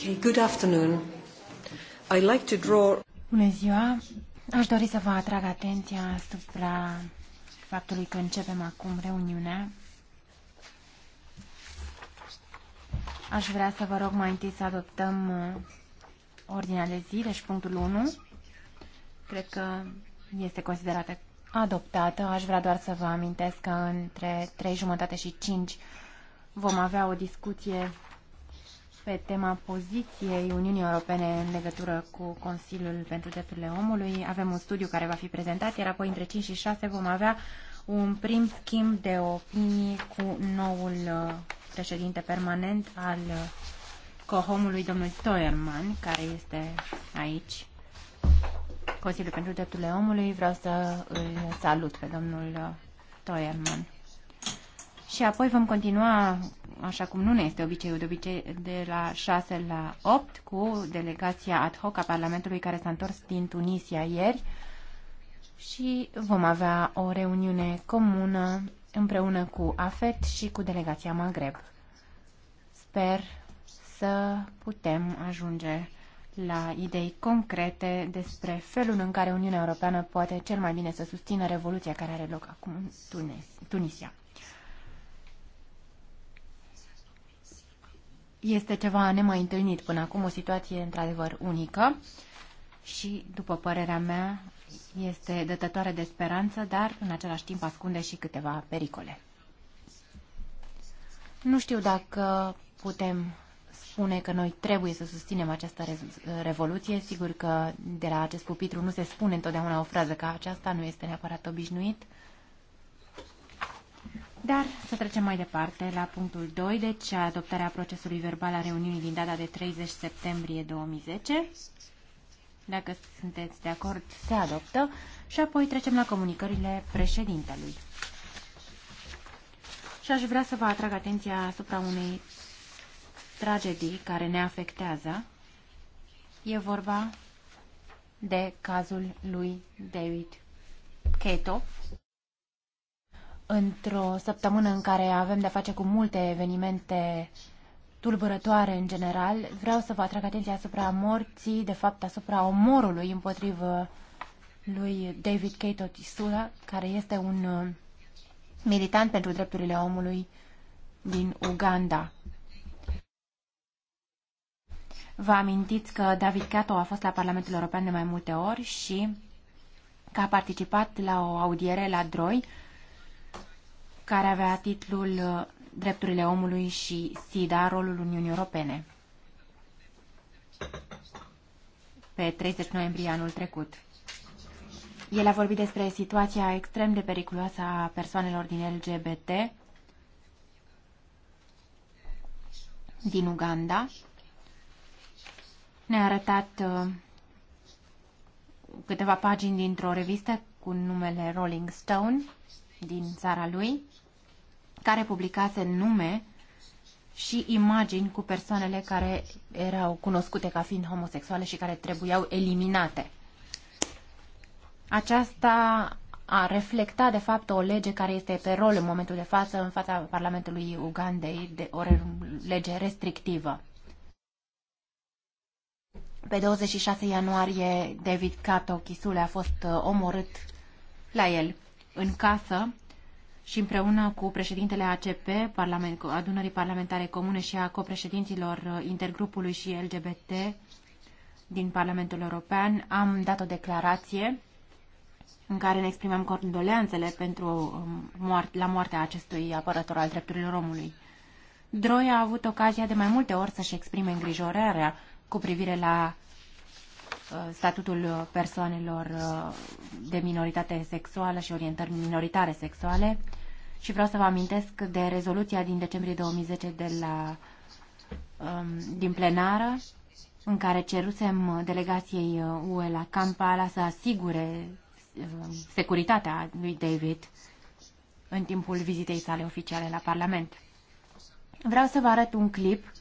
Okay, good afternoon. I'd like to draw... Bună ziua! Aș dori să vă atrag atenția asupra faptului că începem acum reuniunea. Aș vrea să vă rog mai întâi să adoptăm uh, ordinea de zi, deci punctul 1. Cred că este considerată adoptată. Aș vrea doar să vă amintesc că între 3 jumătate și 5 vom avea o discuție pe tema poziției Uniunii Europene în legătură cu Consiliul pentru Drepturile Omului. Avem un studiu care va fi prezentat, iar apoi între 5 și 6 vom avea un prim schimb de opinii cu noul uh, președinte permanent al uh, cohomului, domnul Toerman, care este aici, Consiliul pentru Drepturile Omului. Vreau să îl salut pe domnul uh, Toerman. Și apoi vom continua așa cum nu ne este obiceiul de obicei, de la 6 la 8 cu delegația ad hoc a Parlamentului care s-a întors din Tunisia ieri și vom avea o reuniune comună împreună cu AFET și cu delegația Maghreb. Sper să putem ajunge la idei concrete despre felul în care Uniunea Europeană poate cel mai bine să susțină revoluția care are loc acum în Tunis, Tunisia. Este ceva nemai întâlnit până acum, o situație într-adevăr unică și, după părerea mea, este dătătoare de speranță, dar în același timp ascunde și câteva pericole. Nu știu dacă putem spune că noi trebuie să susținem această revoluție. Sigur că de la acest pupitru nu se spune întotdeauna o frază ca aceasta, nu este neapărat obișnuit. Dar să trecem mai departe la punctul 2, deci adoptarea procesului verbal a reuniunii din data de 30 septembrie 2010. Dacă sunteți de acord, se adoptă și apoi trecem la comunicările președintelui. Și aș vrea să vă atrag atenția asupra unei tragedii care ne afectează. E vorba de cazul lui David Cato, într-o săptămână în care avem de-a face cu multe evenimente tulburătoare în general, vreau să vă atrag atenția asupra morții, de fapt asupra omorului împotrivă lui David Cato Tisula, care este un uh, militant pentru drepturile omului din Uganda. Vă amintiți că David Cato a fost la Parlamentul European de mai multe ori și că a participat la o audiere la Droi, care avea titlul uh, Drepturile omului și SIDA, rolul Uniunii Europene, pe 30 noiembrie anul trecut. El a vorbit despre situația extrem de periculoasă a persoanelor din LGBT din Uganda. Ne-a arătat uh, câteva pagini dintr-o revistă cu numele Rolling Stone din țara lui care publicase nume și imagini cu persoanele care erau cunoscute ca fiind homosexuale și care trebuiau eliminate. Aceasta a reflectat, de fapt, o lege care este pe rol în momentul de față în fața Parlamentului Ugandei, de o lege restrictivă. Pe 26 ianuarie, David Kato Kisule a fost uh, omorât la el în casă și împreună cu președintele ACP, Parlament, adunării parlamentare comune și a copreședinților uh, intergrupului și LGBT din Parlamentul European, am dat o declarație în care ne exprimăm condoleanțele pentru um, moart, la moartea acestui apărător al drepturilor omului. Droia a avut ocazia de mai multe ori să-și exprime îngrijorarea cu privire la uh, statutul persoanelor uh, de minoritate sexuală și orientări minoritare sexuale și vreau să vă amintesc de rezoluția din decembrie 2010 de la, um, din plenară în care cerusem uh, delegației UE uh, la Kampala să asigure um, securitatea lui David în timpul vizitei sale oficiale la Parlament. Vreau să vă arăt un clip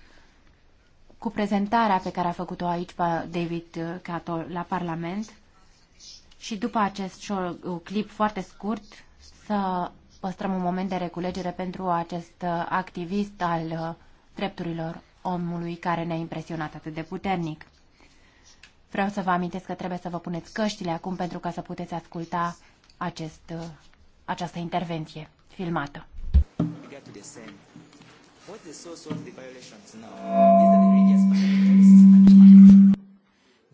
cu prezentarea pe care a făcut-o aici David uh, Cato la Parlament și după acest show, clip foarte scurt să păstrăm un moment de reculegere pentru acest uh, activist al uh, drepturilor omului care ne-a impresionat atât de puternic. Vreau să vă amintesc că trebuie să vă puneți căștile acum pentru ca să puteți asculta acest, uh, această intervenție filmată.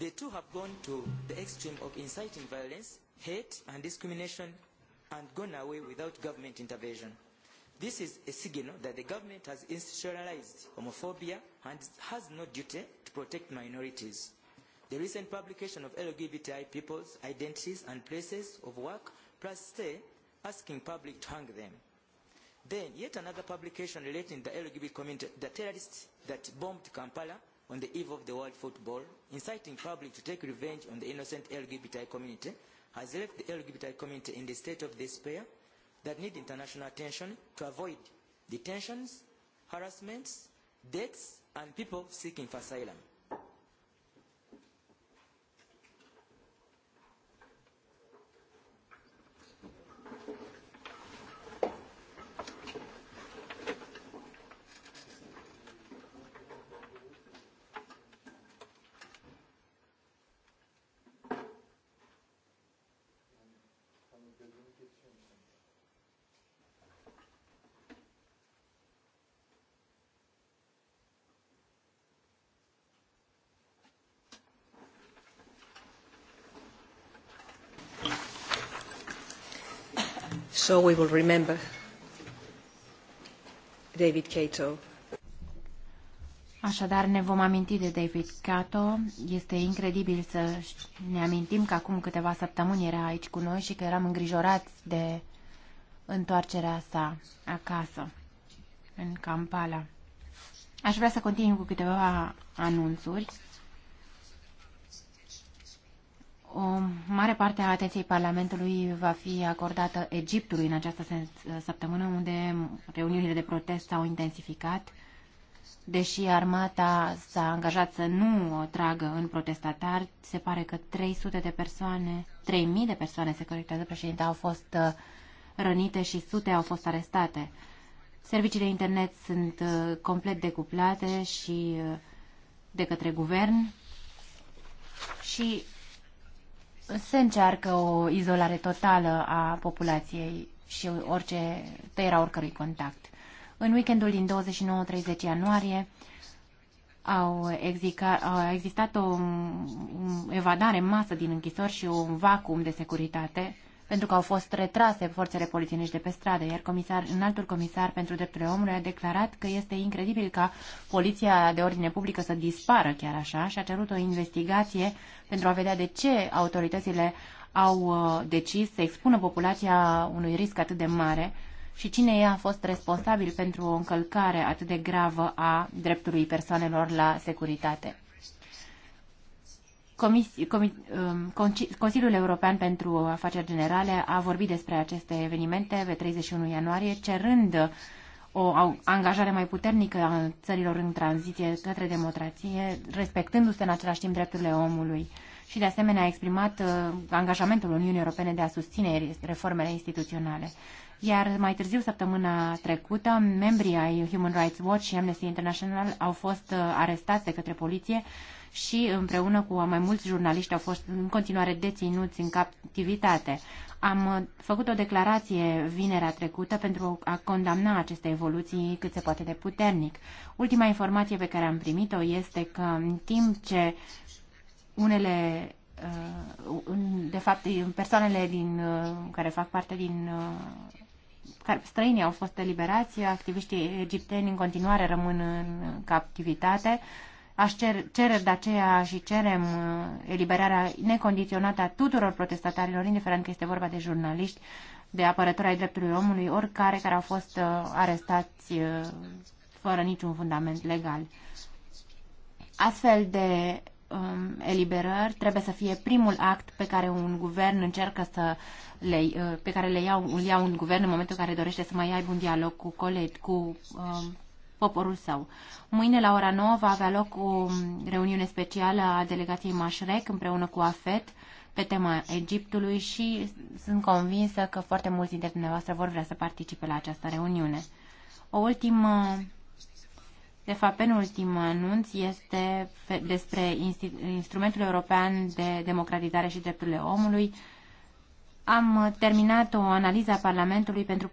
the two have gone to the extreme of inciting violence, hate, and discrimination and gone away without government intervention. This is a signal that the government has institutionalized homophobia and has no duty to protect minorities. The recent publication of LGBTI people's identities and places of work plus stay asking public to hang them. Then yet another publication relating the LGBT community, the terrorists that bombed Kampala on the eve of the World Football, inciting public to take revenge on the innocent LGBTI community has left the LGBT community in the state of despair that need international attention to avoid detentions, harassments, deaths, and people seeking for asylum. So we will remember David Cato. Așadar, ne vom aminti de David Cato. Este incredibil să ne amintim că acum câteva săptămâni era aici cu noi și că eram îngrijorați de întoarcerea sa acasă, în Kampala. Aș vrea să continui cu câteva anunțuri. O mare parte a atenției Parlamentului va fi acordată Egiptului în această săptămână, unde reuniunile de protest s-au intensificat, deși armata s-a angajat să nu o tragă în protestatari. Se pare că 300 de persoane, 3000 de persoane, se corectează președinte, au fost uh, rănite și sute au fost arestate. Serviciile internet sunt uh, complet decuplate și uh, de către guvern și se încearcă o izolare totală a populației și orice tăiera oricărui contact. În weekendul din 29-30 ianuarie au, exica, a existat o evadare masă din închisori și un vacuum de securitate pentru că au fost retrase forțele polițienești de pe stradă, iar comisar, altul comisar pentru drepturile omului a declarat că este incredibil ca poliția de ordine publică să dispară chiar așa și a cerut o investigație pentru a vedea de ce autoritățile au uh, decis să expună populația unui risc atât de mare și cine ea a fost responsabil pentru o încălcare atât de gravă a dreptului persoanelor la securitate. Um, Consiliul European pentru Afaceri Generale a vorbit despre aceste evenimente pe 31 ianuarie, cerând o angajare mai puternică a țărilor în tranziție către democrație, respectându-se în același timp drepturile omului și de asemenea a exprimat uh, angajamentul Uniunii Europene de a susține reformele instituționale. Iar mai târziu, săptămâna trecută, membrii ai Human Rights Watch și Amnesty International au fost uh, arestați de către poliție și împreună cu mai mulți jurnaliști au fost în continuare deținuți în captivitate. Am uh, făcut o declarație vinerea trecută pentru a condamna aceste evoluții cât se poate de puternic. Ultima informație pe care am primit-o este că în timp ce unele uh, de fapt persoanele din, uh, care fac parte din uh, care, străinii au fost eliberați, activiștii egipteni în continuare rămân în captivitate. Aș cer, cere de aceea și cerem eliberarea necondiționată a tuturor protestatarilor, indiferent că este vorba de jurnaliști, de apărători ai drepturilor omului, oricare care au fost arestați fără niciun fundament legal. Astfel de um, eliberări trebuie să fie primul act pe care un guvern încearcă să le, uh, pe care le iau, îl ia un guvern în momentul în care dorește să mai aibă un dialog cu colegi, cu um, poporul său. Mâine la ora 9 va avea loc o reuniune specială a delegației Mașrec împreună cu AFET pe tema Egiptului și sunt convinsă că foarte mulți dintre dumneavoastră vor vrea să participe la această reuniune. O ultimă de fapt, penultimul anunț este despre Instrumentul European de Democratizare și Drepturile Omului. Am terminat o analiză a Parlamentului pentru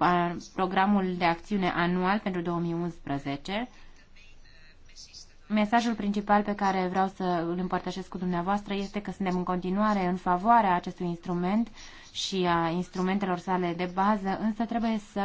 programul de acțiune anual pentru 2011. Mesajul principal pe care vreau să îl împărtășesc cu dumneavoastră este că suntem în continuare în favoarea acestui instrument și a instrumentelor sale de bază, însă trebuie să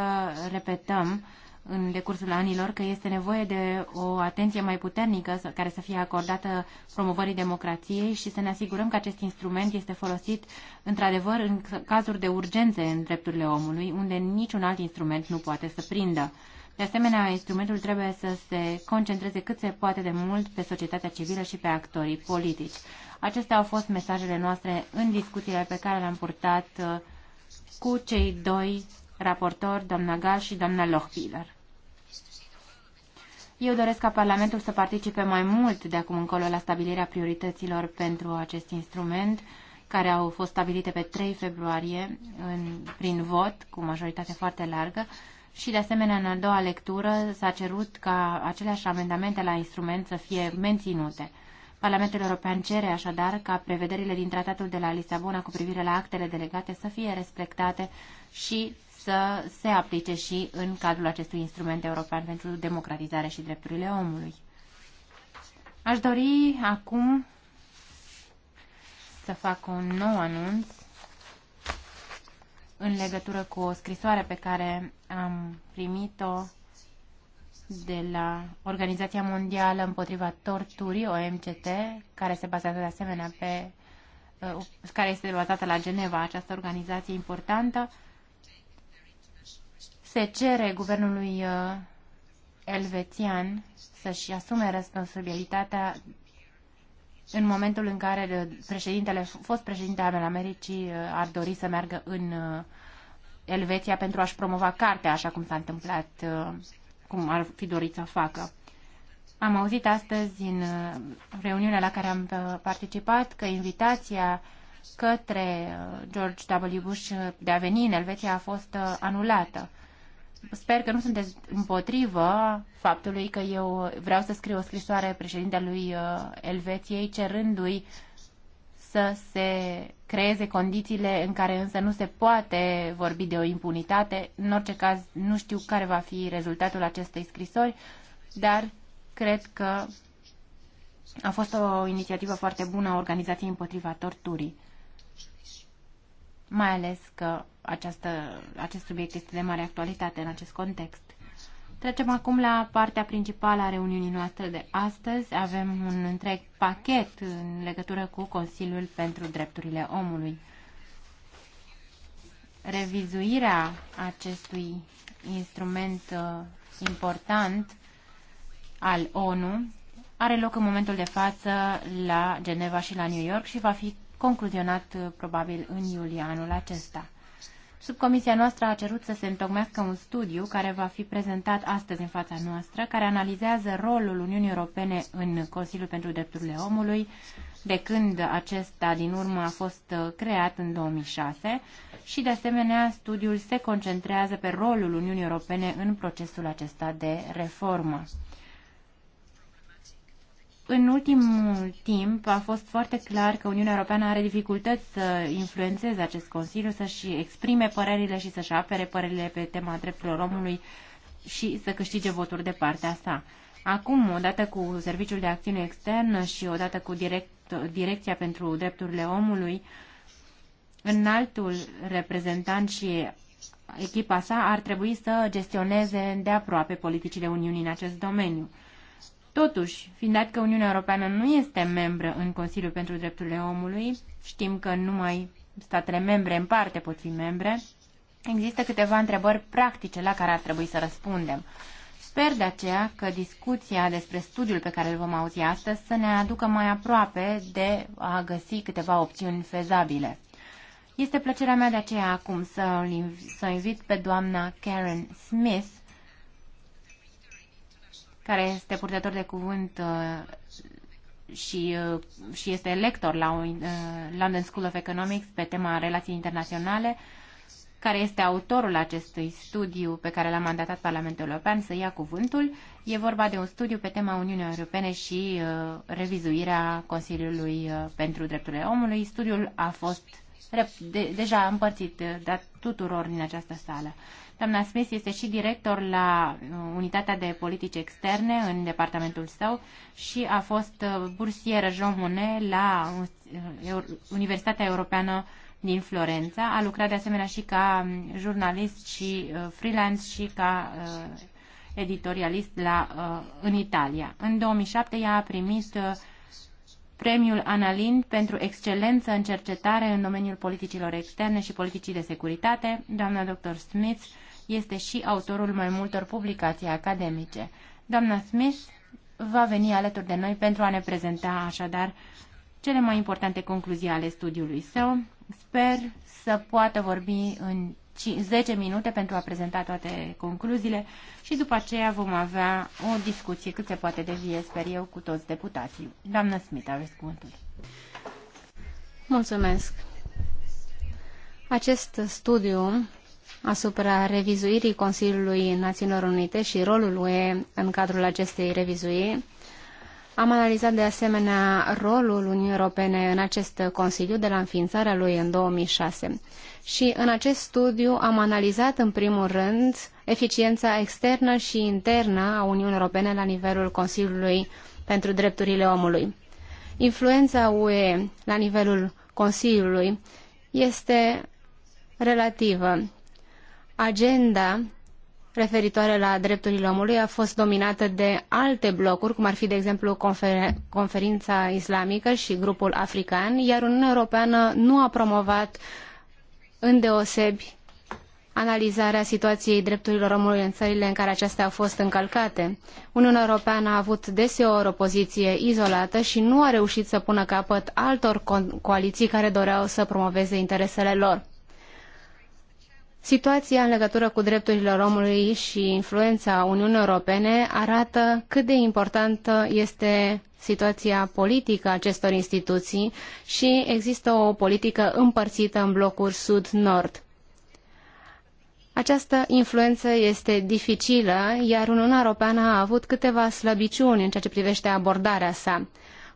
repetăm uh, în decursul anilor că este nevoie de o atenție mai puternică care să fie acordată promovării democrației și să ne asigurăm că acest instrument este folosit într-adevăr în cazuri de urgențe în drepturile omului, unde niciun alt instrument nu poate să prindă. De asemenea, instrumentul trebuie să se concentreze cât se poate de mult pe societatea civilă și pe actorii politici. Acestea au fost mesajele noastre în discuțiile pe care le-am purtat uh, cu cei doi raportori, doamna Gal și doamna Lochbiller. Eu doresc ca Parlamentul să participe mai mult de acum încolo la stabilirea priorităților pentru acest instrument, care au fost stabilite pe 3 februarie în, prin vot, cu majoritate foarte largă, și de asemenea în a doua lectură s-a cerut ca aceleași amendamente la instrument să fie menținute. Parlamentul European cere așadar ca prevederile din Tratatul de la Lisabona cu privire la actele delegate să fie respectate și să se aplice și în cadrul acestui instrument european pentru democratizare și drepturile omului. Aș dori acum să fac un nou anunț în legătură cu o scrisoare pe care am primit-o de la Organizația Mondială împotriva Torturii, OMCT, care se bazează de asemenea pe uh, care este bazată la Geneva, această organizație importantă, se cere guvernului uh, elvețian să-și asume responsabilitatea în momentul în care uh, președintele, fost președinte al Americii uh, ar dori să meargă în Elveția pentru a-și promova cartea, așa cum s-a întâmplat, cum ar fi dorit să facă. Am auzit astăzi în reuniunea la care am participat că invitația către George W. Bush de a veni în Elveția a fost anulată sper că nu sunteți împotrivă faptului că eu vreau să scriu o scrisoare președintelui uh, Elveției cerându-i să se creeze condițiile în care însă nu se poate vorbi de o impunitate. În orice caz, nu știu care va fi rezultatul acestei scrisori, dar cred că a fost o inițiativă foarte bună a organizației împotriva torturii. Mai ales că această, acest subiect este de mare actualitate în acest context. Trecem acum la partea principală a reuniunii noastre de astăzi. Avem un întreg pachet în legătură cu Consiliul pentru Drepturile Omului. Revizuirea acestui instrument uh, important al ONU are loc în momentul de față la Geneva și la New York și va fi concluzionat uh, probabil în iulie anul acesta. Subcomisia noastră a cerut să se întocmească un studiu care va fi prezentat astăzi în fața noastră, care analizează rolul Uniunii Europene în Consiliul pentru Drepturile Omului de când acesta din urmă a fost uh, creat în 2006 și de asemenea studiul se concentrează pe rolul Uniunii Europene în procesul acesta de reformă. În ultimul timp a fost foarte clar că Uniunea Europeană are dificultăți să influențeze acest Consiliu, să-și exprime părerile și să-și apere părerile pe tema drepturilor omului și să câștige voturi de partea sa. Acum, odată cu Serviciul de Acțiune Externă și odată cu direct, Direcția pentru Drepturile Omului, înaltul reprezentant și echipa sa ar trebui să gestioneze de aproape politicile Uniunii în acest domeniu. Totuși, fiind dat că Uniunea Europeană nu este membră în Consiliul pentru Drepturile Omului, știm că numai statele membre în parte pot fi membre, există câteva întrebări practice la care ar trebui să răspundem. Sper de aceea că discuția despre studiul pe care îl vom auzi astăzi să ne aducă mai aproape de a găsi câteva opțiuni fezabile. Este plăcerea mea de aceea acum să, să invit pe doamna Karen Smith, care este purtător de cuvânt uh, și, uh, și este lector la uh, London School of Economics pe tema relații internaționale, care este autorul acestui studiu pe care l-a mandatat Parlamentul European să ia cuvântul. E vorba de un studiu pe tema Uniunii Europene și revizuirea Consiliului pentru Drepturile Omului. Studiul a fost de, deja împărțit dat tuturor din această sală. Doamna Smith este și director la uh, Unitatea de Politici Externe în departamentul său și a fost uh, bursieră Jean Monnet la uh, Universitatea Europeană din Florența. A lucrat de asemenea și ca um, jurnalist și freelance și ca editorialist la, în Italia. În 2007 ea a primit premiul Analin pentru excelență în cercetare în domeniul politicilor externe și politicii de securitate. Doamna dr. Smith este și autorul mai multor publicații academice. Doamna Smith va veni alături de noi pentru a ne prezenta așadar cele mai importante concluzii ale studiului său. Sper să poată vorbi în 10 minute pentru a prezenta toate concluziile și după aceea vom avea o discuție cât se poate de vie, sper eu, cu toți deputații. Doamna Smith, aveți cuvântul. Mulțumesc. Acest studiu asupra revizuirii Consiliului Națiunilor Unite și rolul UE în cadrul acestei revizuiri. Am analizat de asemenea rolul Uniunii Europene în acest Consiliu de la înființarea lui în 2006. Și în acest studiu am analizat în primul rând eficiența externă și internă a Uniunii Europene la nivelul Consiliului pentru Drepturile Omului. Influența UE la nivelul Consiliului este relativă agenda referitoare la drepturile omului a fost dominată de alte blocuri, cum ar fi, de exemplu, confer conferința islamică și grupul african, iar Uniunea Europeană nu a promovat îndeosebi analizarea situației drepturilor omului în țările în care acestea au fost încălcate. Uniunea Europeană a avut deseori o poziție izolată și nu a reușit să pună capăt altor co coaliții care doreau să promoveze interesele lor. Situația în legătură cu drepturile omului și influența Uniunii Europene arată cât de importantă este situația politică a acestor instituții și există o politică împărțită în blocuri sud-nord. Această influență este dificilă, iar Uniunea Europeană a avut câteva slăbiciuni în ceea ce privește abordarea sa.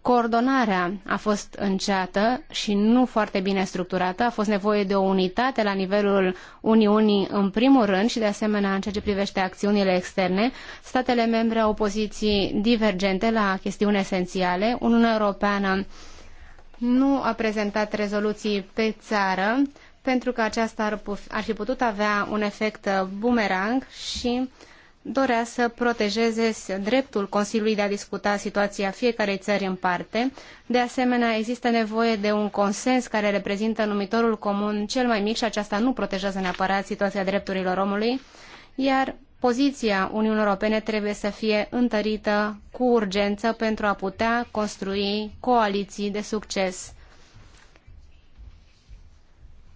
Coordonarea a fost înceată și nu foarte bine structurată. A fost nevoie de o unitate la nivelul Uniunii în primul rând și de asemenea în ceea ce privește acțiunile externe. Statele membre au poziții divergente la chestiuni esențiale. Uniunea Europeană nu a prezentat rezoluții pe țară pentru că aceasta ar, fi putut avea un efect bumerang și uh, dorea să protejeze dreptul Consiliului de a discuta situația fiecarei țări în parte. De asemenea, există nevoie de un consens care reprezintă numitorul comun cel mai mic și aceasta nu protejează neapărat situația drepturilor omului, iar poziția Uniunii Europene trebuie să fie întărită cu urgență pentru a putea construi coaliții de succes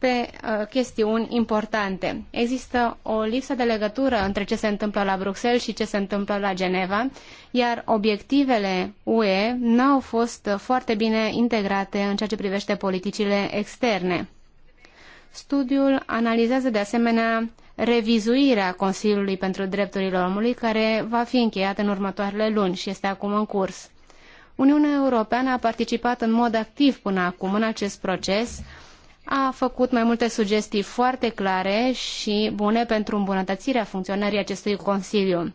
pe uh, chestiuni importante. Există o lipsă de legătură între ce se întâmplă la Bruxelles și ce se întâmplă la Geneva, iar obiectivele UE n-au fost foarte bine integrate în ceea ce privește politicile externe. Studiul analizează de asemenea revizuirea Consiliului pentru Drepturile Omului, care va fi încheiat în următoarele luni și este acum în curs. Uniunea Europeană a participat în mod activ până acum în acest proces, a făcut mai multe sugestii foarte clare și bune pentru îmbunătățirea funcționării acestui Consiliu.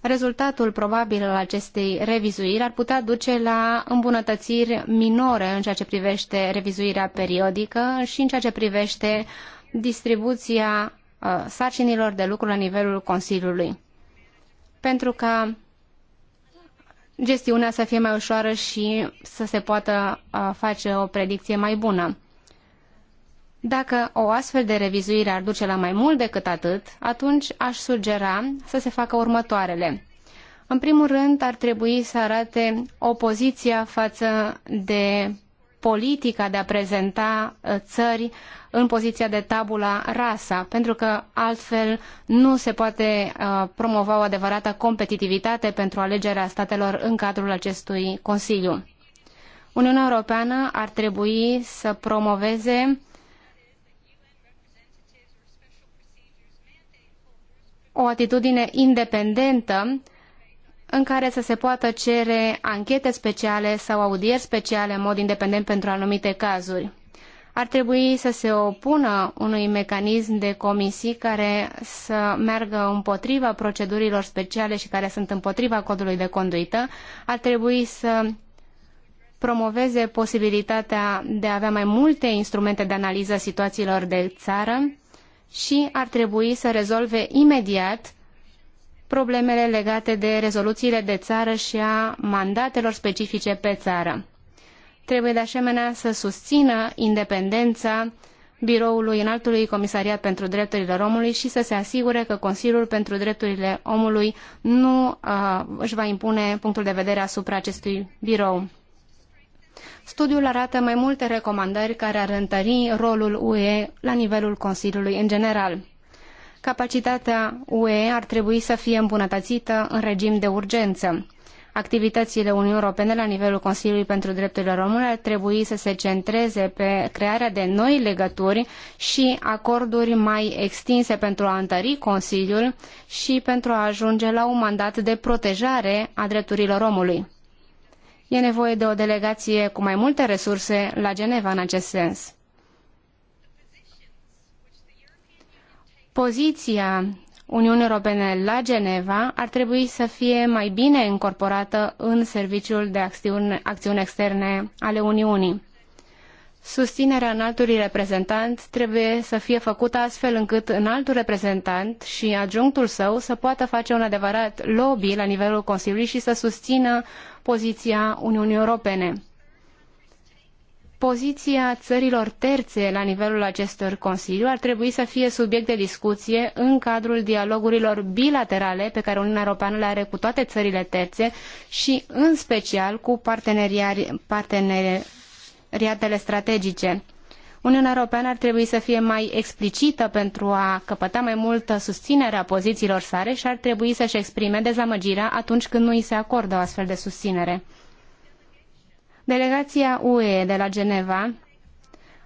Rezultatul probabil al acestei revizuiri ar putea duce la îmbunătățiri minore în ceea ce privește revizuirea periodică și în ceea ce privește distribuția uh, sarcinilor de lucru la nivelul Consiliului. Pentru ca gestiunea să fie mai ușoară și să se poată face o predicție mai bună. Dacă o astfel de revizuire ar duce la mai mult decât atât, atunci aș sugera să se facă următoarele. În primul rând, ar trebui să arate opoziția față de politica de a prezenta ă, țări în poziția de tabula rasa, pentru că altfel nu se poate uh, promova o adevărată competitivitate pentru alegerea statelor în cadrul acestui Consiliu. Uniunea Europeană ar trebui să promoveze o atitudine independentă în care să se poată cere anchete speciale sau audieri speciale în mod independent pentru anumite cazuri ar trebui să se opună unui mecanism de comisii care să meargă împotriva procedurilor speciale și care sunt împotriva codului de conduită, ar trebui să promoveze posibilitatea de a avea mai multe instrumente de analiză a situațiilor de țară și ar trebui să rezolve imediat problemele legate de rezoluțiile de țară și a mandatelor specifice pe țară. Trebuie de asemenea să susțină independența biroului înaltului comisariat pentru drepturile omului și să se asigure că Consiliul pentru Drepturile Omului nu uh, își va impune punctul de vedere asupra acestui birou. Studiul arată mai multe recomandări care ar întări rolul UE la nivelul Consiliului în general. Capacitatea UE ar trebui să fie îmbunătățită în regim de urgență. Activitățile Uniunii Europene la nivelul Consiliului pentru Drepturile Române ar trebui să se centreze pe crearea de noi legături și acorduri mai extinse pentru a întări Consiliul și pentru a ajunge la un mandat de protejare a drepturilor omului. E nevoie de o delegație cu mai multe resurse la Geneva în acest sens. Poziția Uniunii Europene la Geneva ar trebui să fie mai bine incorporată în serviciul de acțiune acțiuni externe ale Uniunii. Susținerea înaltului reprezentant trebuie să fie făcută astfel încât înaltul reprezentant și adjunctul său să poată face un adevărat lobby la nivelul Consiliului și să susțină poziția Uniunii Europene poziția țărilor terțe la nivelul acestor consilii ar trebui să fie subiect de discuție în cadrul dialogurilor bilaterale pe care Uniunea Europeană le are cu toate țările terțe și în special cu parteneriatele strategice. Uniunea Europeană ar trebui să fie mai explicită pentru a căpăta mai multă susținere a pozițiilor sale și ar trebui să-și exprime dezamăgirea atunci când nu îi se acordă o astfel de susținere. Delegația UE de la Geneva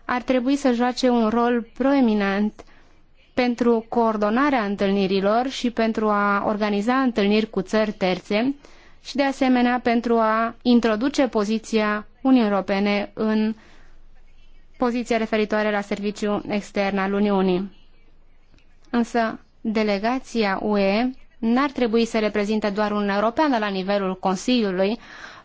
ar trebui să joace un rol proeminent pentru coordonarea întâlnirilor și pentru a organiza întâlniri cu țări terțe și de asemenea pentru a introduce poziția Uniunii Europene în poziția referitoare la serviciul extern al Uniunii. Însă, delegația UE n-ar trebui să reprezinte doar un european la nivelul Consiliului,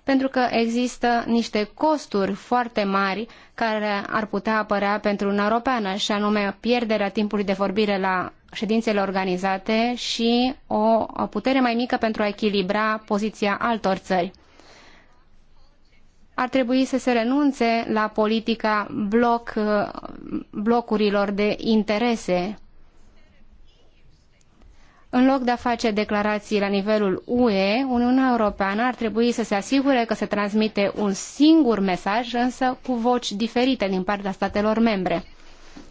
pentru că există niște costuri foarte mari care ar putea apărea pentru Uniunea Europeană, și anume pierderea timpului de vorbire la ședințele organizate și o putere mai mică pentru a echilibra poziția altor țări. Ar trebui să se renunțe la politica bloc, blocurilor de interese în loc de a face declarații la nivelul UE, Uniunea Europeană ar trebui să se asigure că se transmite un singur mesaj, însă cu voci diferite din partea statelor membre.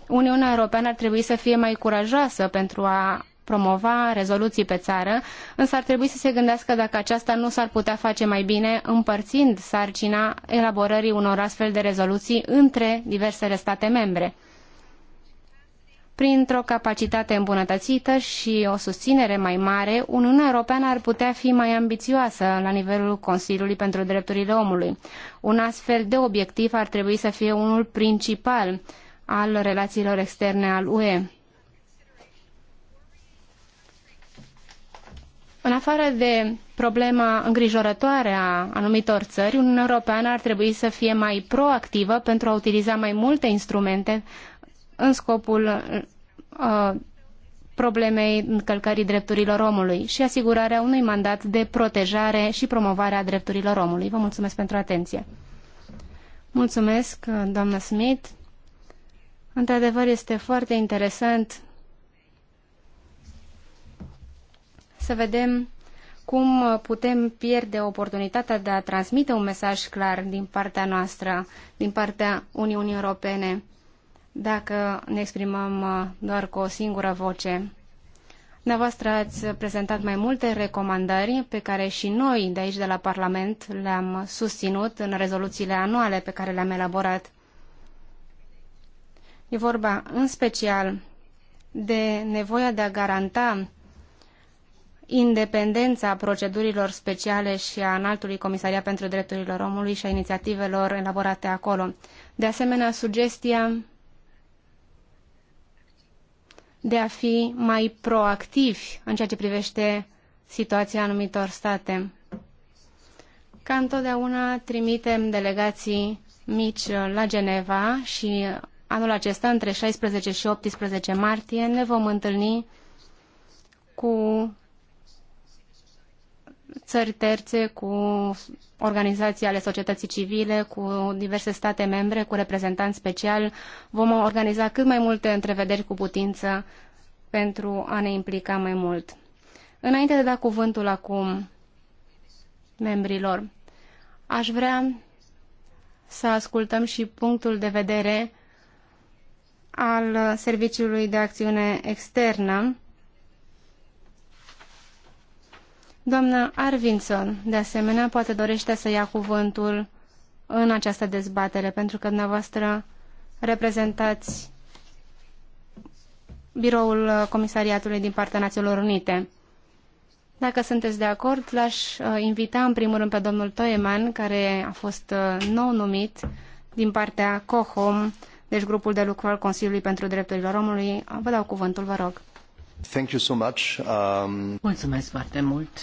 Uniunea Europeană ar trebui să fie mai curajoasă pentru a promova rezoluții pe țară, însă ar trebui să se gândească dacă aceasta nu s-ar putea face mai bine împărțind sarcina elaborării unor astfel de rezoluții între diversele state membre printr-o capacitate îmbunătățită și o susținere mai mare, Uniunea Europeană ar putea fi mai ambițioasă la nivelul Consiliului pentru Drepturile Omului. Un astfel de obiectiv ar trebui să fie unul principal al relațiilor externe al UE. În afară de problema îngrijorătoare a anumitor țări, Uniunea Europeană ar trebui să fie mai proactivă pentru a utiliza mai multe instrumente în scopul uh, problemei încălcării drepturilor omului și asigurarea unui mandat de protejare și promovare a drepturilor omului. Vă mulțumesc pentru atenție. Mulțumesc, doamna Smith. Într-adevăr, este foarte interesant să vedem cum putem pierde oportunitatea de a transmite un mesaj clar din partea noastră, din partea Uniunii Europene dacă ne exprimăm uh, doar cu o singură voce. Dumneavoastră ați prezentat mai multe recomandări pe care și noi de aici de la Parlament le-am susținut în rezoluțiile anuale pe care le-am elaborat. E vorba în special de nevoia de a garanta independența procedurilor speciale și a înaltului comisariat pentru drepturile omului și a inițiativelor elaborate acolo. De asemenea, sugestia de a fi mai proactivi în ceea ce privește situația anumitor state. Ca întotdeauna trimitem delegații mici la Geneva și anul acesta, între 16 și 18 martie, ne vom întâlni cu țări terțe, cu organizații ale societății civile, cu diverse state membre, cu reprezentanți speciali Vom organiza cât mai multe întrevederi cu putință pentru a ne implica mai mult. Înainte de a da cuvântul acum membrilor, aș vrea să ascultăm și punctul de vedere al Serviciului de Acțiune Externă, Doamna Arvinson, de asemenea, poate dorește să ia cuvântul în această dezbatere, pentru că dumneavoastră reprezentați biroul comisariatului din partea Națiunilor Unite. Dacă sunteți de acord, l-aș uh, invita în primul rând pe domnul Toeman, care a fost uh, nou numit din partea COHOM, deci grupul de lucru al Consiliului pentru Drepturile Omului. Vă dau cuvântul, vă rog. Thank you so much. Um... Mulțumesc foarte mult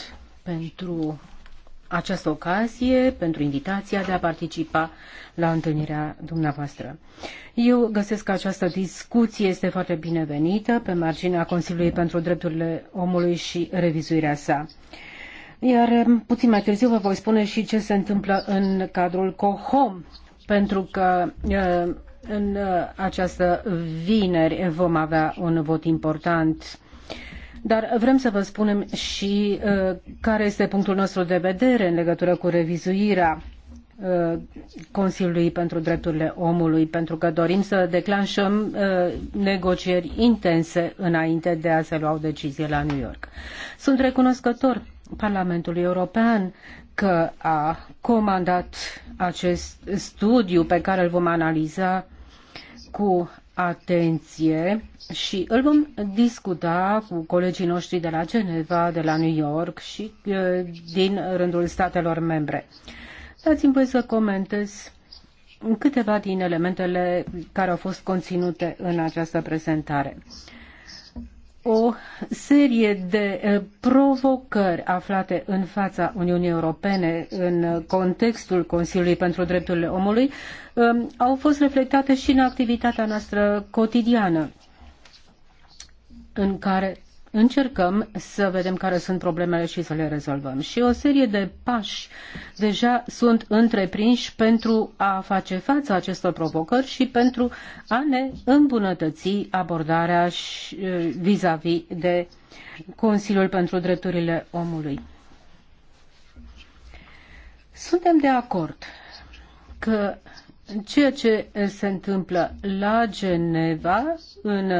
pentru această ocazie, pentru invitația de a participa la întâlnirea dumneavoastră. Eu găsesc că această discuție este foarte binevenită pe marginea Consiliului pentru Drepturile Omului și revizuirea sa. Iar um, puțin mai târziu vă voi spune și ce se întâmplă în cadrul COHOM, pentru că uh, în uh, această vineri vom avea un vot important dar vrem să vă spunem și uh, care este punctul nostru de vedere în legătură cu revizuirea uh, Consiliului pentru Drepturile Omului, pentru că dorim să declanșăm uh, negocieri intense înainte de a se lua o decizie la New York. Sunt recunoscător Parlamentului European că a comandat acest studiu pe care îl vom analiza cu atenție și îl vom discuta cu colegii noștri de la Geneva, de la New York și uh, din rândul statelor membre. Dați-mi voi să comentez câteva din elementele care au fost conținute în această prezentare o serie de eh, provocări aflate în fața Uniunii Europene în contextul Consiliului pentru Drepturile Omului eh, au fost reflectate și în activitatea noastră cotidiană în care încercăm să vedem care sunt problemele și să le rezolvăm. Și o serie de pași deja sunt întreprinși pentru a face față acestor provocări și pentru a ne îmbunătăți abordarea vis-a-vis -vis de Consiliul pentru Drepturile Omului. Suntem de acord că ceea ce se întâmplă la Geneva în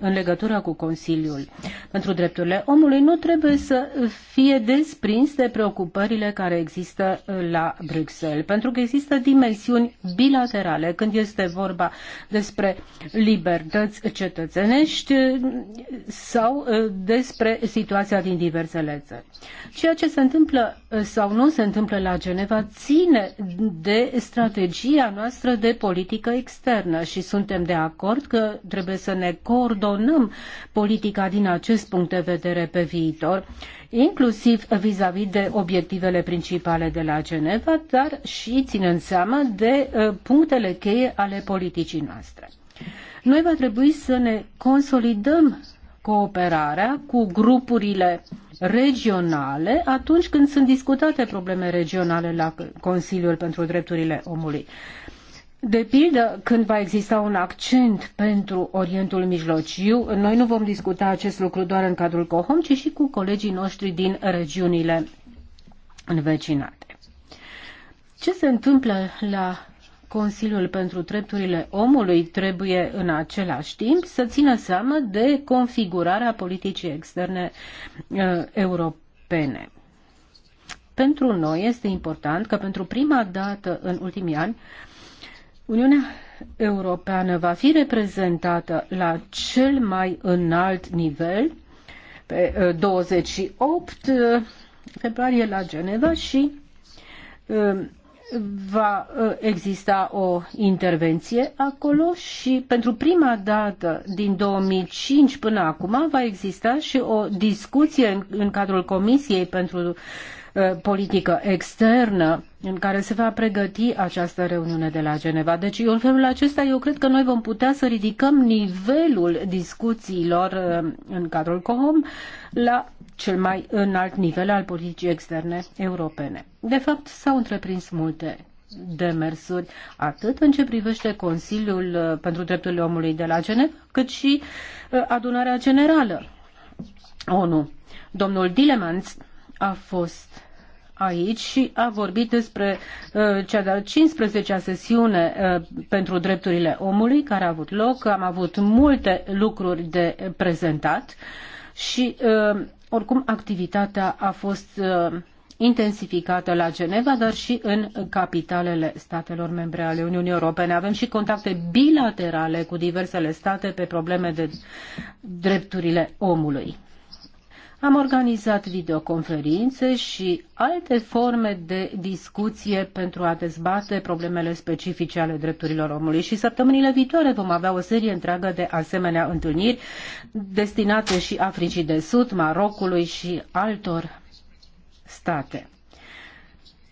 în legătură cu Consiliul pentru Drepturile Omului nu trebuie să fie desprins de preocupările care există la Bruxelles, pentru că există dimensiuni bilaterale. Când este vorba despre libertăți cetățenești sau uh, despre situația din diversele țări. Ceea ce se întâmplă uh, sau nu se întâmplă la Geneva ține de strategia noastră de politică externă și suntem de acord că trebuie să ne coordonăm gestionăm politica din acest punct de vedere pe viitor, inclusiv vis-a-vis -vis de obiectivele principale de la Geneva, dar și ținând seama de uh, punctele cheie ale politicii noastre. Noi va trebui să ne consolidăm cooperarea cu grupurile regionale atunci când sunt discutate probleme regionale la Consiliul pentru Drepturile Omului. De pildă, când va exista un accent pentru Orientul Mijlociu, noi nu vom discuta acest lucru doar în cadrul COHOM, ci și cu colegii noștri din regiunile învecinate. Ce se întâmplă la Consiliul pentru Drepturile Omului trebuie în același timp să țină seama de configurarea politicii externe uh, europene. Pentru noi este important că pentru prima dată în ultimii ani uh, Uniunea Europeană va fi reprezentată la cel mai înalt nivel pe 28 uh, uh, februarie la Geneva și uh, va exista o intervenție acolo și pentru prima dată din 2005 până acum va exista și o discuție în, în cadrul Comisiei pentru uh, politică externă în care se va pregăti această reuniune de la Geneva. Deci, în felul acesta, eu cred că noi vom putea să ridicăm nivelul discuțiilor uh, în cadrul COHOM la cel mai înalt nivel al politicii externe europene. De fapt, s-au întreprins multe demersuri, atât în ce privește Consiliul uh, pentru Drepturile Omului de la Geneva, cât și uh, adunarea generală ONU. Domnul Dilemans a fost aici și a vorbit despre uh, cea de-a 15-a sesiune uh, pentru drepturile omului care a avut loc. Am avut multe lucruri de prezentat și uh, oricum activitatea a fost uh, intensificată la Geneva, dar și în capitalele statelor membre ale Uniunii Europene. Avem și contacte bilaterale cu diversele state pe probleme de drepturile omului. Am organizat videoconferințe și alte forme de discuție pentru a dezbate problemele specifice ale drepturilor omului și săptămânile viitoare vom avea o serie întreagă de asemenea întâlniri destinate și Africii de Sud, Marocului și altor state.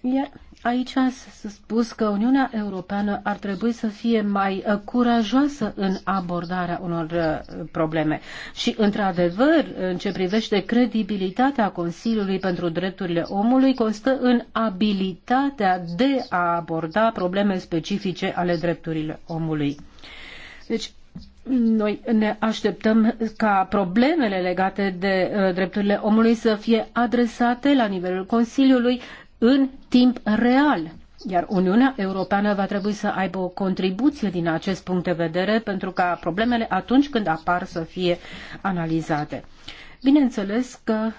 Yeah. Aici a spus că Uniunea Europeană ar trebui să fie mai uh, curajoasă în abordarea unor uh, probleme. Și, într-adevăr, în ce privește credibilitatea Consiliului pentru Drepturile Omului, constă în abilitatea de a aborda probleme specifice ale drepturilor omului. Deci, noi ne așteptăm ca problemele legate de uh, drepturile omului să fie adresate la nivelul Consiliului în timp real. Iar Uniunea Europeană va trebui să aibă o contribuție din acest punct de vedere pentru ca problemele atunci când apar să fie analizate. Bineînțeles că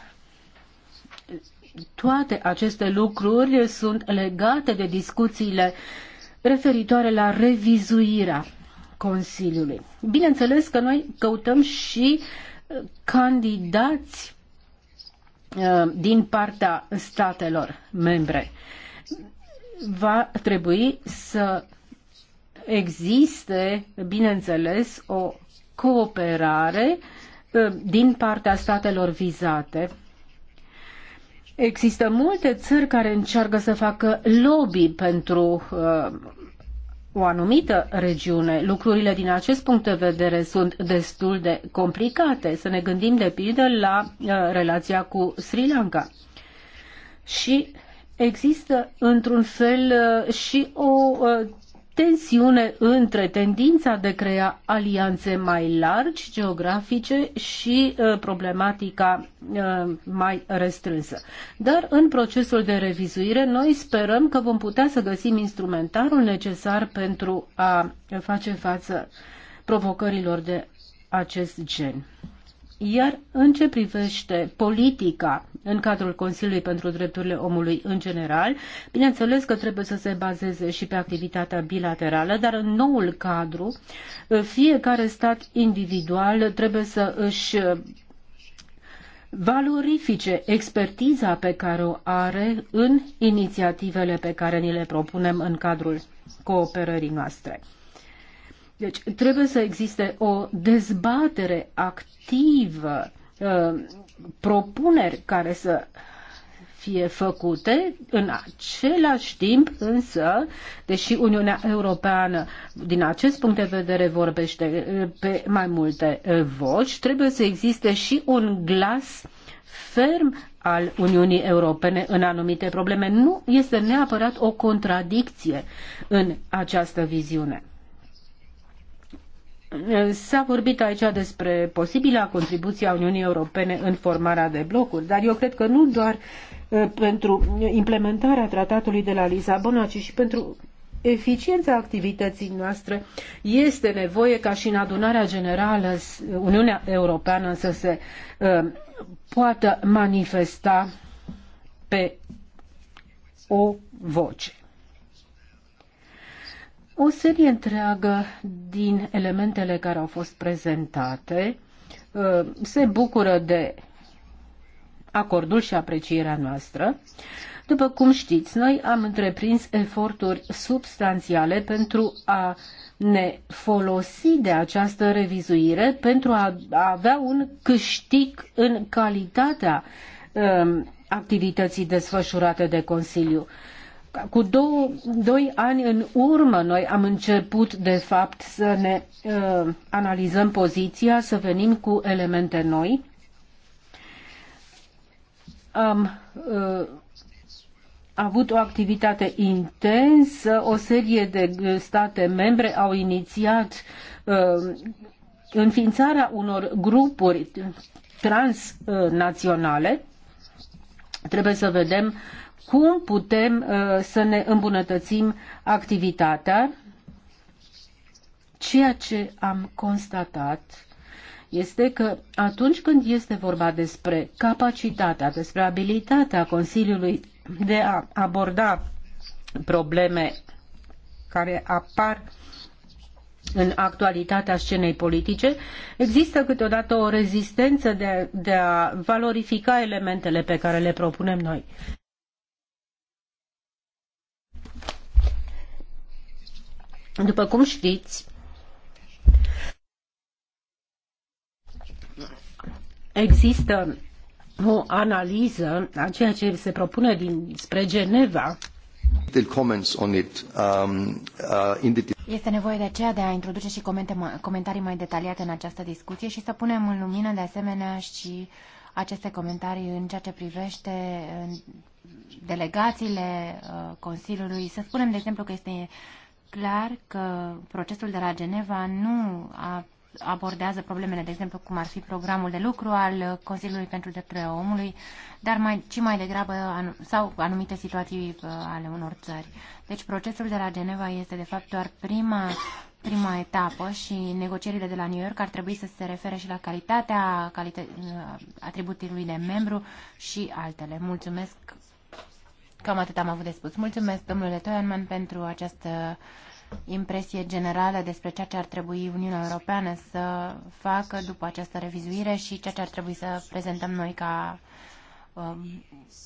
toate aceste lucruri sunt legate de discuțiile referitoare la revizuirea Consiliului. Bineînțeles că noi căutăm și candidați Uh, din partea statelor membre. Va trebui să existe, bineînțeles, o cooperare uh, din partea statelor vizate. Există multe țări care încearcă să facă lobby pentru uh, o anumită regiune, lucrurile din acest punct de vedere sunt destul de complicate. Să ne gândim de pildă la uh, relația cu Sri Lanka. Și există într-un fel uh, și o uh, tensiune între tendința de crea alianțe mai largi geografice și uh, problematica uh, mai restrânsă. Dar în procesul de revizuire noi sperăm că vom putea să găsim instrumentarul necesar pentru a face față provocărilor de acest gen. Iar în ce privește politica în cadrul Consiliului pentru Drepturile Omului în general, bineînțeles că trebuie să se bazeze și pe activitatea bilaterală, dar în noul cadru, fiecare stat individual trebuie să își valorifice expertiza pe care o are în inițiativele pe care ni le propunem în cadrul cooperării noastre. Deci trebuie să existe o dezbatere activă, uh, propuneri care să fie făcute în același timp, însă, deși Uniunea Europeană, din acest punct de vedere, vorbește uh, pe mai multe uh, voci, trebuie să existe și un glas ferm al Uniunii Europene în anumite probleme. Nu este neapărat o contradicție în această viziune. S-a vorbit aici despre posibila contribuție a Uniunii Europene în formarea de blocuri, dar eu cred că nu doar uh, pentru implementarea tratatului de la Lisabona, ci și pentru eficiența activității noastre este nevoie ca și în adunarea generală Uniunea Europeană să se uh, poată manifesta pe o voce o serie întreagă din elementele care au fost prezentate uh, se bucură de acordul și aprecierea noastră. După cum știți, noi am întreprins eforturi substanțiale pentru a ne folosi de această revizuire pentru a avea un câștig în calitatea um, activității desfășurate de Consiliu. Uh, cu două, doi ani în urmă noi am început, de fapt, să ne uh, analizăm poziția, să venim cu elemente noi. Am uh, avut o activitate intensă, o serie de uh, state membre au inițiat uh, înființarea unor grupuri transnaționale. Uh, Trebuie să vedem cum putem uh, să ne îmbunătățim activitatea. Ceea ce am constatat este că atunci când este vorba despre capacitatea, despre abilitatea Consiliului de a aborda probleme care apar în actualitatea scenei politice, există câteodată o rezistență de, de a valorifica elementele pe care le propunem noi. După cum știți, există o analiză a ceea ce se propune din, spre Geneva. Um, uh, este nevoie de aceea de a introduce și comentarii mai detaliate în această discuție și să punem în lumină de asemenea și aceste comentarii în ceea ce privește delegațiile uh, Consiliului. Să spunem, de exemplu, că este clar că procesul de la Geneva nu a abordează problemele, de exemplu, cum ar fi programul de lucru al Consiliului pentru Drepturile Omului, dar mai, ci mai degrabă anu, sau anumite situații uh, ale unor țări. Deci procesul de la Geneva este, de fapt, doar prima, prima etapă și negocierile de la New York ar trebui să se refere și la calitatea calită, uh, atributului de membru și altele. Mulțumesc Cam atât am avut de spus. Mulțumesc, domnule Toianman, pentru această impresie generală despre ceea ce ar trebui Uniunea Europeană să facă după această revizuire și ceea ce ar trebui să prezentăm noi ca um,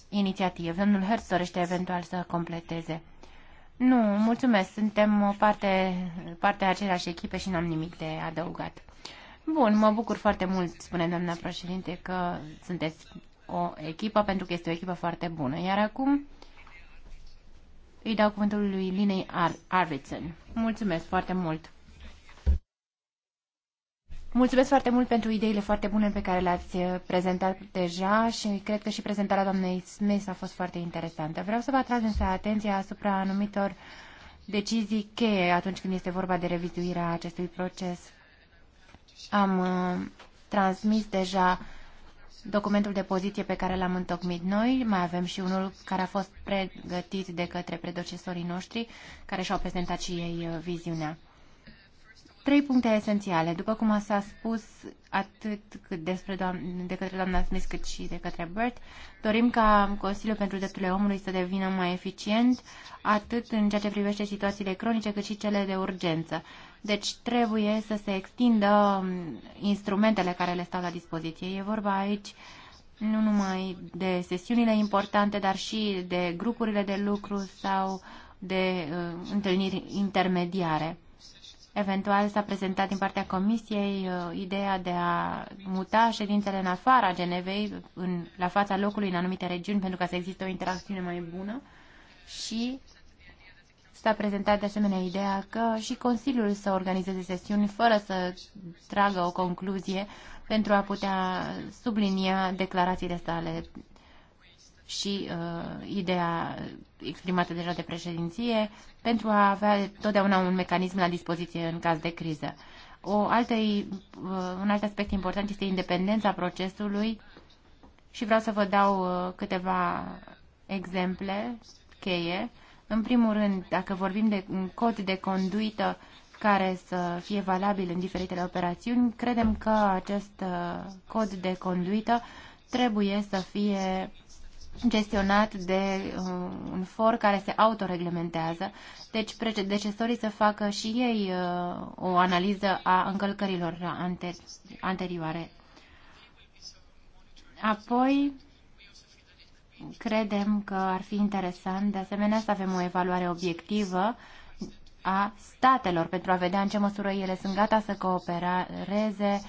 inițiativă. Domnul Hertz dorește eventual să completeze. Nu, mulțumesc. Suntem parte, a aceleași echipe și n-am nimic de adăugat. Bun, mă bucur foarte mult, spune doamna președinte, că sunteți o echipă, pentru că este o echipă foarte bună. Iar acum îi dau cuvântul lui Linei Ar- Arvițen. Mulțumesc foarte mult! Mulțumesc foarte mult pentru ideile foarte bune pe care le-ați uh, prezentat deja și cred că și prezentarea doamnei Smith a fost foarte interesantă. Vreau să vă atrag însă atenția asupra anumitor decizii cheie atunci când este vorba de revizuirea acestui proces. Am uh, transmis deja uh, documentul de poziție pe care l-am întocmit noi, mai avem și unul care a fost pregătit de către predecesorii noștri, care și-au prezentat și ei uh, viziunea. Trei puncte esențiale. După cum s-a spus atât cât despre doamne, de către doamna Smith cât și de către Bert, dorim ca Consiliul pentru Drepturile Omului să devină mai eficient, atât în ceea ce privește situațiile cronice cât și cele de urgență. Deci trebuie să se extindă um, instrumentele care le stau la dispoziție. E vorba aici nu numai de sesiunile importante, dar și de grupurile de lucru sau de uh, întâlniri intermediare. Eventual s-a prezentat din partea Comisiei uh, ideea de a muta ședințele în afara Genevei, în, la fața locului în anumite regiuni, pentru ca să existe o interacțiune mai bună și S-a prezentat de asemenea ideea că și Consiliul să organizeze sesiuni fără să tragă o concluzie pentru a putea sublinia declarațiile sale și uh, ideea exprimată deja de președinție pentru a avea totdeauna un mecanism la dispoziție în caz de criză. O altă, uh, un alt aspect important este independența procesului și vreau să vă dau uh, câteva exemple cheie. Uh, în primul rând, dacă vorbim de un cod de conduită care să fie valabil în diferitele operațiuni, credem că acest uh, cod de conduită trebuie să fie gestionat de uh, un for care se autoreglementează, deci predecesorii să facă și ei uh, o analiză a încălcărilor anterioare. Apoi, Credem că ar fi interesant, de asemenea, să avem o evaluare obiectivă a statelor pentru a vedea în ce măsură ele sunt gata să coopereze,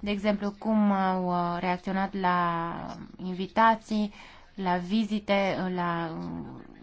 de exemplu, cum au uh, reacționat la invitații, la vizite, uh, la uh,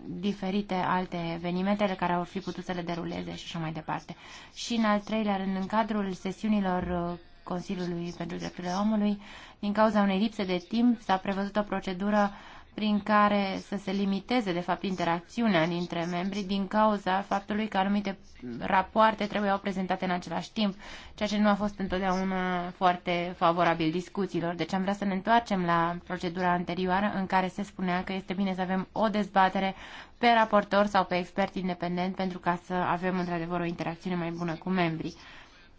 diferite alte evenimente care au fi putut să le deruleze și așa mai departe. Și în al treilea rând, în cadrul sesiunilor Consiliului pentru Drepturile Omului, din cauza unei lipse de timp, s-a prevăzut o procedură prin care să se limiteze, de fapt, interacțiunea dintre membri din cauza faptului că anumite rapoarte trebuiau prezentate în același timp, ceea ce nu a fost întotdeauna foarte favorabil discuțiilor. Deci am vrea să ne întoarcem la procedura anterioară în care se spunea că este bine să avem o dezbatere pe raportor sau pe expert independent pentru ca să avem într-adevăr o interacțiune mai bună cu membrii.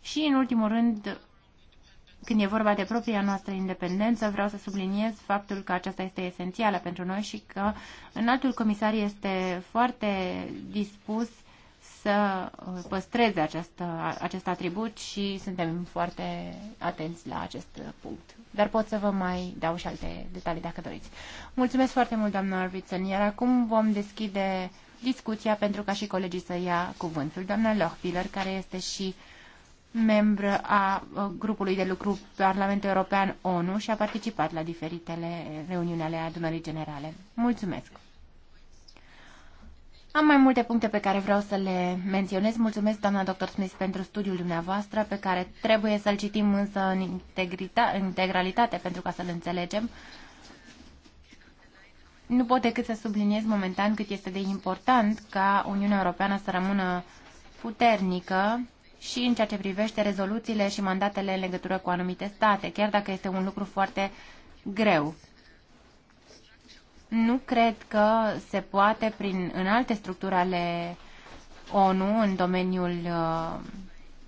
Și, în ultimul rând, când e vorba de propria noastră independență, vreau să subliniez faptul că aceasta este esențială pentru noi și că înaltul comisar este foarte dispus să uh, păstreze această, acest atribut și suntem foarte atenți la acest punct. Dar pot să vă mai dau și alte detalii dacă doriți. Mulțumesc foarte mult, doamna Arvitsen. iar acum vom deschide discuția pentru ca și colegii să ia cuvântul. Doamna Lochpiller, care este și uh, membră a grupului de lucru Parlamentul European ONU și a participat la diferitele reuniuni ale adunării generale. Mulțumesc! Am mai multe puncte pe care vreau să le menționez. Mulțumesc, doamna dr. Smith, pentru studiul dumneavoastră, pe care trebuie să-l citim însă în integralitate pentru ca să-l înțelegem. Nu pot decât să subliniez momentan cât este de important ca Uniunea Europeană să rămână puternică și în ceea ce privește rezoluțiile și mandatele în legătură cu anumite state, chiar dacă este un lucru foarte greu. Nu cred că se poate prin, în alte structuri ale ONU, în domeniul uh,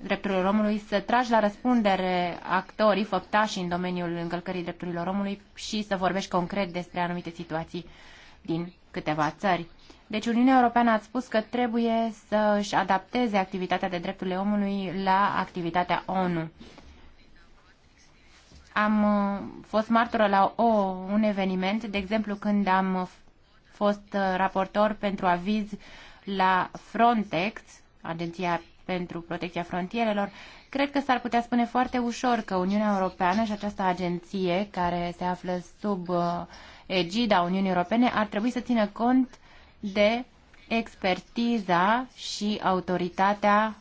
drepturilor omului, să tragi la răspundere actorii făptași în domeniul încălcării drepturilor omului și să vorbești concret despre anumite situații din câteva țări. Deci Uniunea Europeană a spus că trebuie să își adapteze activitatea de drepturile omului la activitatea ONU. Am uh, fost martoră la o, un eveniment, de exemplu când am fost uh, raportor pentru aviz la Frontex, Agenția pentru Protecția Frontierelor, cred că s-ar putea spune foarte ușor că Uniunea Europeană și această agenție care se află sub uh, egida Uniunii Europene ar trebui să țină cont de expertiza și autoritatea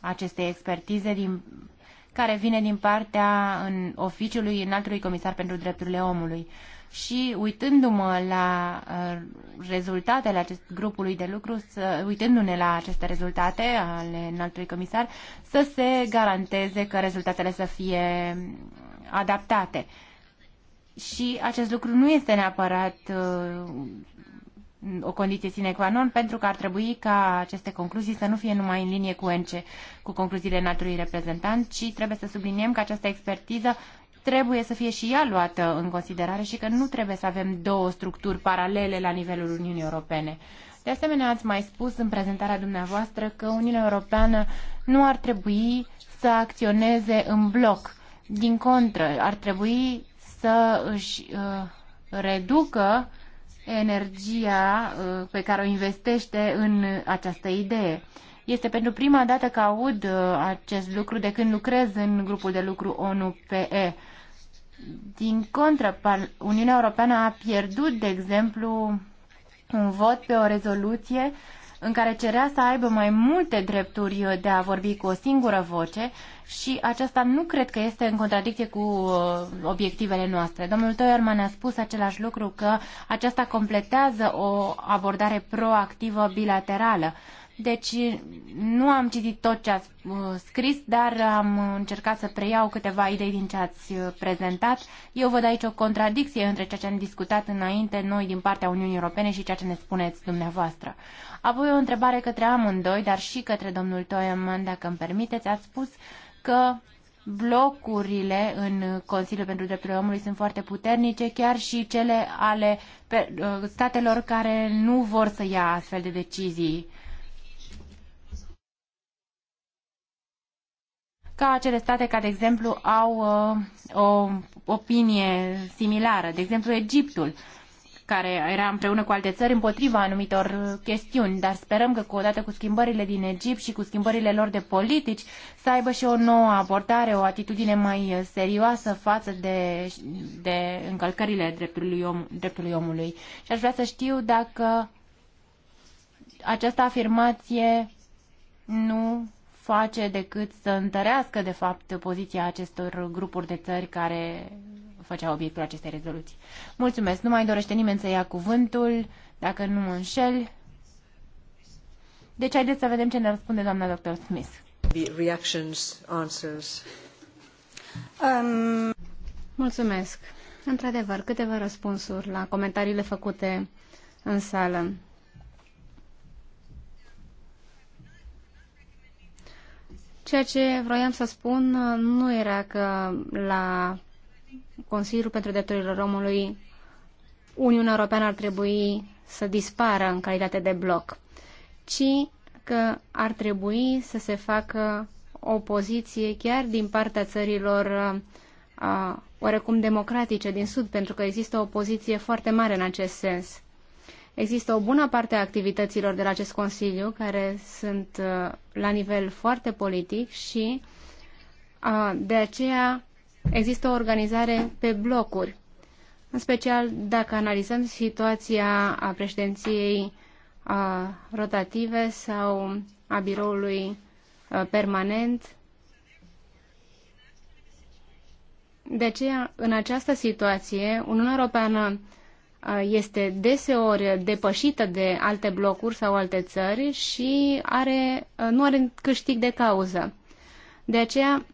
acestei expertize din, care vine din partea în oficiului înaltului comisar pentru drepturile omului. Și uitându-mă la uh, rezultatele acest grupului de lucru, uitându-ne la aceste rezultate ale înaltului comisar, să se garanteze că rezultatele să fie adaptate. Și acest lucru nu este neapărat uh, o condiție sine qua non pentru că ar trebui ca aceste concluzii să nu fie numai în linie cu ENCE, cu concluziile naturii reprezentant, ci trebuie să subliniem că această expertiză trebuie să fie și ea luată în considerare și că nu trebuie să avem două structuri paralele la nivelul Uniunii Europene. De asemenea, ați mai spus în prezentarea dumneavoastră că Uniunea Europeană nu ar trebui să acționeze în bloc. Din contră, ar trebui să își uh, reducă uh, energia uh, pe care o investește în această idee. Este pentru prima dată că aud uh, acest lucru de când lucrez în grupul de lucru ONU-PE. Din contră, Uniunea Europeană a pierdut, de exemplu, un vot pe o rezoluție uh, în care cerea să aibă mai multe drepturi de a vorbi cu o singură voce și aceasta nu cred că este în contradicție cu uh, obiectivele noastre. Domnul Toierman a spus același lucru că aceasta completează o abordare proactivă bilaterală. Deci nu am citit tot ce ați uh, scris, dar am încercat să preiau câteva idei din ce ați uh, prezentat. Eu văd aici o contradicție între ceea ce am discutat înainte noi din partea Uniunii Europene și ceea ce ne spuneți dumneavoastră. Apoi o întrebare către amândoi, dar și către domnul Toieman, dacă îmi permiteți. Ați spus că blocurile în Consiliul pentru Drepturile Omului sunt foarte puternice, chiar și cele ale uh, statelor care nu vor să ia astfel de decizii. Ca acele state care, de exemplu, au uh, o opinie similară, de exemplu Egiptul care era împreună cu alte țări împotriva anumitor chestiuni, dar sperăm că cu odată cu schimbările din Egipt și cu schimbările lor de politici să aibă și o nouă abordare, o atitudine mai serioasă față de, de încălcările dreptului, om, dreptului omului. Și aș vrea să știu dacă această afirmație nu face decât să întărească, de fapt, poziția acestor grupuri de țări care făcea obiectul acestei rezoluții. Mulțumesc. Nu mai dorește nimeni să ia cuvântul, dacă nu mă înșel. Deci haideți să vedem ce ne răspunde doamna dr. Smith. The reactions, answers. Um... Mulțumesc. Într-adevăr, câteva răspunsuri la comentariile făcute în sală. Ceea ce vroiam să spun nu era că la Consiliul pentru Drepturile Omului, Uniunea Europeană ar trebui să dispară în calitate de bloc, ci că ar trebui să se facă opoziție chiar din partea țărilor a, oarecum democratice din Sud, pentru că există o opoziție foarte mare în acest sens. Există o bună parte a activităților de la acest Consiliu care sunt la nivel foarte politic și de aceea Există o organizare pe blocuri, în special dacă analizăm situația a președinției a, rotative sau a biroului a, permanent. De aceea, în această situație, Uniunea Europeană este deseori depășită de alte blocuri sau alte țări și are, nu are câștig de cauză. De aceea,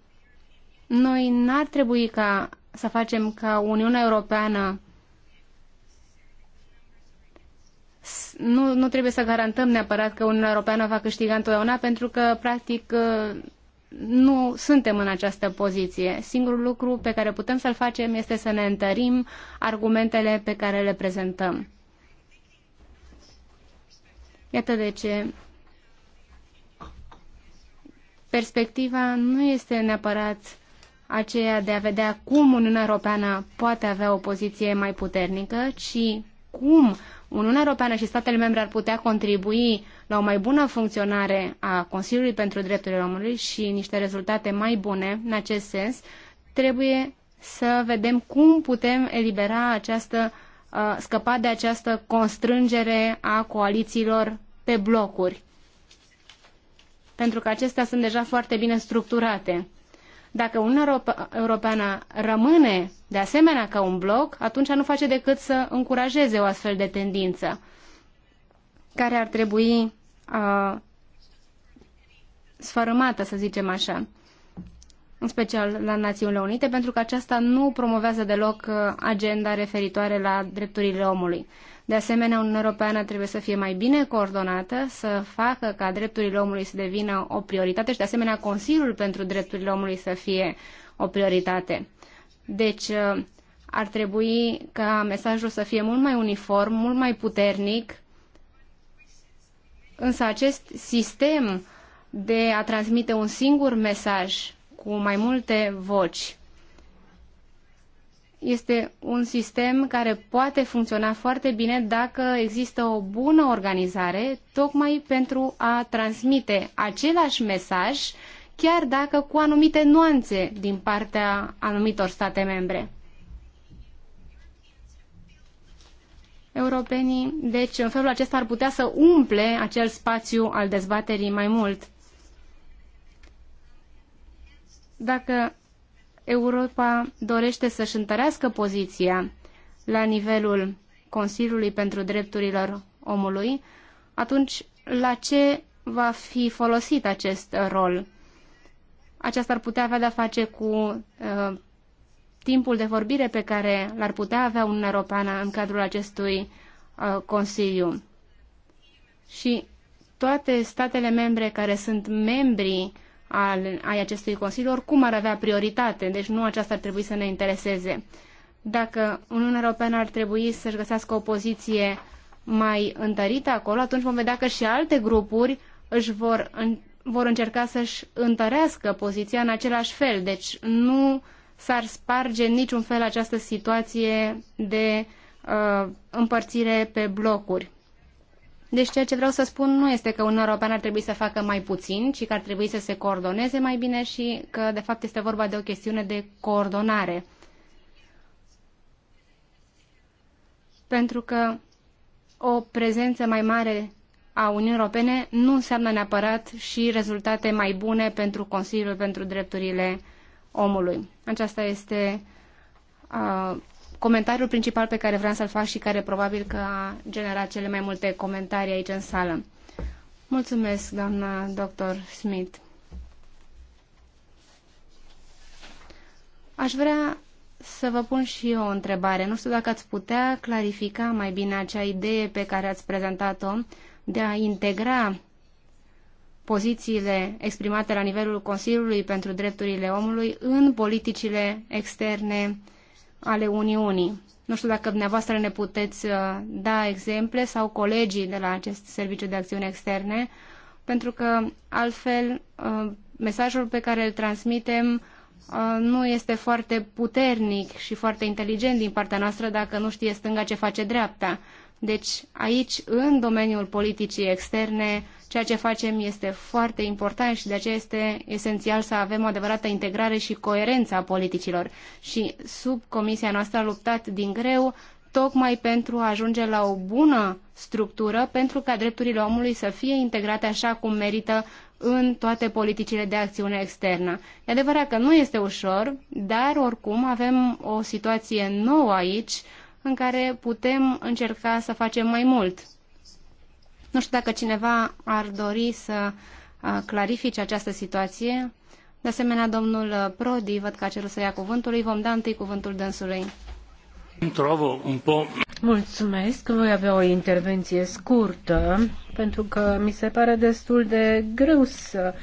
noi n-ar trebui ca să facem ca Uniunea Europeană nu, nu trebuie să garantăm neapărat că Uniunea Europeană va câștiga întotdeauna, pentru că, practic, uh, nu suntem în această poziție. Singurul lucru pe care putem să-l facem este să ne întărim argumentele pe care le prezentăm. Iată de ce perspectiva nu este neapărat aceea de a vedea cum Uniunea Europeană poate avea o poziție mai puternică, ci cum Uniunea Europeană și statele membre ar putea contribui la o mai bună funcționare a Consiliului pentru Drepturile Omului și niște rezultate mai bune în acest sens, trebuie să vedem cum putem elibera această, uh, scăpa de această constrângere a coalițiilor pe blocuri. Pentru că acestea sunt deja foarte bine structurate. Dacă Uniunea Europeană rămâne de asemenea ca un bloc, atunci nu face decât să încurajeze o astfel de tendință care ar trebui uh, sfărâmată, să zicem așa, în special la Națiunile Unite, pentru că aceasta nu promovează deloc agenda referitoare la drepturile omului. De asemenea, Uniunea Europeană trebuie să fie mai bine coordonată, să facă ca drepturile omului să devină o prioritate și, de asemenea, Consiliul pentru Drepturile Omului să fie o prioritate. Deci, uh, ar trebui ca mesajul să fie mult mai uniform, mult mai puternic, însă acest sistem de a transmite un singur mesaj cu mai multe voci este un sistem care poate funcționa foarte bine dacă există o bună organizare, tocmai pentru a transmite același mesaj, chiar dacă cu anumite nuanțe din partea anumitor state membre. Europenii, deci în felul acesta ar putea să umple acel spațiu al dezbaterii mai mult. Dacă Europa dorește să-și întărească poziția la nivelul Consiliului pentru Drepturile Omului, atunci la ce va fi folosit acest rol? Aceasta ar putea avea de-a face cu uh, timpul de vorbire pe care l-ar putea avea un Europeană în cadrul acestui uh, Consiliu. Și toate statele membre care sunt membri al, ai acestui Consiliu oricum ar avea prioritate, deci nu aceasta ar trebui să ne intereseze. Dacă Uniunea Europeană ar trebui să-și găsească o poziție mai întărită acolo, atunci vom vedea că și alte grupuri își vor, în, vor încerca să-și întărească poziția în același fel. Deci nu s-ar sparge în niciun fel această situație de uh, împărțire pe blocuri. Deci ceea ce vreau să spun nu este că Uniunea Europeană ar trebui să facă mai puțin, ci că ar trebui să se coordoneze mai bine și că de fapt este vorba de o chestiune de coordonare. Pentru că o prezență mai mare a Uniunii Europene nu înseamnă neapărat și rezultate mai bune pentru Consiliul pentru Drepturile Omului. Aceasta este uh, comentariul principal pe care vreau să-l fac și care probabil că a generat cele mai multe comentarii aici în sală. Mulțumesc, doamna doctor Smith. Aș vrea să vă pun și eu o întrebare. Nu știu dacă ați putea clarifica mai bine acea idee pe care ați prezentat-o de a integra pozițiile exprimate la nivelul Consiliului pentru Drepturile Omului în politicile externe uh, ale Uniunii. Nu știu dacă dumneavoastră ne puteți uh, da exemple sau colegii de la acest serviciu de acțiune externe, pentru că altfel uh, mesajul pe care îl transmitem uh, nu este foarte puternic și foarte inteligent din partea noastră dacă nu știe stânga ce face dreapta. Deci aici, în domeniul politicii externe, Ceea ce facem este foarte important și de aceea este esențial să avem o adevărată integrare și coerență a politicilor. Și sub comisia noastră a luptat din greu tocmai pentru a ajunge la o bună structură, pentru ca drepturile omului să fie integrate așa cum merită în toate politicile de acțiune externă. E adevărat că nu este ușor, dar oricum avem o situație nouă aici în care putem încerca să facem mai mult. Nu știu dacă cineva ar dori să clarifice această situație. De asemenea, domnul Prodi, văd că a cerut să ia cuvântul, îi vom da întâi cuvântul dânsului. Mulțumesc, voi avea o intervenție scurtă, pentru că mi se pare destul de greu să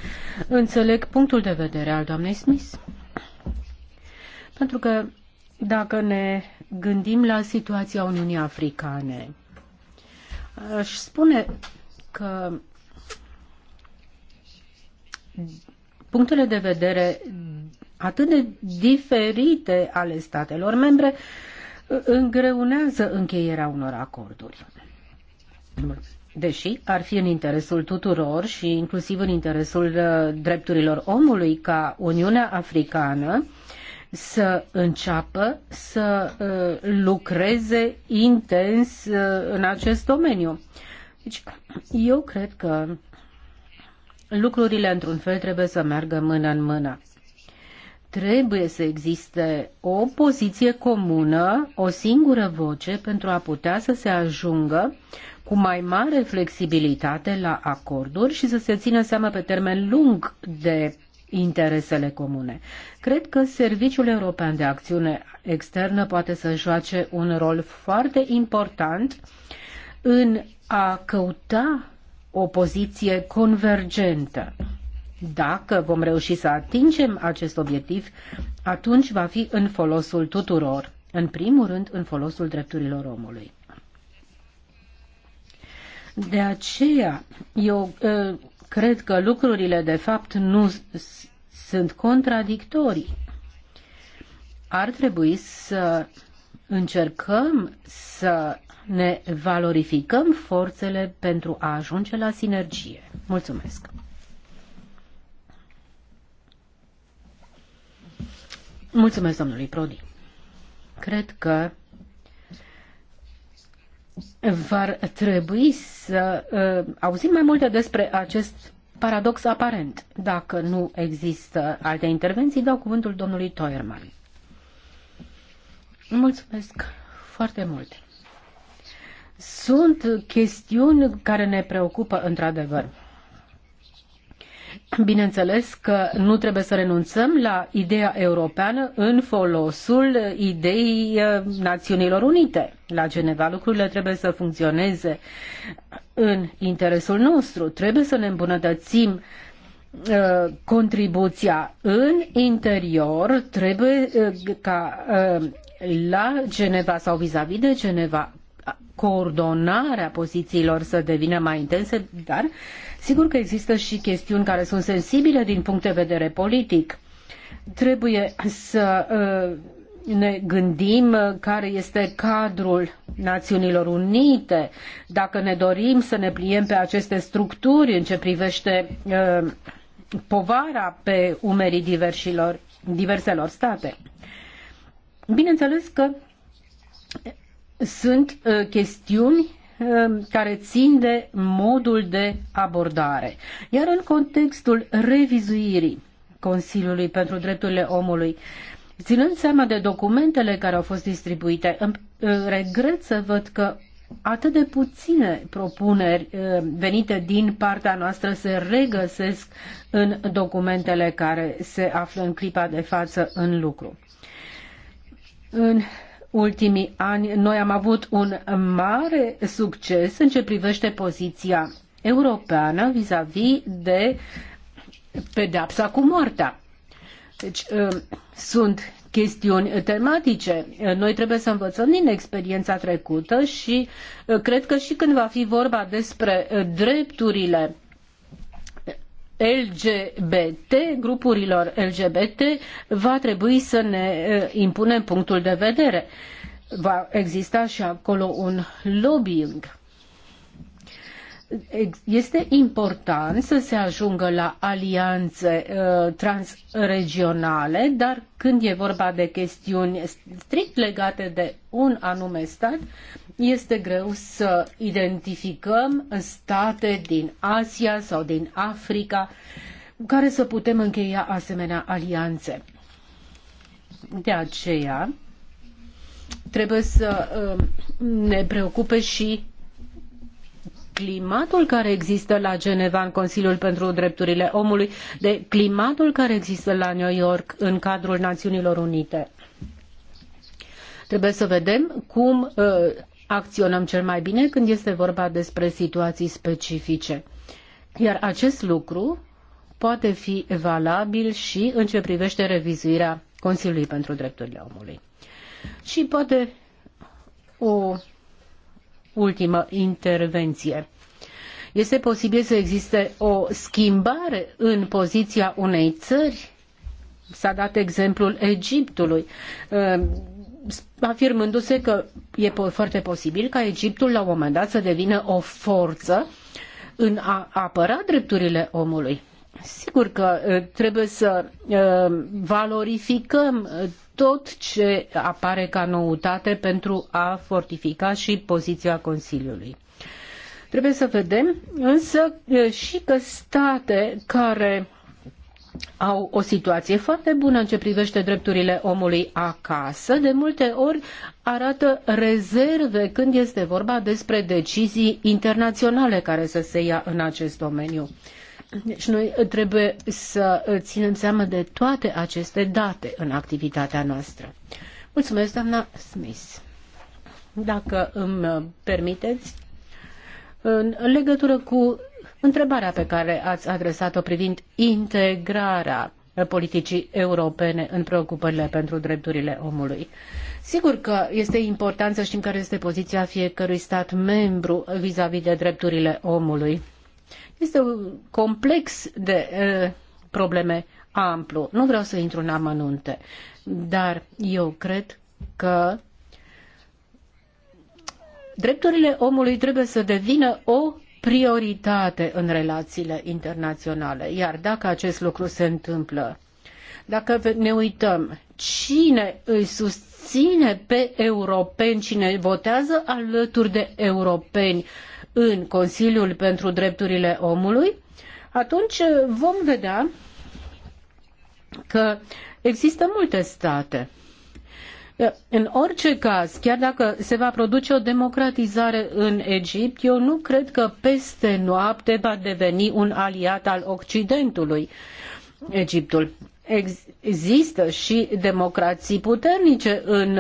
înțeleg punctul de vedere al doamnei Smith. Pentru că dacă ne gândim la situația Uniunii Africane, Aș spune că punctele de vedere atât de diferite ale statelor membre îngreunează încheierea unor acorduri. Deși ar fi în interesul tuturor și inclusiv în interesul uh, drepturilor omului ca Uniunea Africană să înceapă să uh, lucreze intens uh, în acest domeniu. Deci, eu cred că lucrurile, într-un fel, trebuie să meargă mână în mână. Trebuie să existe o poziție comună, o singură voce pentru a putea să se ajungă cu mai mare flexibilitate la acorduri și să se țină seama pe termen lung de interesele comune. Cred că Serviciul European de Acțiune Externă poate să joace un rol foarte important în a căuta o poziție convergentă. Dacă vom reuși să atingem acest obiectiv, atunci va fi în folosul tuturor, în primul rând în folosul drepturilor omului. De aceea, eu ă, cred că lucrurile de fapt nu sunt contradictorii. Ar trebui să încercăm să ne valorificăm forțele pentru a ajunge la sinergie. Mulțumesc! Mulțumesc domnului Prodi. Cred că va trebui să uh, auzim mai multe despre acest paradox aparent. Dacă nu există alte intervenții, dau cuvântul domnului Toierman. Mulțumesc foarte mult. Sunt chestiuni care ne preocupă într-adevăr. Bineînțeles că nu trebuie să renunțăm la ideea europeană în folosul ideii eh, Națiunilor Unite. La Geneva lucrurile trebuie să funcționeze în interesul nostru. Trebuie să ne îmbunătățim eh, contribuția în interior trebuie eh, ca la Geneva sau vis-a-vis -vis de Geneva coordonarea pozițiilor să devină mai intense, dar uh, Sigur că există și chestiuni care sunt sensibile din punct de vedere politic. Trebuie să uh, ne gândim uh, care este cadrul Națiunilor Unite, dacă ne dorim să ne pliem pe aceste structuri în ce privește uh, povara pe umerii diversilor, diverselor state. Bineînțeles că sunt chestiuni Um, care țin de modul de abordare. Iar în contextul revizuirii Consiliului pentru Drepturile Omului, ținând seama de documentele care au fost distribuite, uh, regret să văd că atât de puține propuneri uh, venite din partea noastră se regăsesc în documentele care se află în clipa de față în lucru. În ultimii ani noi am avut un mare succes în ce privește poziția europeană vis-a-vis -vis de pedapsa cu moartea. Deci um, sunt chestiuni tematice. Noi trebuie să învățăm din experiența trecută și uh, cred că și când va fi vorba despre uh, drepturile LGBT, grupurilor LGBT, va trebui să ne eh, impunem punctul de vedere. Va exista și acolo un lobbying. Este important să se ajungă la alianțe uh, transregionale, dar când e vorba de chestiuni strict legate de un anume stat, este greu să identificăm state din Asia sau din Africa cu care să putem încheia asemenea alianțe. De aceea, trebuie să um, ne preocupe și climatul care există la Geneva în Consiliul pentru Drepturile Omului, de climatul care există la New York în cadrul Națiunilor Unite. Trebuie să vedem cum uh, acționăm cel mai bine când este vorba despre situații specifice. Iar acest lucru poate fi valabil și în ce privește revizuirea Consiliului pentru Drepturile Omului. Și poate o ultimă intervenție. Este posibil să existe o schimbare în poziția unei țări? S-a dat exemplul Egiptului afirmându-se că e foarte posibil ca Egiptul la un moment dat să devină o forță în a apăra drepturile omului. Sigur că trebuie să valorificăm tot ce apare ca noutate pentru a fortifica și poziția Consiliului. Trebuie să vedem însă și că state care au o situație foarte bună în ce privește drepturile omului acasă, de multe ori arată rezerve când este vorba despre decizii internaționale care să se ia în acest domeniu. Deci noi trebuie să ținem seama de toate aceste date în activitatea noastră. Mulțumesc, doamna Smith. Dacă îmi permiteți, în legătură cu Întrebarea pe care ați adresat-o privind integrarea politicii europene în preocupările pentru drepturile omului. Sigur că este important să știm care este poziția fiecărui stat membru vis-a-vis -vis de drepturile omului. Este un complex de probleme amplu. Nu vreau să intru în amănunte, dar eu cred că drepturile omului trebuie să devină o prioritate în relațiile internaționale. Iar dacă acest lucru se întâmplă, dacă ne uităm cine îi susține pe europeni, cine votează alături de europeni în Consiliul pentru Drepturile Omului, atunci vom vedea că există multe state în orice caz, chiar dacă se va produce o democratizare în Egipt, eu nu cred că peste noapte va deveni un aliat al Occidentului Egiptul. Există și democrații puternice în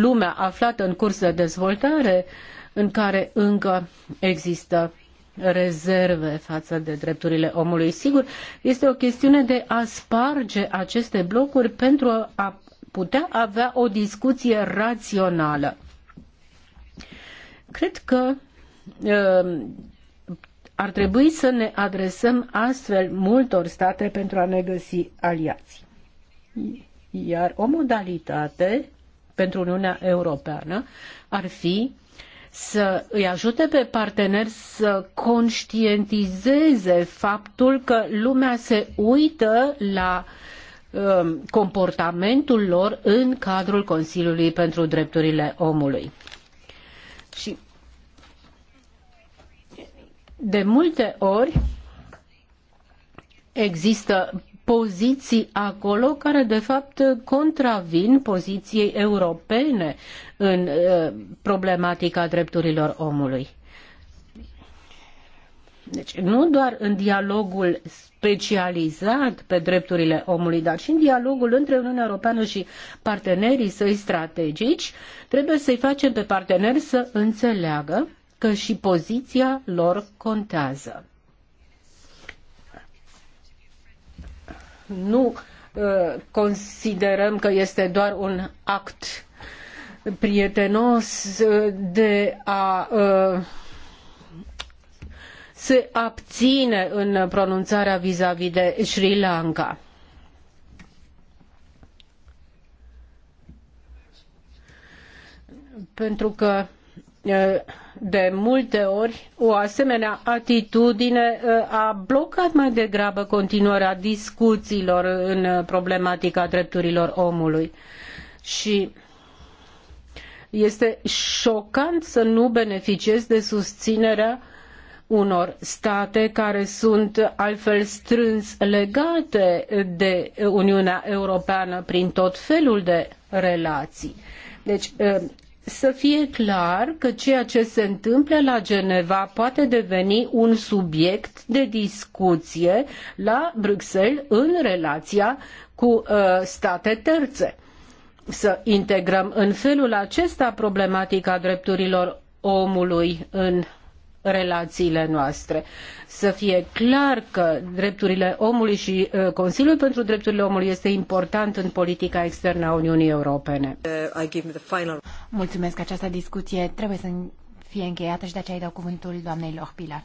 lumea aflată în curs de dezvoltare, în care încă există rezerve față de drepturile omului. Sigur, este o chestiune de a sparge aceste blocuri pentru a putea avea o discuție rațională. Cred că uh, ar trebui să ne adresăm astfel multor state pentru a ne găsi aliații. Iar o modalitate pentru Uniunea Europeană ar fi să îi ajute pe parteneri să conștientizeze faptul că lumea se uită la Um, comportamentul lor în cadrul Consiliului pentru Drepturile Omului. Și de multe ori există poziții acolo care de fapt contravin poziției europene în uh, problematica drepturilor omului. Deci nu doar în dialogul specializat pe drepturile omului, dar și în dialogul între Uniunea Europeană și partenerii săi strategici, trebuie să-i facem pe parteneri să înțeleagă că și poziția lor contează. Nu uh, considerăm că este doar un act prietenos uh, de a uh, se abține în pronunțarea vizavi de Sri Lanka. Pentru că de multe ori o asemenea atitudine a blocat mai degrabă continuarea discuțiilor în problematica drepturilor omului. Și este șocant să nu beneficiez de susținerea unor state care sunt altfel strâns legate de Uniunea Europeană prin tot felul de relații. Deci, ă, să fie clar că ceea ce se întâmplă la Geneva poate deveni un subiect de discuție la Bruxelles în relația cu ă, state terțe. Să integrăm în felul acesta problematica drepturilor omului în relațiile noastre. Să fie clar că drepturile omului și uh, Consiliul pentru Drepturile Omului este important în politica externă a Uniunii Europene. Uh, Mulțumesc, această discuție trebuie să fie încheiată și de aceea îi dau cuvântul doamnei Lohpilar.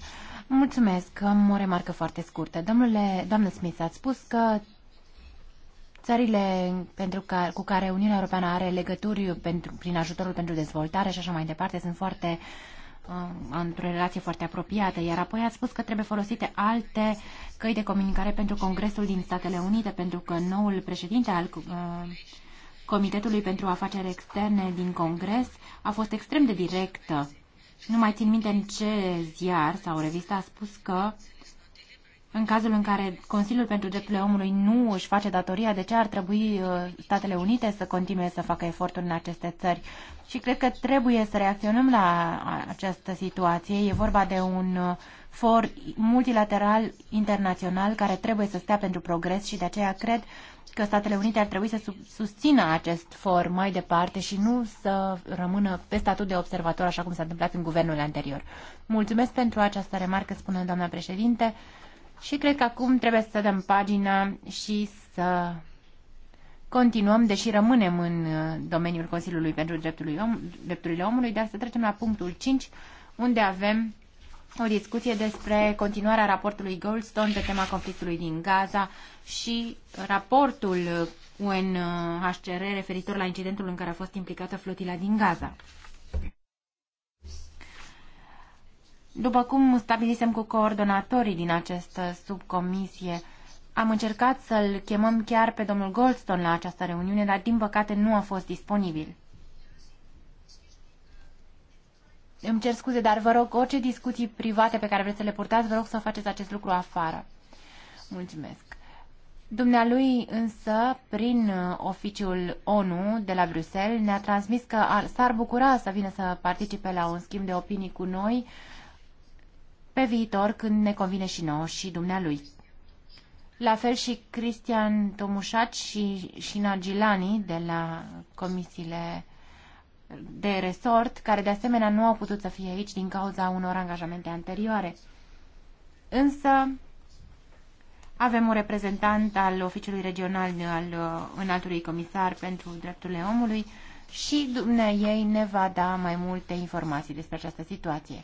Mulțumesc, am o remarcă foarte scurtă. Domnule, doamnă Smith, ați spus că țările pentru care, cu care Uniunea Europeană are legături pentru, prin ajutorul pentru dezvoltare și așa mai departe sunt foarte uh, Uh, într-o relație foarte apropiată, iar apoi ați spus că trebuie folosite alte căi de comunicare pentru Congresul din Statele Unite, pentru că noul președinte al uh, Comitetului pentru Afaceri Externe din Congres a fost extrem de directă. Nu mai țin minte în ce ziar sau revistă a spus că în cazul în care Consiliul pentru Drepturile Omului nu își face datoria, de ce ar trebui uh, Statele Unite să continue să facă eforturi în aceste țări? Și cred că trebuie să reacționăm la această situație. E vorba de un uh, for multilateral internațional care trebuie să stea pentru progres și de aceea cred că Statele Unite ar trebui să susțină acest for mai departe și nu să rămână pe statut de observator așa cum s-a întâmplat în guvernul anterior. Mulțumesc pentru această remarcă, spune doamna președinte. Și cred că acum trebuie să dăm pagina și să continuăm, deși rămânem în uh, domeniul Consiliului pentru Drepturile, Omului, dar să trecem la punctul 5, unde avem o discuție despre continuarea raportului Goldstone pe tema conflictului din Gaza și raportul UNHCR referitor la incidentul în care a fost implicată flotila din Gaza. După cum stabilisem cu coordonatorii din această subcomisie, am încercat să-l chemăm chiar pe domnul Goldstone la această reuniune, dar din păcate nu a fost disponibil. Îmi cer scuze, dar vă rog, orice discuții private pe care vreți să le purtați, vă rog să faceți acest lucru afară. Mulțumesc. Dumnealui însă, prin uh, oficiul ONU de la Bruxelles, ne-a transmis că s-ar bucura să vină să participe la un schimb de opinii cu noi pe viitor când ne convine și nouă și dumnealui. La fel și Cristian Tomușat și Shina Gilani de la comisiile de resort, care de asemenea nu au putut să fie aici din cauza unor angajamente anterioare. Însă avem un reprezentant al Oficiului Regional al uh, Înaltului Comisar pentru Drepturile Omului și dumneai ei ne va da mai multe informații despre această situație.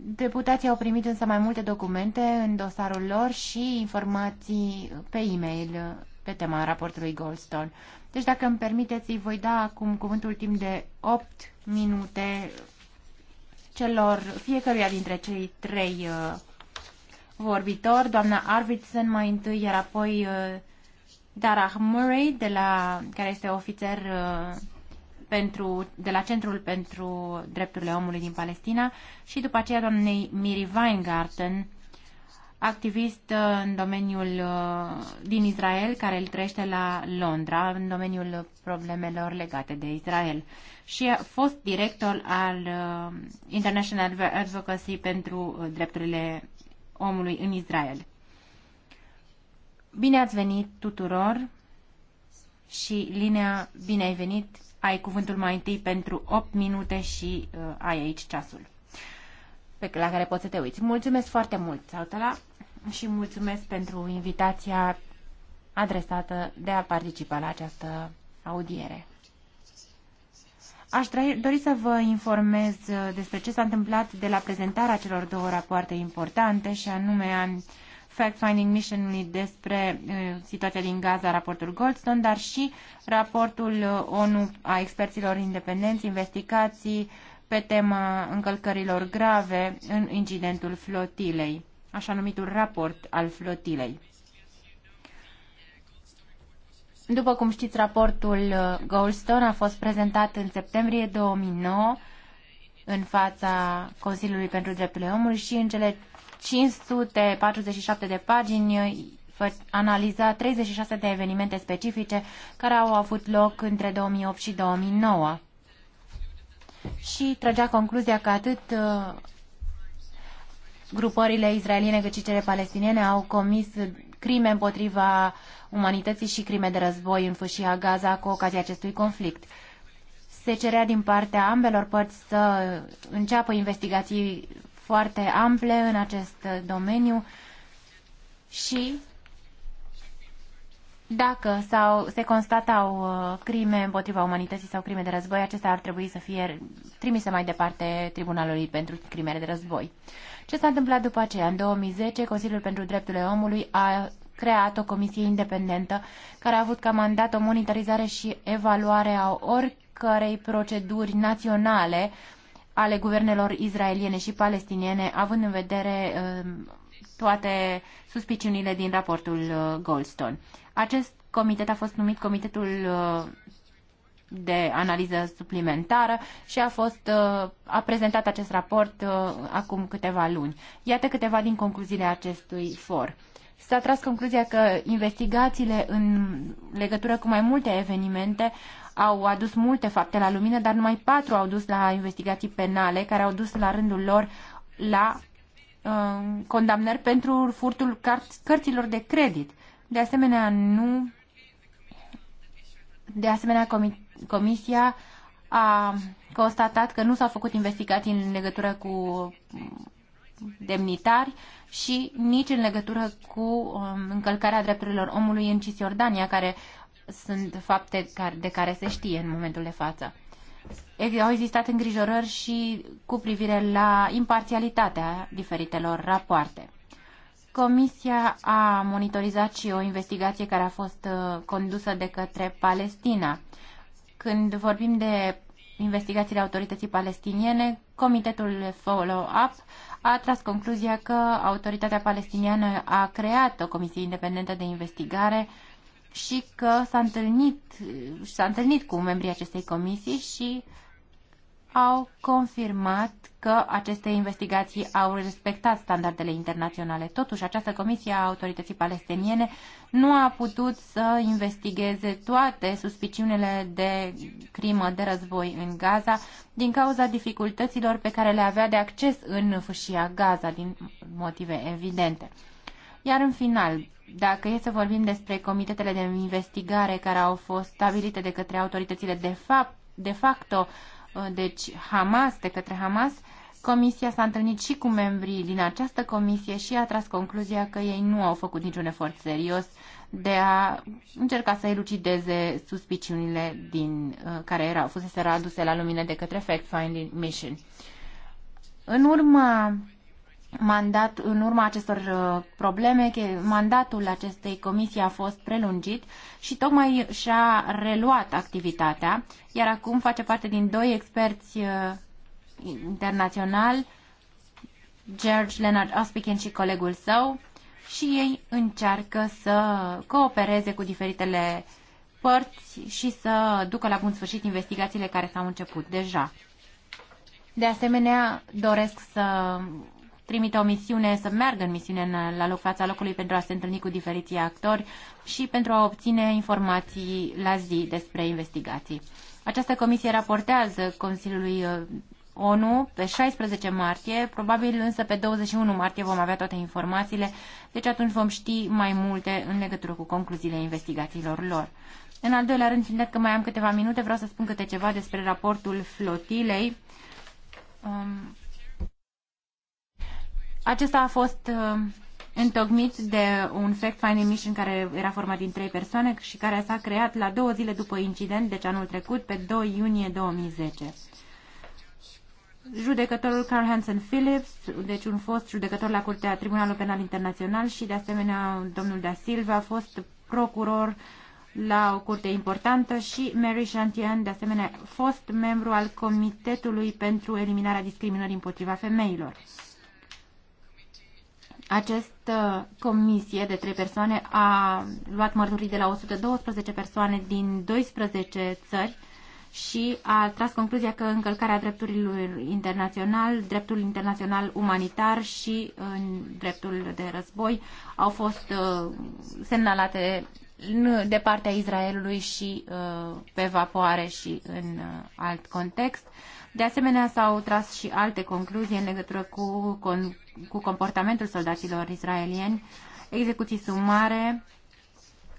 Deputații au primit însă mai multe documente în dosarul lor și informații pe e-mail pe tema raportului Goldstone. Deci, dacă îmi permiteți, îi voi da acum cuvântul timp de 8 minute celor, fiecăruia dintre cei trei uh, vorbitori, doamna Arvidsen mai întâi, iar apoi uh, Darah Murray, de la, care este ofițer uh, pentru, de la Centrul pentru Drepturile Omului din Palestina și după aceea doamnei Miri Weingarten, activist uh, în domeniul uh, din Israel, care îl trăiește la Londra, în domeniul problemelor legate de Israel. Și a fost director al uh, International Advocacy pentru drepturile omului în Israel. Bine ați venit tuturor și Linea, bine ai venit ai cuvântul mai întâi pentru 8 minute și uh, ai aici ceasul pe la care poți să te uiți. Mulțumesc foarte mult, Sautala, și mulțumesc pentru invitația adresată de a participa la această audiere. Aș dori să vă informez uh, despre ce s-a întâmplat de la prezentarea celor două rapoarte importante, și anume fact-finding mission-ului despre uh, situația din Gaza, raportul Goldstone, dar și raportul uh, ONU a experților independenți, investigații pe tema încălcărilor grave în incidentul flotilei, așa numitul raport al flotilei. După cum știți, raportul uh, Goldstone a fost prezentat în septembrie 2009 în fața Consiliului pentru Drepturile Omului și în cele 547 de pagini analiza 36 de evenimente specifice care au avut loc între 2008 și 2009 și trăgea concluzia că atât uh, grupările israeliene cât și cele palestiniene au comis crime împotriva umanității și crime de război în fâșia Gaza cu ocazia acestui conflict. Se cerea din partea ambelor părți să înceapă investigații foarte ample în acest domeniu și dacă sau se constatau uh, crime împotriva umanității sau crime de război, acestea ar trebui să fie trimise mai departe Tribunalului pentru crimele de război. Ce s-a întâmplat după aceea? În 2010, Consiliul pentru Drepturile Omului a creat o comisie independentă care a avut ca mandat o monitorizare și evaluare a oricărei proceduri naționale ale guvernelor izraeliene și palestiniene, având în vedere um, toate suspiciunile din raportul uh, Goldstone. Acest comitet a fost numit Comitetul uh, de analiză suplimentară și a fost uh, a prezentat acest raport acum câteva luni. Iată câteva din concluziile acestui for. S-a tras concluzia că investigațiile în legătură cu mai multe evenimente au adus multe fapte la lumină, dar numai patru au dus la investigații penale, care au dus la rândul lor la uh, condamnări pentru furtul cărților de credit. De asemenea, nu. De asemenea, comi Comisia a constatat că nu s-au făcut investigații în legătură cu mm, demnitari și nici în legătură cu um, încălcarea drepturilor omului în Cisjordania, care sunt fapte de care se știe în momentul de față. Au existat îngrijorări și cu privire la imparțialitatea diferitelor rapoarte. Comisia a monitorizat și o investigație care a fost uh, condusă de către Palestina. Când vorbim de investigațiile autorității palestiniene, Comitetul Follow-up a tras concluzia că autoritatea palestiniană a creat o comisie independentă de investigare și că s-a întâlnit, s-a întâlnit cu membrii acestei comisii și au confirmat că aceste investigații au respectat standardele internaționale. Totuși, această comisie a autorității palestiniene nu a putut să investigheze toate suspiciunile de crimă de război în Gaza din cauza dificultăților pe care le avea de acces în fâșia Gaza, din motive evidente. Iar în final, dacă e să vorbim despre comitetele de investigare care au fost stabilite de către autoritățile de, fapt, de facto, uh, deci Hamas, de către Hamas, Comisia s-a întâlnit și cu membrii din această comisie și a tras concluzia că ei nu au făcut niciun efort serios de a încerca să elucideze suspiciunile din, uh, care erau, fusese aduse la lumină de către Fact Finding Mission. În urma mandat, în urma acestor uh, probleme, că mandatul acestei comisii a fost prelungit și tocmai și-a reluat activitatea, iar acum face parte din doi experți uh, internaționali, George Leonard Ospikin și colegul său, și ei încearcă să coopereze cu diferitele părți și să ducă la bun sfârșit investigațiile care s-au început deja. De asemenea, doresc să trimite o misiune, să meargă în misiune în, la loc fața locului pentru a se întâlni cu diferiții actori și pentru a obține informații la zi despre investigații. Această comisie raportează Consiliului uh, ONU pe 16 martie, probabil însă pe 21 martie vom avea toate informațiile, deci atunci vom ști mai multe în legătură cu concluziile investigațiilor lor. În al doilea rând, fiindcă că mai am câteva minute, vreau să spun câte ceva despre raportul flotilei. Um, acesta a fost uh, întocmit de un fact-finding mission care era format din trei persoane și care s-a creat la două zile după incident, deci anul trecut, pe 2 iunie 2010. Judecătorul Carl Hansen Phillips, deci un fost judecător la Curtea Tribunalului Penal Internațional și de asemenea domnul Da Silva a fost procuror la o curte importantă și Mary Chantian, de asemenea, fost membru al Comitetului pentru Eliminarea Discriminării împotriva Femeilor. Această comisie de trei persoane a luat mărturii de la 112 persoane din 12 țări și a tras concluzia că încălcarea drepturilor internațional, dreptul internațional umanitar și în dreptul de război au fost uh, semnalate de partea Israelului și uh, pe vapoare și în uh, alt context. De asemenea, s-au tras și alte concluzii în legătură cu con- cu comportamentul soldaților israelieni, execuții sumare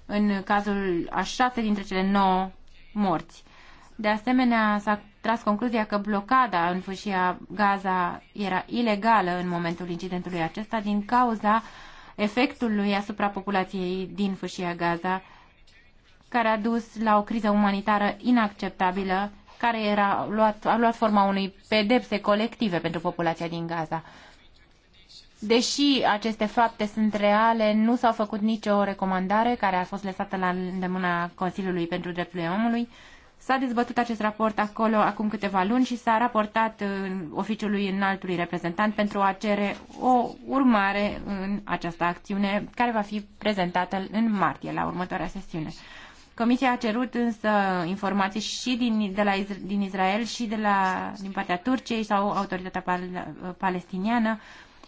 în cazul a șase dintre cele nouă morți. De asemenea, s-a tras concluzia că blocada în fâșia Gaza era ilegală în momentul incidentului acesta din cauza efectului asupra populației din fâșia Gaza, care a dus la o criză umanitară inacceptabilă, care era luat, a luat forma unui pedepse colective pentru populația din Gaza. Deși aceste fapte sunt reale, nu s-au făcut nicio recomandare care a fost lăsată la îndemâna Consiliului pentru Drepturile Omului. S-a dezbătut acest raport acolo acum câteva luni și s-a raportat uh, în oficiului înaltului reprezentant pentru a cere o urmare în această acțiune care va fi prezentată în martie la următoarea sesiune. Comisia a cerut însă informații și din, de la, din Israel și de la, din partea Turciei sau autoritatea pal, palestiniană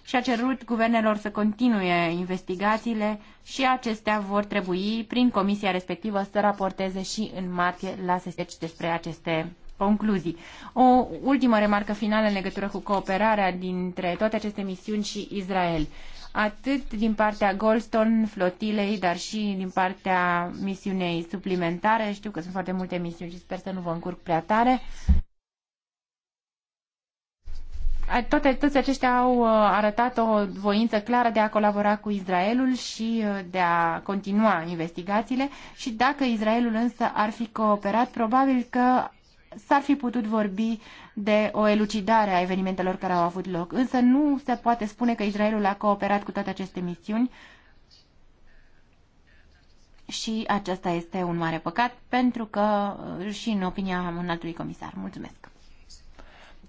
și a cerut guvernelor să continue investigațiile și acestea vor trebui, prin comisia respectivă, să raporteze și în martie la SESEC despre aceste concluzii. O ultimă remarcă finală în legătură cu cooperarea dintre toate aceste misiuni și Israel atât din partea Goldstone, flotilei, dar și din partea misiunei suplimentare. Știu că sunt foarte multe misiuni și sper să nu vă încurc prea tare toate, toți aceștia au uh, arătat o voință clară de a colabora cu Israelul și uh, de a continua investigațiile și dacă Israelul însă ar fi cooperat, probabil că s-ar fi putut vorbi de o elucidare a evenimentelor care au avut loc. Însă nu se poate spune că Israelul a cooperat cu toate aceste misiuni și acesta este un mare păcat pentru că uh, și în opinia un comisar. Mulțumesc!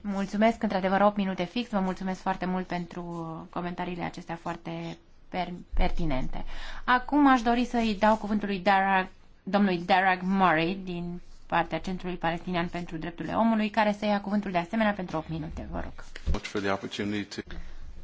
Mulțumesc, într-adevăr, 8 minute fix. Vă mulțumesc foarte mult pentru comentariile acestea foarte per- pertinente. Acum aș dori să-i dau cuvântul lui Darag, domnului Darag Murray din partea Centrului Palestinian pentru Drepturile Omului, care să ia cuvântul de asemenea pentru 8 minute. Vă rog.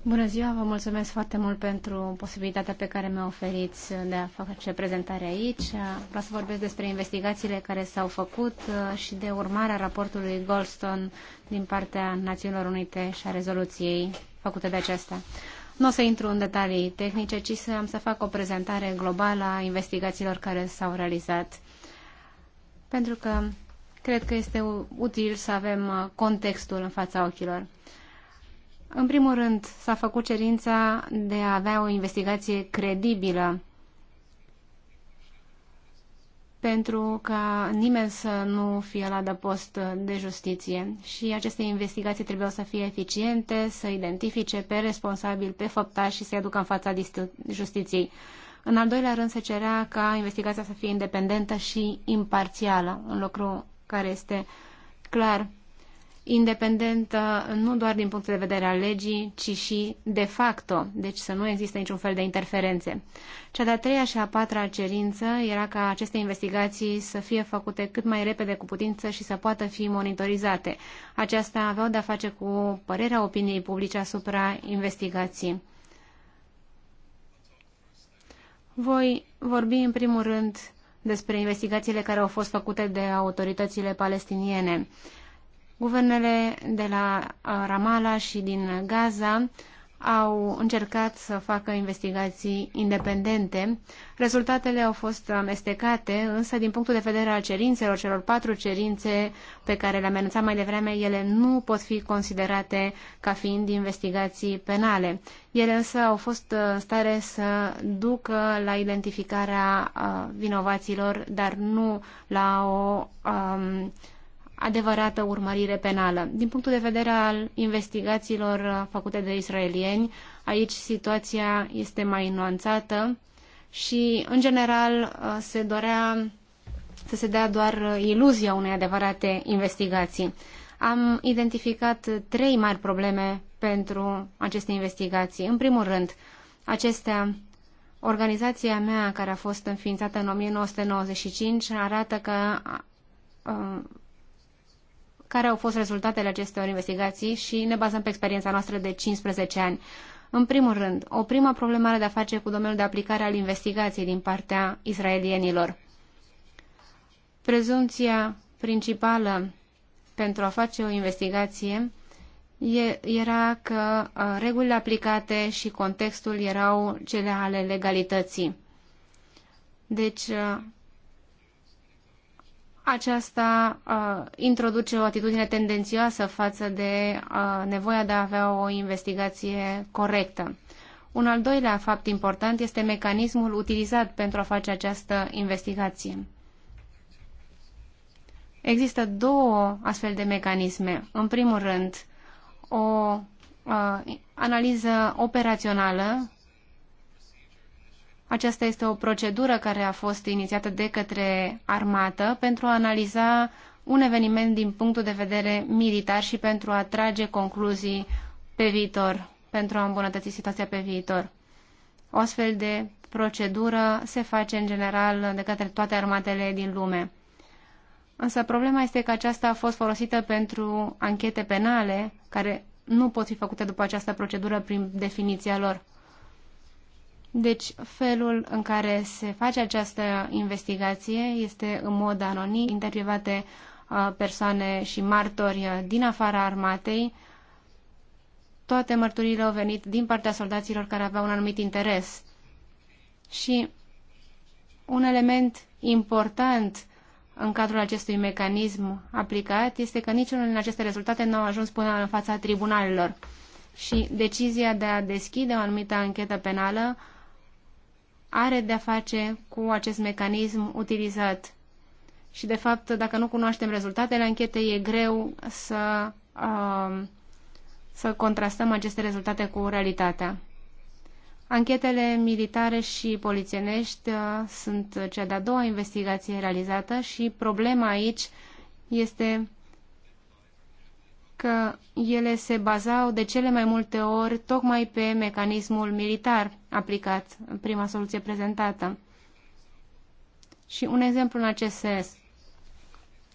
Bună ziua, vă mulțumesc foarte mult pentru posibilitatea pe care mi-a oferit de a face prezentare aici. Vreau să vorbesc despre investigațiile care s-au făcut uh, și de urmarea raportului Goldstone din partea Națiunilor Unite și a rezoluției făcute de acestea. Nu o să intru în detalii tehnice, ci să am să fac o prezentare globală a investigațiilor care s-au realizat. Pentru că cred că este util să avem uh, contextul în fața ochilor. În primul rând, s-a făcut cerința de a avea o investigație credibilă pentru ca nimeni să nu fie la dăpost de justiție. Și aceste investigații trebuiau să fie eficiente, să identifice pe responsabil, pe făptași și să-i aducă în fața justiției. În al doilea rând se cerea ca investigația să fie independentă și imparțială, un lucru care este clar independentă nu doar din punctul de vedere al legii, ci și de facto, deci să nu există niciun fel de interferențe. Cea de-a treia și a patra cerință era ca aceste investigații să fie făcute cât mai repede cu putință și să poată fi monitorizate. Aceasta avea de-a face cu părerea opiniei publice asupra investigației. Voi vorbi în primul rând despre investigațiile care au fost făcute de autoritățile palestiniene. Guvernele de la uh, Ramala și din Gaza au încercat să facă investigații independente. Rezultatele au fost amestecate, însă din punctul de vedere al cerințelor, celor patru cerințe pe care le-am mai devreme, ele nu pot fi considerate ca fiind investigații penale. Ele însă au fost uh, în stare să ducă la identificarea uh, vinovaților, dar nu la o um, adevărată urmărire penală. Din punctul de vedere al investigațiilor făcute de israelieni, aici situația este mai nuanțată și, în general, se dorea să se dea doar iluzia unei adevărate investigații. Am identificat trei mari probleme pentru aceste investigații. În primul rând, acestea Organizația mea, care a fost înființată în 1995, arată că um, care au fost rezultatele acestor investigații și ne bazăm pe experiența noastră de 15 ani. În primul rând, o prima problemă are de-a face cu domeniul de aplicare al investigației din partea israelienilor. Prezumția principală pentru a face o investigație era că uh, regulile aplicate și contextul erau cele ale legalității. Deci, uh, aceasta uh, introduce o atitudine tendențioasă față de uh, nevoia de a avea o investigație corectă. Un al doilea fapt important este mecanismul utilizat pentru a face această investigație. Există două astfel de mecanisme. În primul rând, o uh, analiză operațională aceasta este o procedură care a fost inițiată de către armată pentru a analiza un eveniment din punctul de vedere militar și pentru a trage concluzii pe viitor, pentru a îmbunătăți situația pe viitor. O astfel de procedură se face în general de către toate armatele din lume. Însă problema este că aceasta a fost folosită pentru anchete penale, care nu pot fi făcute după această procedură prin definiția lor. Deci, felul în care se face această investigație este în mod anonim, intervievate uh, persoane și martori uh, din afara armatei. Toate mărturile au venit din partea soldaților care aveau un anumit interes. Și un element important în cadrul acestui mecanism aplicat este că niciunul din aceste rezultate nu au ajuns până în fața tribunalelor. Și decizia de a deschide o anumită anchetă penală are de-a face cu acest mecanism utilizat. Și, de fapt, dacă nu cunoaștem rezultatele anchetei, e greu să, uh, să contrastăm aceste rezultate cu realitatea. Anchetele militare și polițienești uh, sunt cea de-a doua investigație realizată și problema aici este că ele se bazau de cele mai multe ori tocmai pe mecanismul militar aplicat, prima soluție prezentată. Și un exemplu în acest sens,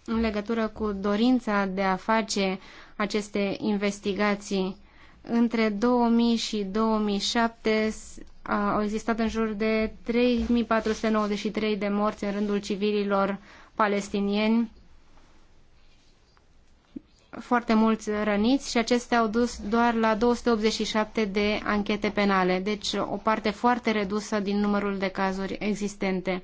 în legătură cu dorința de a face aceste investigații, între 2000 și 2007 au existat în jur de 3493 de morți în rândul civililor palestinieni, foarte mulți răniți și acestea au dus doar la 287 de anchete penale, deci o parte foarte redusă din numărul de cazuri existente.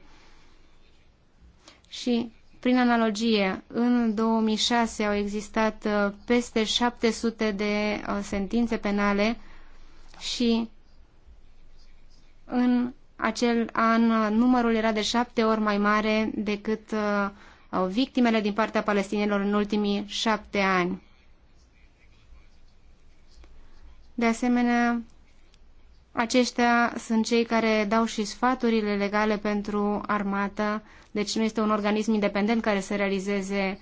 Și, prin analogie, în 2006 au existat uh, peste 700 de uh, sentințe penale și în acel an uh, numărul era de șapte ori mai mare decât au victimele din partea palestinilor în ultimii șapte ani. De asemenea, aceștia sunt cei care dau și sfaturile legale pentru armată, deci nu este un organism independent care să realizeze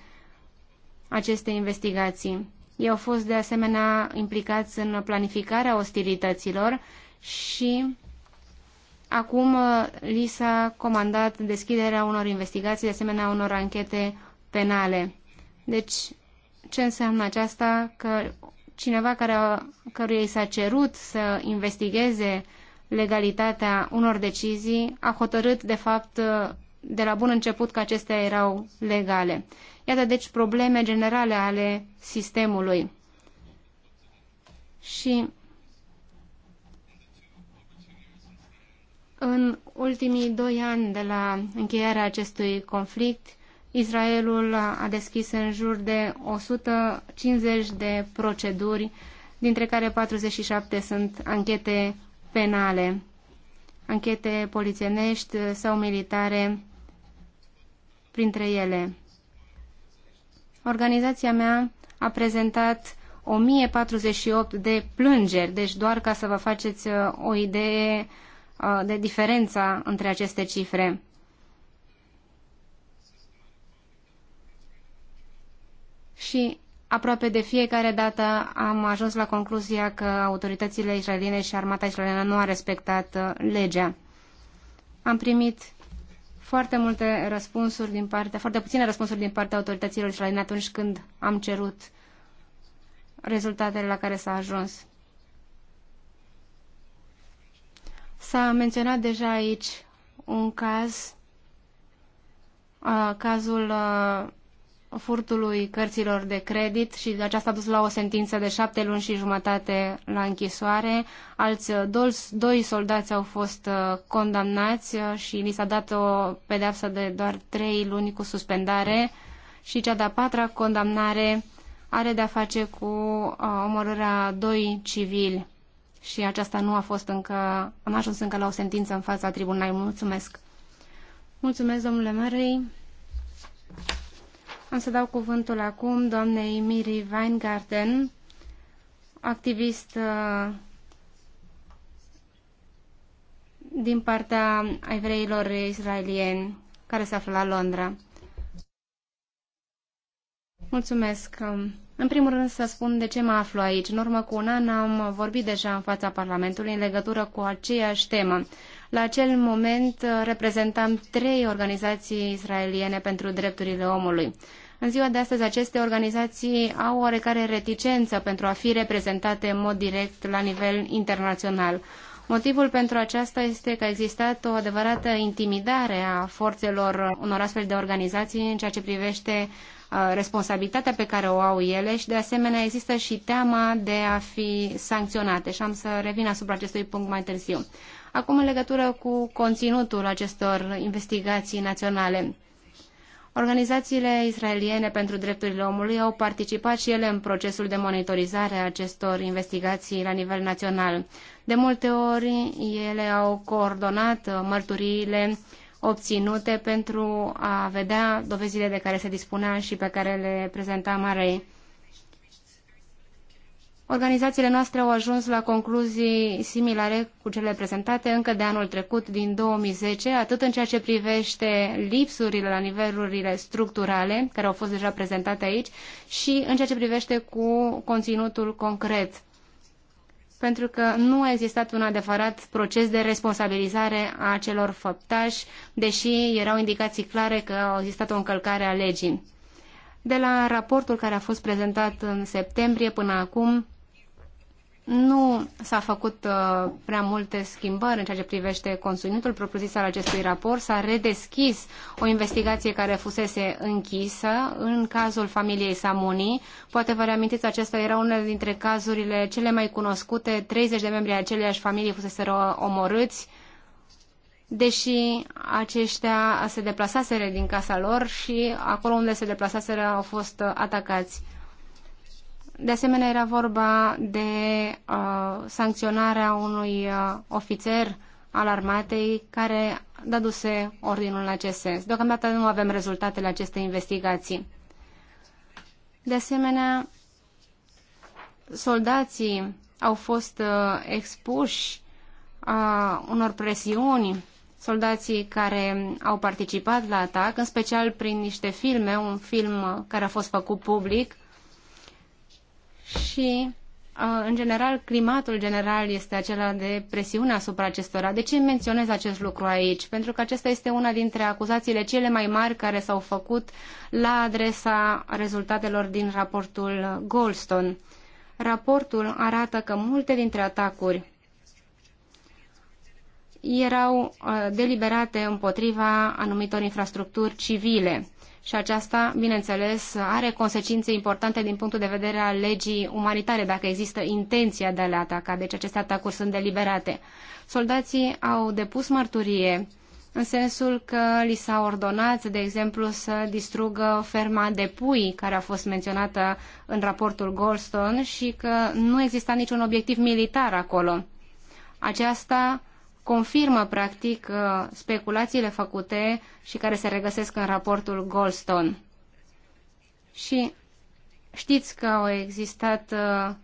aceste investigații. Ei au fost de asemenea implicați în planificarea ostilităților și Acum uh, li s-a comandat deschiderea unor investigații, de asemenea unor anchete penale. Deci, ce înseamnă aceasta? Că cineva care a, căruia i s-a cerut să investigheze legalitatea unor decizii a hotărât, de fapt, uh, de la bun început că acestea erau legale. Iată, deci, probleme generale ale sistemului. Și În ultimii doi ani de la încheierea acestui conflict, Israelul a deschis în jur de 150 de proceduri, dintre care 47 sunt anchete penale, anchete polițienești sau militare printre ele. Organizația mea a prezentat 1048 de plângeri, deci doar ca să vă faceți uh, o idee de diferența între aceste cifre. Și aproape de fiecare dată am ajuns la concluzia că autoritățile israeliene și armata israeliană nu a respectat legea. Am primit foarte multe răspunsuri din partea, foarte puține răspunsuri din partea autorităților israeliene atunci când am cerut rezultatele la care s-a ajuns. S-a menționat deja aici un caz, cazul furtului cărților de credit și aceasta a dus la o sentință de șapte luni și jumătate la închisoare. Alți doi soldați au fost condamnați și li s-a dat o pedeapsă de doar trei luni cu suspendare și cea de-a patra condamnare are de-a face cu omorârea doi civili și aceasta nu a fost încă, am ajuns încă la o sentință în fața tribunalului. Mulțumesc! Mulțumesc, domnule Mărei! Am să dau cuvântul acum doamnei Miri Weingarten, activist uh, din partea evreilor israelieni care se află la Londra. Mulțumesc! În primul rând să spun de ce mă aflu aici. În urmă cu un an am vorbit deja în fața Parlamentului în legătură cu aceeași temă. La acel moment uh, reprezentam trei organizații israeliene pentru drepturile omului. În ziua de astăzi, aceste organizații au oarecare reticență pentru a fi reprezentate în mod direct la nivel internațional. Motivul pentru aceasta este că a existat o adevărată intimidare a forțelor unor astfel de organizații în ceea ce privește Uh, responsabilitatea pe care o au ele și de asemenea există și teama de a fi sancționate și am să revin asupra acestui punct mai târziu. Acum în legătură cu conținutul acestor investigații naționale. Organizațiile israeliene pentru drepturile omului au participat și ele în procesul de monitorizare a acestor investigații la nivel național. De multe ori ele au coordonat mărturiile obținute pentru a vedea dovezile de care se dispunea și pe care le prezenta Marei. Organizațiile noastre au ajuns la concluzii similare cu cele prezentate încă de anul trecut, din 2010, atât în ceea ce privește lipsurile la nivelurile structurale, care au fost deja prezentate aici, și în ceea ce privește cu conținutul concret pentru că nu a existat un adevărat proces de responsabilizare a celor făptași, deși erau indicații clare că au existat o încălcare a legii. De la raportul care a fost prezentat în septembrie până acum, nu s-a făcut uh, prea multe schimbări în ceea ce privește conținutul propriu-zis al acestui raport. S-a redeschis o investigație care fusese închisă în cazul familiei Samuni. Poate vă reamintiți, acesta era unul dintre cazurile cele mai cunoscute. 30 de membri ai aceleiași familii fuseseră omorâți, deși aceștia se deplasaseră din casa lor și acolo unde se deplasaseră au fost uh, atacați. De asemenea, era vorba de uh, sancționarea unui uh, ofițer al armatei care dăduse ordinul în acest sens. Deocamdată nu avem rezultatele acestei investigații. De asemenea, soldații au fost uh, expuși uh, unor presiuni, soldații care au participat la atac, în special prin niște filme, un film care a fost făcut public, și în general, climatul general este acela de presiune asupra acestora. De ce menționez acest lucru aici? Pentru că acesta este una dintre acuzațiile cele mai mari care s-au făcut la adresa rezultatelor din raportul Goldstone. Raportul arată că multe dintre atacuri erau deliberate împotriva anumitor infrastructuri civile și aceasta, bineînțeles, are consecințe importante din punctul de vedere al legii umanitare, dacă există intenția de a le ataca. Deci aceste atacuri sunt deliberate. Soldații au depus mărturie în sensul că li s-a ordonat, de exemplu, să distrugă ferma de pui care a fost menționată în raportul Goldstone și că nu exista niciun obiectiv militar acolo. Aceasta confirmă, practic, uh, speculațiile făcute și care se regăsesc în raportul Goldstone. Și știți că au existat uh,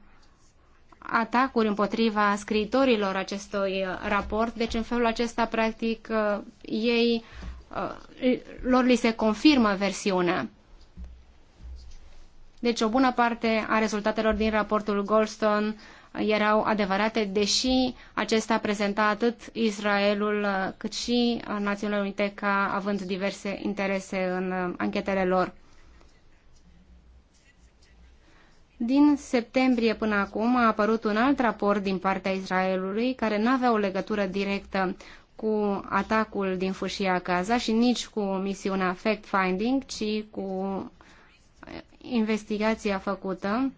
atacuri împotriva scriitorilor acestui uh, raport, deci în felul acesta, practic, ei, lor li se confirmă versiunea. Deci o bună parte a rezultatelor din raportul Goldstone erau adevărate, deși acesta prezenta atât Israelul uh, cât și uh, Națiunile Unite ca având diverse interese în uh, anchetele lor. Din septembrie până acum a apărut un alt raport din partea Israelului care nu avea o legătură directă cu atacul din fâșia Gaza și nici cu misiunea fact-finding, ci cu investigația făcută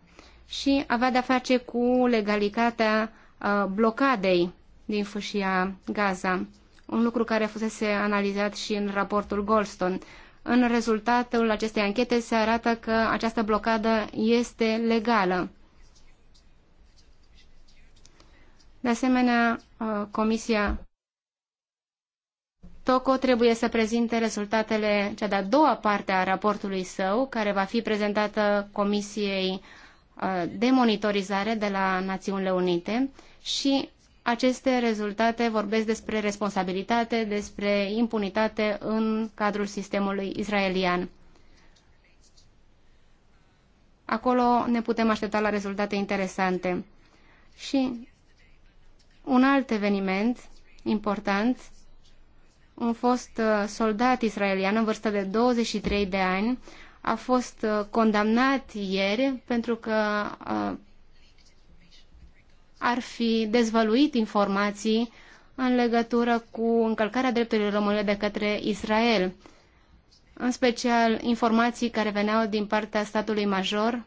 și avea de-a face cu legalitatea uh, blocadei din fâșia Gaza, un lucru care fusese analizat și în raportul Goldstone. În rezultatul acestei anchete se arată că această blocadă este legală. De asemenea, uh, Comisia Toco trebuie să prezinte rezultatele cea de-a doua parte a raportului său, care va fi prezentată Comisiei uh, de monitorizare de la Națiunile Unite și aceste rezultate vorbesc despre responsabilitate, despre impunitate în cadrul sistemului israelian. Acolo ne putem aștepta la rezultate interesante. Și un alt eveniment important, un fost uh, soldat israelian în vârstă de 23 de ani a fost uh, condamnat ieri pentru că uh, ar fi dezvăluit informații în legătură cu încălcarea drepturilor române de către Israel, în special informații care veneau din partea statului major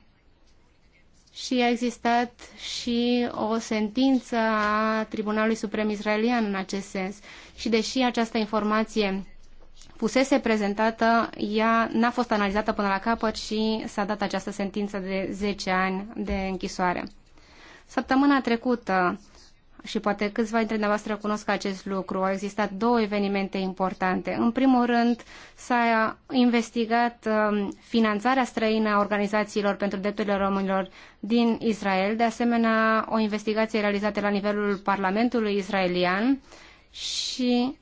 și a existat și o sentință a Tribunalului Suprem Israelian în acest sens. Și deși această informație fusese prezentată, ea n-a fost analizată până la capăt și s-a dat această sentință de 10 ani de închisoare. Săptămâna trecută, și poate câțiva dintre dumneavoastră cunosc acest lucru, au existat două evenimente importante. În primul rând, s-a investigat um, finanțarea străină a organizațiilor pentru drepturile românilor din Israel, de asemenea o investigație realizată la nivelul Parlamentului israelian și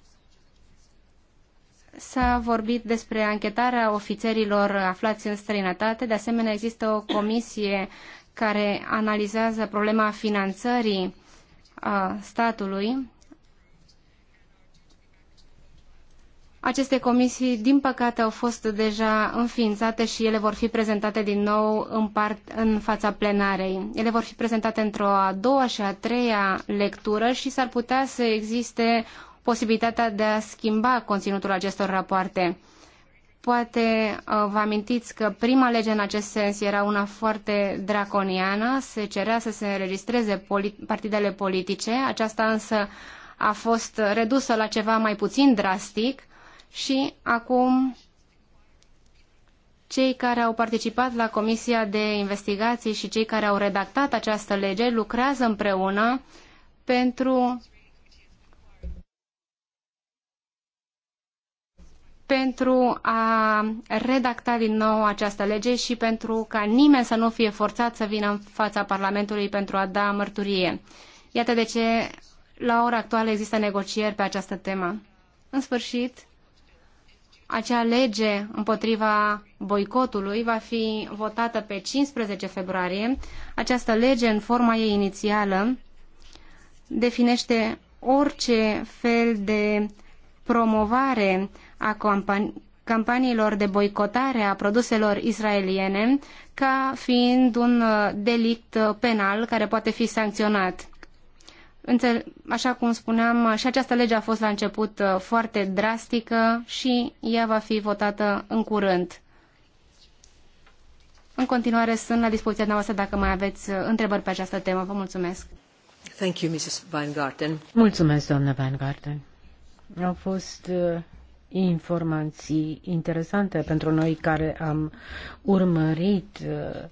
S-a vorbit despre anchetarea ofițerilor aflați în străinătate. De asemenea, există o comisie care analizează problema finanțării a statului. Aceste comisii, din păcate, au fost deja înființate și ele vor fi prezentate din nou în, part, în fața plenarei. Ele vor fi prezentate într-o a doua și a treia lectură și s-ar putea să existe posibilitatea de a schimba conținutul acestor rapoarte. Poate uh, vă amintiți că prima lege în acest sens era una foarte draconiană, se cerea să se înregistreze polit partidele politice, aceasta însă a fost redusă la ceva mai puțin drastic și acum cei care au participat la Comisia de Investigații și cei care au redactat această lege lucrează împreună pentru pentru a redacta din nou această lege și pentru ca nimeni să nu fie forțat să vină în fața Parlamentului pentru a da mărturie. Iată de ce la ora actuală există negocieri pe această temă. În sfârșit, acea lege împotriva boicotului va fi votată pe 15 februarie. Această lege, în forma ei inițială, definește orice fel de promovare a campaniilor de boicotare a produselor israeliene ca fiind un uh, delict uh, penal care poate fi sancționat. Așa cum spuneam, uh, și această lege a fost la început foarte drastică și ea va fi votată în curând. În continuare, sunt la dispoziția noastră dacă mai aveți întrebări pe această temă. Vă mulțumesc. Thank you, Mrs. Weingarten. Mulțumesc, doamnă Weingarten. Au fost informații interesante pentru noi care am urmărit uh,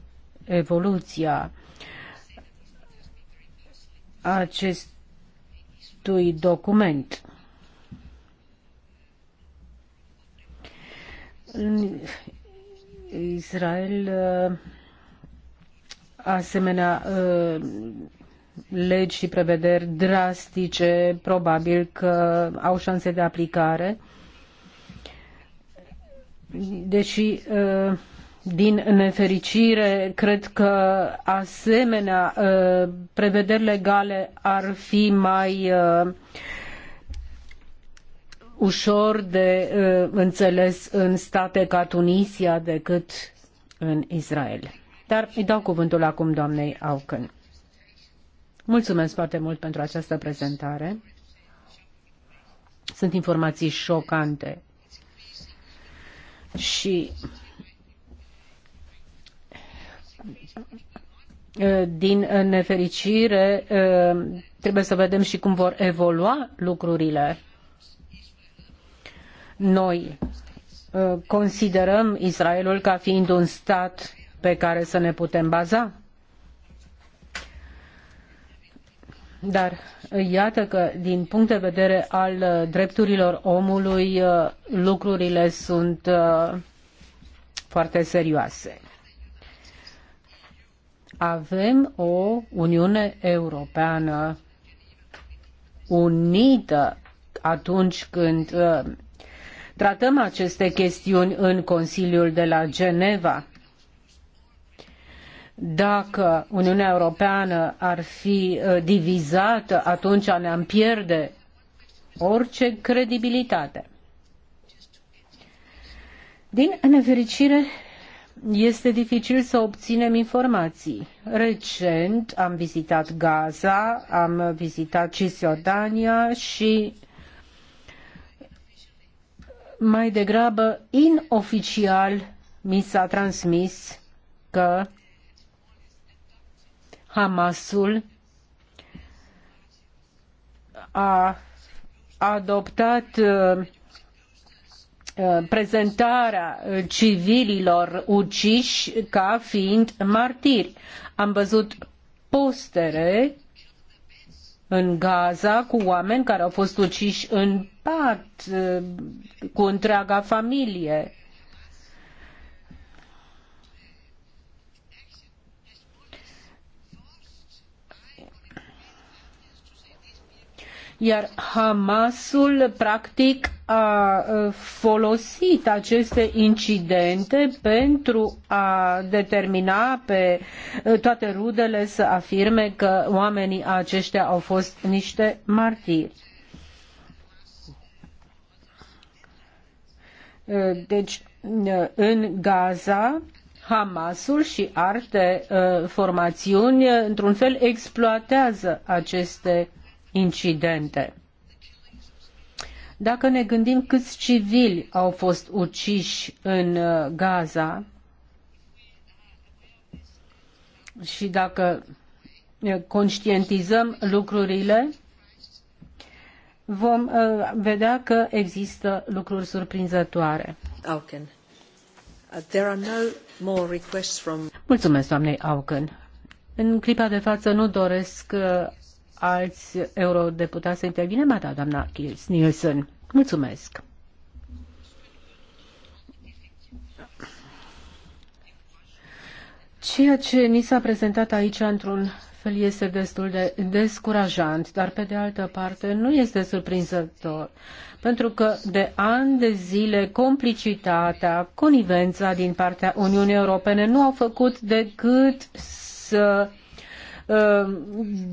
evoluția acestui document. Israel uh, asemenea uh, legi și prevederi drastice probabil că au șanse de aplicare deși ă, din nefericire, cred că asemenea ă, prevederi legale ar fi mai ă, ușor de înțeles în state ca Tunisia decât în Israel. Dar îi dau cuvântul acum doamnei Aucân. Mulțumesc foarte mult pentru această prezentare. Sunt informații șocante și uh, din nefericire uh, trebuie să vedem și cum vor evolua lucrurile. Noi uh, considerăm Israelul ca fiind un stat pe care să ne putem baza Dar iată că, din punct de vedere al uh, drepturilor omului, uh, lucrurile sunt uh, foarte serioase. Avem o Uniune Europeană unită atunci când tratăm aceste chestiuni în Consiliul de la Geneva dacă Uniunea Europeană ar fi uh, divizată, atunci ne-am pierde orice credibilitate. Din nefericire, este dificil să obținem informații. Recent am vizitat Gaza, am vizitat Cisjordania și mai degrabă inoficial mi s-a transmis că Hamasul a adoptat uh, uh, prezentarea civililor uciși ca fiind martiri. Am văzut postere în Gaza cu oameni care au fost uciși în pat, uh, cu întreaga familie. Iar Hamasul, practic, a folosit aceste incidente pentru a determina pe toate rudele să afirme că oamenii aceștia au fost niște martiri. Deci, în Gaza, Hamasul și alte formațiuni, într-un fel, exploatează aceste incidente. Dacă ne gândim câți civili au fost uciși în uh, Gaza și dacă uh, conștientizăm lucrurile, vom uh, vedea că există lucruri surprinzătoare. There are no more requests from... Mulțumesc, doamnei Auken. În clipa de față nu doresc alți eurodeputați să intervine? Ba da, doamna Kils Nielsen. Mulțumesc. Ceea ce ni s-a prezentat aici într-un fel este destul de descurajant, dar pe de altă parte nu este surprinzător, pentru că de ani de zile complicitatea, conivența din partea Uniunii Europene nu au făcut decât să Uh,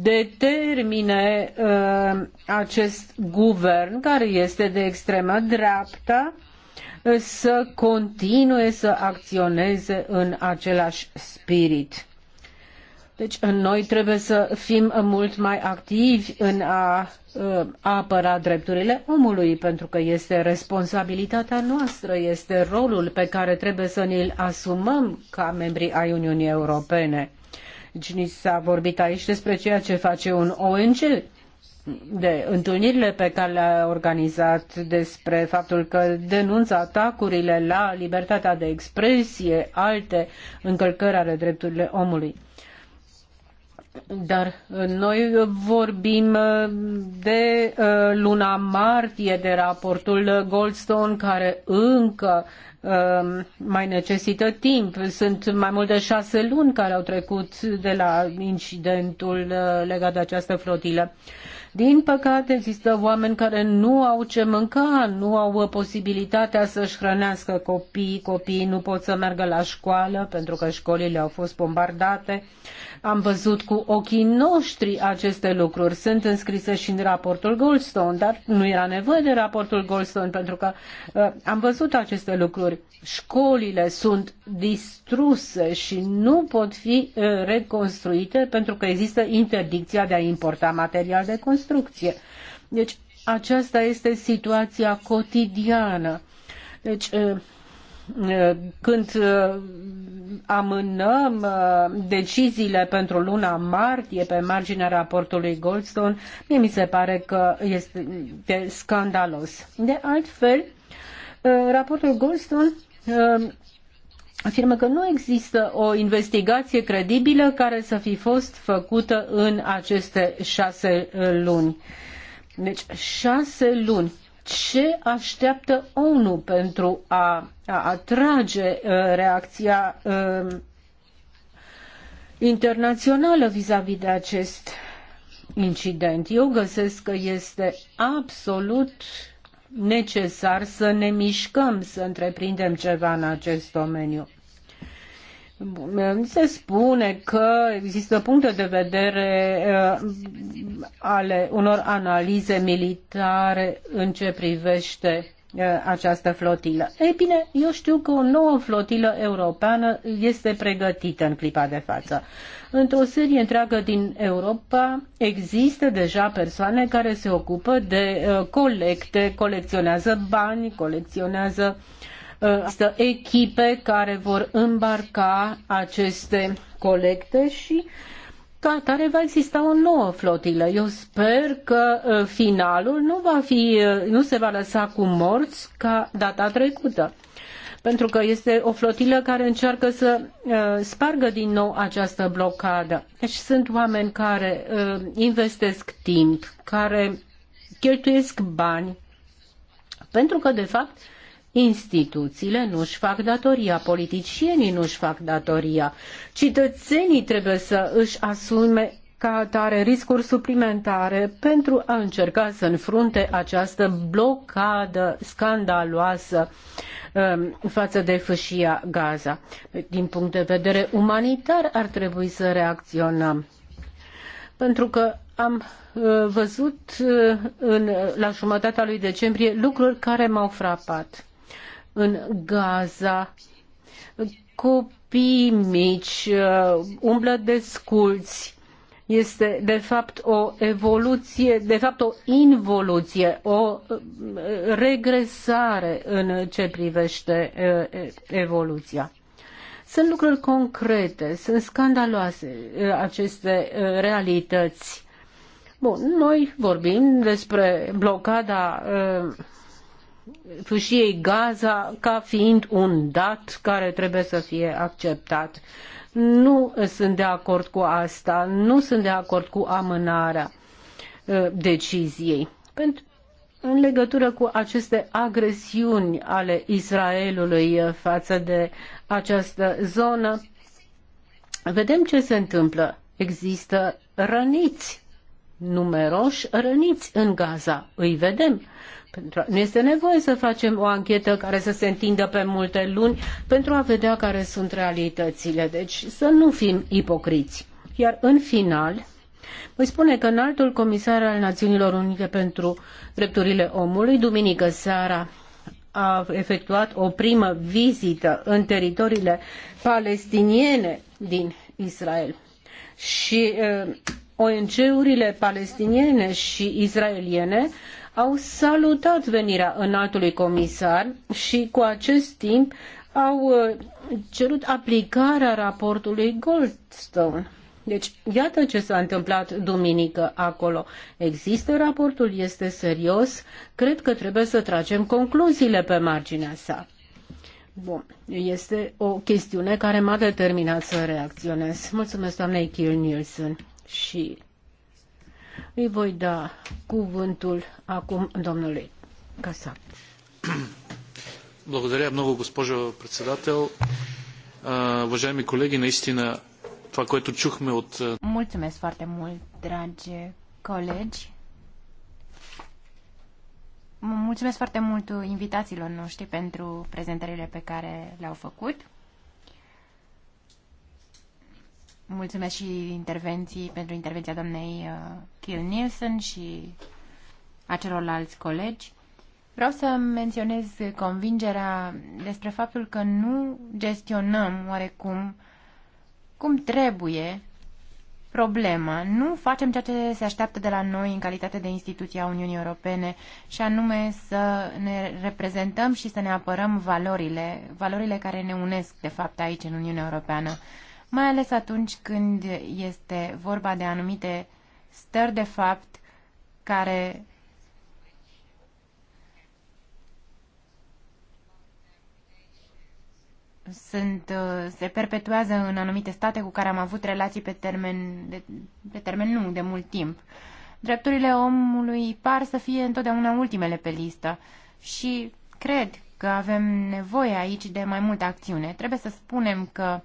determine uh, acest guvern, care este de extremă dreapta, uh, să continue să acționeze în același spirit. Deci noi trebuie să fim mult mai activi în a, a apăra drepturile omului, pentru că este responsabilitatea noastră, este rolul pe care trebuie să ne-l asumăm ca membri ai Uniunii Europene. Cine s-a vorbit aici despre ceea ce face un ONG, de întâlnirile pe care le-a organizat, despre faptul că denunță atacurile la libertatea de expresie, alte încălcări ale drepturilor omului. Dar uh, noi vorbim uh, de uh, luna martie, de raportul Goldstone, care încă Um, mai necesită timp. Sunt mai mult de șase luni care au trecut de la incidentul uh, legat de această flotilă. Din păcate, există oameni care nu au ce mânca, nu au uh, posibilitatea să-și hrănească copiii, copiii nu pot să meargă la școală pentru că școlile au fost bombardate. Am văzut cu ochii noștri aceste lucruri. Sunt înscrise și în raportul Goldstone, dar nu era nevoie de raportul Goldstone pentru că uh, am văzut aceste lucruri. Școlile sunt distruse și nu pot fi uh, reconstruite pentru că există interdicția de a importa material de construcție construcție. Deci aceasta este situația cotidiană. Deci eh, eh, când eh, amânăm deciziile pentru luna martie pe marginea raportului Goldstone, mie mi se pare că este scandalos. De altfel, raportul Goldstone afirmă că nu există o investigație credibilă care să fi fost făcută în aceste șase uh, luni. Deci șase luni. Ce așteaptă ONU pentru a, atrage uh, reacția um, internațională vis-a-vis de acest incident? Eu găsesc că este absolut necesar să ne mișcăm, să întreprindem ceva în acest domeniu. Se spune că există puncte de vedere uh, ale unor analize militare în ce privește uh, această flotilă. Ei bine, eu știu că o nouă flotilă europeană este pregătită în clipa de față. Într-o serie întreagă din Europa există deja persoane care se ocupă de uh, colecte, colecționează bani, colecționează uh, echipe care vor îmbarca aceste colecte și ca atare va exista o nouă flotilă. Eu sper că uh, finalul nu va fi, uh, nu se va lăsa cu morți ca data trecută pentru că este o flotilă care încearcă să uh, spargă din nou această blocadă. Deci sunt oameni care uh, investesc timp, care cheltuiesc bani, pentru că, de fapt, Instituțiile nu își fac datoria, politicienii nu își fac datoria. Cetățenii trebuie să își asume ca atare riscuri suplimentare pentru a încerca să înfrunte această blocadă scandaloasă um, față de fâșia Gaza. Din punct de vedere umanitar ar trebui să reacționăm. Pentru că am uh, văzut uh, în, la jumătatea lui decembrie lucruri care m-au frapat. În Gaza, copii mici uh, umblă desculți, este de fapt o evoluție, de fapt o involuție, o uh, regresare în ce privește uh, evoluția. Sunt lucruri concrete, sunt scandaloase uh, aceste realități. Bun, noi vorbim despre blocada fâșiei Gaza ca fiind un dat care trebuie să fie acceptat. Nu sunt de acord cu asta, nu sunt de acord cu amânarea uh, deciziei. Pentru în legătură cu aceste agresiuni ale Israelului uh, față de această zonă, vedem ce se întâmplă. Există răniți, numeroși răniți în Gaza, îi vedem. Nu este nevoie să facem o anchetă care să se întindă pe multe luni pentru a vedea care sunt realitățile. Deci să nu fim ipocriți. Iar în final, voi spune că înaltul comisar al Națiunilor Unite pentru Drepturile Omului, duminică seara, a efectuat o primă vizită în teritoriile palestiniene din Israel. Și eh, ONG-urile palestiniene și israeliene au salutat venirea înaltului comisar și cu acest timp au uh, cerut aplicarea raportului Goldstone. Deci, iată ce s-a întâmplat duminică acolo. Există raportul, este serios, cred că trebuie să tragem concluziile pe marginea sa. Bun, este o chestiune care m-a determinat să reacționez. Mulțumesc doamnei Kiel Nielsen și îi voi da cuvântul acum domnului Casac. Благодаря много, госпожо председател. Уважаеми колеги, наистина това, което чухме от... Mulțumesc foarte mult, dragi colegi. Mulțumesc foarte mult invitațiilor noștri pentru prezentările pe care le-au făcut. Mulțumesc și intervenții, pentru intervenția doamnei uh, Kiel Nielsen și a celorlalți colegi. Vreau să menționez convingerea despre faptul că nu gestionăm oarecum cum trebuie problema. Nu facem ceea ce se așteaptă de la noi în calitate de instituție a Uniunii Europene și anume să ne reprezentăm și să ne apărăm valorile, valorile care ne unesc de fapt aici în Uniunea Europeană mai ales atunci când este vorba de anumite stări de fapt care sunt, uh, se perpetuează în anumite state cu care am avut relații pe termen, de, pe termen lung, de mult timp. Drepturile omului par să fie întotdeauna ultimele pe listă și cred că avem nevoie aici de mai multă acțiune. Trebuie să spunem că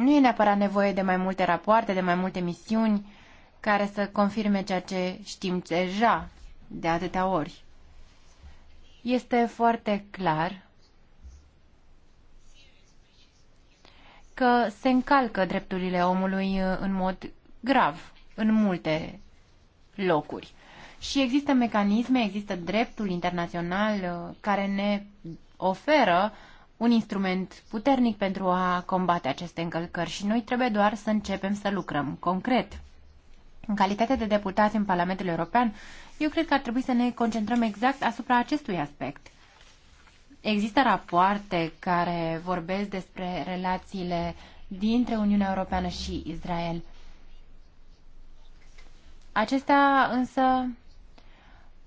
nu e neapărat nevoie de mai multe rapoarte, de mai multe misiuni care să confirme ceea ce știm deja de atâtea ori. Este foarte clar că se încalcă drepturile omului în mod grav în multe locuri. Și există mecanisme, există dreptul internațional uh, care ne oferă uh, un instrument puternic pentru a combate aceste încălcări și noi trebuie doar să începem să lucrăm concret. În calitate de deputați în Parlamentul European, eu cred că ar trebui să ne concentrăm exact asupra acestui aspect. Există rapoarte care vorbesc despre relațiile dintre Uniunea Europeană și Israel. Acestea însă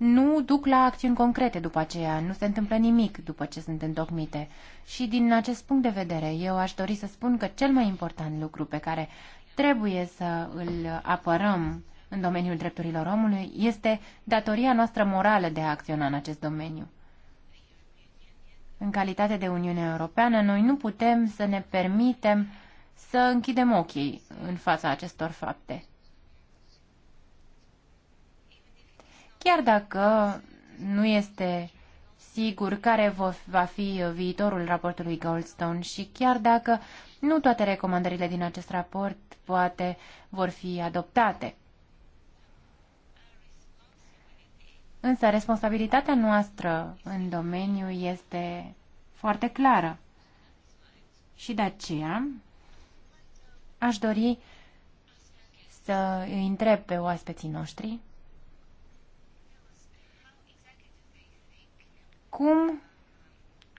nu duc la acțiuni concrete după aceea, nu se întâmplă nimic după ce sunt întocmite. Și din acest punct de vedere, eu aș dori să spun că cel mai important lucru pe care trebuie să îl apărăm în domeniul drepturilor omului este datoria noastră morală de a acționa în acest domeniu. În calitate de Uniune Europeană, noi nu putem să ne permitem să închidem ochii în fața acestor fapte. Chiar dacă nu este sigur care va fi viitorul raportului Goldstone și chiar dacă nu toate recomandările din acest raport poate vor fi adoptate. Însă responsabilitatea noastră în domeniu este foarte clară. Și de aceea aș dori să îi întreb pe oaspeții noștri cum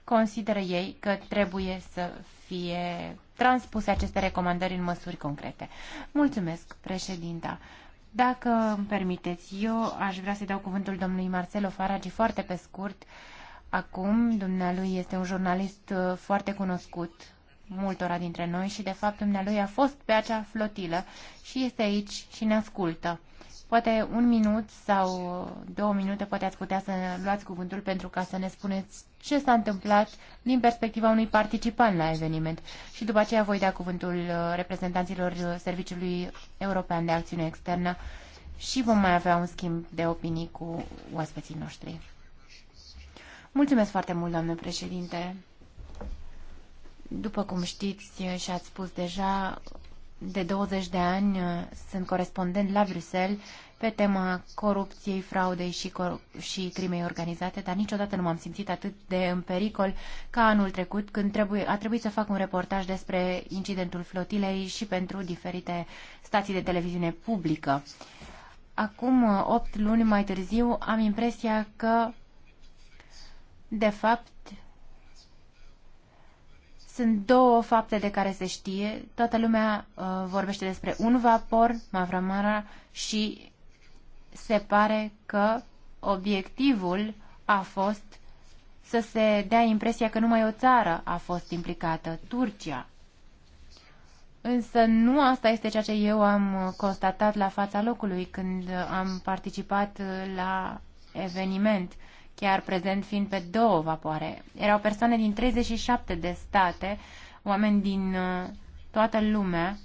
consideră ei că trebuie să fie transpuse aceste recomandări în măsuri concrete. Mulțumesc, președinta. Dacă îmi permiteți, eu aș vrea să-i dau cuvântul domnului Marcelo Faragi foarte pe scurt. Acum, dumnealui este un jurnalist uh, foarte cunoscut multora dintre noi și, de fapt, dumnealui a fost pe acea flotilă și este aici și ne ascultă. Poate un minut sau două minute, poate ați putea să luați cuvântul pentru ca să ne spuneți ce s-a întâmplat din perspectiva unui participant la eveniment. Și după aceea voi da cuvântul uh, reprezentanților uh, Serviciului European de Acțiune Externă și vom mai avea un schimb de opinii cu oaspeții noștri. Mulțumesc foarte mult, doamnă președinte. După cum știți și ați spus deja, de 20 de ani uh, sunt corespondent la Bruxelles pe tema corupției, fraudei și, cor- și crimei organizate, dar niciodată nu m-am simțit atât de în pericol ca anul trecut, când trebuie, a trebuit să fac un reportaj despre incidentul flotilei și pentru diferite stații de televiziune publică. Acum, 8 uh, luni mai târziu, am impresia că, de fapt, sunt două fapte de care se știe. Toată lumea uh, vorbește despre un vapor, Mavramara, și se pare că obiectivul a fost să se dea impresia că numai o țară a fost implicată, Turcia. Însă nu asta este ceea ce eu am uh, constatat la fața locului când am participat uh, la eveniment. Uh, chiar prezent fiind pe două vapoare. Erau persoane din 37 de state, oameni din uh, toată lumea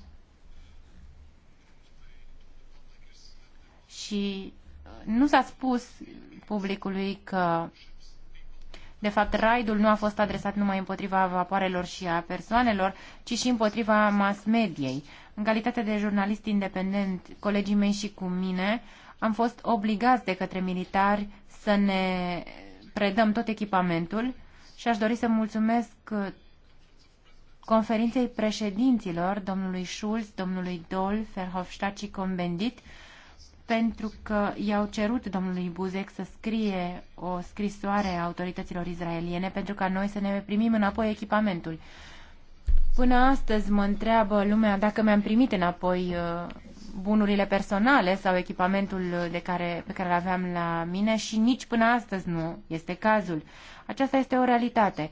și uh, nu s-a spus publicului că de fapt, raidul nu a fost adresat numai împotriva vapoarelor și a persoanelor, ci și împotriva mass mediei. În calitate de jurnalist independent, colegii mei și cu mine, am fost obligați de către militari să ne predăm tot echipamentul și aș dori să mulțumesc uh, conferinței președinților, domnului Schulz, domnului Dol, Ferhofstadt și Combendit, pentru că i-au cerut domnului Buzek să scrie o scrisoare a autorităților izraeliene pentru ca noi să ne primim înapoi echipamentul. Până astăzi mă întreabă lumea dacă mi-am primit înapoi uh, bunurile personale sau echipamentul de care, pe care îl aveam la mine și nici până astăzi nu este cazul. Aceasta este o realitate.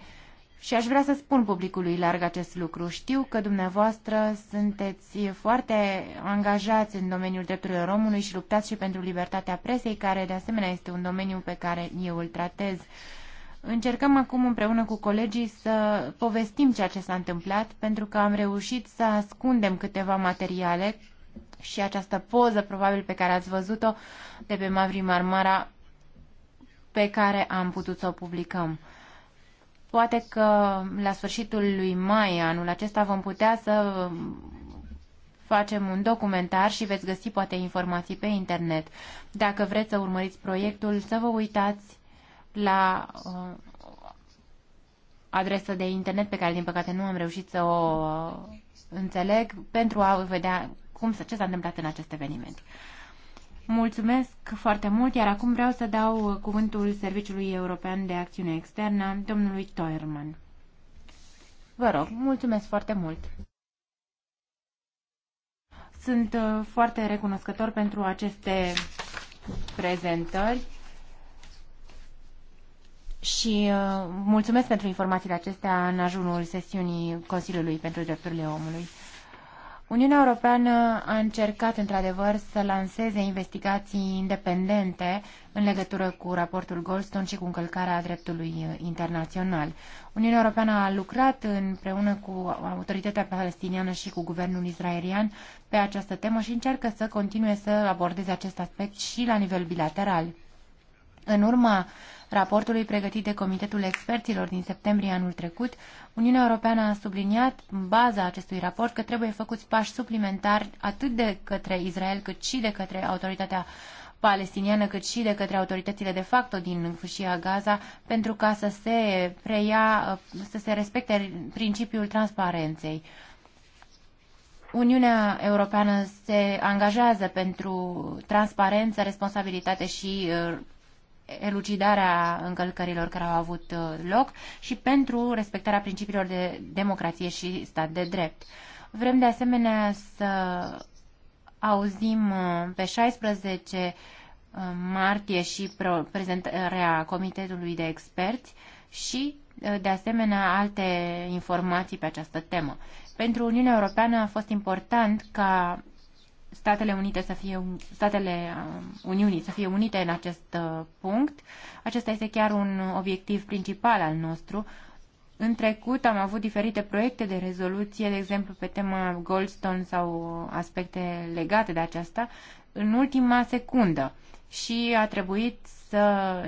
Și aș vrea să spun publicului larg acest lucru. Știu că dumneavoastră sunteți foarte angajați în domeniul drepturilor omului și luptați și pentru libertatea presei, care de asemenea este un domeniu pe care eu îl tratez. Încercăm acum împreună cu colegii să povestim ceea ce s-a întâmplat, pentru că am reușit să ascundem câteva materiale și această poză probabil pe care ați văzut-o de pe Mavri Marmara pe care am putut să o publicăm. Poate că la sfârșitul lui mai anul acesta vom putea să facem un documentar și veți găsi poate informații pe internet. Dacă vreți să urmăriți proiectul, să vă uitați la uh, adresă de internet pe care din păcate nu am reușit să o uh, înțeleg pentru a vedea cum, ce s-a întâmplat în acest eveniment. Mulțumesc foarte mult, iar acum vreau să dau uh, cuvântul Serviciului European de Acțiune Externă, domnului Toerman. Vă rog, mulțumesc foarte mult. Sunt uh, foarte recunoscător pentru aceste prezentări și uh, mulțumesc pentru informațiile acestea în ajunul sesiunii Consiliului pentru Drepturile Omului. Uniunea Europeană a încercat într-adevăr să lanseze investigații independente în legătură cu raportul Goldstone și cu încălcarea dreptului internațional. Uniunea Europeană a lucrat împreună cu autoritatea palestiniană și cu guvernul israelian pe această temă și încearcă să continue să abordeze acest aspect și la nivel bilateral. În urma raportului pregătit de Comitetul Experților din septembrie anul trecut, Uniunea Europeană a subliniat în baza acestui raport că trebuie făcuți pași suplimentari atât de către Israel cât și de către autoritatea palestiniană cât și de către autoritățile de facto din fâșia Gaza pentru ca să se preia, să se respecte principiul transparenței. Uniunea Europeană se angajează pentru transparență, responsabilitate și uh, elucidarea încălcărilor care au avut uh, loc și pentru respectarea principiilor de democrație și stat de drept. Vrem de asemenea să auzim uh, pe 16 uh, martie și prezentarea Comitetului de Experți și, de asemenea, alte informații pe această temă. Pentru Uniunea Europeană a fost important ca Statele Unite să fie, Statele um, Uniunii să fie unite în acest uh, punct. Acesta este chiar un obiectiv principal al nostru. În trecut am avut diferite proiecte de rezoluție, de exemplu pe tema Goldstone sau aspecte legate de aceasta, în ultima secundă și a trebuit să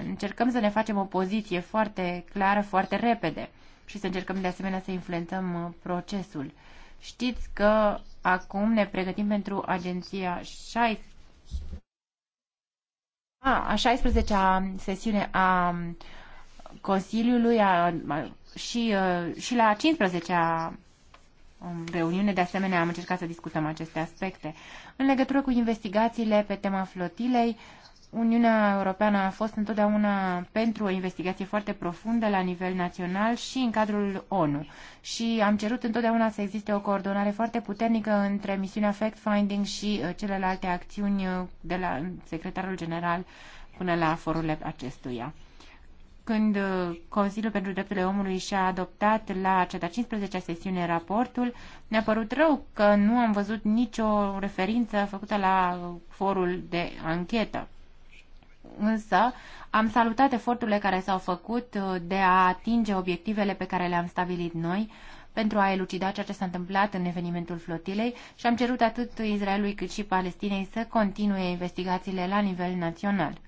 încercăm să ne facem o poziție foarte clară, foarte repede și să încercăm de asemenea să influențăm uh, procesul. Știți că acum ne pregătim pentru agenția 16 a, a 16-a sesiune a Consiliului a, a, și, a, și la 15-a um, reuniune, de asemenea, am încercat să discutăm aceste aspecte. În legătură cu investigațiile pe tema flotilei, Uniunea Europeană a fost întotdeauna pentru o investigație foarte profundă la nivel național și în cadrul ONU. Și am cerut întotdeauna să existe o coordonare foarte puternică între misiunea fact-finding și uh, celelalte acțiuni uh, de la secretarul general până la forurile acestuia. Când uh, Consiliul pentru Drepturile Omului și-a adoptat la cea 15-a sesiune raportul, ne-a părut rău că nu am văzut nicio referință făcută la forul de anchetă însă am salutat eforturile care s-au făcut uh, de a atinge obiectivele pe care le-am stabilit noi pentru a elucida ceea ce s-a întâmplat în evenimentul flotilei și am cerut atât Israelului cât și Palestinei să continue investigațiile la nivel național.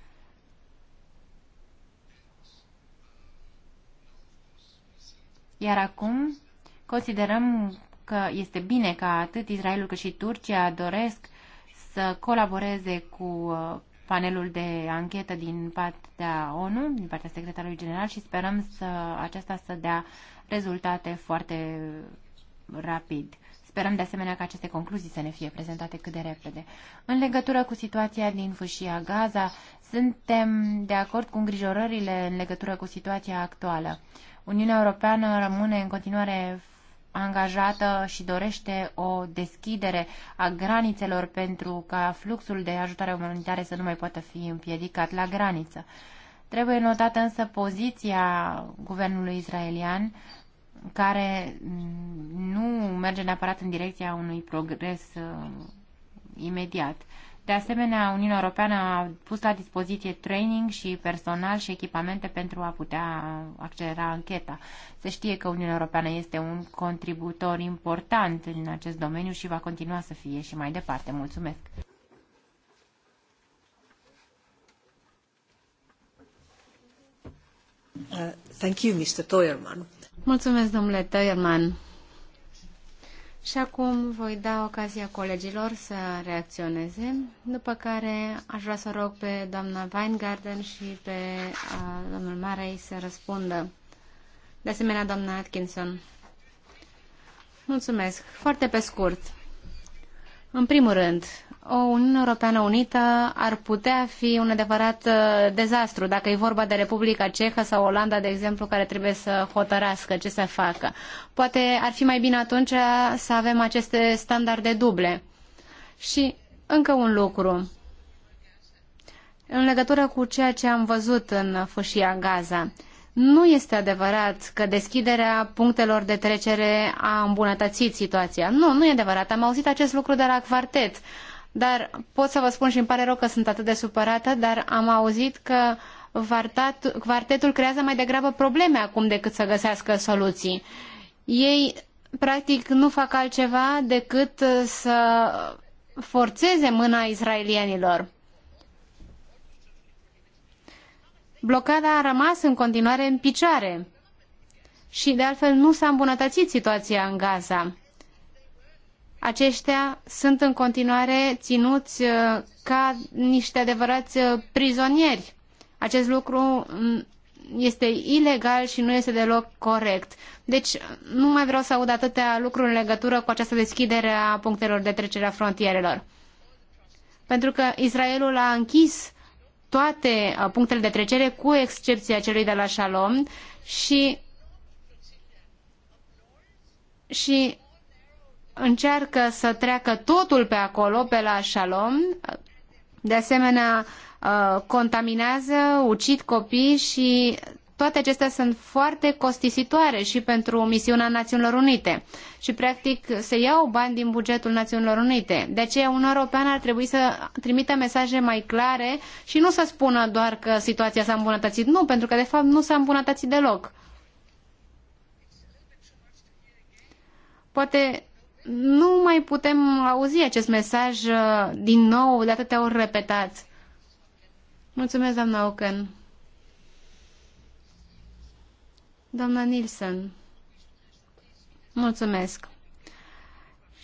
Iar acum considerăm că este bine că atât Israelul cât și Turcia doresc să colaboreze cu uh, panelul de anchetă din partea ONU, din partea secretarului general și sperăm să aceasta să dea rezultate foarte rapid. Sperăm de asemenea că aceste concluzii să ne fie prezentate cât de repede. În legătură cu situația din fâșia Gaza, suntem de acord cu îngrijorările în legătură cu situația actuală. Uniunea Europeană rămâne în continuare angajată și dorește o deschidere a granițelor pentru ca fluxul de ajutare umanitare să nu mai poată fi împiedicat la graniță. Trebuie notată însă poziția guvernului israelian care mm, nu merge neapărat în direcția unui progres uh, imediat. De asemenea, Uniunea Europeană a pus la dispoziție training și personal și echipamente pentru a putea accelera ancheta. Se știe că Uniunea Europeană este un contributor important în acest domeniu și va continua să fie și mai departe. Mulțumesc! Uh, thank you, Mr. Mulțumesc, domnule Toyerman. Și acum voi da ocazia colegilor să reacționeze, după care aș vrea să rog pe doamna Weingarten și pe uh, domnul Marei să răspundă. De asemenea, doamna Atkinson. Mulțumesc. Foarte pe scurt. În primul rând, o Uniune Europeană unită ar putea fi un adevărat uh, dezastru, dacă e vorba de Republica Cehă sau Olanda, de exemplu, care trebuie să hotărască ce să facă. Poate ar fi mai bine atunci să avem aceste standarde duble. Și încă un lucru. În legătură cu ceea ce am văzut în fâșia Gaza, nu este adevărat că deschiderea punctelor de trecere a îmbunătățit situația. Nu, nu e adevărat. Am auzit acest lucru de la quartet. Uh, dar pot să vă spun și îmi pare rău că sunt atât de supărată, dar am auzit că quartetul creează mai degrabă probleme acum decât să găsească soluții. Ei, practic, nu fac altceva decât să forțeze mâna israelienilor. Blocada a rămas în continuare în picioare și, de altfel, nu s-a îmbunătățit situația în Gaza aceștia sunt în continuare ținuți uh, ca niște adevărați uh, prizonieri. Acest lucru mm, este ilegal și nu este deloc corect. Deci nu mai vreau să aud atâtea lucruri în legătură cu această deschidere a punctelor de trecere a frontierelor. Pentru că Israelul a închis toate uh, punctele de trecere, cu excepția celui de la Shalom și și încearcă să treacă totul pe acolo, pe la Shalom. De asemenea, uh, contaminează, ucid copii și toate acestea sunt foarte costisitoare și pentru misiunea Națiunilor Unite. Și, practic, se iau bani din bugetul Națiunilor Unite. De aceea, Uniunea Europeană ar trebui să trimită mesaje mai clare și nu să spună doar că situația s-a îmbunătățit. Nu, pentru că, de fapt, nu s-a îmbunătățit deloc. Poate nu mai putem auzi acest mesaj uh, din nou, de atâtea ori repetat. Mulțumesc, doamna Ocan. Doamna Nilsson. Mulțumesc.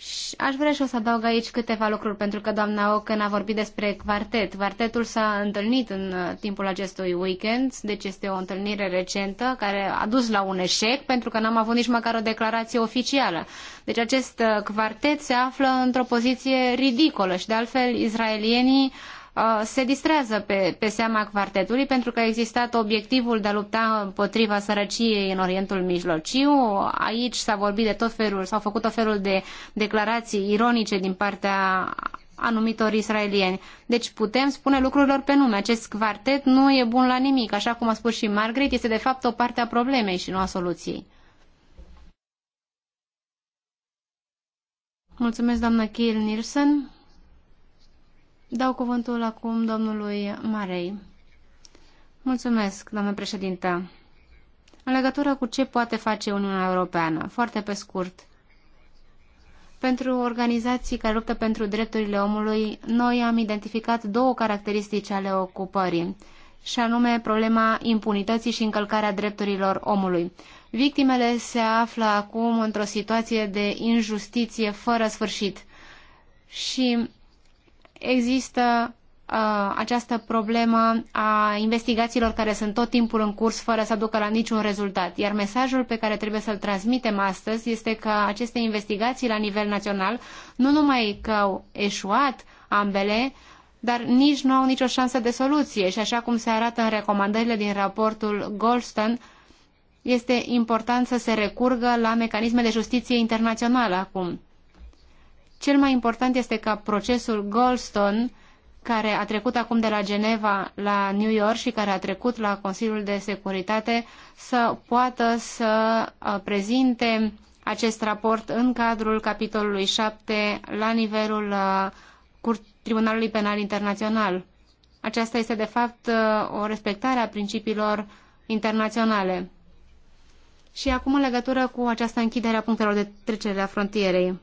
Și aș vrea și o să adaug aici câteva lucruri, pentru că doamna Ocan a vorbit despre quartet. Quartetul s-a întâlnit în uh, timpul acestui weekend, deci este o întâlnire recentă care a dus la un eșec, pentru că n-am avut nici măcar o declarație oficială. Deci acest uh, quartet se află într-o poziție ridicolă și de altfel israelienii Uh, se distrează pe, pe seama quartetului pentru că a existat obiectivul de a lupta împotriva sărăciei în Orientul Mijlociu. Aici s-a vorbit de tot felul, s-au făcut tot felul de declarații ironice din partea anumitor israelieni. Deci putem spune lucrurilor pe nume. Acest quartet nu e bun la nimic. Așa cum a spus și Margaret, este de fapt o parte a problemei și nu a soluției. Mulțumesc, doamnă Kiel Nielsen. Dau cuvântul acum domnului Marei. Mulțumesc, doamnă președintă. În legătură cu ce poate face Uniunea Europeană, foarte pe scurt, pentru organizații care luptă pentru drepturile omului, noi am identificat două caracteristici ale ocupării, și anume problema impunității și încălcarea drepturilor omului. Victimele se află acum într-o situație de injustiție fără sfârșit și există uh, această problemă a investigațiilor care sunt tot timpul în curs fără să ducă la niciun rezultat. Iar mesajul pe care trebuie să-l transmitem astăzi este că aceste investigații la nivel național nu numai că au eșuat ambele, dar nici nu au nicio șansă de soluție și așa cum se arată în recomandările din raportul Goldstone, este important să se recurgă la mecanisme de justiție internațională acum. Cel mai important este ca procesul Goldstone, care a trecut acum de la Geneva la New York și care a trecut la Consiliul de Securitate, să poată să uh, prezinte acest raport în cadrul capitolului 7 la nivelul uh, Tribunalului Penal Internațional. Aceasta este, de fapt, uh, o respectare a principiilor internaționale. Și acum, în legătură cu această închidere a punctelor de trecere a frontierei.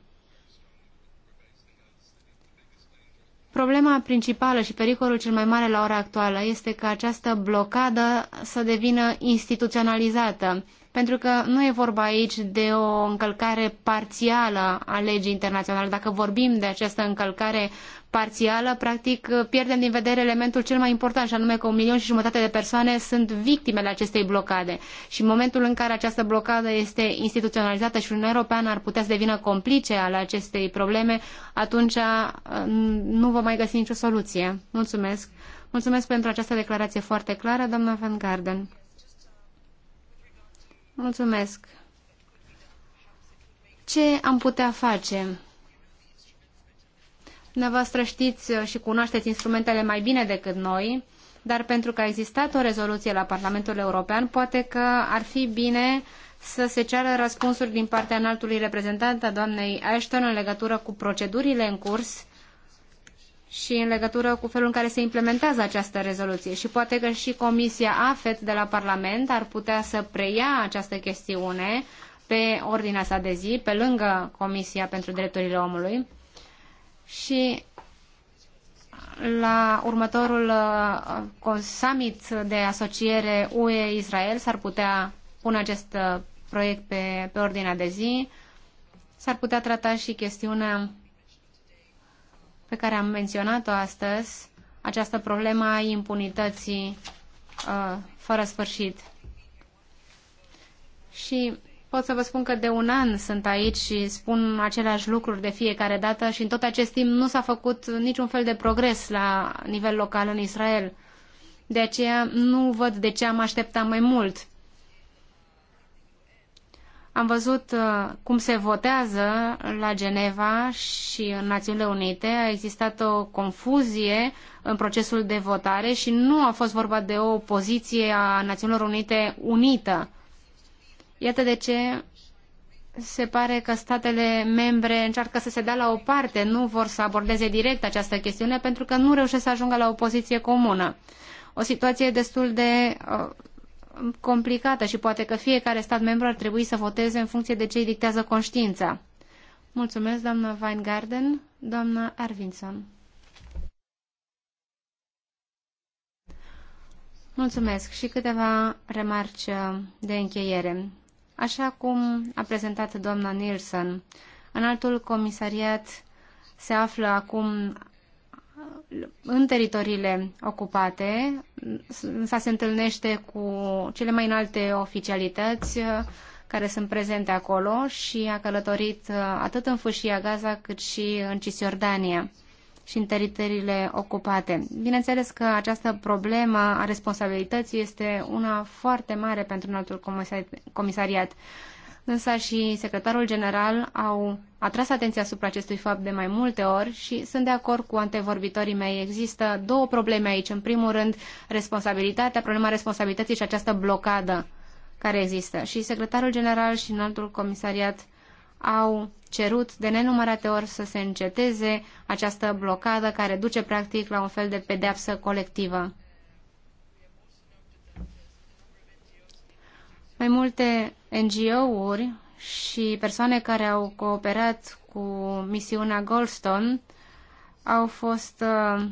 Problema principală și pericolul cel mai mare la ora actuală este că această blocadă să devină instituționalizată, pentru că nu e vorba aici de o încălcare parțială a legii internaționale. Dacă vorbim de această încălcare parțială, practic pierdem din vedere elementul cel mai important, și anume că un milion și jumătate de persoane sunt victimele acestei blocade. Și în momentul în care această blocadă este instituționalizată și Uniunea Europeană ar putea să devină complice ale acestei probleme, atunci uh, nu vom mai găsi nicio soluție. Mulțumesc! Mulțumesc pentru această declarație foarte clară, doamna Van Garden. Mulțumesc. Ce am putea face? Dumneavoastră știți și cunoașteți instrumentele mai bine decât noi, dar pentru că a existat o rezoluție la Parlamentul European, poate că ar fi bine să se ceară răspunsuri din partea înaltului reprezentant a doamnei Ashton în legătură cu procedurile în curs și în legătură cu felul în care se implementează această rezoluție. Și poate că și Comisia AFET de la Parlament ar putea să preia această chestiune pe ordinea sa de zi, pe lângă Comisia pentru Drepturile Omului. Și la următorul uh, summit de asociere UE-Israel s-ar putea pune acest uh, proiect pe, pe ordinea de zi. S-ar putea trata și chestiunea pe care am menționat-o astăzi, această problemă a impunității uh, fără sfârșit. Și pot să vă spun că de un an sunt aici și spun aceleași lucruri de fiecare dată și în tot acest timp nu s-a făcut niciun fel de progres la nivel local în Israel. De aceea nu văd de ce am așteptat mai mult. Am văzut uh, cum se votează la Geneva și în Națiunile Unite. A existat o confuzie în procesul de votare și nu a fost vorba de o poziție a Națiunilor Unite unită. Iată de ce se pare că statele membre încearcă să se dea la o parte, nu vor să abordeze direct această chestiune pentru că nu reușesc să ajungă la o poziție comună. O situație destul de uh, complicată și poate că fiecare stat membru ar trebui să voteze în funcție de ce îi dictează conștiința. Mulțumesc, doamna Weingarten, doamna Arvinson. Mulțumesc și câteva remarci de încheiere. Așa cum a prezentat doamna Nielsen, în altul comisariat se află acum în teritoriile ocupate, însă se întâlnește cu cele mai înalte oficialități uh, care sunt prezente acolo și a călătorit uh, atât în fâșia Gaza cât și în Cisjordania și în teritoriile ocupate. Bineînțeles că această problemă a responsabilității este una foarte mare pentru înaltul comisariat. Însă și secretarul general au atras atenția asupra acestui fapt de mai multe ori și sunt de acord cu antevorbitorii mei. Există două probleme aici. În primul rând, responsabilitatea, problema responsabilității și această blocadă care există. Și secretarul general și înaltul comisariat au cerut de nenumărate ori să se înceteze această blocadă care duce practic la un fel de pedeapsă colectivă. Mai multe NGO-uri și persoane care au cooperat cu misiunea Goldstone au fost uh,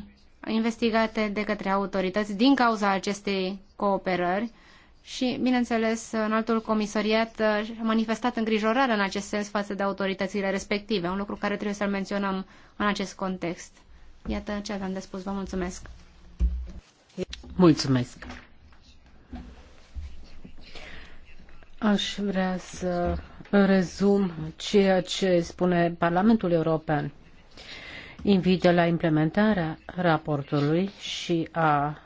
investigate de către autorități din cauza acestei cooperări și, bineînțeles, în altul comisariat uh, a manifestat îngrijorare în acest sens față de autoritățile respective, un lucru care trebuie să-l menționăm în acest context. Iată ce aveam de spus. Vă mulțumesc! Mulțumesc! Aș vrea să rezum ceea ce spune Parlamentul European. Invită la implementarea raportului și a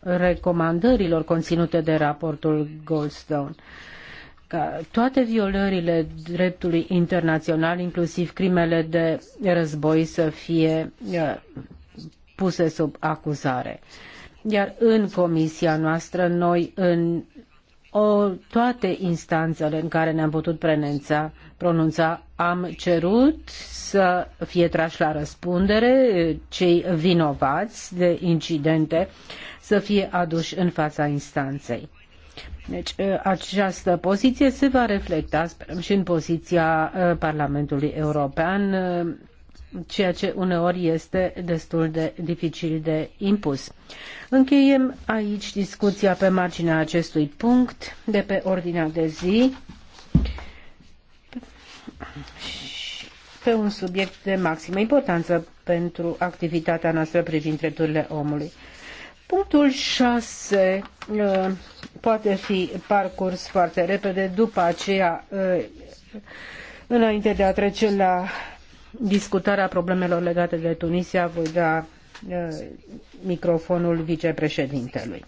recomandărilor conținute de raportul Goldstone ca toate violările dreptului internațional, inclusiv crimele de război, să fie uh, puse sub acuzare. Iar în comisia noastră noi în, o, toate instanțele în care ne-am putut prenunța, pronunța, am cerut să fie trași la răspundere cei vinovați de incidente să fie aduși în fața instanței. Deci această poziție se va reflecta, sperăm, și în poziția Parlamentului European ceea ce uneori este destul de dificil de impus. Încheiem aici discuția pe marginea acestui punct de pe ordinea de zi pe un subiect de maximă importanță pentru activitatea noastră privind drepturile omului. Punctul 6 uh, poate fi parcurs foarte repede după aceea uh, înainte de a trece la discutarea problemelor legate de Tunisia voi da microfonul vicepreședintelui.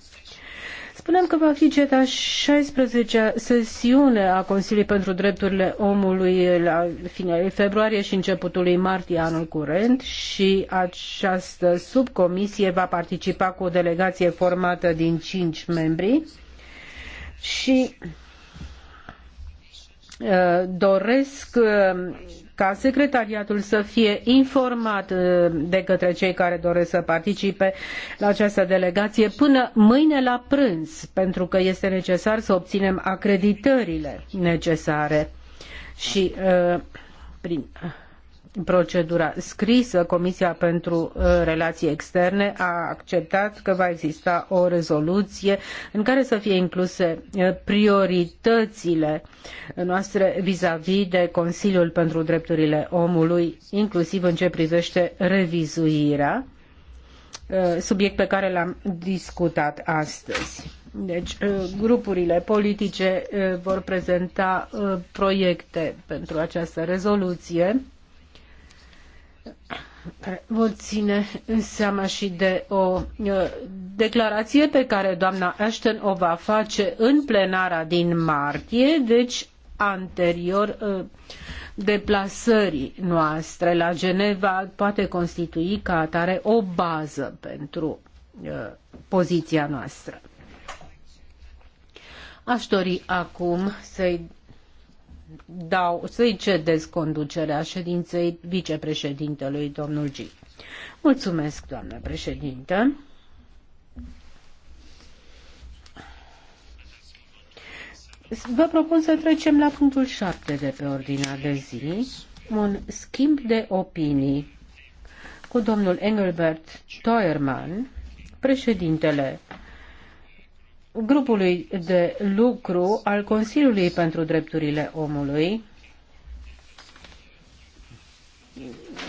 Spunem că va fi cea 16-a sesiune a Consiliului pentru Drepturile Omului la finalul februarie și începutul lui martie anul curent și această subcomisie va participa cu o delegație formată din cinci membri și doresc ca secretariatul să fie informat uh, de către cei care doresc să participe la această delegație până mâine la prânz, pentru că este necesar să obținem acreditările necesare. Și uh, prin procedura scrisă, Comisia pentru uh, Relații Externe a acceptat că va exista o rezoluție în care să fie incluse uh, prioritățile noastre vizavi de Consiliul pentru Drepturile Omului, inclusiv în ce privește revizuirea, uh, subiect pe care l-am discutat astăzi. Deci, grupurile politice vor prezenta proiecte pentru această rezoluție Vă vor în seama și de o declarație pe care doamna Ashton o va face în plenara din martie, deci anterior deplasării noastre la Geneva poate constitui ca atare o bază pentru poziția noastră. Aș dori acum să-i dau, să-i cedez conducerea ședinței vicepreședintelui domnul G. Mulțumesc, doamnă președinte. Vă propun să trecem la punctul 7 de pe ordinea de zi, un schimb de opinii cu domnul Engelbert Steuermann, președintele grupului de lucru al Consiliului pentru Drepturile Omului.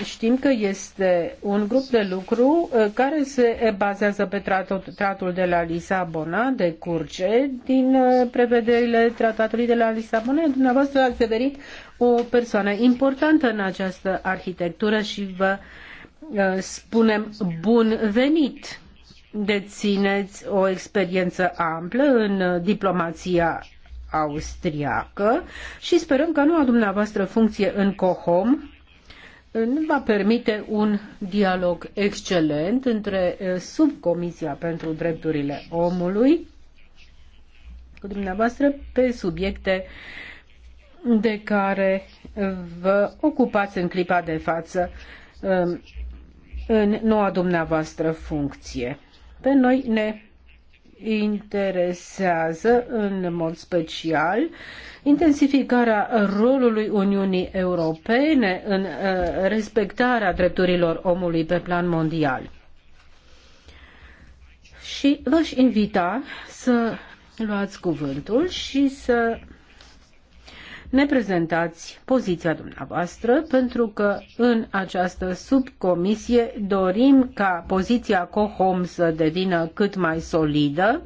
Știm că este un grup de lucru uh, care se bazează pe tratul de la Lisabona, de curge, din uh, prevederile tratatului de la Lisabona. Dumneavoastră ați devenit o persoană importantă în această arhitectură și vă uh, spunem bun venit dețineți o experiență amplă în uh, diplomația austriacă și sperăm că noua dumneavoastră funcție în COHOM nu va permite un dialog excelent între uh, subcomisia pentru drepturile omului cu dumneavoastră pe subiecte de care vă ocupați în clipa de față um, în noua dumneavoastră funcție. Pe noi ne interesează în mod special intensificarea rolului Uniunii Europene în uh, respectarea drepturilor omului pe plan mondial. Și vă invita să luați cuvântul și să ne prezentați poziția dumneavoastră, pentru că în această subcomisie dorim ca poziția COHOM să devină cât mai solidă.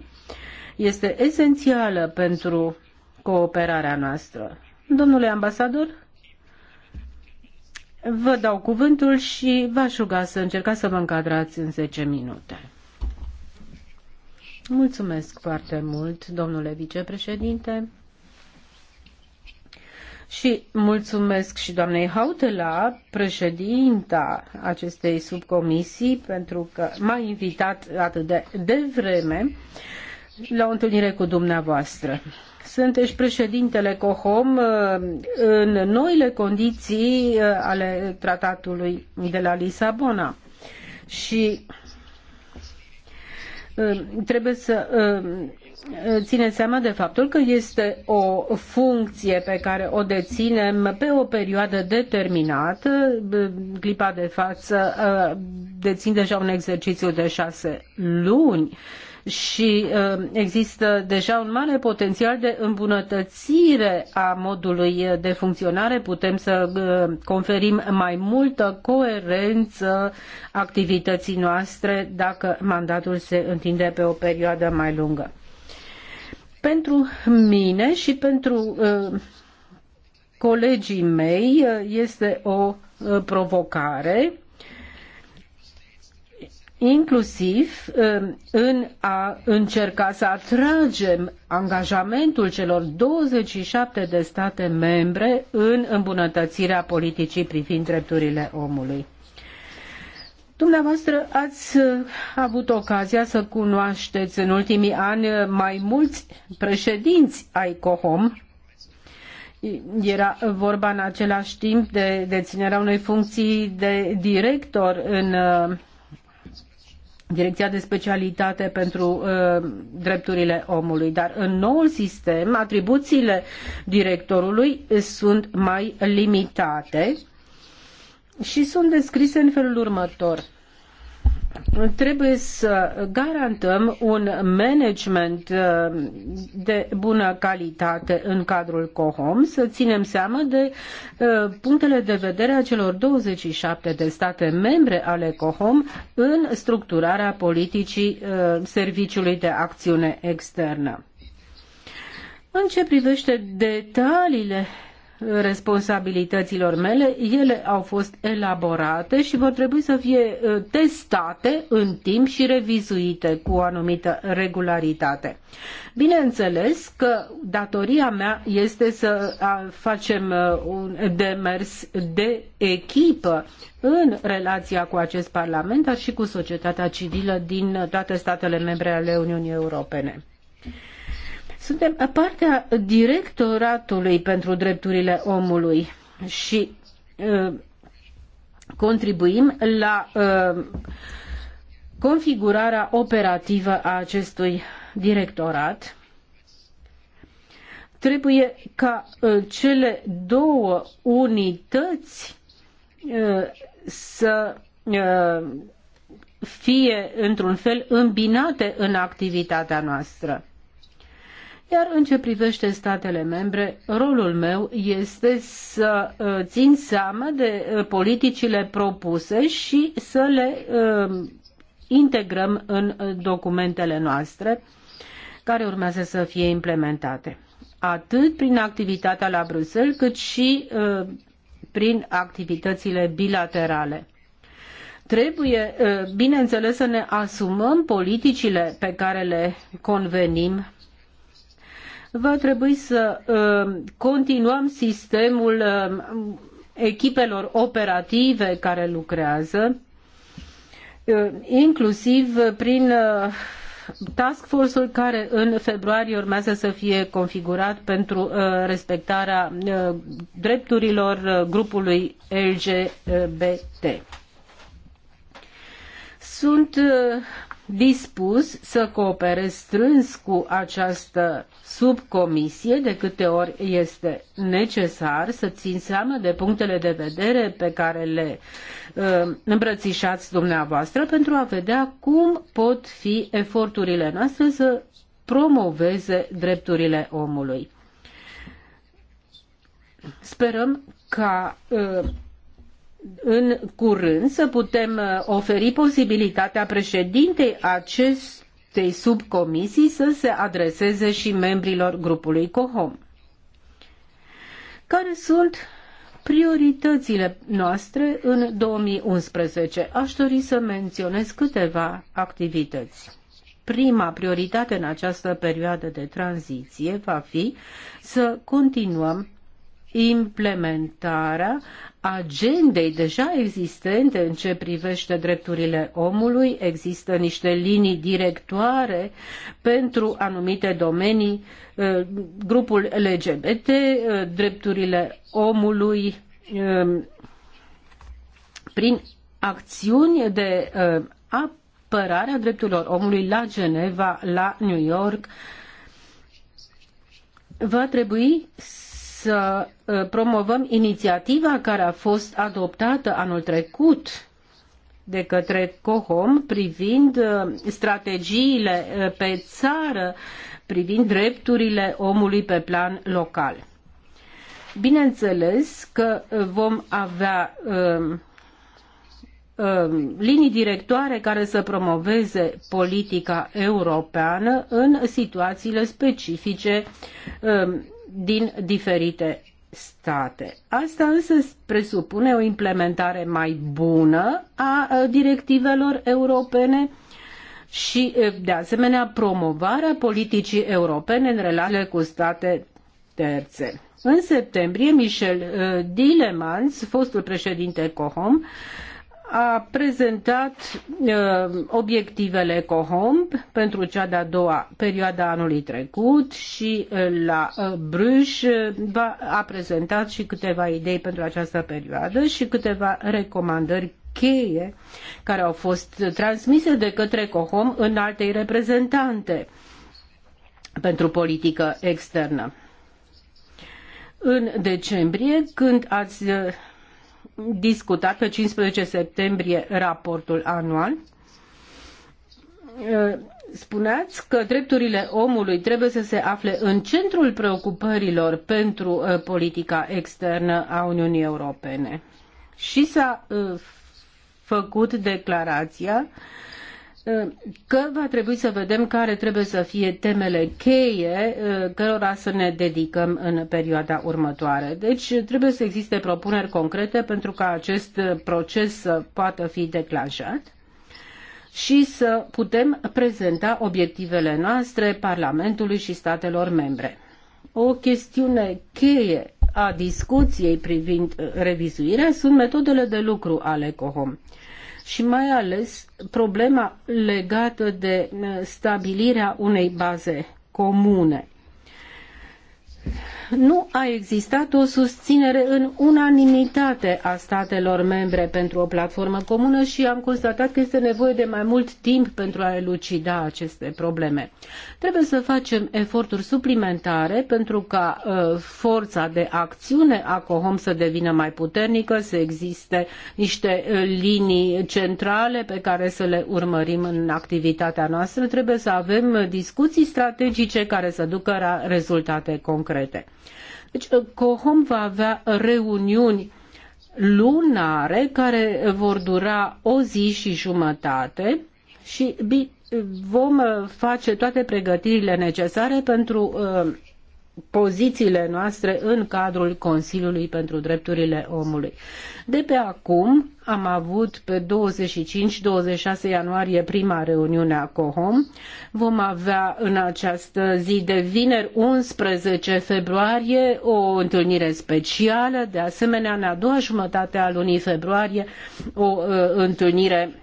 Este esențială pentru cooperarea noastră. Domnule ambasador, vă dau cuvântul și v-aș ruga să încercați să vă încadrați în 10 minute. Mulțumesc foarte mult, domnule vicepreședinte. Și mulțumesc și doamnei Hautela, președinta acestei subcomisii, pentru că m-a invitat atât de devreme la o întâlnire cu dumneavoastră. Sunteți președintele COHOM uh, în noile condiții uh, ale tratatului de la Lisabona și uh, trebuie să ține seama de faptul că este o funcție pe care o deținem pe o perioadă determinată. Clipa de față uh, dețin deja un exercițiu de șase luni și uh, există deja un mare potențial de îmbunătățire a modului de funcționare. Putem să uh, conferim mai multă coerență activității noastre dacă mandatul se întinde pe o perioadă mai lungă. Pentru mine și pentru uh, colegii mei uh, este o uh, provocare inclusiv în a încerca să atragem angajamentul celor 27 de state membre în îmbunătățirea politicii privind drepturile omului. Dumneavoastră ați uh, avut ocazia să cunoașteți în ultimii ani uh, mai mulți președinți ai COHOM. Era vorba în același timp de deținerea unei funcții de director în uh, Direcția de Specialitate pentru Drepturile Omului, dar în noul sistem atribuțiile directorului sunt mai limitate și sunt descrise în felul următor. Trebuie să garantăm un management uh, de bună calitate în cadrul COHOM, să ținem seama de uh, punctele de vedere a celor 27 de state membre ale COHOM în structurarea politicii uh, Serviciului de Acțiune Externă. În ce privește detaliile responsabilităților mele, ele au fost elaborate și vor trebui să fie uh, testate în timp și revizuite cu o anumită regularitate. Bineînțeles că datoria mea este să facem uh, un demers de echipă în relația cu acest Parlament, dar și cu societatea civilă din toate statele membre ale Uniunii Europene. Suntem partea directoratului pentru drepturile omului și uh, contribuim la uh, configurarea operativă a acestui directorat. Trebuie ca uh, cele două unități uh, să uh, fie într-un fel îmbinate în activitatea noastră. Iar în ce privește statele membre, rolul meu este să uh, țin seama de uh, politicile propuse și să le uh, integrăm în documentele noastre care urmează să fie implementate, atât prin activitatea la Bruxelles, cât și prin activitățile bilaterale trebuie, bineînțeles, să ne asumăm politicile pe care le convenim va trebui să uh, continuăm sistemul um, echipelor operative care lucrează, uh, inclusiv prin uh, task force-ul care în februarie urmează să fie configurat pentru respectarea drepturilor grupului LGBT. Sunt dispus să coopere strâns cu această subcomisie de câte ori este necesar să țin seama de punctele de vedere pe care le uh, îmbrățișați dumneavoastră pentru a vedea cum pot fi eforturile noastre să promoveze drepturile omului. Sperăm ca uh, în curând să putem uh, oferi posibilitatea președintei acestei subcomisii să se adreseze și membrilor grupului COHOM. Care sunt prioritățile noastre în 2011? Aș dori să menționez câteva activități prima prioritate în această perioadă de tranziție va fi să continuăm implementarea agendei deja existente în ce privește drepturile omului. Există niște linii directoare pentru anumite domenii, eh, grupul LGBT, eh, drepturile omului eh, prin acțiuni de apărare a drepturilor omului la Geneva, la New York. Va trebui să uh, promovăm inițiativa care a fost adoptată anul trecut de către COHOM privind uh, strategiile uh, pe țară, privind drepturile omului pe plan local. Bineînțeles că vom avea um, um, linii directoare care să promoveze politica europeană în situațiile specifice um, din diferite state. Asta însă presupune o implementare mai bună a directivelor europene și, de asemenea, promovarea politicii europene în relațiile cu state terțe. În septembrie, Michel Dilemans, fostul președinte COHOM, a prezentat uh, obiectivele COHOMP pentru cea de-a doua perioadă a anului trecut și uh, la uh, Bruges uh, a prezentat și câteva idei pentru această perioadă și câteva recomandări cheie care au fost transmise de către COHOM în altei reprezentante pentru politică externă. În decembrie, când ați uh, discutat pe 15 septembrie raportul anual. Eh, spuneați că drepturile omului trebuie să se afle în centrul preocupărilor pentru eh, politica externă a Uniunii Europene. Și s-a eh, făcut declarația uh, că va trebui să vedem care trebuie să fie temele cheie uh, cărora să ne dedicăm în perioada următoare. Deci trebuie să existe propuneri concrete pentru ca acest proces să poată fi declanșat și să putem prezenta obiectivele noastre Parlamentului și statelor membre. O chestiune cheie a discuției privind revizuirea sunt metodele de lucru ale COHOM și mai ales problema legată de uh, stabilirea unei baze comune nu a existat o susținere în unanimitate a statelor membre pentru o platformă comună și am constatat că este nevoie de mai mult timp pentru a elucida aceste probleme. Trebuie să facem eforturi suplimentare pentru ca uh, forța de acțiune a COHOM să devină mai puternică, să existe niște uh, linii centrale pe care să le urmărim în activitatea noastră. Trebuie să avem discuții strategice care să ducă la rezultate concrete. Deci uh, COHOM va avea reuniuni lunare care vor dura o zi și jumătate și uh, vom uh, face toate pregătirile necesare pentru pozițiile noastre în cadrul Consiliului pentru Drepturile Omului. De pe acum am avut pe 25-26 ianuarie prima reuniune a COHOM. Vom avea în această zi de vineri 11 februarie o întâlnire specială, de asemenea în a doua jumătate a lunii februarie o uh, întâlnire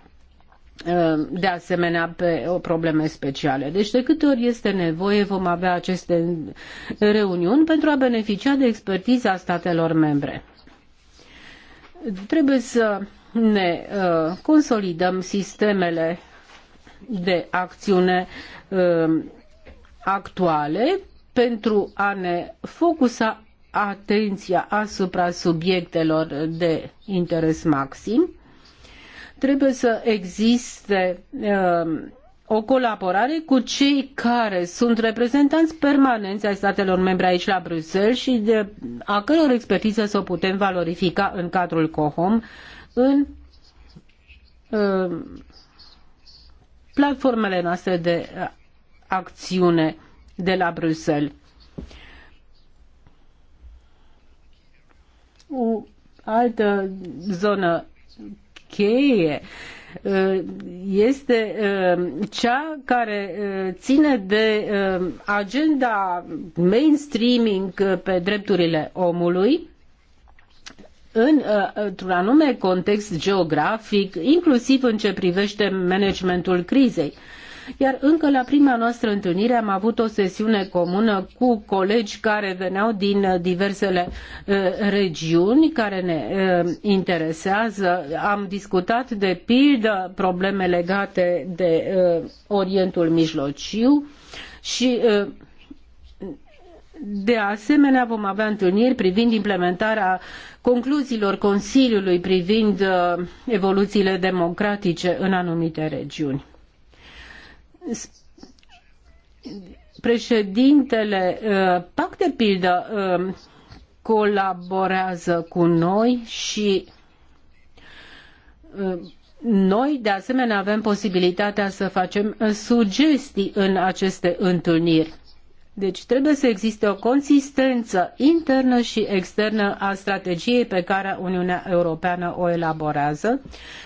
Ehm, de asemenea pe o probleme speciale. Deci de câte ori este nevoie vom avea aceste reuniuni pentru a beneficia de expertiza statelor membre. Trebuie să ne uh, consolidăm sistemele de acțiune uh, actuale pentru a ne focusa atenția asupra subiectelor de interes maxim Trebuie să existe uh, o colaborare cu cei care sunt reprezentanți permanenți ai statelor membre aici la Bruxelles și de, a căror expertiză să o putem valorifica în cadrul COHOM în um, platformele noastre de acțiune de la Bruxelles. O altă zonă cheie uh, este uh, cea care uh, ține de agenda mainstreaming pe drepturile omului în, într-un anume context geografic, inclusiv în ce privește managementul crizei. Iar încă la prima noastră întâlnire am avut o sesiune comună cu colegi care veneau din uh, diversele uh, regiuni care ne uh, interesează. Am discutat de pildă probleme legate de Orientul Mijlociu și de asemenea, vom avea întâlniri privind implementarea concluziilor Consiliului privind evoluțiile democratice în anumite regiuni președintele uh, PAC de pildă uh, colaborează cu noi și uh, noi, de asemenea, avem posibilitatea să facem sugestii în aceste întâlniri. Deci trebuie să existe o consistență internă și externă a strategiei pe care Uniunea Europeană o elaborează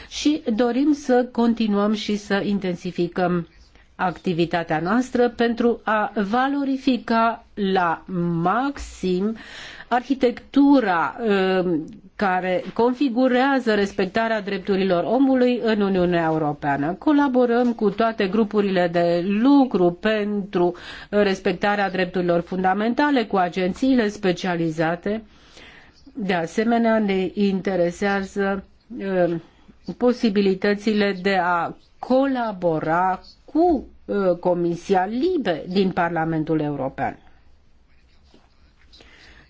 și dorim să continuăm și să intensificăm activitatea noastră pentru a valorifica la maxim arhitectura um, care configurează respectarea drepturilor omului în Uniunea Europeană. Colaborăm cu toate grupurile de lucru pentru respectarea drepturilor fundamentale, cu agențiile specializate. De asemenea, ne interesează um, posibilitățile de a colabora cu uh, Comisia Libe din Parlamentul European.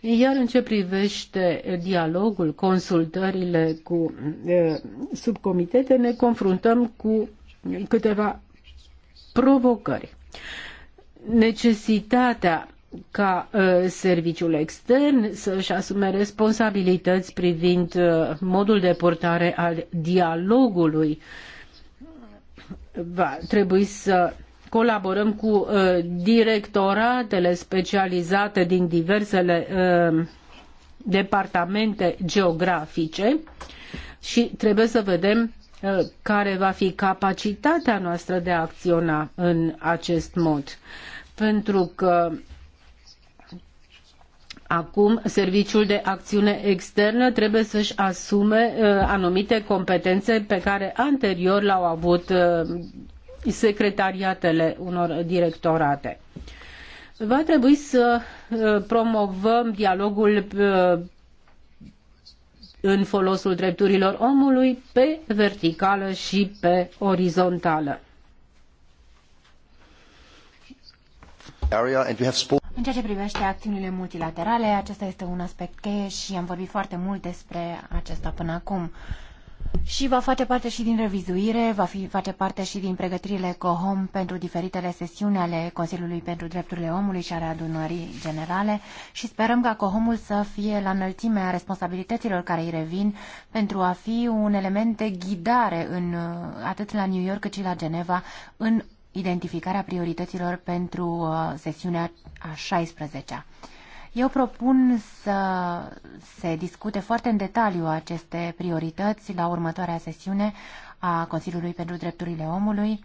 Iar în ce privește dialogul, consultările cu uh, subcomitete, ne confruntăm cu câteva provocări. Necesitatea ca uh, serviciul extern să-și asume responsabilități privind modul de portare al dialogului va trebui să colaborăm cu uh, directoratele specializate din diversele uh, departamente geografice și trebuie să vedem uh, care va fi capacitatea noastră de a acționa în acest mod. Pentru că Acum, Serviciul de Acțiune Externă trebuie să-și asume uh, anumite competențe pe care anterior le-au avut uh, secretariatele unor directorate. Va trebui să uh, promovăm dialogul în folosul drepturilor omului pe verticală și pe orizontală. În ceea ce privește acțiunile multilaterale, acesta este un aspect cheie și am vorbit foarte mult despre acesta până acum. Și va face parte și din revizuire, va fi, face parte și din pregătirile COHOM pentru diferitele sesiuni ale Consiliului pentru Drepturile Omului și ale adunării generale și sperăm ca COHOM-ul să fie la înălțimea responsabilităților care îi revin pentru a fi un element de ghidare în, uh, atât la New York cât și la Geneva în identificarea priorităților pentru uh, sesiunea a 16-a. Eu propun să se discute foarte în detaliu aceste priorități la următoarea sesiune a Consiliului pentru Drepturile Omului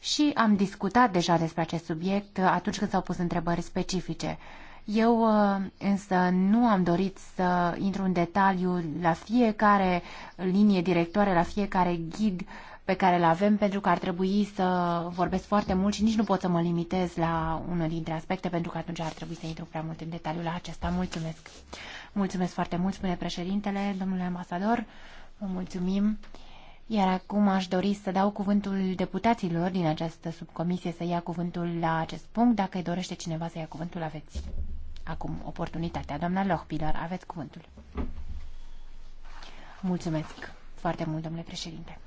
și am discutat deja despre acest subiect atunci când s-au pus întrebări specifice. Eu uh, însă nu am dorit să intru în detaliu la fiecare linie directoare, la fiecare ghid uh, pe care le avem, pentru că ar trebui să vorbesc foarte mult și nici nu pot să mă limitez la unul dintre aspecte, pentru că atunci ar trebui să intru prea mult în detaliu la acesta. Mulțumesc! Mulțumesc foarte mult, spune președintele, domnule ambasador, vă mulțumim. Iar acum aș dori să dau cuvântul deputaților din această subcomisie să ia cuvântul la acest punct. Dacă îi dorește cineva să ia cuvântul, aveți acum oportunitatea. Doamna Lohpilar, aveți cuvântul. Mulțumesc foarte mult, domnule președinte.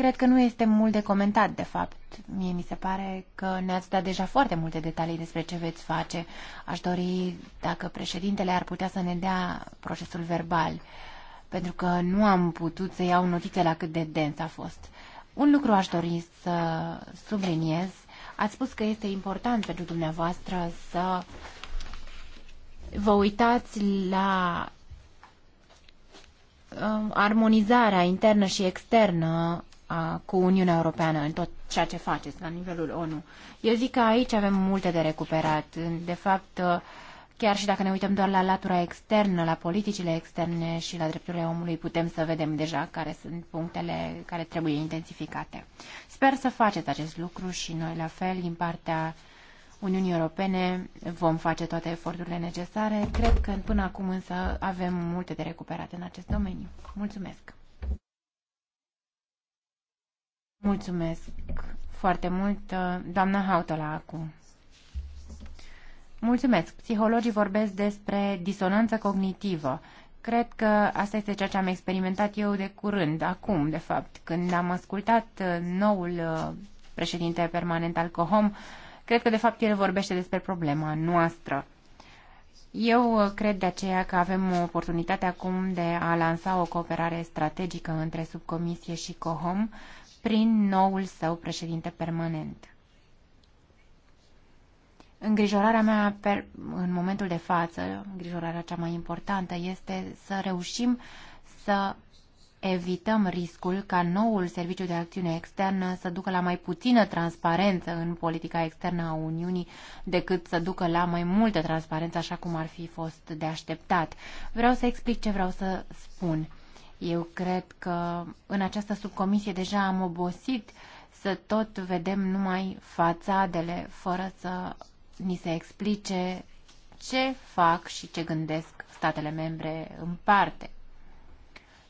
Cred că nu este mult de comentat, de fapt. Mie mi se pare că ne-ați dat deja foarte multe detalii despre ce veți face. Aș dori dacă președintele ar putea să ne dea procesul verbal, pentru că nu am putut să iau notițe la cât de dens a fost. Un lucru aș dori să subliniez. Ați spus că este important pentru dumneavoastră să vă uitați la um, armonizarea internă și externă a, cu Uniunea Europeană în tot ceea ce faceți la nivelul ONU. Eu zic că aici avem multe de recuperat. De fapt, chiar și dacă ne uităm doar la latura externă, la politicile externe și la drepturile omului, putem să vedem deja care sunt punctele care trebuie intensificate. Sper să faceți acest lucru și noi la fel din partea Uniunii Europene vom face toate eforturile necesare. Cred că până acum însă avem multe de recuperat în acest domeniu. Mulțumesc! Mulțumesc foarte mult, doamna Hautola, acum. Mulțumesc. Psihologii vorbesc despre disonanță cognitivă. Cred că asta este ceea ce am experimentat eu de curând, acum, de fapt, când am ascultat uh, noul uh, președinte permanent al COHOM, cred că, de fapt, el vorbește despre problema noastră. Eu uh, cred de aceea că avem o oportunitate acum de a lansa o cooperare strategică între subcomisie și COHOM, uh, prin noul său președinte permanent. Îngrijorarea mea per, în momentul de față, îngrijorarea cea mai importantă, este să reușim să evităm riscul ca noul serviciu de acțiune externă să ducă la mai puțină transparență în politica externă a Uniunii decât să ducă la mai multă transparență așa cum ar fi fost de așteptat. Vreau să explic ce vreau să spun. Eu cred că în această subcomisie deja am obosit să tot vedem numai fațadele fără să ni se explice ce fac și ce gândesc statele membre în parte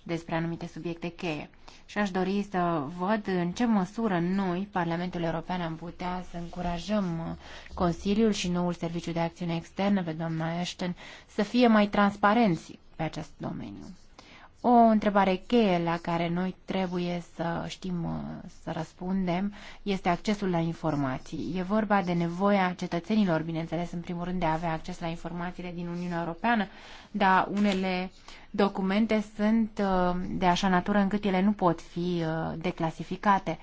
despre anumite subiecte cheie. Și aș dori să văd în ce măsură noi, Parlamentul European, am putea să încurajăm Consiliul și noul Serviciu de Acțiune Externă pe doamna Ashton să fie mai transparenți pe acest domeniu. O întrebare cheie la care noi trebuie să știm să răspundem este accesul la informații. E vorba de nevoia cetățenilor, bineînțeles, în primul rând de a avea acces la informațiile din Uniunea Europeană, dar unele documente sunt uh, de așa natură încât ele nu pot fi uh, declasificate.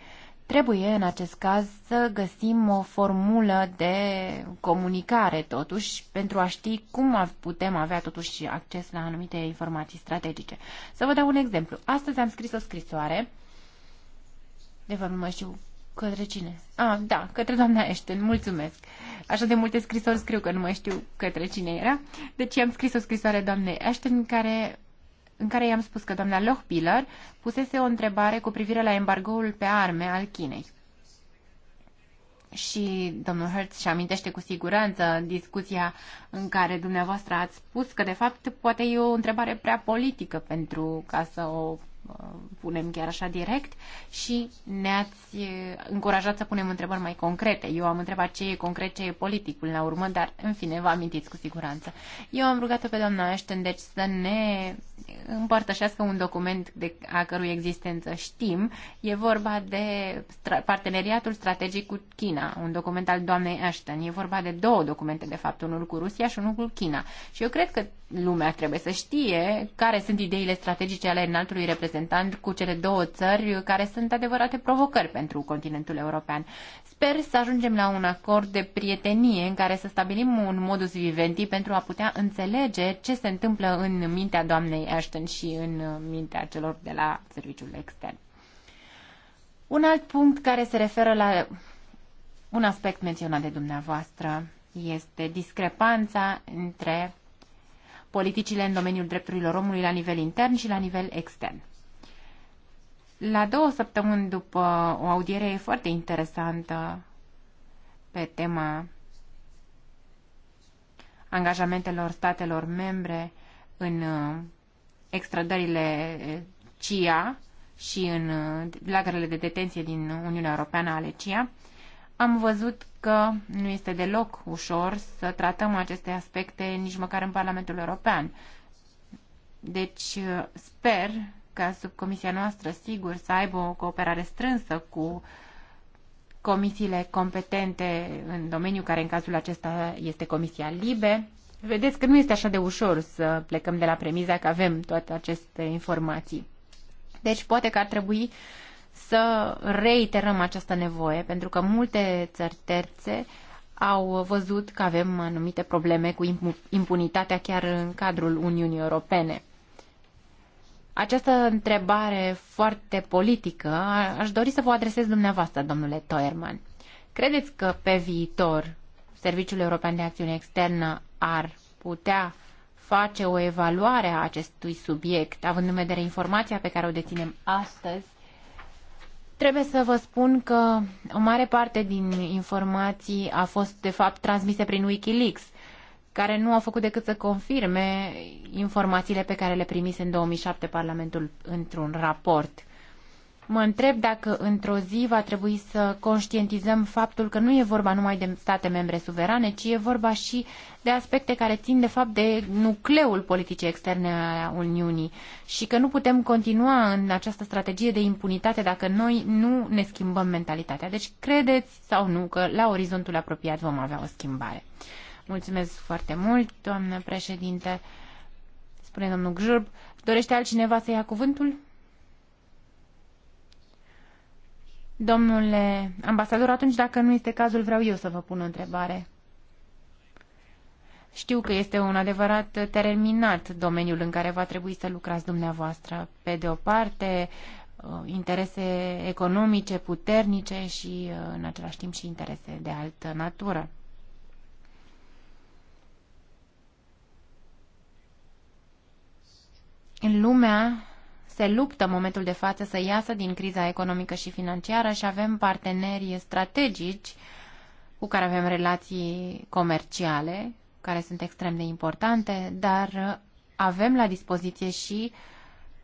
Trebuie, în acest caz, să găsim o formulă de comunicare, totuși, pentru a ști cum putem avea, totuși, acces la anumite informații strategice. Să vă dau un exemplu. Astăzi am scris o scrisoare, de fapt nu mai știu către cine. Ah, da, către doamna Ashton, mulțumesc. Așa de multe scrisori scriu că nu mai știu către cine era. Deci am scris o scrisoare doamnei Ashton care în care i-am spus că doamna Lochbiller pusese o întrebare cu privire la embargoul pe arme al Chinei. Și domnul Hertz și amintește cu siguranță discuția în care dumneavoastră ați spus că, de fapt, poate e o întrebare prea politică pentru ca să o punem chiar așa direct și ne-ați eh, încurajat să punem întrebări mai concrete. Eu am întrebat ce e concret, ce e politicul la urmă, dar în fine vă amintiți cu siguranță. Eu am rugat-o pe doamna Ashton, deci să ne împărtășească un document de a cărui existență știm. E vorba de stra- parteneriatul strategic cu China, un document al doamnei Ashton. E vorba de două documente, de fapt, unul cu Rusia și unul cu China. Și eu cred că lumea trebuie să știe care sunt ideile strategice ale înaltului reprezentant reprezentant cu cele două țări care sunt adevărate provocări pentru continentul european. Sper să ajungem la un acord de prietenie în care să stabilim un modus vivendi pentru a putea înțelege ce se întâmplă în mintea doamnei Ashton și în mintea celor de la serviciul extern. Un alt punct care se referă la un aspect menționat de dumneavoastră este discrepanța între politicile în domeniul drepturilor omului la nivel intern și la nivel extern. La două săptămâni după o audiere foarte interesantă pe tema angajamentelor statelor membre în uh, extradările uh, CIA și în uh, lagărele de detenție din Uniunea Europeană ale CIA, am văzut că nu este deloc ușor să tratăm aceste aspecte nici măcar în Parlamentul European. Deci sper ca subcomisia noastră, sigur, să aibă o cooperare strânsă cu comisiile competente în domeniu, care în cazul acesta este Comisia Libe. Vedeți că nu este așa de ușor să plecăm de la premiza că avem toate aceste informații. Deci poate că ar trebui să reiterăm această nevoie, pentru că multe țări terțe au văzut că avem anumite probleme cu impunitatea chiar în cadrul Uniunii Europene. Această întrebare foarte politică aș dori să vă adresez dumneavoastră, domnule Toerman. Credeți că pe viitor Serviciul European de Acțiune Externă ar putea face o evaluare a acestui subiect, având în vedere informația pe care o deținem astăzi, Trebuie să vă spun că o mare parte din informații a fost, de fapt, transmise prin Wikileaks care nu au făcut decât să confirme informațiile pe care le primise în 2007 Parlamentul într-un raport. Mă întreb dacă într-o zi va trebui să conștientizăm faptul că nu e vorba numai de state membre suverane, ci e vorba și de aspecte care țin de fapt de nucleul politicii externe a Uniunii și că nu putem continua în această strategie de impunitate dacă noi nu ne schimbăm mentalitatea. Deci credeți sau nu că la orizontul apropiat vom avea o schimbare. Mulțumesc foarte mult, președinte. Spune domnul Dorește altcineva să ia cuvântul? Domnule ambasador, atunci dacă nu este cazul, vreau eu să vă pun o întrebare. Știu că este un adevărat terminat domeniul în care va trebui să lucrați dumneavoastră. Pe de o parte, uh, interese economice puternice și, uh, în același timp, și interese de altă natură. lumea se luptă în momentul de față să iasă din criza economică și financiară și avem parteneri strategici cu care avem relații comerciale, care sunt extrem de importante, dar avem la dispoziție și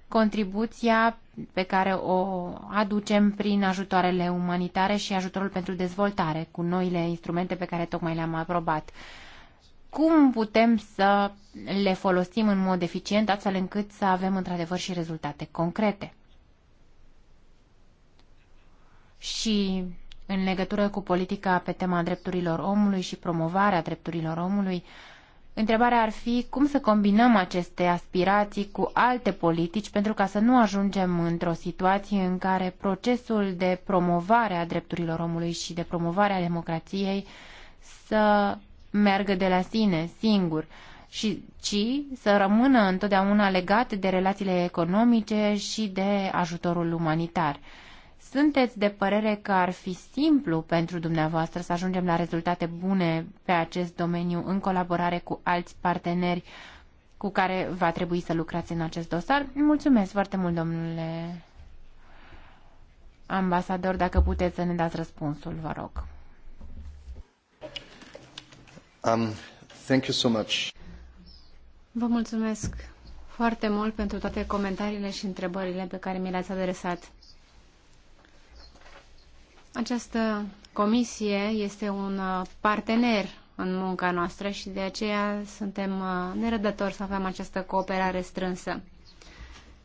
contribuția pe care o aducem prin ajutoarele umanitare și ajutorul pentru dezvoltare, cu noile instrumente pe care tocmai le-am aprobat cum putem să le folosim în mod eficient, astfel încât să avem într-adevăr și rezultate concrete. Și în legătură cu politica pe tema drepturilor omului și promovarea drepturilor omului, întrebarea ar fi cum să combinăm aceste aspirații cu alte politici pentru ca să nu ajungem într-o situație în care procesul de promovare a drepturilor omului și de promovare a democrației să meargă de la sine, singur, și, ci să rămână întotdeauna legat de relațiile economice și de ajutorul umanitar. Sunteți de părere că ar fi simplu pentru dumneavoastră să ajungem la rezultate bune pe acest domeniu în colaborare cu alți parteneri cu care va trebui să lucrați în acest dosar? Mulțumesc foarte mult, domnule ambasador, dacă puteți să ne dați răspunsul, vă rog. Um, Vă mulțumesc foarte mult pentru toate comentariile și întrebările pe care mi le-ați adresat. Această comisie este un uh, partener în munca noastră și de aceea suntem uh, nerădători să avem această cooperare strânsă.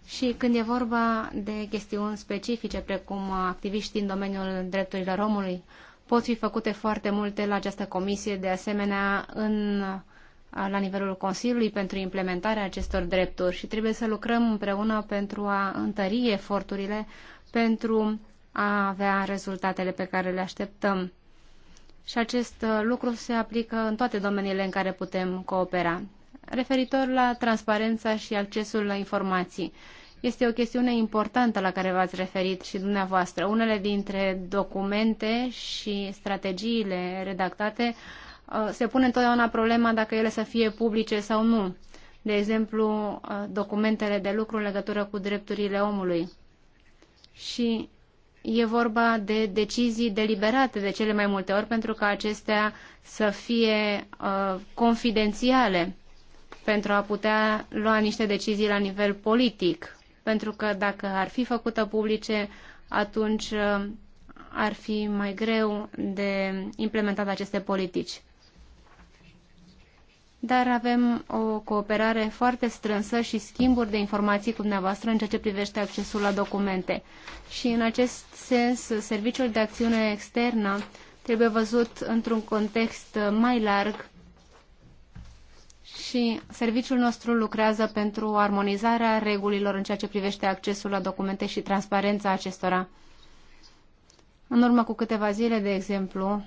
Și când e vorba de chestiuni specifice, precum uh, activiștii în domeniul drepturilor omului, Pot fi făcute foarte multe la această comisie, de asemenea, în, la nivelul Consiliului pentru implementarea acestor drepturi și trebuie să lucrăm împreună pentru a întări eforturile pentru a avea rezultatele pe care le așteptăm. Și acest lucru se aplică în toate domeniile în care putem coopera. Referitor la transparența și accesul la informații, este o chestiune importantă la care v-ați referit și dumneavoastră. Unele dintre documente și strategiile redactate uh, se pune întotdeauna problema dacă ele să fie publice sau nu. De exemplu, uh, documentele de lucru în legătură cu drepturile omului. Și e vorba de decizii deliberate de cele mai multe ori pentru ca acestea să fie uh, confidențiale pentru a putea lua niște decizii la nivel politic pentru că dacă ar fi făcută publice, atunci uh, ar fi mai greu de implementat aceste politici. Dar avem o cooperare foarte strânsă și schimburi de informații cu dumneavoastră în ceea ce privește accesul la documente. Și în acest sens, Serviciul de Acțiune Externă trebuie văzut într-un context mai larg și serviciul nostru lucrează pentru armonizarea regulilor în ceea ce privește accesul la documente și transparența acestora. În urmă cu câteva zile, de exemplu,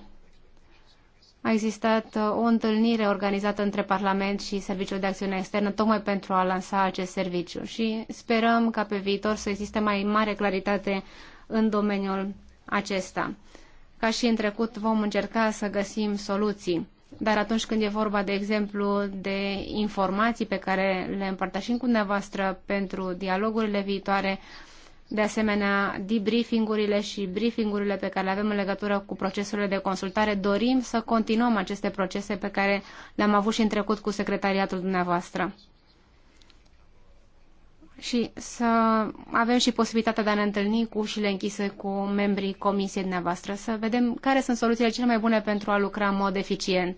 a existat uh, o întâlnire organizată între Parlament și Serviciul de Acțiune Externă tocmai pentru a lansa acest serviciu și sperăm ca pe viitor să existe mai mare claritate în domeniul acesta. Ca și în trecut, vom încerca să găsim soluții dar atunci când e vorba, de exemplu, de informații pe care le împărtășim cu dumneavoastră pentru dialogurile viitoare, de asemenea, debriefingurile și briefingurile pe care le avem în legătură cu procesurile de consultare, dorim să continuăm aceste procese pe care le-am avut și în trecut cu secretariatul dumneavoastră și să avem și posibilitatea de a ne întâlni cu ușile închise cu membrii comisiei dumneavoastră, să vedem care sunt soluțiile cele mai bune pentru a lucra în mod eficient.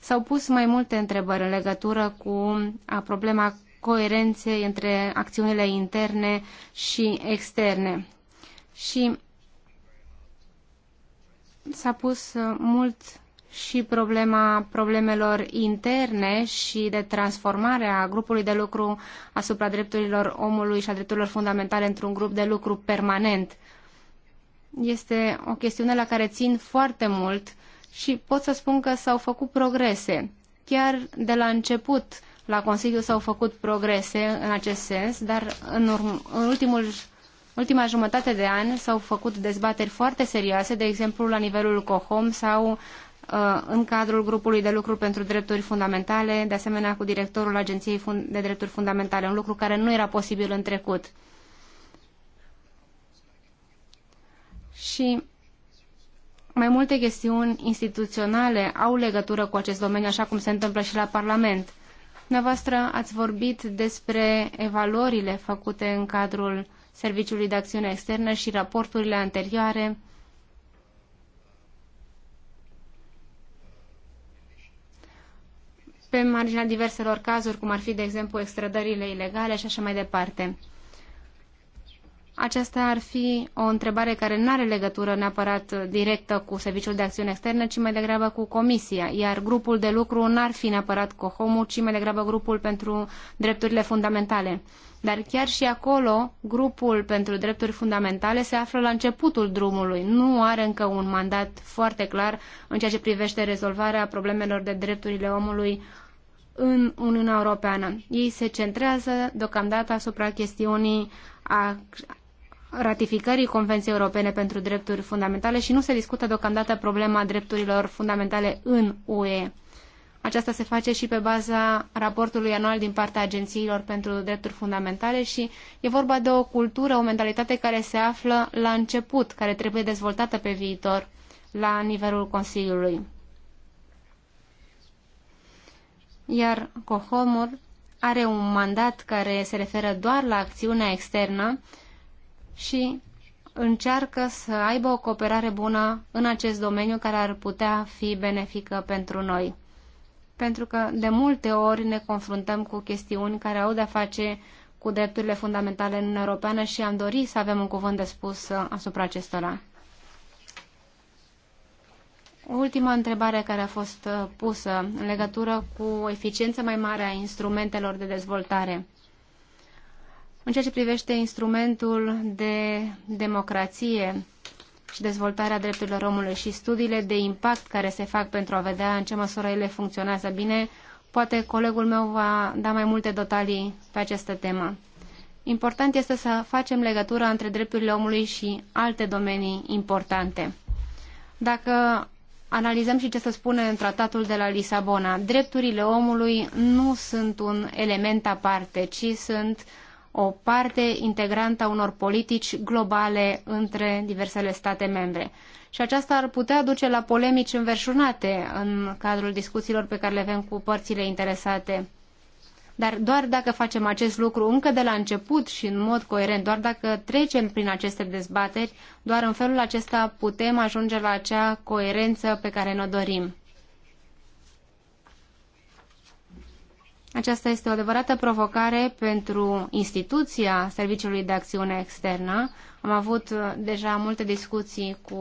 S-au pus mai multe întrebări în legătură cu problema coerenței între acțiunile interne și externe. Și s-a pus uh, mult și problema problemelor interne și de transformare a grupului de lucru asupra drepturilor omului și a drepturilor fundamentale într-un grup de lucru permanent. Este o chestiune la care țin foarte mult și pot să spun că s-au făcut progrese. Chiar de la început la Consiliu s-au făcut progrese în acest sens, dar în, urm- în ultimul ultima jumătate de an s-au făcut dezbateri foarte serioase, de exemplu la nivelul COHOM sau Uh, în cadrul grupului de lucru pentru drepturi fundamentale, de asemenea cu directorul Agenției de Drepturi Fundamentale, un lucru care nu era posibil în trecut. Și mai multe chestiuni instituționale au legătură cu acest domeniu, așa cum se întâmplă și la Parlament. Dumneavoastră ați vorbit despre evaluările făcute în cadrul Serviciului de Acțiune Externă și raporturile anterioare pe marginea diverselor cazuri, cum ar fi, de exemplu, extrădările ilegale și așa mai departe. Aceasta ar fi o întrebare care nu are legătură neapărat directă cu Serviciul de Acțiune Externă, ci mai degrabă cu Comisia, iar grupul de lucru n-ar fi neapărat COHOMU, ci mai degrabă grupul pentru drepturile fundamentale. Dar chiar și acolo, grupul pentru drepturi fundamentale se află la începutul drumului, nu are încă un mandat foarte clar în ceea ce privește rezolvarea problemelor de drepturile omului în Uniunea Europeană. Ei se centrează deocamdată asupra chestiunii a ratificării Convenției Europene pentru Drepturi Fundamentale și nu se discută deocamdată problema drepturilor fundamentale în UE. Aceasta se face și pe baza raportului anual din partea agențiilor pentru drepturi fundamentale și e vorba de o cultură, o mentalitate care se află la început, care trebuie dezvoltată pe viitor la nivelul Consiliului. iar Cohomor are un mandat care se referă doar la acțiunea externă și încearcă să aibă o cooperare bună în acest domeniu care ar putea fi benefică pentru noi. Pentru că de multe ori ne confruntăm cu chestiuni care au de-a face cu drepturile fundamentale în Uniunea Europeană și am dorit să avem un cuvânt de spus uh, asupra acestora. Ultima întrebare care a fost uh, pusă în legătură cu o eficiență mai mare a instrumentelor de dezvoltare. În ceea ce privește instrumentul de democrație și dezvoltarea drepturilor omului și studiile de impact care se fac pentru a vedea în ce măsură ele funcționează bine, poate colegul meu va da mai multe detalii pe această temă. Important este să facem legătura între drepturile omului și alte domenii importante. Dacă analizăm și ce se spune în tratatul de la Lisabona. Drepturile omului nu sunt un element aparte, ci sunt o parte integrantă a unor politici globale între diversele state membre. Și aceasta ar putea duce la polemici înverșunate în cadrul discuțiilor pe care le avem cu părțile interesate. Dar doar dacă facem acest lucru încă de la început și în mod coerent, doar dacă trecem prin aceste dezbateri, doar în felul acesta putem ajunge la acea coerență pe care ne-o dorim. Aceasta este o adevărată provocare pentru instituția Serviciului de Acțiune Externă. Am avut uh, deja multe discuții cu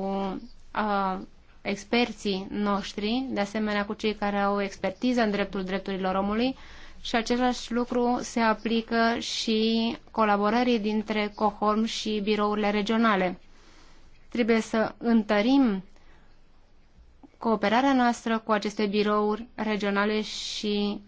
uh, experții noștri, de asemenea cu cei care au expertiză în dreptul drepturilor omului, uh, și același lucru se aplică și colaborării dintre cohom și birourile regionale. Trebuie să întărim cooperarea noastră cu aceste birouri regionale și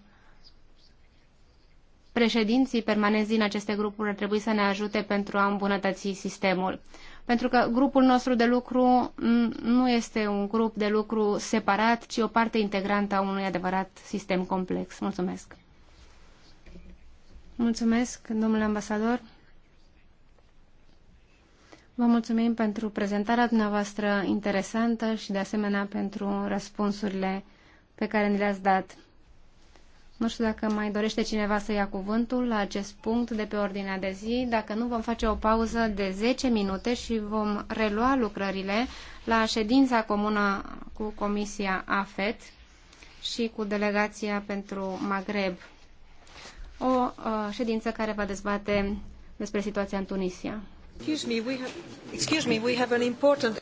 președinții permanenți din aceste grupuri ar trebui să ne ajute pentru a îmbunătăți sistemul. Pentru că grupul nostru de lucru nu este un grup de lucru separat, ci o parte integrantă a unui adevărat sistem complex. Mulțumesc! Mulțumesc, domnule ambasador. Vă mulțumim pentru prezentarea dumneavoastră interesantă și de asemenea pentru răspunsurile pe care ni le-ați dat. Nu știu dacă mai dorește cineva să ia cuvântul la acest punct de pe ordinea de zi. Dacă nu, vom face o pauză de 10 minute și vom relua lucrările la ședința comună cu Comisia AFET și cu delegația pentru Maghreb o uh, ședință care va dezbate despre situația în Tunisia. Excuse me, we have, excuse me, we have an important...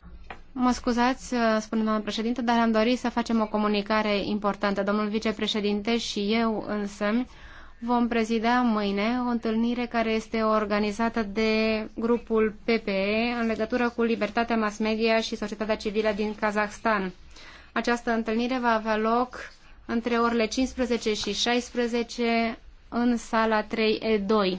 Mă scuzați, uh, spune doamna președinte, dar am dorit să facem o comunicare importantă. Domnul vicepreședinte și eu însă vom prezida mâine o întâlnire care este organizată de grupul PPE în legătură cu libertatea mass media și societatea civilă din Kazahstan. Această întâlnire va avea loc între orele 15 și 16 în sala 3E2.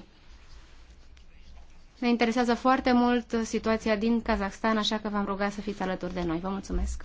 Ne interesează foarte mult situația din Kazakhstan, așa că v-am rugat să fiți alături de noi. Vă mulțumesc!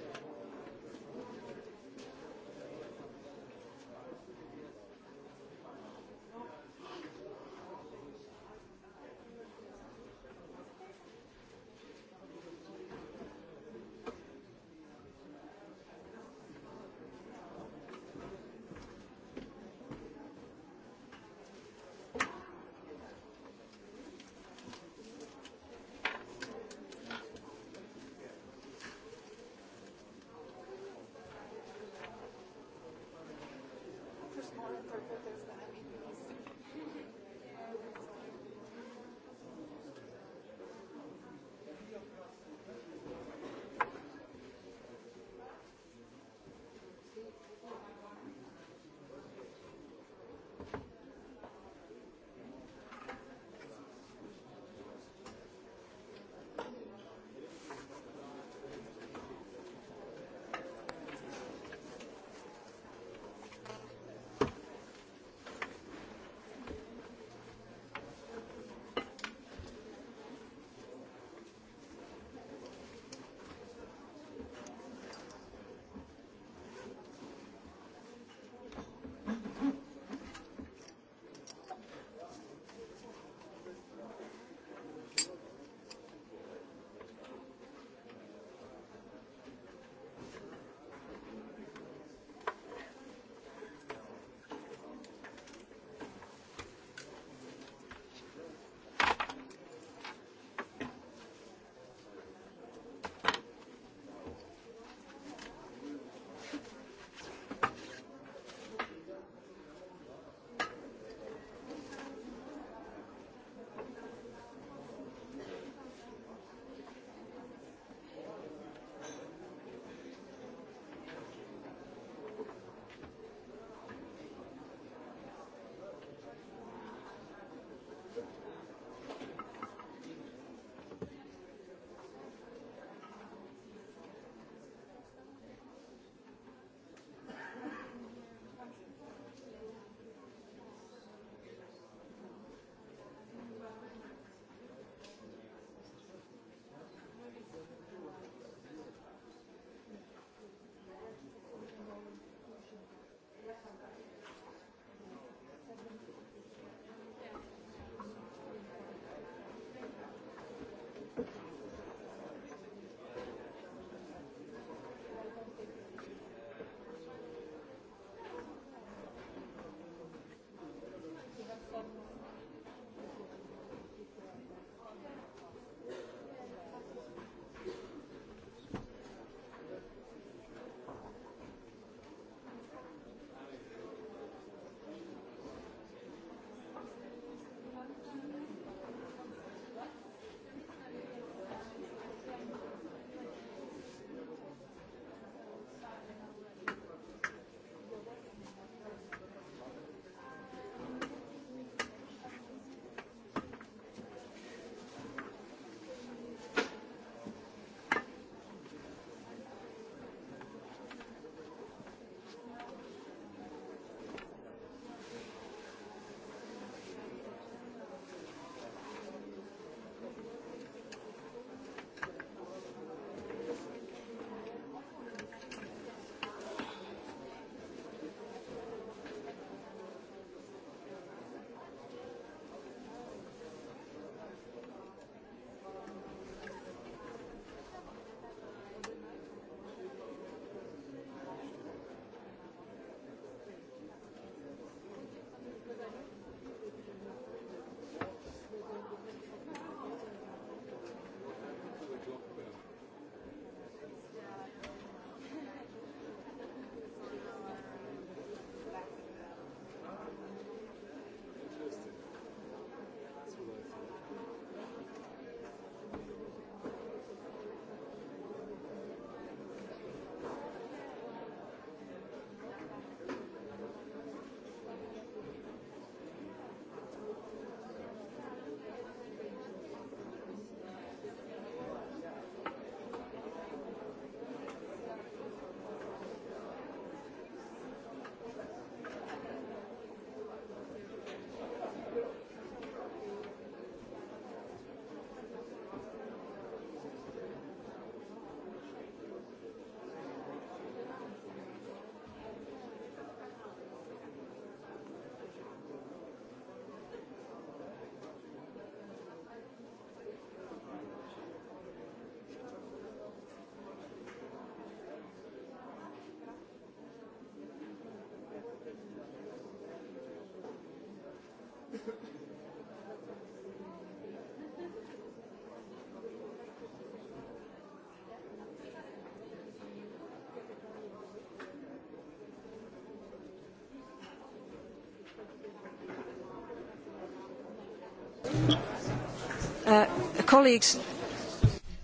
Uh,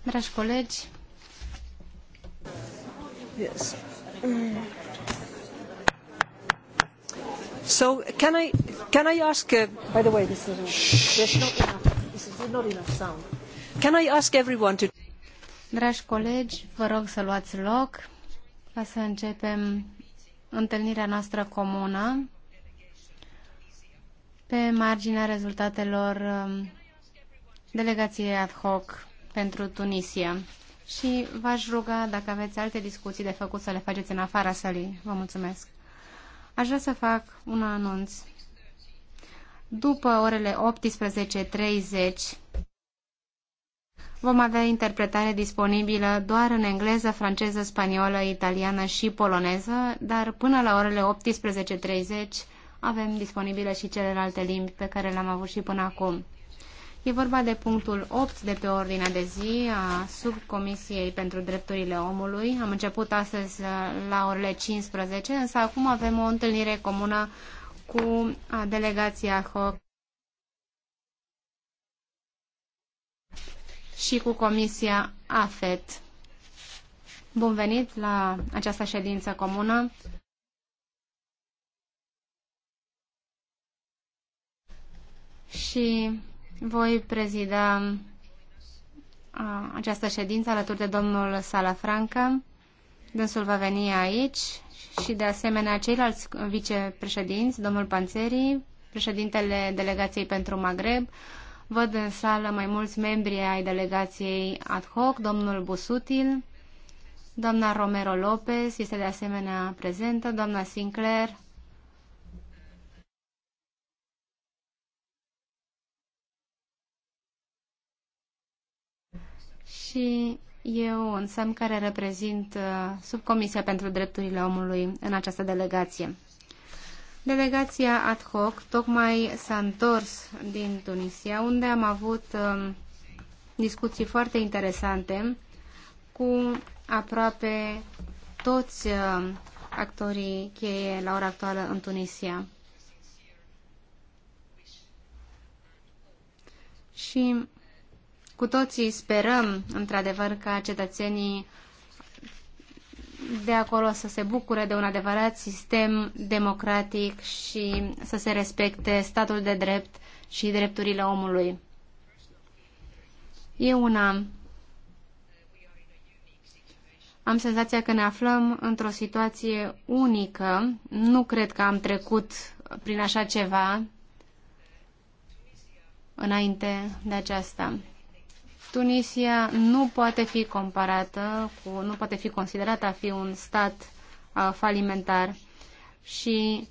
Dragi colegi. Yes. Mm. So, can I Can I ask... Uh, By the way, this is, not enough, this is not enough sound. Can I ask everyone to... Dragi colegi, vă rog să luați loc ca să începem întâlnirea noastră comună pe marginea rezultatelor um, delegației ad hoc pentru Tunisia. Și v-aș ruga, dacă aveți alte discuții de făcut, să le faceți în afara sălii. Vă mulțumesc. Aș vrea să fac un anunț. După orele 18.30 vom avea interpretare disponibilă doar în engleză, franceză, spaniolă, italiană și poloneză, dar până la orele 18.30 avem disponibile și celelalte limbi pe care le-am avut și până acum. E vorba de punctul 8 de pe ordinea de zi a Subcomisiei pentru Drepturile Omului. Am început astăzi la orele 15, însă acum avem o întâlnire comună cu delegația HOC și cu Comisia AFET. Bun venit la această ședință comună. Și voi prezida această ședință alături de domnul Salafranca. Dânsul va veni aici și de asemenea ceilalți vicepreședinți, domnul Panțeri, președintele delegației pentru Maghreb, văd în sală mai mulți membri ai delegației ad hoc, domnul Busutil, doamna Romero Lopez este de asemenea prezentă, doamna Sinclair, și eu un semn care reprezint uh, subcomisia pentru drepturile omului în această delegație. Delegația ad hoc tocmai s-a întors din Tunisia, unde am avut um, discuții foarte interesante cu aproape toți uh, actorii cheie la ora actuală în Tunisia. Și cu toții sperăm, într-adevăr, ca cetățenii de acolo să se bucure de un adevărat sistem democratic și să se respecte statul de drept și drepturile omului. E una am senzația că ne aflăm într-o situație unică. Nu cred că am trecut prin așa ceva înainte de aceasta. Tunisia nu poate fi comparată, cu, nu poate fi considerată a fi un stat uh, falimentar și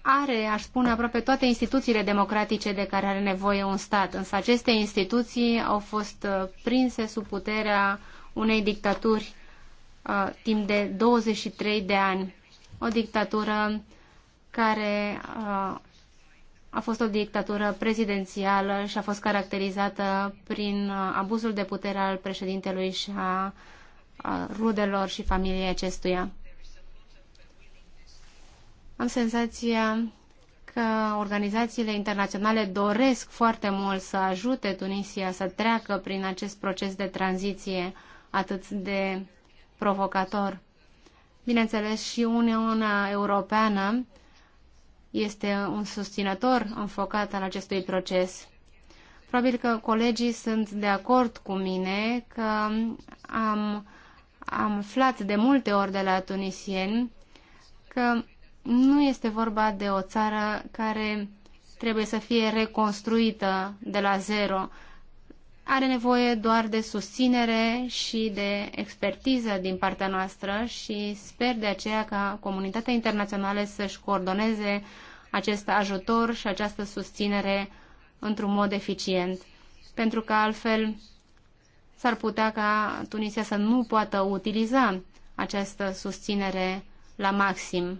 are, aș spune, aproape toate instituțiile democratice de care are nevoie un stat, însă aceste instituții au fost prinse sub puterea unei dictaturi uh, timp de 23 de ani. O dictatură care a fost o dictatură prezidențială și a fost caracterizată prin uh, abuzul de putere al președintelui și a rudelor și familiei acestuia. Am senzația că organizațiile internaționale doresc foarte mult să ajute Tunisia să treacă prin acest proces de tranziție atât de provocator. Bineînțeles, și Uniunea Europeană este un susținător înfocat al acestui proces. Probabil că colegii sunt de acord cu mine că am, am aflat de multe ori de la tunisieni că nu este vorba de o țară care trebuie să fie reconstruită de la zero, are nevoie doar de susținere și de expertiză din partea noastră și sper de aceea ca comunitatea internațională să-și coordoneze acest ajutor și această susținere într-un mod eficient. Pentru că altfel s-ar putea ca Tunisia să nu poată utiliza această susținere la maxim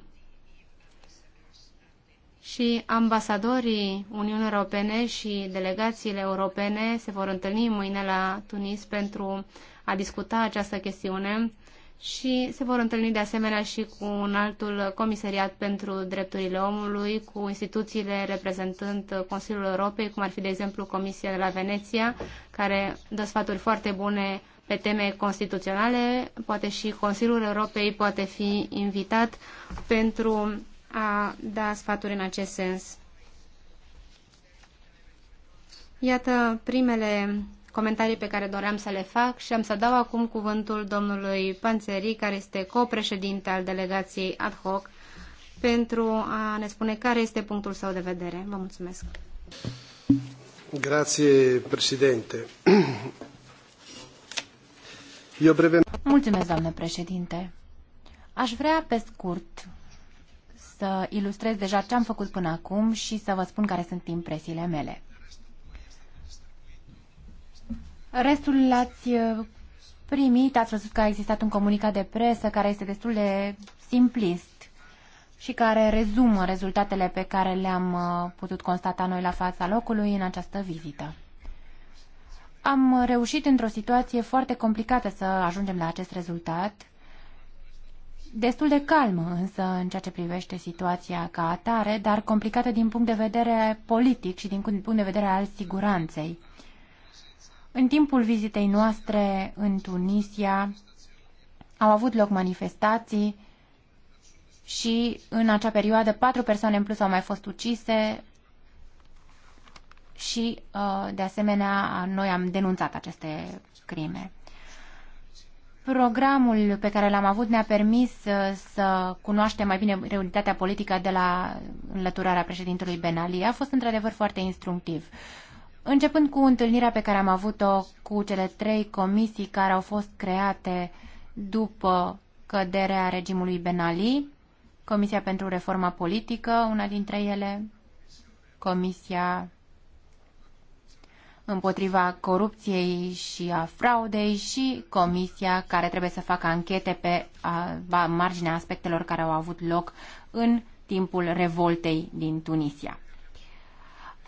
și ambasadorii Uniunii Europene și delegațiile europene se vor întâlni mâine la Tunis pentru a discuta această chestiune și se vor întâlni de asemenea și cu un altul comisariat pentru drepturile omului, cu instituțiile reprezentând Consiliul Europei, cum ar fi, de exemplu, Comisia de la Veneția, care dă sfaturi foarte bune pe teme constituționale. Poate și Consiliul Europei poate fi invitat pentru a da sfaturi în acest sens. Iată primele comentarii pe care doream să le fac și am să dau acum cuvântul domnului Panțeri, care este copreședinte al delegației ad hoc, pentru a ne spune care este punctul său de vedere. Vă mulțumesc. Grazie, președinte. Eu breve... Mulțumesc, doamne președinte. Aș vrea, pe scurt, să ilustrez deja ce am făcut până acum și să vă spun care sunt impresiile mele. Restul l-ați uh, primit, ați văzut că a existat un comunicat de presă care este destul de simplist și care rezumă rezultatele pe care le-am uh, putut constata noi la fața locului în această vizită. Am reușit într-o situație foarte complicată să ajungem la acest rezultat destul de calmă însă în ceea ce privește situația ca atare, dar complicată din punct de vedere politic și din punct de vedere al siguranței. În timpul vizitei noastre în Tunisia au avut loc manifestații și în acea perioadă patru persoane în plus au mai fost ucise și, uh, de asemenea, noi am denunțat aceste crime. Programul pe care l-am avut ne-a permis uh, să, cunoaștem mai bine realitatea politică de la înlăturarea președintelui Ben Ali. A fost într-adevăr foarte instructiv. Începând cu întâlnirea pe care am avut-o cu cele trei comisii care au fost create după căderea regimului Ben Ali, Comisia pentru Reforma Politică, una dintre ele, Comisia împotriva corupției și a fraudei și comisia care trebuie să facă anchete pe marginea aspectelor care au avut loc în timpul revoltei din Tunisia.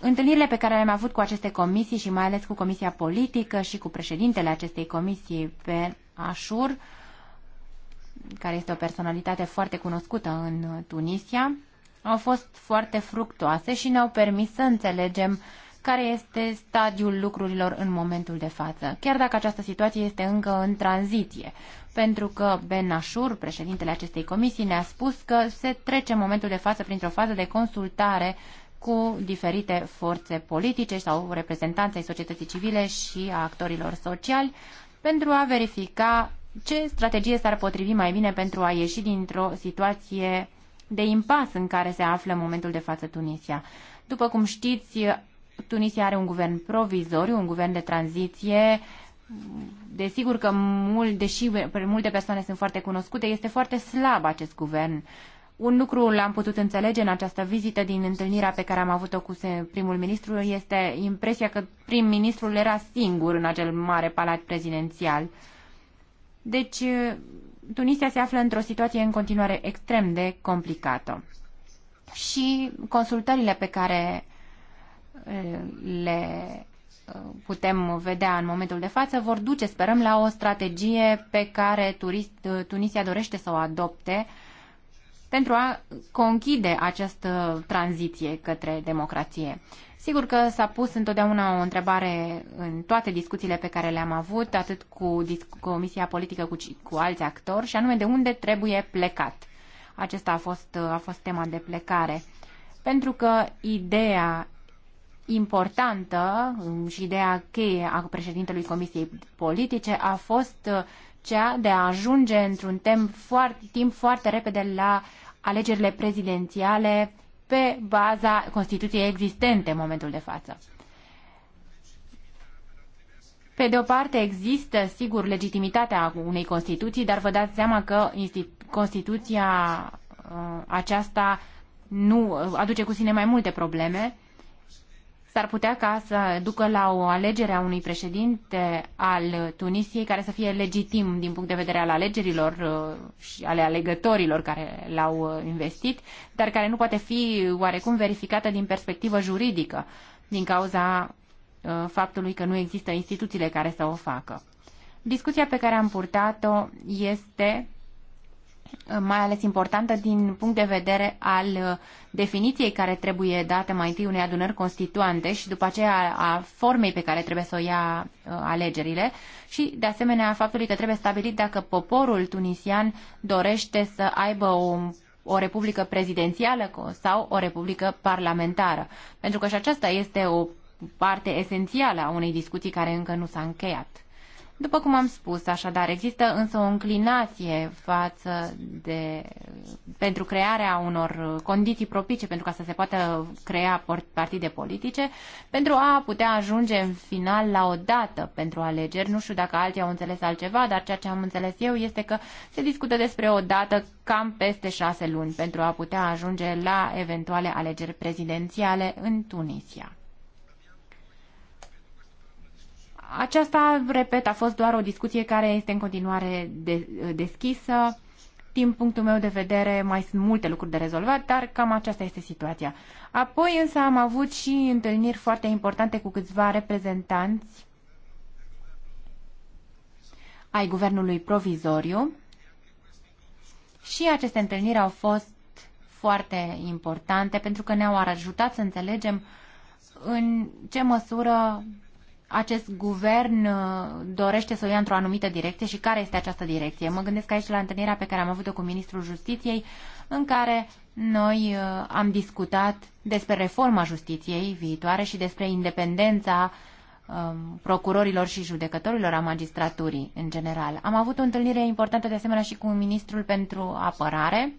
Întâlnirile pe care le-am avut cu aceste comisii și mai ales cu Comisia Politică și cu președintele acestei comisii pe Așur, care este o personalitate foarte cunoscută în Tunisia, au fost foarte fructoase și ne-au permis să înțelegem uh, care este stadiul lucrurilor în momentul de față, chiar dacă această situație este încă în tranziție. Pentru că Ben Ashur, președintele acestei comisii, ne-a spus că se trece în momentul de față printr-o fază de consultare cu diferite forțe politice sau ai societății civile și a actorilor sociali pentru a verifica ce strategie s-ar potrivi mai bine pentru a ieși dintr-o situație de impas în care se află în momentul de față Tunisia. După cum știți, Tunisia are un guvern provizoriu, un guvern de tranziție. Desigur că mult, deși multe persoane sunt foarte cunoscute, este foarte slab acest guvern. Un lucru l-am putut înțelege în această vizită din întâlnirea pe care am avut-o cu primul ministru este impresia că prim-ministrul era singur în acel mare palat prezidențial. Deci, Tunisia se află într-o situație în continuare extrem de complicată. Și consultările pe care le uh, putem vedea în momentul de față, vor duce, sperăm, la o strategie pe care turist, uh, Tunisia dorește să o adopte pentru a conchide această tranziție către democrație. Sigur că s-a pus întotdeauna o întrebare în toate discuțiile pe care le-am avut, atât cu Comisia Politică cu, cu alți actori, și anume de unde trebuie plecat. Acesta a fost, a fost tema de plecare. Pentru că ideea importantă um, și ideea cheie a președintelui Comisiei Politice a fost uh, cea de a ajunge într-un timp foarte, timp foarte repede la alegerile prezidențiale pe baza Constituției existente în momentul de față. Pe de o parte există, sigur, legitimitatea unei Constituții, dar vă dați seama că Constituția uh, aceasta nu aduce cu sine mai multe probleme S-ar putea ca să ducă la o alegere a unui președinte al Tunisiei care să fie legitim din punct de vedere al alegerilor uh, și ale alegătorilor care l-au uh, investit, dar care nu poate fi oarecum verificată din perspectivă juridică, din cauza uh, faptului că nu există instituțiile care să o facă. Discuția pe care am purtat-o este Uh, mai ales importantă din punct de vedere al uh, definiției care trebuie date mai întâi unei adunări constituante și după aceea a formei pe care trebuie să o ia uh, alegerile și de asemenea a faptului că trebuie stabilit dacă poporul tunisian dorește să aibă o o republică prezidențială sau o republică parlamentară. Pentru că și aceasta este o parte esențială a unei discuții care încă nu s-a încheiat. După cum am spus, așadar, există însă o înclinație față de, pentru crearea unor condiții propice pentru ca să se poată crea partide politice, pentru a putea ajunge în final la o dată pentru alegeri. Nu știu dacă alții au înțeles altceva, dar ceea ce am înțeles eu este că se discută despre o dată cam peste șase luni pentru a putea ajunge la eventuale alegeri prezidențiale în Tunisia. Aceasta, repet, a fost doar o discuție care este în continuare de, deschisă. Din punctul meu de vedere, mai sunt multe lucruri de rezolvat, dar cam aceasta este situația. Apoi însă am avut și întâlniri foarte importante cu câțiva reprezentanți ai guvernului provizoriu și aceste întâlniri au fost foarte importante pentru că ne-au ajutat să înțelegem în ce măsură acest guvern uh, dorește să o ia într-o anumită direcție și care este această direcție. Mă gândesc aici la întâlnirea pe care am avut-o cu Ministrul Justiției, în care noi uh, am discutat despre reforma justiției viitoare și despre independența um, procurorilor și judecătorilor a magistraturii în general. Am avut o întâlnire importantă de asemenea și cu Ministrul pentru Apărare.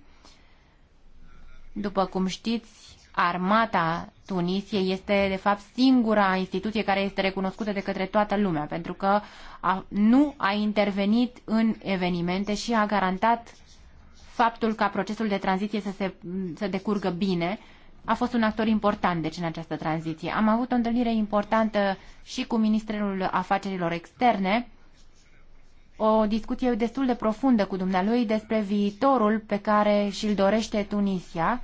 După cum știți, armata Tunisiei este, de fapt, singura instituție care este recunoscută de către toată lumea, pentru că a, nu a intervenit în evenimente și a garantat faptul ca procesul de tranziție să, se, să decurgă bine. A fost un actor important, deci, în această tranziție. Am avut o întâlnire importantă și cu Ministrul Afacerilor Externe, o discuție destul de profundă cu dumnealui despre viitorul pe care și-l dorește Tunisia,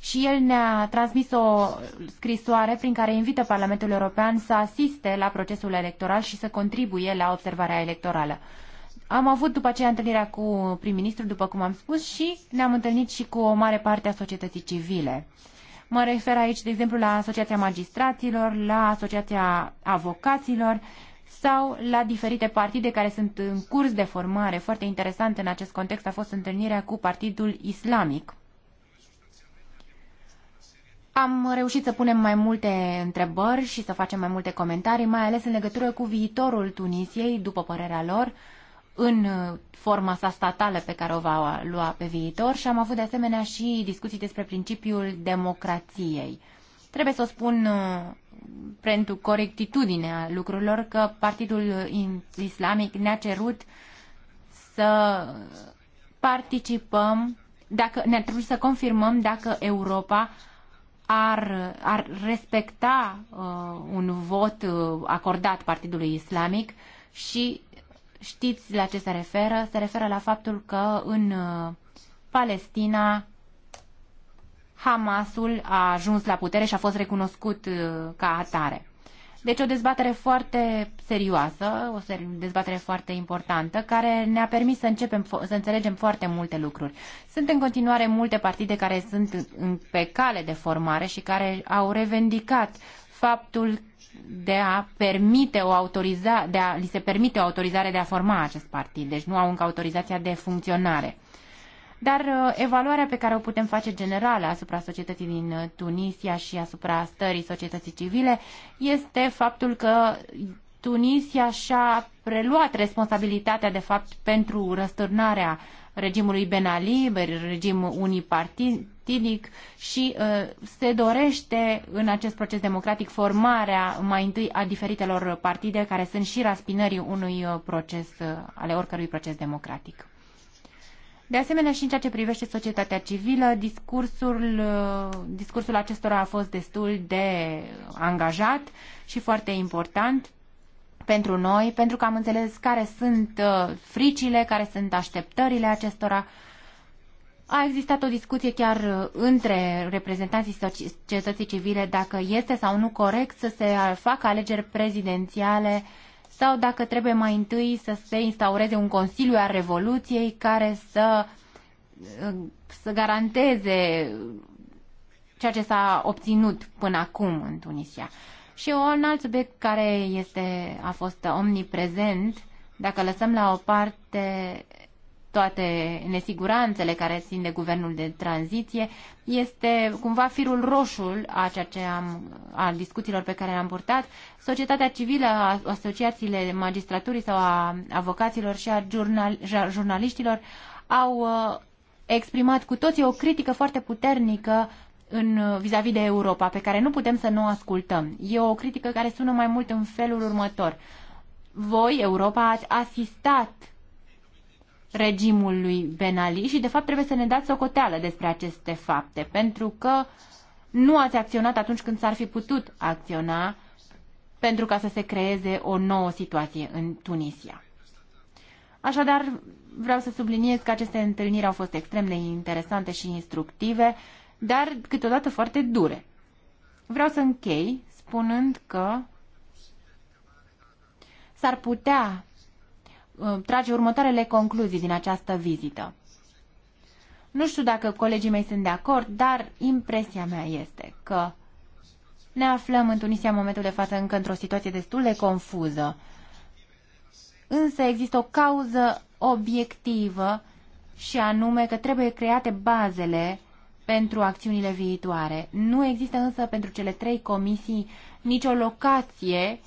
și el ne-a transmis o scrisoare prin care invită Parlamentul European să asiste la procesul electoral și să contribuie la observarea electorală. Am avut după aceea întâlnirea cu prim-ministru, după cum am spus, și ne-am întâlnit și cu o mare parte a societății civile. Mă refer aici, de exemplu, la Asociația Magistraților, la Asociația Avocaților sau la diferite partide care sunt în curs de formare. Foarte interesant în acest context a fost întâlnirea cu Partidul Islamic. Am reușit să punem mai multe întrebări și să facem mai multe comentarii, mai ales în legătură cu viitorul Tunisiei, după părerea lor, în uh, forma sa statală pe care o va lua pe viitor și am avut de asemenea și discuții despre principiul democrației. Trebuie să o spun uh, pentru corectitudinea lucrurilor că Partidul Islamic ne-a cerut să participăm, dacă ne-a trebuit să confirmăm dacă Europa ar, ar respecta uh, un vot uh, acordat Partidului Islamic și știți la ce se referă? Se referă la faptul că în uh, Palestina Hamasul a ajuns la putere și a fost recunoscut uh, ca atare. Deci o dezbatere foarte serioasă, o dezbatere foarte importantă, care ne-a permis să, începem, să înțelegem foarte multe lucruri. Sunt în continuare multe partide care sunt pe cale de formare și care au revendicat faptul de a permite o autorizare, de a, li se permite o autorizare de a forma acest partid, deci nu au încă autorizația de funcționare. Dar uh, evaluarea pe care o putem face generală asupra societății din uh, Tunisia și asupra stării societății civile este faptul că Tunisia și-a preluat responsabilitatea, de fapt, pentru răsturnarea regimului Ben Ali, regim unipartidic și uh, se dorește în acest proces democratic formarea mai întâi a diferitelor partide care sunt și raspinării unui uh, proces, uh, ale oricărui proces democratic. De asemenea, și în ceea ce privește societatea civilă, discursul, uh, discursul acestora a fost destul de angajat și foarte important pentru noi, pentru că am înțeles care sunt uh, fricile, care sunt așteptările acestora. A existat o discuție chiar uh, între reprezentanții societății civile dacă este sau nu corect să se facă alegeri prezidențiale uh, sau dacă trebuie mai întâi să se instaureze un Consiliu al Revoluției care să, să garanteze ceea ce s-a obținut până acum în Tunisia. Și un alt subiect care este, a fost omniprezent, dacă lăsăm la o parte toate nesiguranțele care țin de guvernul de tranziție, este cumva firul roșu a ceea ce am, a discuțiilor pe care le-am purtat. Societatea civilă, asociațiile magistraturii sau a avocaților și a jurnal, jurnaliștilor au uh, exprimat cu toții o critică foarte puternică în uh, vis-a-vis -vis de Europa, pe care nu putem să nu o ascultăm. E o critică care sună mai mult în felul următor. Voi, Europa, ați asistat regimul lui Ben Ali și, de fapt, trebuie să ne dați coteală despre aceste fapte, pentru că nu ați acționat atunci când s-ar fi putut acționa pentru ca să se creeze o nouă situație în Tunisia. Așadar, vreau să subliniez că aceste întâlniri au fost extrem de interesante și instructive, dar câteodată foarte dure. Vreau să închei spunând că s-ar putea Uh, trage următoarele concluzii din această vizită. Nu știu dacă colegii mei sunt de acord, dar impresia mea este că ne aflăm în Tunisia în momentul de față încă într-o situație destul de confuză. Însă există o cauză obiectivă și anume că trebuie create bazele pentru acțiunile viitoare. Nu există însă pentru cele trei comisii nicio locație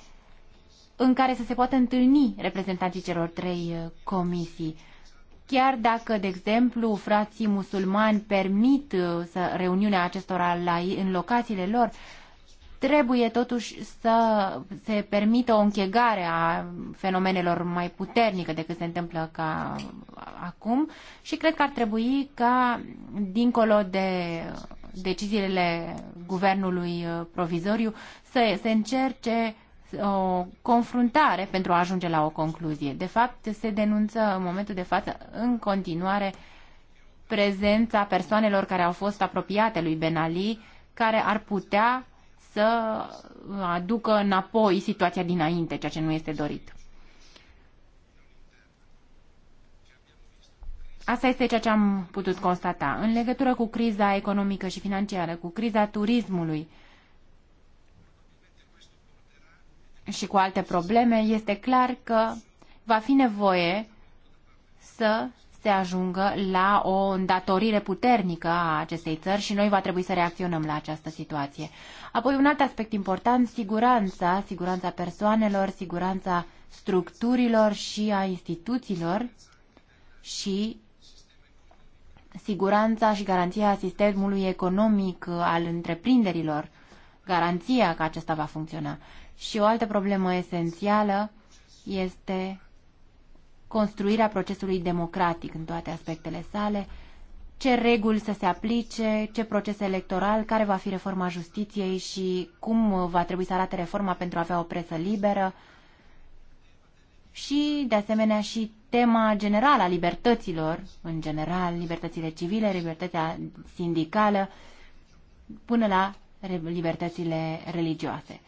în care să se poată întâlni reprezentanții celor trei uh, comisii. Chiar dacă, de exemplu, frații musulmani permit uh, să reuniunea acestora la, în locațiile lor, trebuie totuși să se permită o închegare a fenomenelor mai puternică decât se întâmplă ca acum și cred că ar trebui ca, dincolo de deciziile guvernului uh, provizoriu, să se încerce o confruntare pentru a ajunge la o concluzie. De fapt, se denunță în momentul de față în continuare prezența persoanelor care au fost apropiate lui Ben Ali, care ar putea să aducă înapoi situația dinainte, ceea ce nu este dorit. Asta este ceea ce am putut constata. În legătură cu criza economică și financiară, cu criza turismului, și cu alte probleme, este clar că va fi nevoie să se ajungă la o îndatorire puternică a acestei țări și noi va trebui să reacționăm la această situație. Apoi un alt aspect important, siguranța, siguranța persoanelor, siguranța structurilor și a instituțiilor și siguranța și garanția sistemului economic al întreprinderilor, garanția că acesta va funcționa. Și o altă problemă esențială este construirea procesului democratic în toate aspectele sale, ce reguli să se aplice, ce proces electoral, care va fi reforma justiției și cum va trebui să arate reforma pentru a avea o presă liberă și, de asemenea, și tema generală a libertăților, în general, libertățile civile, libertatea sindicală, până la libertățile religioase.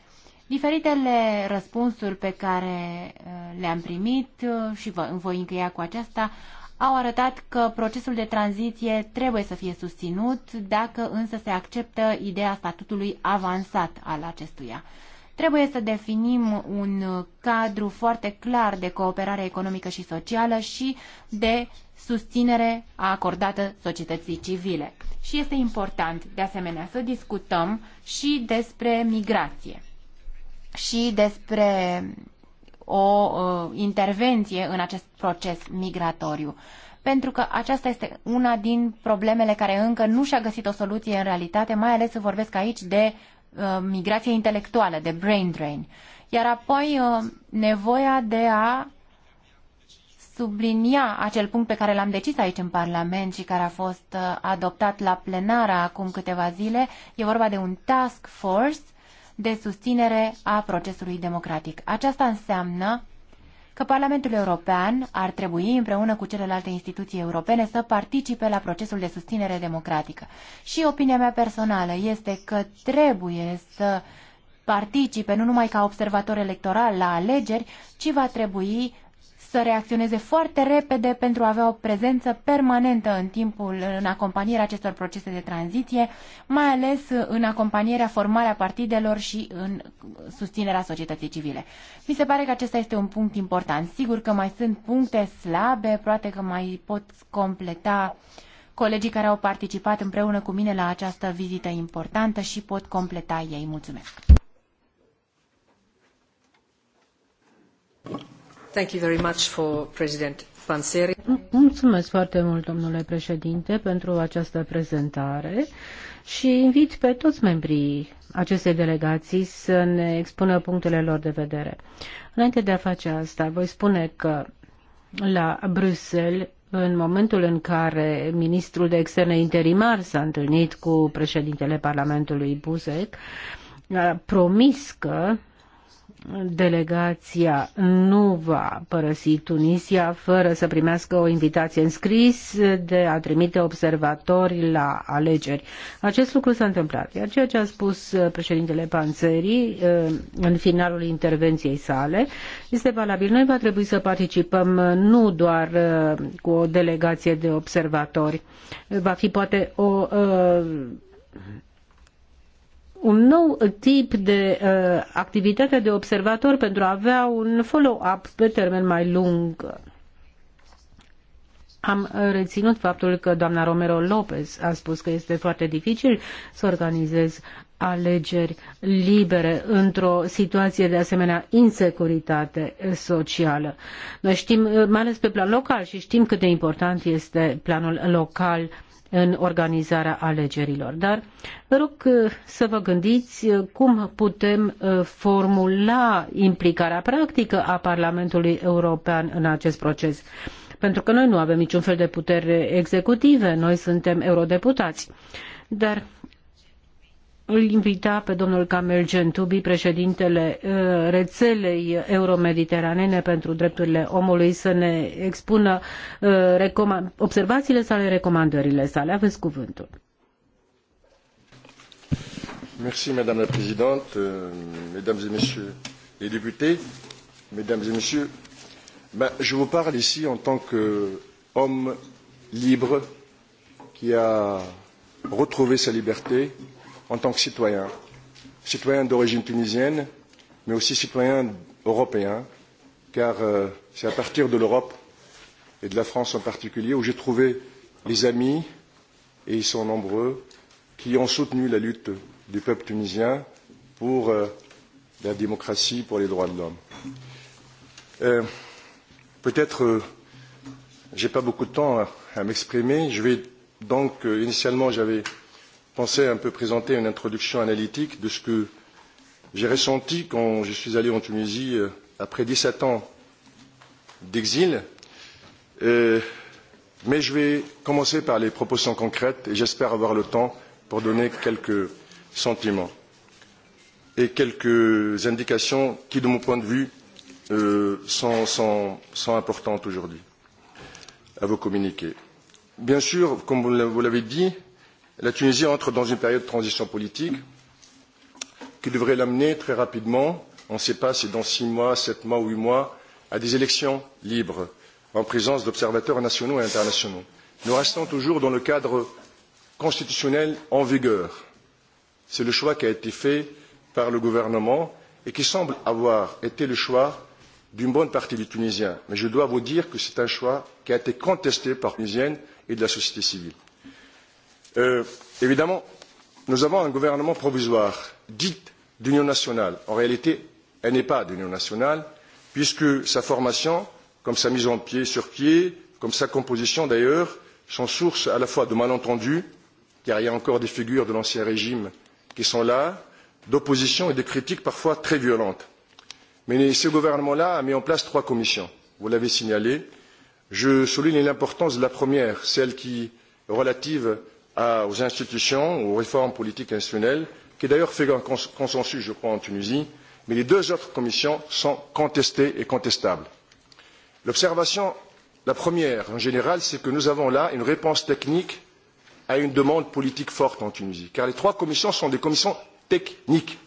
Diferitele răspunsuri pe care uh, le-am primit uh, și vă, voi încheia cu aceasta au arătat că procesul de tranziție trebuie să fie susținut dacă însă se acceptă ideea statutului avansat al acestuia. Trebuie să definim un cadru foarte clar de cooperare economică și socială și de susținere acordată societății civile. Și este important, de asemenea, să discutăm și despre migrație și despre o uh, intervenție în acest proces migratoriu. Pentru că aceasta este una din problemele care încă nu și-a găsit o soluție în realitate, mai ales să vorbesc aici de uh, migrație intelectuală, de brain drain. Iar apoi uh, nevoia de a sublinia acel punct pe care l-am decis aici în Parlament și care a fost uh, adoptat la plenară acum câteva zile. E vorba de un task force de susținere a procesului democratic. Aceasta înseamnă că Parlamentul European ar trebui, împreună cu celelalte instituții europene, să participe la procesul de susținere democratică. Și opinia mea personală este că trebuie să participe nu numai ca observator electoral la alegeri, ci va trebui să reacționeze foarte repede pentru a avea o prezență permanentă în timpul, în acompanierea acestor procese de tranziție, mai ales în acompanierea, formarea partidelor și în susținerea societății civile. Mi se pare că acesta este un punct important. Sigur că mai sunt puncte slabe, poate că mai pot completa colegii care au participat împreună cu mine la această vizită importantă și pot completa ei. Mulțumesc! Mulțumesc foarte mult, domnule președinte, pentru această prezentare și invit pe toți membrii acestei delegații să ne expună punctele lor de vedere. Înainte de a face asta, voi spune că la Bruxelles în momentul în care ministrul de externe interimar s-a întâlnit cu președintele Parlamentului Buzek, a promis că delegația nu va părăsi Tunisia fără să primească o invitație în scris de a trimite observatori la alegeri. Acest lucru s-a întâmplat, iar ceea ce a spus președintele Panzeri, eh, în finalul intervenției sale este valabil. Noi va trebui să participăm nu doar eh, cu o delegație de observatori, va fi poate o eh, un nou tip de uh, activitate de observator pentru a avea un follow-up pe termen mai lung. Am reținut faptul că doamna Romero Lopez a spus că este foarte dificil să organizezi alegeri libere într-o situație de asemenea insecuritate socială. Noi știm, uh, mai ales pe plan local, și știm cât de important este planul local în organizarea alegerilor. Dar vă rog uh, să vă gândiți uh, cum putem uh, formula implicarea practică a Parlamentului European în acest proces. Pentru că noi nu avem niciun fel de putere executive, noi suntem eurodeputați. Dar îl invita pe domnul Kamel Gentubi, președintele uh, rețelei euromediteranene pentru drepturile omului, să ne expună uh, observațiile sale, recomandările sale. Aveți cuvântul. Merci, Madame la Présidente, euh, Mesdames et Messieurs les députés, Mesdames et Messieurs, ben, je vous parle ici en tant qu'homme libre qui a retrouvé sa liberté en tant que citoyen, citoyen d'origine tunisienne, mais aussi citoyen européen, car euh, c'est à partir de l'Europe et de la France en particulier où j'ai trouvé les amis, et ils sont nombreux, qui ont soutenu la lutte du peuple tunisien pour euh, la démocratie, pour les droits de l'homme. Euh, Peut-être, euh, j'ai pas beaucoup de temps à, à m'exprimer. Je vais donc, euh, initialement, j'avais pensais un peu présenter une introduction analytique de ce que j'ai ressenti quand je suis allé en Tunisie euh, après 17 ans d'exil. Euh, mais je vais commencer par les propositions concrètes et j'espère avoir le temps pour donner quelques sentiments et quelques indications qui, de mon point de vue, euh, sont, sont, sont importantes aujourd'hui à vous communiquer. Bien sûr, comme vous l'avez dit, la Tunisie entre dans une période de transition politique qui devrait l'amener très rapidement, on ne sait pas si dans six mois, sept mois ou huit mois, à des élections libres en présence d'observateurs nationaux et internationaux. Nous restons toujours dans le cadre constitutionnel en vigueur. C'est le choix qui a été fait par le gouvernement et qui semble avoir été le choix d'une bonne partie des Tunisiens. Mais je dois vous dire que c'est un choix qui a été contesté par les Tunisiennes et de la société civile. Euh, évidemment, nous avons un gouvernement provisoire, dit d'union nationale. En réalité, elle n'est pas d'union nationale, puisque sa formation, comme sa mise en pied sur pied, comme sa composition d'ailleurs, sont source à la fois de malentendus, car il y a encore des figures de l'ancien régime qui sont là, d'opposition et de critiques parfois très violentes. Mais ce gouvernement-là a mis en place trois commissions. Vous l'avez signalé. Je souligne l'importance de la première, celle qui est relative à, aux institutions, aux réformes politiques institutionnelles, qui d'ailleurs fait un consensus, je crois, en Tunisie, mais les deux autres commissions sont contestées et contestables. L'observation, la première en général, c'est que nous avons là une réponse technique à une demande politique forte en Tunisie, car les trois commissions sont des commissions techniques.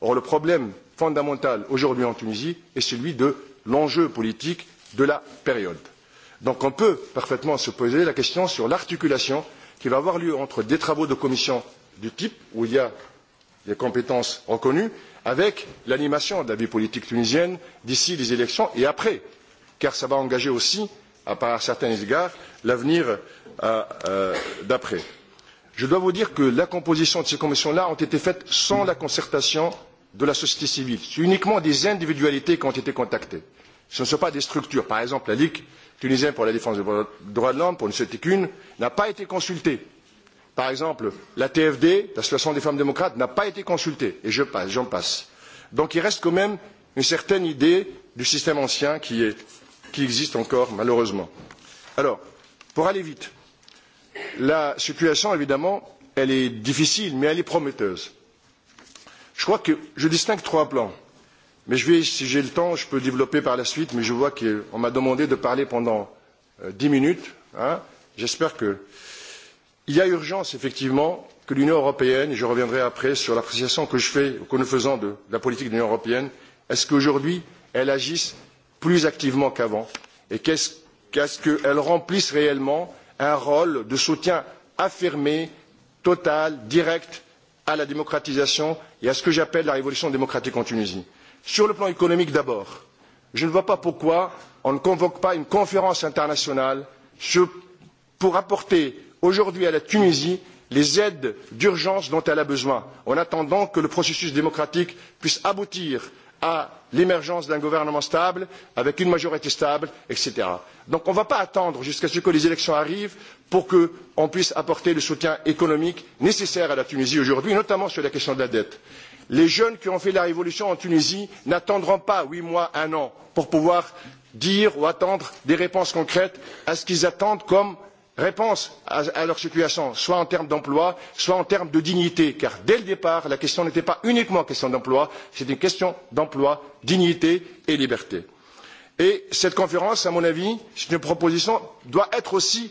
Or, le problème fondamental aujourd'hui en Tunisie est celui de l'enjeu politique de la période. Donc on peut parfaitement se poser la question sur l'articulation qui va avoir lieu entre des travaux de commission du type où il y a des compétences reconnues avec l'animation de la vie politique tunisienne d'ici les élections et après car cela va engager aussi à par certains égards l'avenir euh, euh, d'après. Je dois vous dire que la composition de ces commissions là ont été faites sans la concertation de la société civile. C'est uniquement des individualités qui ont été contactées. Ce ne sont pas des structures. Par exemple, la Ligue tunisien pour la défense des droits de l'homme, pour ne citer qu'une, n'a pas été consulté. Par exemple, la TFD, l'association des femmes démocrates, n'a pas été consultée, et je passe, j'en passe. Donc il reste quand même une certaine idée du système ancien qui, est, qui existe encore, malheureusement. Alors, pour aller vite, la situation, évidemment, elle est difficile, mais elle est prometteuse. Je crois que je distingue trois plans Mais je vais, si j'ai le temps, je peux développer par la suite, mais je vois qu'on m'a demandé de parler pendant euh, dix minutes. Hein. J'espère que. Il y a urgence, effectivement, que l'Union européenne, et je reviendrai après sur l'appréciation que je fais, ou que nous faisons de la politique de l'Union européenne, est-ce qu'aujourd'hui, elle agisse plus activement qu'avant Et qu'est-ce qu'est-ce qu'elle remplisse réellement un rôle de soutien affirmé, total, direct à la démocratisation et à ce que j'appelle la révolution démocratique en Tunisie sur le plan économique d'abord je ne vois pas pourquoi on ne convoque pas une conférence internationale pour apporter aujourd'hui à la tunisie les aides d'urgence dont elle a besoin en attendant que le processus démocratique puisse aboutir à l'émergence d'un gouvernement stable avec une majorité stable etc. donc on ne va pas attendre jusqu'à ce que les élections arrivent pour que puisse apporter le soutien économique nécessaire à la tunisie aujourd'hui notamment sur la question de la dette les jeunes qui ont fait la révolution en tunisie n'attendront pas huit mois un an pour pouvoir dire ou attendre des réponses concrètes à ce qu'ils attendent comme réponse à, à leur situation soit en termes d'emploi soit en termes de dignité car dès le départ la question n'était pas uniquement question d'emploi c'est une question d'emploi dignité et liberté. et cette conférence à mon avis c'est une proposition doit être aussi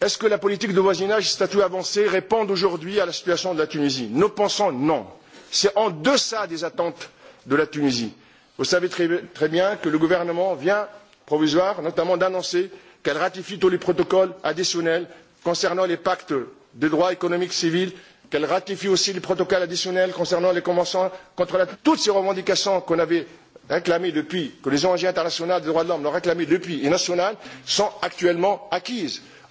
est ce que la politique de voisinage et statut avancé répondent aujourd'hui à la situation de la tunisie? nous pensons non. c'est en deçà des attentes de la tunisie. vous savez très, très bien que le gouvernement vient provisoire notamment d'annoncer qu'elle ratifie tous les protocoles additionnels concernant les pactes de droit économique civil qu'elle ratifie aussi les protocoles additionnels concernant les conventions contre la... toutes ces revendications qu'on avait réclamées depuis que les ong internationales des droits de l'homme l'ont réclamées depuis et nationales sont actuellement acquises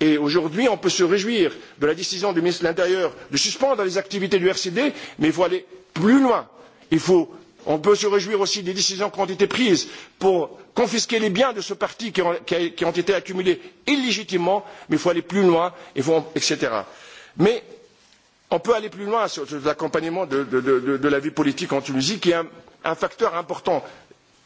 Et aujourd'hui, on peut se réjouir de la décision du ministre de l'Intérieur de suspendre les activités du RCD, mais il faut aller plus loin. Il faut, on peut se réjouir aussi des décisions qui ont été prises pour confisquer les biens de ce parti qui ont, qui ont été accumulés illégitimement, mais il faut aller plus loin, faut, etc. Mais on peut aller plus loin sur l'accompagnement de, de, de, de la vie politique en Tunisie, qui est un, un facteur important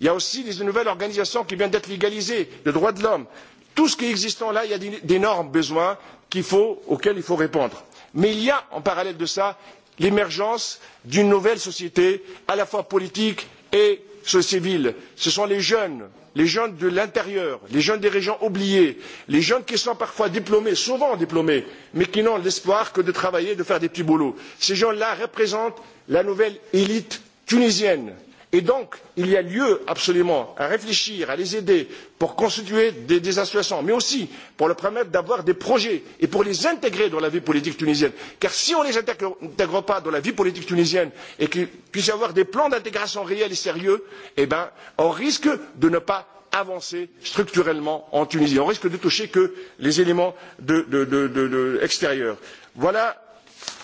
il y a aussi une nouvelle organisation qui vient d'être légalisée, les droits de l'homme tout ce qui est existant là il y a d'énormes besoins il faut, auxquels il faut répondre mais il y a en parallèle de cela l'émergence d'une nouvelle société à la fois politique et civile ce sont les jeunes les jeunes de l'intérieur les jeunes des régions oubliées les jeunes qui sont parfois diplômés souvent diplômés mais qui n'ont l'espoir que de travailler de faire des petits boulots ces gens là représentent la nouvelle élite tunisienne et donc il y a lieu absolument à réfléchir à les aider pour constituer des, des associations mais aussi pour leur permettre d'avoir des projets et pour les intégrer dans la vie politique tunisienne car si on ne les intègre, pas dans la vie politique tunisienne et qu'il puisse y avoir des plans d'intégration réels et sérieux eh bien on risque de ne pas avancer structurellement en Tunisie. On risque de toucher que les éléments de, de, de, de, de extérieurs. Voilà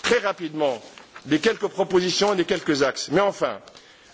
très rapidement les quelques propositions et les quelques axes. Mais enfin,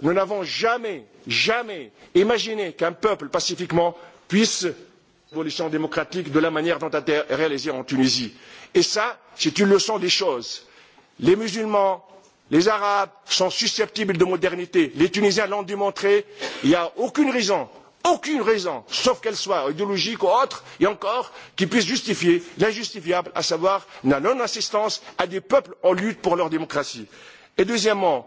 nous n'avons jamais jamais imaginé qu'un peuple pacifiquement puisse révolution démocratique de la manière dont elle été réalisée en Tunisie. Et ça, c'est une leçon des choses. Les musulmans, les arabes sont susceptibles de modernité. Les Tunisiens l'ont démontré. Il n'y a aucune raison, aucune raison, sauf qu'elle soit idéologique ou autre, et encore, qui puisse justifier l'injustifiable, à savoir la non-assistance à des peuples en lutte pour leur démocratie. Et deuxièmement,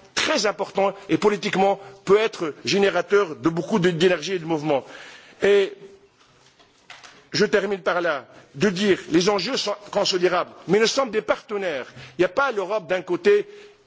très important et politiquement peut être générateur de beaucoup d'énergie et de mouvement. Et je termine par là de dire les enjeux sont considérables mais nous sommes des partenaires il n'y a pas l'europe d'un côté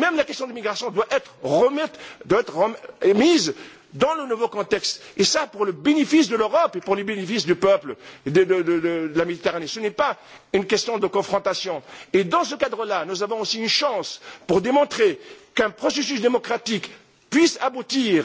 même la question de l'immigration doit être, remise, doit être remise dans le nouveau contexte et cela pour le bénéfice de l'europe et pour le bénéfice du peuple de, de, de, de la méditerranée. ce n'est pas une question de confrontation. et dans ce cadre là nous avons aussi une chance pour démontrer qu'un processus démocratique puisse aboutir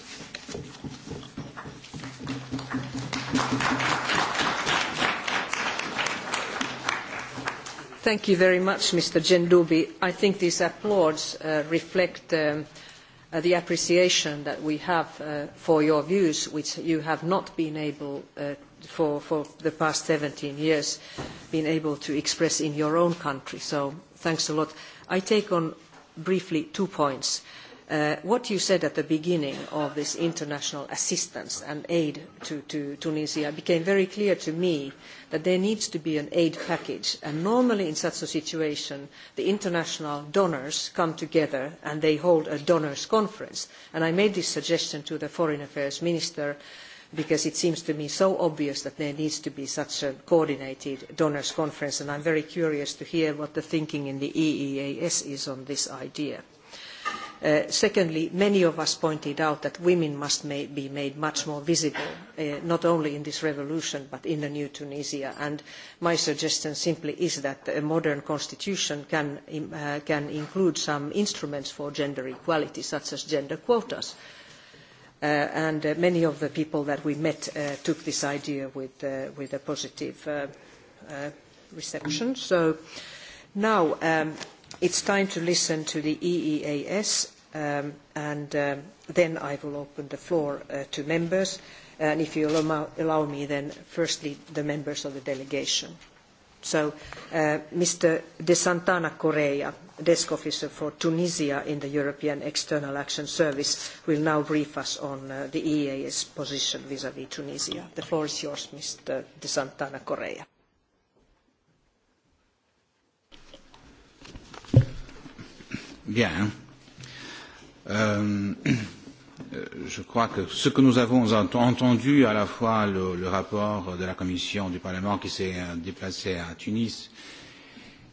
Thank you very much, Mr. Gendubi. I think these applauds uh, reflect um, uh, the appreciation that we have uh, for your views, which you have not been able uh, for, for, the past 17 years, been able to express in your own country. So thanks a lot. I take on briefly two points. Uh, what you said at the beginning of this international assistance and aid to, to Tunisia became very clear to me uh, that there needs to be an aid package. And normally in such a situation, the international donors come together and they hold a donors conference. And I made this suggestion to the foreign affairs minister because it seems to me so obvious that there needs to be such a coordinated donors conference and I'm very curious to hear what the thinking in the EEAS is on this idea. Uh, secondly, many of us pointed out that women must be made much more visible, uh, not only in this revolution, but in the new Tunisia. And my suggestion simply is that a modern constitution can, uh, include some instruments for gender equality, such as gender quotas. and many of the people that we met took this idea with, a positive reception. So now, um, It's time to listen to the EEAS, um, and um, then I will open the floor uh, to members. And if you allow, allow me, then firstly, the members of the delegation. So, uh, Mr. De Santana Correa, desk officer for Tunisia in the European External Action Service, will now brief us on uh, the EEAS position vis-à-vis -vis Tunisia. The floor is yours, Mr. De Santana Correa. Bien. Euh, je crois que ce que nous avons ent entendu, à la fois le, le rapport de la Commission du Parlement qui s'est euh, déplacé à Tunis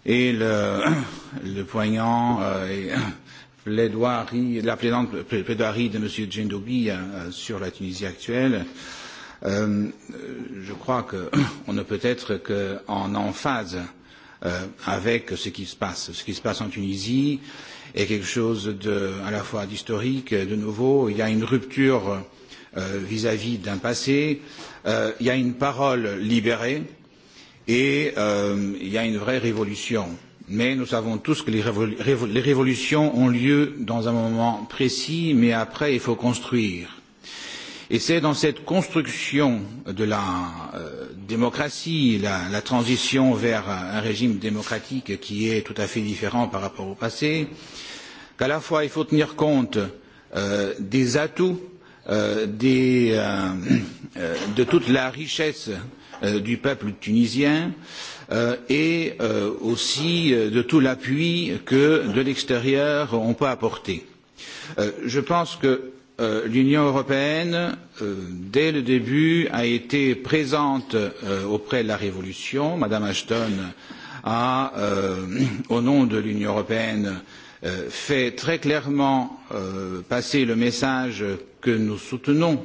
et le, le poignant euh, et, plaidoirie, la plaidoirie de M. Djendoubi euh, euh, sur la Tunisie actuelle, euh, je crois qu'on ne peut être qu'en emphase euh, avec ce qui se passe, ce qui se passe en Tunisie. Euh, est quelque chose de, à la fois d'historique, de nouveau. Il y a une rupture euh, vis-à-vis euh, d'un passé. Euh, il y a une parole libérée et euh, il y a une vraie révolution. Mais nous savons tous que les, révol les révolutions ont lieu dans un moment précis, mais après, il faut construire Et c'est dans cette construction de la euh, démocratie, la, la transition vers euh, un régime démocratique qui est tout à fait différent par rapport au passé, qu'à la fois il faut tenir compte euh, des atouts, euh, des, euh, euh, de toute la richesse euh, du peuple tunisien euh, et euh, aussi euh, de tout l'appui que de l'extérieur on peut apporter. Euh, je pense que Euh, l'Union européenne, euh, dès le début, a été présente euh, auprès de la Révolution. mme Ashton a, au nom de l'Union européenne, fait très clairement passer le message que nous soutenons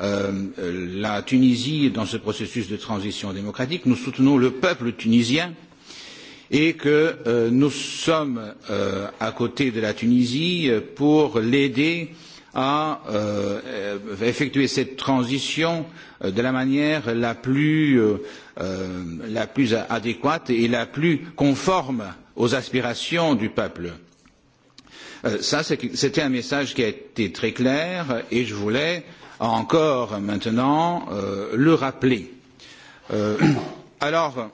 la Tunisie dans ce processus de transition démocratique, nous soutenons le peuple tunisien et que nous sommes euh, à côté de la Tunisie pour l'aider euh, à euh, effectuer cette transition euh, de la manière la plus, euh, euh, la plus adéquate et la plus conforme aux aspirations du peuple. Euh, ça, c'était un message qui a été très clair et je voulais encore maintenant euh, le rappeler. Euh, Alors,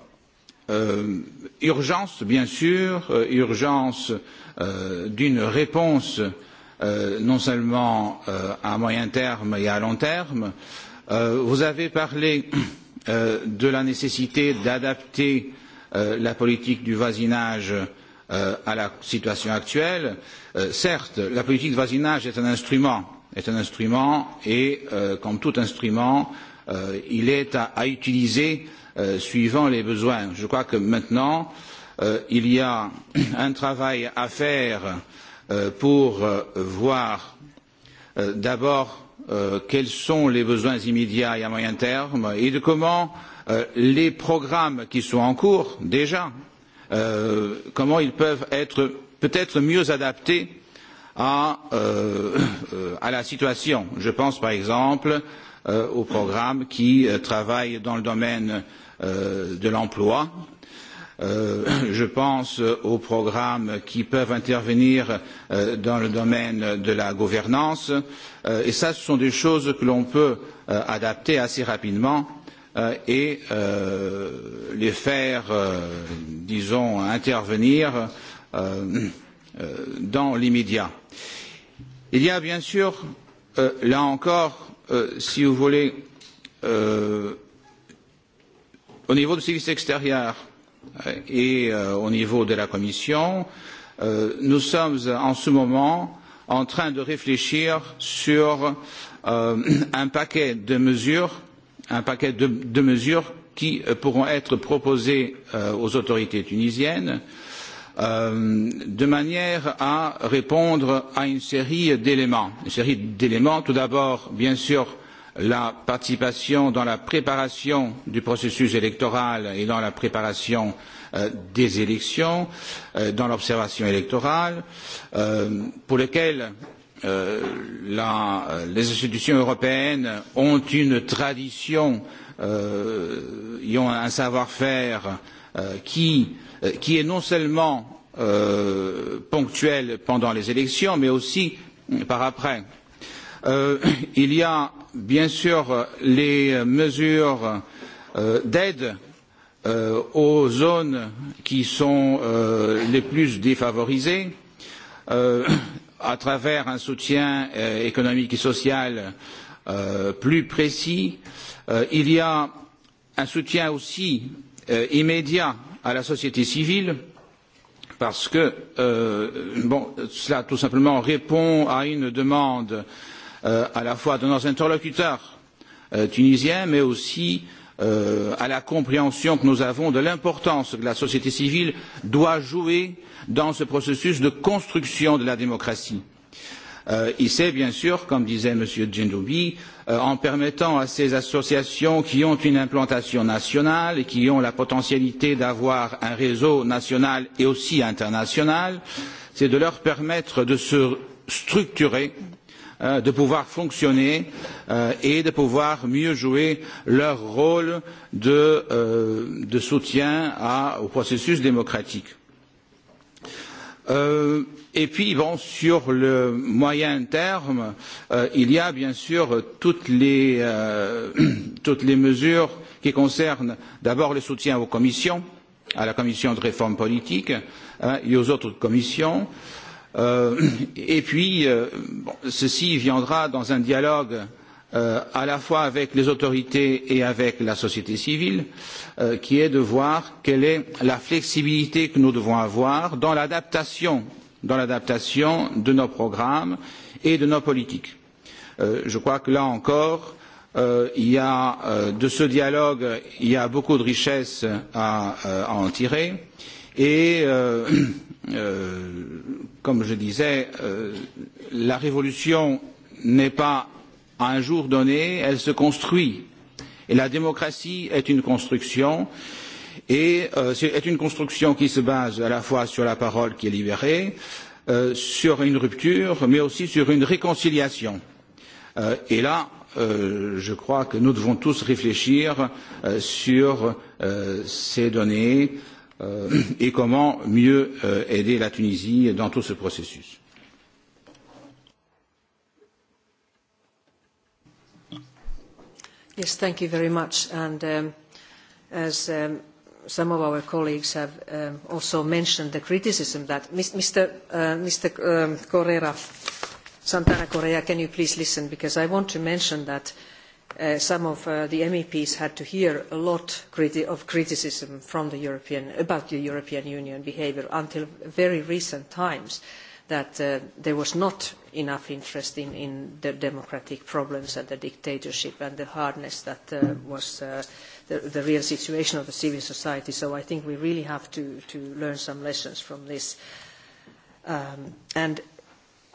euh, urgence, bien sûr, urgence euh, d'une réponse euh, Euh, non seulement euh, à moyen terme et à long terme. Euh, vous avez parlé euh, de la nécessité d'adapter euh, la politique du voisinage euh, à la situation actuelle. Euh, certes, la politique de voisinage est un instrument, est un instrument et, euh, comme tout instrument, euh, il est à, à utiliser euh, suivant les besoins. Je crois que maintenant, euh, il y a un travail à faire euh, Euh, pour euh, voir euh, d'abord quels sont les besoins immédiats et à moyen terme et de comment les programmes qui sont en cours déjà comment ils peuvent être peut être mieux adaptés à, à la situation. Je pense par exemple aux programmes qui travaillent dans le domaine de l'emploi, Euh, je pense aux programmes qui peuvent intervenir euh, dans le domaine de la gouvernance euh, et ça ce sont des choses que l'on peut adapter assez rapidement et les faire disons intervenir dans l'immédiat. Il y a bien sûr là encore si vous voulez au niveau du service extérieur Euh, et euh, au niveau de la Commission, euh, nous sommes en ce moment en train de réfléchir sur un paquet de mesures, un paquet de, de mesures qui pourront être proposées aux autorités tunisiennes de manière à répondre à une série d'éléments. Une série d'éléments, tout d'abord, bien sûr, la participation dans la préparation du processus électoral et dans la préparation euh, des élections, euh, dans l'observation électorale, euh, pour lequel euh, la, euh, les institutions européennes ont une tradition, euh, y ont un savoir-faire euh, qui, euh, qui est non seulement euh, ponctuel pendant les élections, mais aussi euh, par après. Euh, il y a bien sûr les mesures euh, d'aide euh, aux zones qui sont euh, les plus défavorisées euh, à travers un soutien euh, économique et social euh, plus précis. Euh, il y a un soutien aussi euh, immédiat à la société civile parce que euh, bon, cela tout simplement répond à une demande euh, euh, à la fois de nos interlocuteurs euh, tunisiens, mais aussi euh, à la compréhension que nous avons de l'importance que la société civile doit jouer dans ce processus de construction de la démocratie. Euh, et c'est bien sûr, comme disait M. Djendoubi, euh, en permettant à ces associations qui ont une implantation nationale et qui ont la potentialité d'avoir un réseau national et aussi international, c'est de leur permettre de se structurer euh, Euh, de pouvoir fonctionner euh, et de pouvoir mieux jouer leur rôle de, euh, de soutien à, au processus démocratique. Euh, et puis bon, sur le moyen terme, euh, il y a bien sûr toutes les, euh, toutes les mesures qui concernent d'abord le soutien aux commissions, à la commission de réforme politique euh, et aux autres commissions, euh, Euh, et puis, euh, bon, ceci viendra dans un dialogue euh, à la fois avec les autorités et avec la société civile, qui est de voir quelle est la flexibilité que nous devons avoir dans l'adaptation dans l'adaptation de nos programmes et de nos politiques. Euh, je crois que là encore, euh, il y a, euh, de ce dialogue, il y a beaucoup de richesses à, à en tirer et Euh, comme je disais, euh, la révolution n'est pas à un jour donné, elle se construit. Et la démocratie est une construction, et euh, est une construction qui se base à la fois sur la parole qui est libérée, euh, sur une rupture, mais aussi sur une réconciliation. Euh, et là, euh, je crois que nous devons tous réfléchir euh, sur euh, ces données, euh, euh, et comment mieux euh, aider la Tunisie dans tout ce processus. Yes, thank you very much. And um, as um, some of our colleagues have um, also mentioned the criticism that Mr. Uh, Mr. Um, Correa, Santana Correa, can you please listen? Because I want to mention that uh, Uh, some of uh, the MEPs had to hear a lot of criticism from the European, about the European Union behaviour until very recent times that uh, there was not enough interest in, the democratic problems and the dictatorship and the hardness that was the, real situation of the civil society. So I think we really have to, learn some lessons from this. Um, and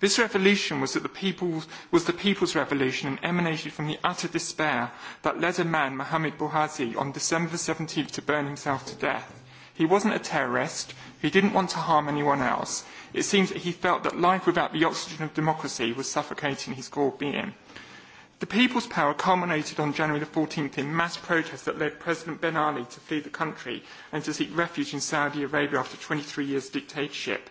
This revolution was, that the people's, was the people's revolution and emanated from the utter despair that led a man, Mohammed Bouhazi, on December 17th to burn himself to death. He wasn't a terrorist. He didn't want to harm anyone else. It seems that he felt that life without the oxygen of democracy was suffocating his core being. The people's power culminated on January the 14th in mass protests that led President Ben Ali to flee the country and to seek refuge in Saudi Arabia after 23 years' dictatorship.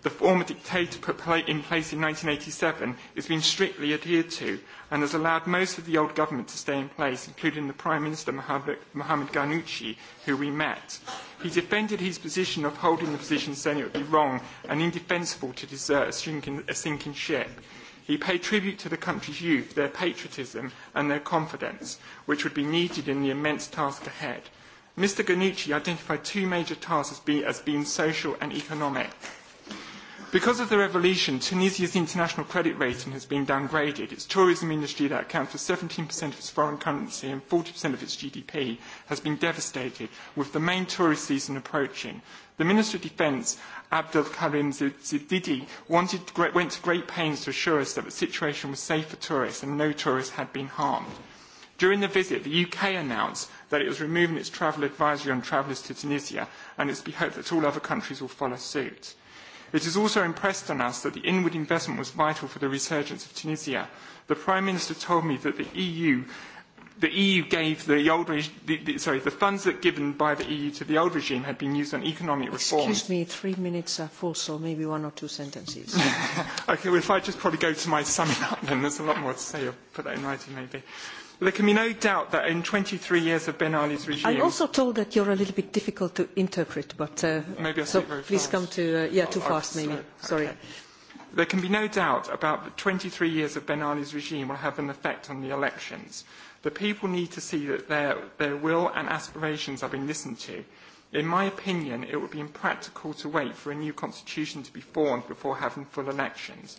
The former dictator put in place in 1987 is being strictly adhered to and has allowed most of the old government to stay in place, including the Prime Minister Mohamed Ghanouchi, who we met. He defended his position of holding the position, saying it would be wrong and indefensible to desert a sinking, a sinking ship. He paid tribute to the country's youth, their patriotism and their confidence, which would be needed in the immense task ahead. Mr. Ghanouchi identified two major tasks as being, as being social and economic. Because of the revolution, Tunisia's international credit rating has been downgraded. Its tourism industry, that accounts for 17% of its foreign currency and 40% of its GDP, has been devastated, with the main tourist season approaching. The Minister of Defence, Abdel Karim Zididi, wanted, went to great pains to assure us that the situation was safe for tourists and no tourists had been harmed. During the visit, the UK announced that it was removing its travel advisory on travellers to Tunisia, and it's to be hoped that all other countries will follow suit. It is also impressed on us that the inward investment was vital for the resurgence of Tunisia. The Prime Minister told me that the EU the EU gave the old regime, the, the, sorry the funds that given by the EU to the old regime had been used on economic reform. Excuse me, three minutes are full, so maybe one or two sentences. okay, well, if I just probably go to my summing up, then there's a lot more to say. I'll put that in writing, maybe. Uh, There can be no doubt that in 23 years of Ben Ali's regime... I'm also told that you're a little bit difficult to interpret, but... Uh, maybe I so very Please fast. come to... Uh, yeah, too oh, oh fast, maybe. Sorry. Okay. There can be no doubt about that 23 years of Ben Ali's regime will have an effect on the elections. The people need to see that their, their will and aspirations are being listened to. In my opinion, it would be impractical to wait for a new constitution to be formed before having full elections.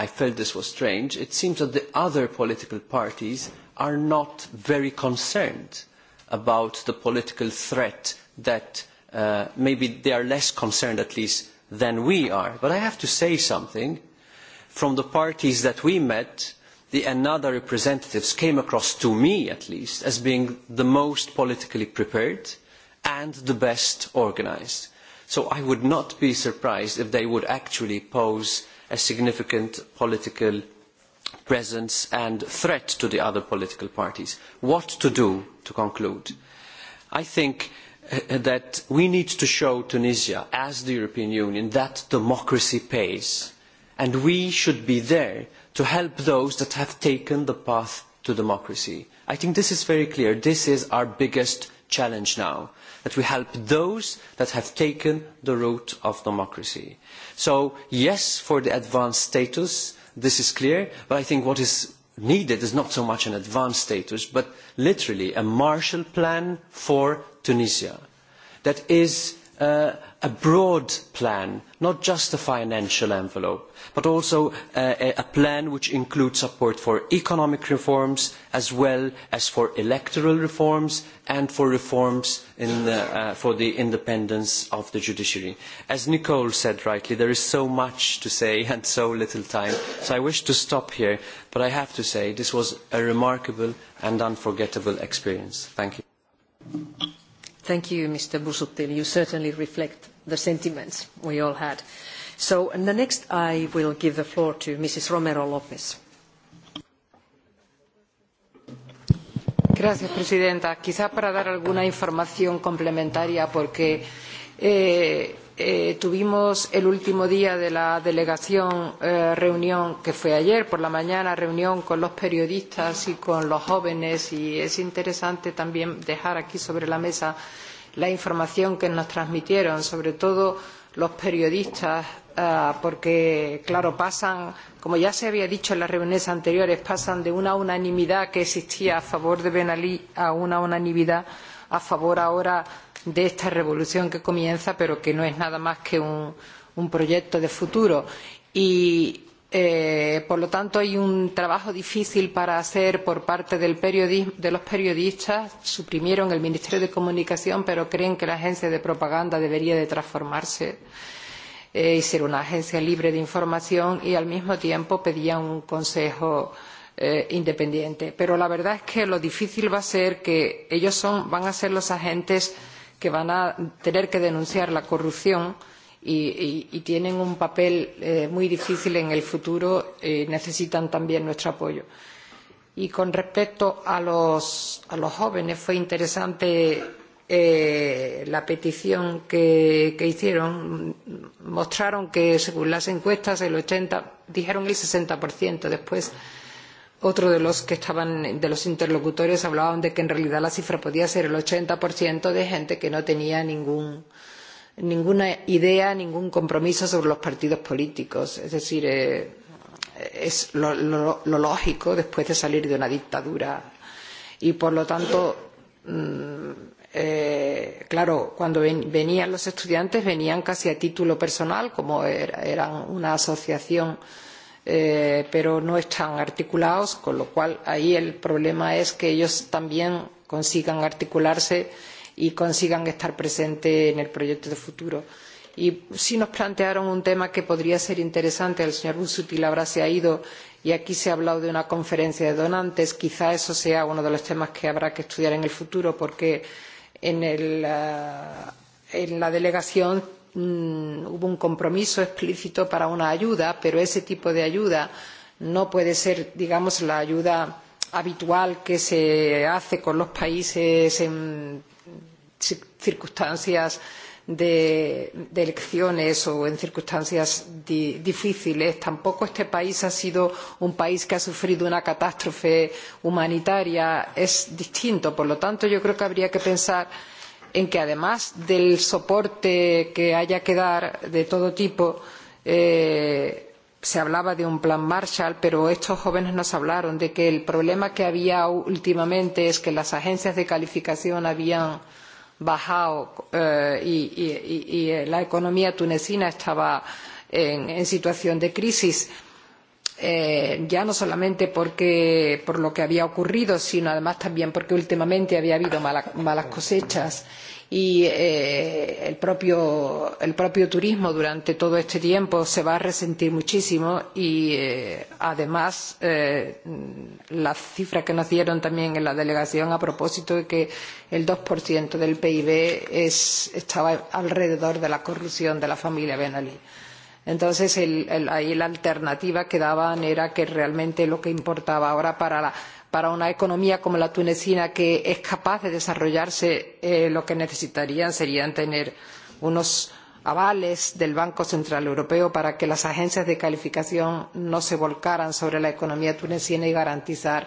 I felt this was strange, it seems that the other political parties are not very concerned about the political threat that uh, maybe they are less concerned at least than we are. But I have to say something. From the parties that we met, the another representatives came across to me at least as being the most politically prepared and the best organised. So I would not be surprised if they would actually pose a significant political presence and threat to the other political parties. What to do to conclude? I think uh, that we need to show Tunisia, as the European Union, that democracy pays. And we should be there to help those that have taken the path to democracy. I think this is very clear. This is our biggest challenge now, that we help those that have taken the route of democracy. So yes, for the advanced status, this is clear, but I think what is needed is not so much an advanced status, but literally a Marshall Plan for Tunisia that is uh, a broad plan, not just a financial envelope, but also a, a plan which includes support for economic reforms as well as for electoral reforms and for reforms the, uh, for the independence of the judiciary. As Nicole said rightly, there is so much to say and so little time, so I wish to stop here, but I have to say this was a remarkable and unforgettable experience. Thank you. Thank you, Mr. Busuttil. You certainly reflect the sentiments we all had. So the next I will give the floor to Mrs. Romero Lopez. Gracias, Presidenta. Quizá para dar alguna información complementaria, porque eh, Eh, tuvimos el último día de la delegación eh, reunión que fue ayer por la mañana reunión con los periodistas y con los jóvenes y es interesante también dejar aquí sobre la mesa la información que nos transmitieron sobre todo los periodistas eh, porque claro pasan como ya se había dicho en las reuniones anteriores pasan de una unanimidad que existía a favor de Ben Ali a una unanimidad a favor ahora de de esta revolución que comienza, pero que no es nada más que un, un proyecto de futuro. Y, eh, por lo tanto, hay un trabajo difícil para hacer por parte del de los periodistas. Suprimieron el Ministerio de Comunicación, pero creen que la agencia de propaganda debería de transformarse eh, y ser una agencia libre de información y, al mismo tiempo, pedían un consejo eh, independiente. Pero la verdad es que lo difícil va a ser que ellos son, van a ser los agentes que van a tener que denunciar la corrupción y, y, y tienen un papel eh, muy difícil en el futuro y eh, necesitan también nuestro apoyo. Y con respecto a los, a los jóvenes, fue interesante eh, la petición que, que hicieron. Mostraron que, según las encuestas, el 80, dijeron el 60%. Después. Uh -huh otro de los que estaban de los interlocutores hablaban de que en realidad la cifra podía ser el 80% de gente que no tenía ningún ninguna idea, ningún compromiso sobre los partidos políticos. Es decir, eh, es lo, lo, lo lógico después de salir de una dictadura. Y por lo tanto, mm, eh, claro, cuando ven, venían los estudiantes venían casi a título personal, como era, eran una asociación eh, Eh, pero no están articulados, con lo cual ahí el problema es que ellos también consigan articularse y consigan estar presentes en el proyecto de futuro. Y sí nos plantearon un tema que podría ser interesante, el señor Busutil ahora se ha ido y aquí se ha hablado de una conferencia de donantes, quizá eso sea uno de los temas que habrá que estudiar en el futuro porque en, el, ah, en la delegación mm, hubo un compromiso explícito para una ayuda, pero ese tipo de ayuda no puede ser, digamos, la ayuda habitual que se hace con los países en circunstancias de, de elecciones o en circunstancias di, difíciles. Tampoco este país ha sido un país que ha sufrido una catástrofe humanitaria. Es distinto. Por lo tanto, yo creo que habría que pensar en que además del soporte que haya que dar de todo tipo eh, se hablaba de un plan Marshall, pero estos jóvenes nos hablaron de que el problema que había últimamente es que las agencias de calificación habían bajado eh, y, y, y, la economía tunecina estaba en, en situación de crisis eh, ya no solamente porque, por lo que había ocurrido, sino además también porque últimamente había habido mala, malas cosechas y eh, el, propio, el propio turismo durante todo este tiempo se va a resentir muchísimo y eh, además eh, las cifras que nos dieron también en la delegación a propósito de que el 2% del PIB es, estaba alrededor de la corrupción de la familia Ben Ali. Entonces, el, el, ahí la alternativa que daban era que realmente lo que importaba ahora para la, para una economía como la tunecina que es capaz de desarrollarse eh, lo que necesitarían serían tener unos avales del Banco Central Europeo para que las agencias de calificación no se volcaran sobre la economía tunecina y garantizar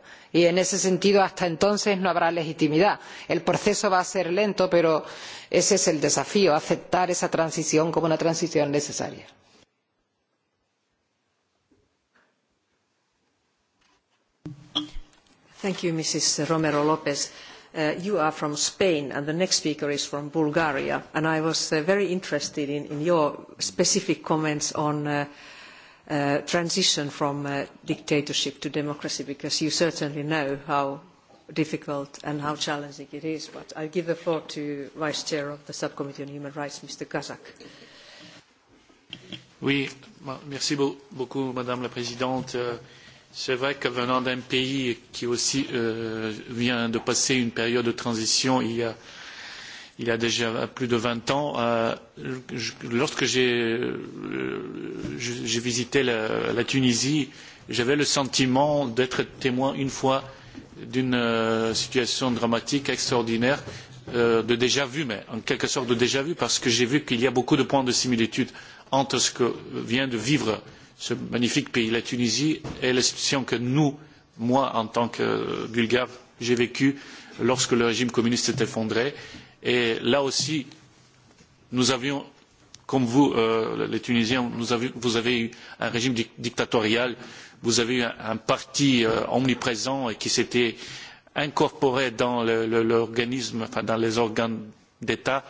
y en ese sentido hasta entonces no habrá legitimidad. el proceso va a ser lento pero ese es el desafío aceptar esa transición como una transición necesaria. Romero uh, speaker Bulgaria. Uh, transition from uh, dictatorship to democracy because you certainly know how difficult and how challenging it is. But I give the floor to Vice Chair of the Subcommittee on Human Rights, Mr. Kazak. Oui, merci beaucoup, Madame la Présidente. Euh, c'est vrai que venant d'un pays qui aussi euh, vient de passer une période de transition, il y a il y a déjà plus de 20 ans, euh, lorsque euh, j'ai visité la, la Tunisie, j'avais le sentiment d'être témoin une fois d'une euh, situation dramatique, extraordinaire, euh, de déjà vu, mais en quelque sorte de déjà vu, parce que j'ai vu qu'il y a beaucoup de points de similitude entre ce que vient de vivre ce magnifique pays, la Tunisie, et la situation que nous, moi, en tant que Bulgare, j'ai vécue lorsque le régime communiste s'est effondré Et là aussi, nous avions, comme vous, euh, les Tunisiens, nous avez, vous avez eu un régime di dictatorial, vous avez eu un, un parti euh, omniprésent et qui s'était incorporé dans l'organisme, enfin dans les organes d'État.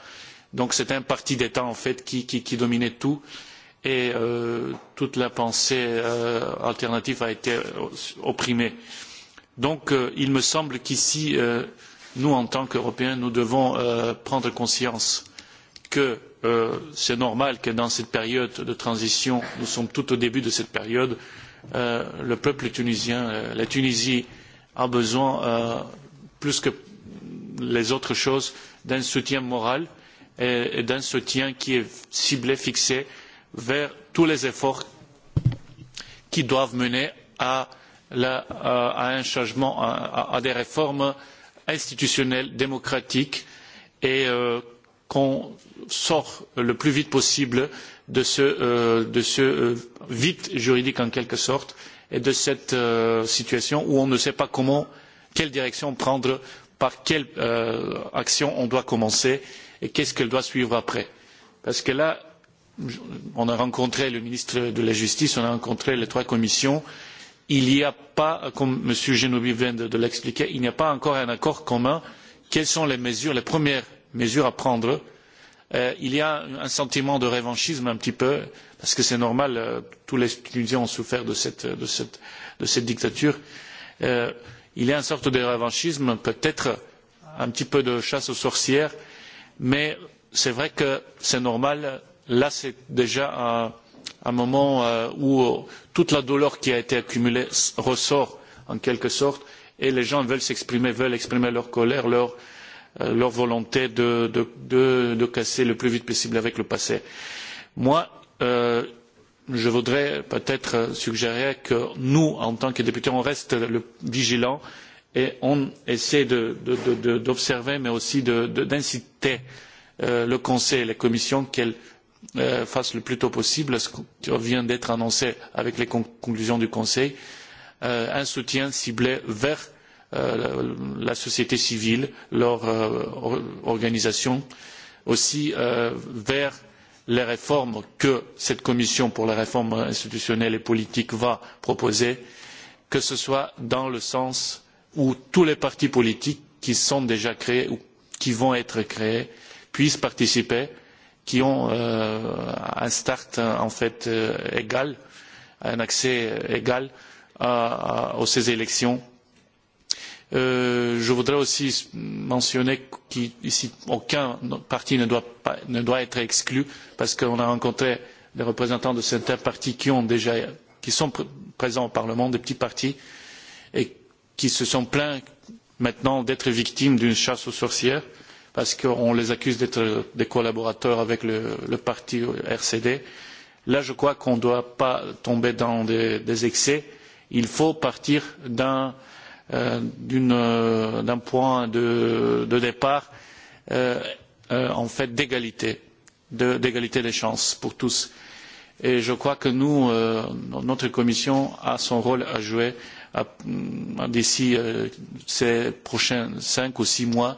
Donc c'était un parti d'État en fait qui, qui, qui dominait tout et euh, toute la pensée euh, alternative a été euh, opprimée. Donc euh, il me semble qu'ici euh, nous, en tant qu'Européens, nous devons euh, prendre conscience que euh, c'est normal que dans cette période de transition, nous sommes tout au début de cette période, euh, le peuple tunisien, euh, la Tunisie a besoin, euh, plus que les autres choses, d'un soutien moral et, et d'un soutien qui est ciblé, fixé vers tous les efforts qui doivent mener à, la, à, à un changement, à, à des réformes euh, institutionnel démocratique et euh, qu'on sorte le plus vite possible de ce, euh, de ce euh, vide juridique en quelque sorte et de cette situation où on ne sait pas comment, quelle direction prendre, par quelle action on doit commencer et qu'est-ce qu'elle doit suivre après. Parce que là, on a rencontré le ministre de la Justice, on a rencontré les trois commissions, euh, il n'y a pas comme m. genovi vient de, l'expliquer il n'y a pas encore un accord commun quelles sont les mesures les premières mesures à prendre? Euh, il y a un sentiment de revanchisme un petit peu parce que c'est normal euh, tous les tunisiens ont souffert de cette, de cette, de cette dictature euh, il y a une sorte de revanchisme peut être un petit peu de chasse aux sorcières mais c'est vrai que c'est normal là c'est déjà un, un moment où toute la douleur qui a été accumulée ressort en quelque sorte et les gens veulent s'exprimer, veulent exprimer leur colère, leur, euh, leur volonté de, de, de, de casser le plus vite possible avec le passé. Moi, euh, je voudrais peut-être suggérer que nous, en tant que députés, on reste le, vigilants et on essaie d'observer, mais aussi d'inciter euh, le Conseil et la Commission qu'elles euh, fasse le plus tôt possible ce qui vient d'être annoncé avec les conclusions du Conseil, euh, un soutien ciblé vers euh, la société civile, leur euh, organisation, aussi euh, vers les réformes que cette commission pour les réformes institutionnelles et politiques va proposer, que ce soit dans le sens où tous les partis politiques qui sont déjà créés ou qui vont être créés puissent participer qui ont euh, un start euh, en fait euh, égal, un accès égal à, à, à ces élections. Euh, je voudrais aussi mentionner qu'ici aucun parti ne doit, pas, ne doit être exclu parce qu'on a rencontré des représentants de certains partis qui, ont déjà, qui sont pr présents au Parlement, des petits partis, et qui se sont plaints maintenant d'être victimes d'une chasse aux sorcières. Euh, parce qu'on les accuse d'être des collaborateurs avec le, le parti RCD. Là, je crois qu'on ne doit pas tomber dans des, des excès. Il faut partir d'un euh, euh point de, de départ euh, euh, en fait d'égalité, d'égalité de, des chances pour tous. Et je crois que nous, euh, notre commission a son rôle à jouer d'ici euh, ces prochains cinq ou six mois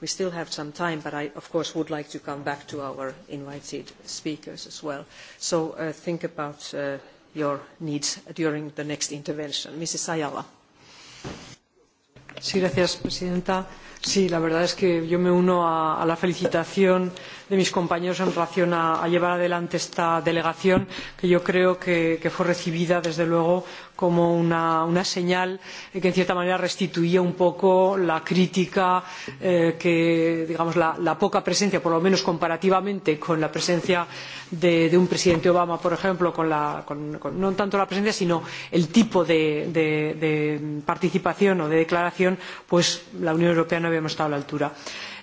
We still have some time, but I, of course, would like to come back to our invited speakers as well. So uh, think about uh, your needs during the next intervention. Mrs. Ayala. Sí, gracias, Presidenta. Sí, la verdad es que yo me uno a, a la felicitación. Uh, de mis compañeros en relación con la llevada adelante de esta delegación que yo creo que, fue recibida desde luego como una, señal que en cierta manera restituía un poco la crítica eh, digamos la, poca presencia por lo menos comparativamente con la presencia de, un presidente obama por ejemplo no tanto la presencia sino el tipo de, participación o de declaración pues la unión europea no había estado a la altura.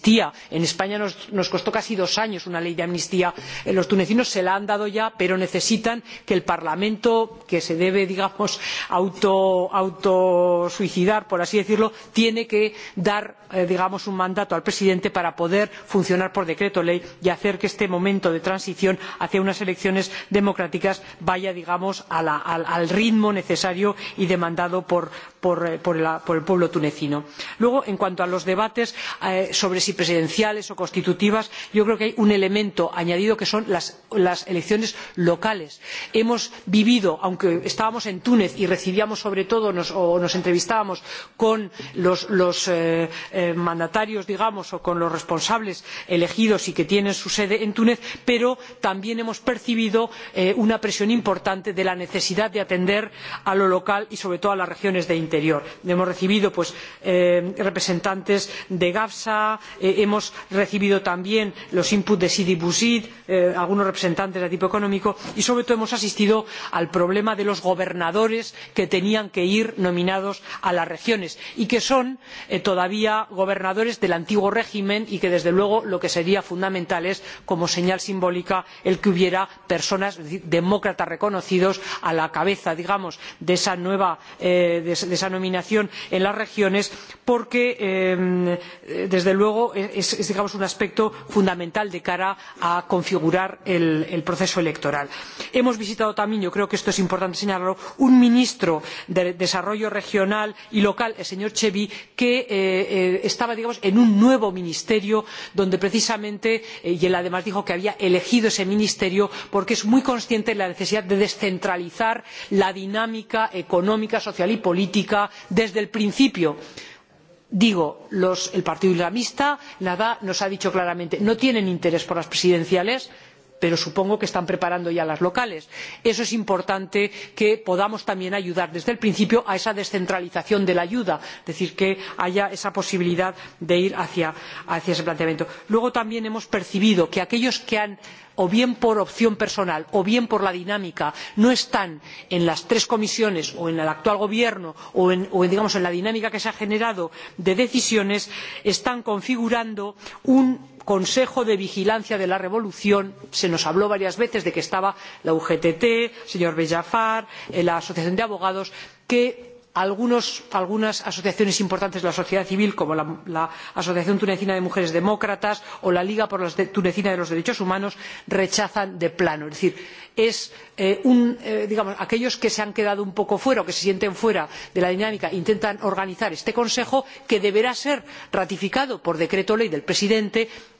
amnistía en españa nos, costó casi dos años una ley de amnistía eh, los tunecinos se la han dado ya pero necesitan que el parlamento que se debe digamos autosuicidar por así decirlo dé eh, un mandato al presidente para poder funcionar por decreto ley y hacer que este momento de transición hacia unas elecciones democráticas vaya digamos al, ritmo necesario y demandado eh, por, el pueblo tunecino. luego en cuanto a los debates sobre si presidenciales o constitutivas yo creo que hay un elemento añadido que son las, elecciones locales. hemos vivido aunque estábamos en túnez y recibíamos sobre todo o nos entrevistábamos con los, eh, eh, mandatarios digamos o con los responsables elegidos y que tienen su sede en túnez pero también hemos percibido eh, una presión importante de la necesidad de atender a lo local y sobre todo a las regiones de interior. hemos recibido representantes de gafsa Eh, hemos recibido también los inputs de sidi bouzid eh, algunos representantes de tipo económico y sobre todo hemos asistido al problema de los gobernadores que tenían que ir nominados a las regiones y que son eh, todavía gobernadores del antiguo régimen y que desde luego lo que sería fundamental es como señal simbólica que hubiera personas demócratas reconocidos a la cabeza digamos de esa nueva de esa nominación en las regiones porque desde luego luego es, es digamos, un aspecto fundamental de cara a configurar el, el proceso electoral. hemos visitado también yo creo que esto es importante señalarlo un ministro de desarrollo regional y local el señor Chevi, que eh, eh, estaba digamos, en un nuevo ministerio donde precisamente eh, y él además dijo que había elegido ese ministerio porque es muy consciente de la necesidad de descentralizar la dinámica económica social y política desde el principio digo el partido islamista nada, nos ha dicho claramente no tienen interés por las presidenciales pero supongo que están preparando ya las locales. eso es importante que podamos también ayudar desde el principio a esa descentralización de la ayuda es decir que haya esa posibilidad de ir hacia ese planteamiento. luego también hemos percibido que aquellos que han o bien por opción personal o bien por la dinámica no están en las tres comisiones o en el actual gobierno o en, digamos, en la dinámica que se ha generado de decisiones están configurando un consejo de vigilancia de la revolución se nos habló varias veces de que estaba la ugt el señor bellafar eh, la asociación de abogados que algunas asociaciones importantes de la sociedad civil como la, asociación tunecina de mujeres demócratas o la liga tunecina de los derechos humanos rechazan de plano es decir eh, eh, aquellos que se han quedado un poco fuera o que se sienten fuera de la dinámica intentan organizar este consejo que deberá ser ratificado por decreto ley del presidente y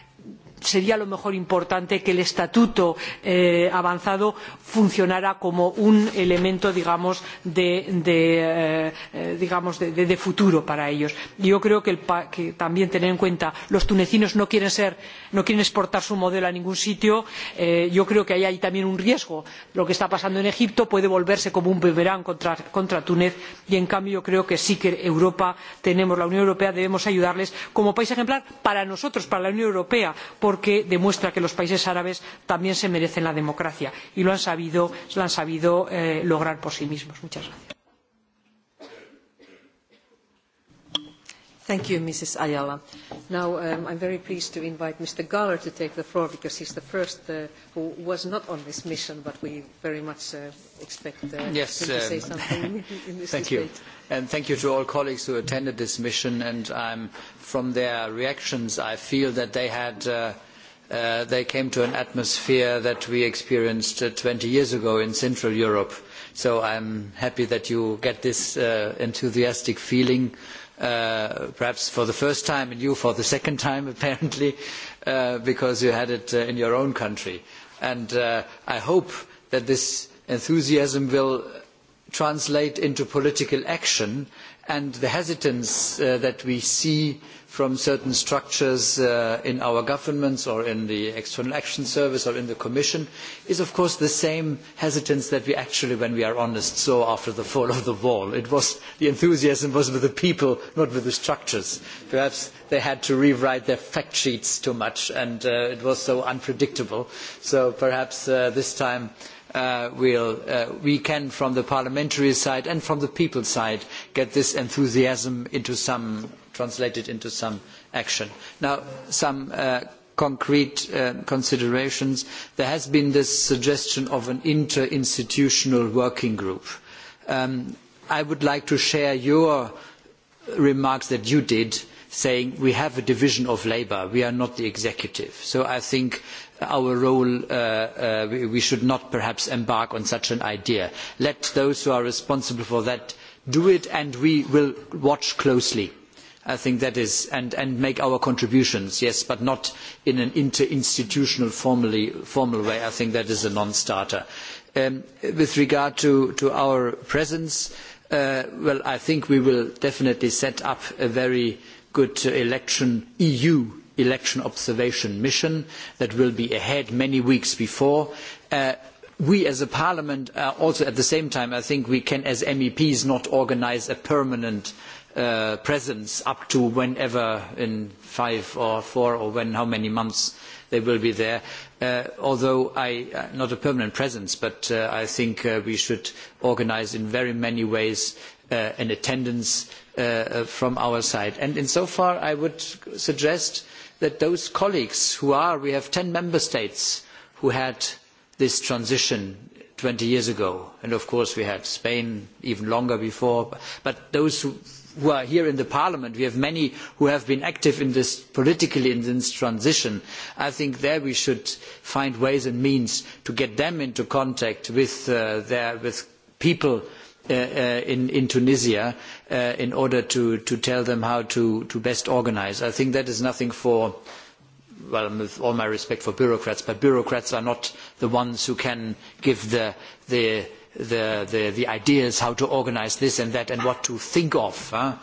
sería a lo mejor importante que el estatuto eh, avanzado funcionara como un elemento digamos de, de, eh, eh, digamos de, de futuro para ellos. yo creo que, el, que también tener en cuenta que los tunecinos no quieren, ser, no quieren exportar su modelo a ningún sitio eh, yo creo que ahí hay también un riesgo. lo que está pasando en egipto puede volverse como un boomerang contra, contra túnez y en cambio yo creo que sí que europa tenemos la unión europea debemos ayudarles como país ejemplar para nosotros para la unión europea porque porque demuestra que los países árabes también se merecen la democracia y lo han sabido, eh, lograr por sí mismos. Thank you, Mrs. Ayala. Now, um, I'm very pleased to invite Mr. Galler to take the floor because he's the first uh, who was not on this mission, but we very much uh, expect uh, him to say um, something in, in this Thank debate. you. And thank you to all colleagues who attended this mission. And from their reactions, I feel that they had... they came to an atmosphere that we experienced uh, 20 years ago in Central Europe. So I'm happy that you get this enthusiastic feeling Uh, perhaps for the first time and you for the second time apparently uh, because you had it uh, in your own country I hope that this enthusiasm will translate into political action and the hesitance that we see uh, from certain structures uh, in our governments or in the External Action Service or in the Commission is of course the same hesitance that we actually, when we are honest, saw after the fall of the wall. It was, the enthusiasm was with the people, not with the structures. Perhaps they had to rewrite their fact sheets too much and uh, it was so unpredictable. So perhaps uh, this time Uh, we'll, uh, we can from the parliamentary side and from the people's side get this enthusiasm into some translated into some action. Now, some uh, concrete uh, considerations. There has been this suggestion of an interinstitutional working group. Um, I would like to share your remarks that you did saying we have a division of labour, we are not the executive. So I think our role, uh, uh, we should not perhaps embark on such an idea. Let those who are responsible for that do it and we will watch closely I think that is, and, and make our contributions, yes, but not in an interinstitutional formally, formal way. I think that is a non-starter. Um, with regard to, to our presence, uh, well, I think we will definitely set up a very good uh, election EU election observation mission that will be ahead many weeks before. Uh, we as a parliament uh, also at the same time I think we can as MEPs not organise a permanent Uh, presence up to whenever in five or four or when how many months they will be there. Uh, although I, uh, not a permanent presence, but uh, I think uh, we should organise in very many ways uh, an attendance from our side. And insofar, I would suggest that those colleagues who are, we have 10 member states who had this transition 20 years ago. And of course, we had Spain even longer before. But those who who are here in the parliament we have many who have been active in this politically in this transition i think there we should find ways and means to get them into contact with, uh, with people uh, uh, in, tunisia uh, in order to, to tell them how to, to best organise. i think that is nothing for well, with all my respect for bureaucrats, but bureaucrats are not the ones who can give the, the the, the, the ideas how to organise this and that and what to think of. Huh?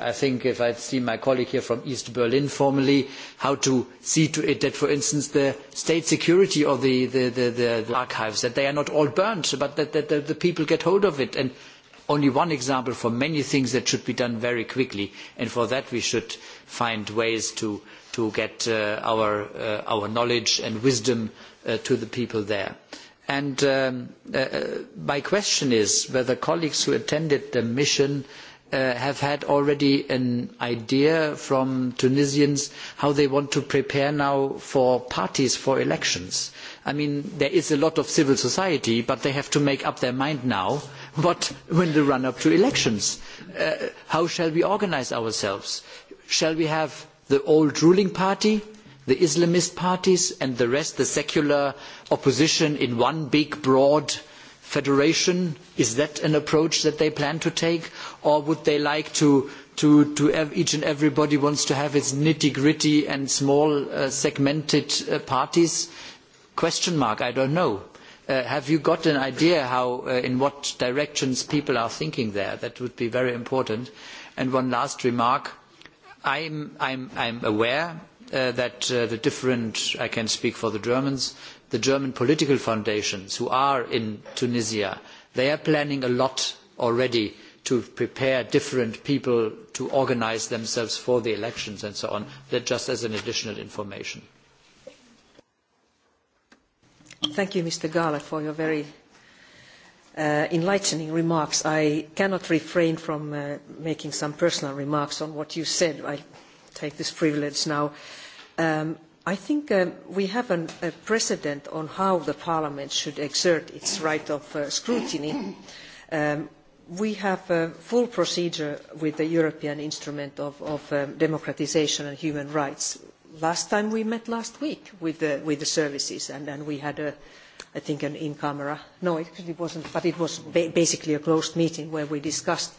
I think if I see my colleague here from East Berlin formally, how to see to it that, for instance, the state security or the, the, the, the archives, that they are not all burnt, but that, that, that, the people get hold of it. And only one example for many things that should be done very quickly. And for that we should find ways to, to get uh, our, uh, our knowledge and wisdom uh, to the people there. And um, uh, uh, my question is whether colleagues who attended the mission uh, have had already an idea from Tunisians how they want to prepare now for parties for elections. I mean, there is a lot of civil society, but they have to make up their mind now what when the run-up to elections. Uh, how shall we organise ourselves? Shall we have the old ruling party the Islamist parties and the rest, the secular opposition in one big broad federation? Is that an approach that they plan to take? Or would they like to, to, to have each and everybody wants to have its nitty-gritty and small uh, segmented uh, parties? Question mark, I don't know. Uh, have you got an idea how, uh, in what directions people are thinking there? That would be very important. And one last remark. I'm, I'm, I'm aware Uh, that uh, the different, I can speak for the Germans, the German political foundations who are in Tunisia, they are planning a lot already to prepare different people to organise themselves for the elections and so on, that just as an additional information. Thank you, Mr. Gahler, for your very Uh, enlightening remarks. I cannot refrain from uh, making some personal remarks on what you said. I take this privilege now. Um, I think um, we have an, a precedent on how the Parliament should exert its right of uh, scrutiny. Um, we have a full procedure with the European Instrument of, of um, Democratization and Human Rights. Last time we met last week with the, with the services and, and we had a, I think an in-camera, no, it, it wasn't, but it was ba basically a closed meeting where we discussed uh,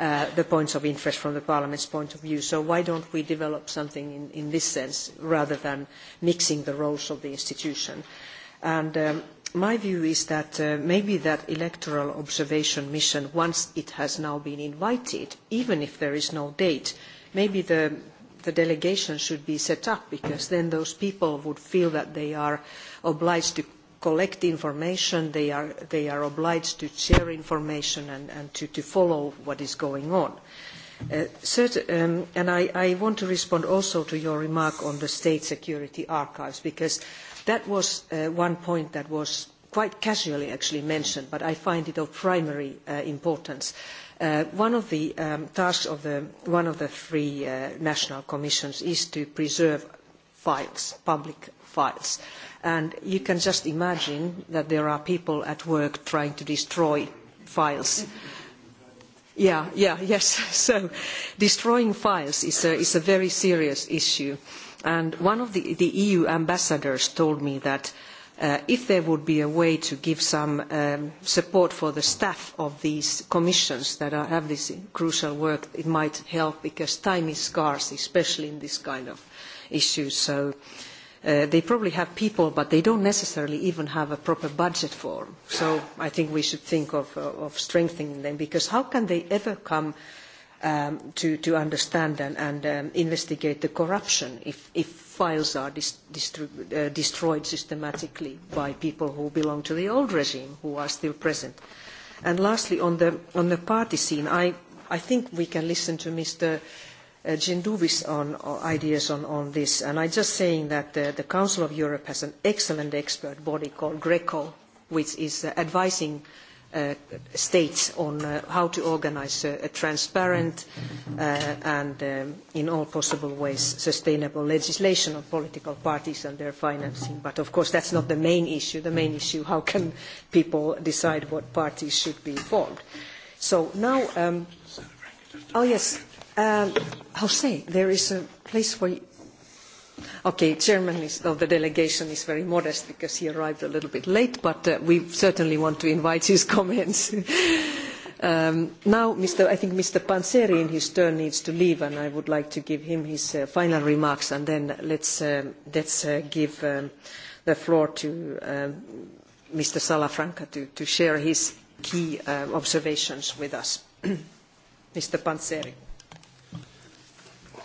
Uh, the points of interest from the Parliament's point of view. So why don't we develop something in, this sense rather than mixing the roles of the institution? And um, my view is that uh, maybe that electoral observation mission, once it has now been invited, even if there is no date, maybe the delegation should be set up because then those people would feel that they are obliged to collect information, they are, they are obliged to share information and, and to, to, follow what is going on. Uh, certain, um, and I, I, want to respond also to your remark on the state security archives, because that was uh, one point that was quite casually actually mentioned, but I find it of primary uh, importance. Uh, one of the um, tasks of the, one of the three uh, national commissions is to preserve files, public files. Uh, And you can just imagine that there are people at work trying to destroy files. Yeah, yeah, yes. So destroying files is a, is a very serious issue. And one of the, the EU ambassadors told me that uh, if there would be a way to give some um, support for the staff of these commissions that are, have this crucial work, it might help because time is scarce, especially in this kind of issues. So Uh, they probably have people, but they don't necessarily even have a proper budget for them. So I think we should think of, uh, of strengthening them, because how can they ever come um, to, to, understand and, and um, investigate the corruption if, if files are dis uh, destroyed systematically by people who belong to the old regime, who are still present? And lastly, on the, on the party scene, I, I think we can listen to Mr uh, on ideas on, on this, and I'm just saying that uh, the Council of Europe has an excellent expert body called GRECO, which is uh, advising uh, states on how to organise a, transparent and um, in all possible ways sustainable legislation on political parties and their financing. But of course that's not the main issue. The main issue, how can people decide what parties should be formed? So now, um, oh yes, Um, Jose, there is a place for you. Okay, chairman is, of the delegation is very modest because he arrived a little bit late, but uh, we certainly want to invite his comments. um, now, Mr., I think Mr. Panseri, in his turn needs to leave, and I would like to give him his uh, final remarks, and then let's, um, let's uh, give um, the floor to Mr. Um, Salafranca to, to, share his key uh, observations with us. Mr. Panseri.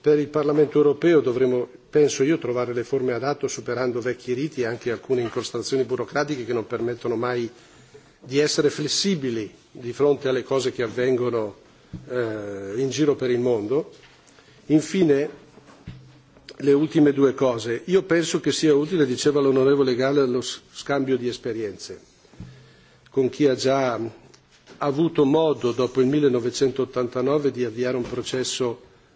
per il Parlamento europeo dovremo, penso io, trovare le forme adatto superando vecchi riti e anche alcune incrostazioni burocratiche che non permettono mai di essere flessibili di fronte alle cose che avvengono eh, in giro per il mondo. Infine, le ultime due cose. Io penso che sia utile, diceva l'onorevole Gale, lo scambio di esperienze con chi ha già avuto modo, dopo il 1989, di avviare un processo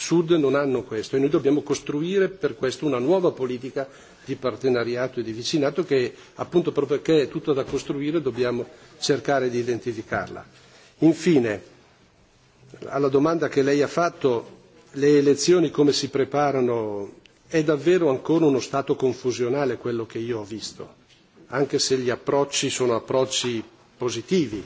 Sud non hanno questo e noi dobbiamo costruire per questo una nuova politica di partenariato e di vicinato che appunto proprio perché è tutto da costruire dobbiamo cercare di identificarla. Infine, alla domanda che lei ha fatto, le elezioni come si preparano? È davvero ancora uno stato confusionale quello che io ho visto, anche se gli approcci sono approcci positivi.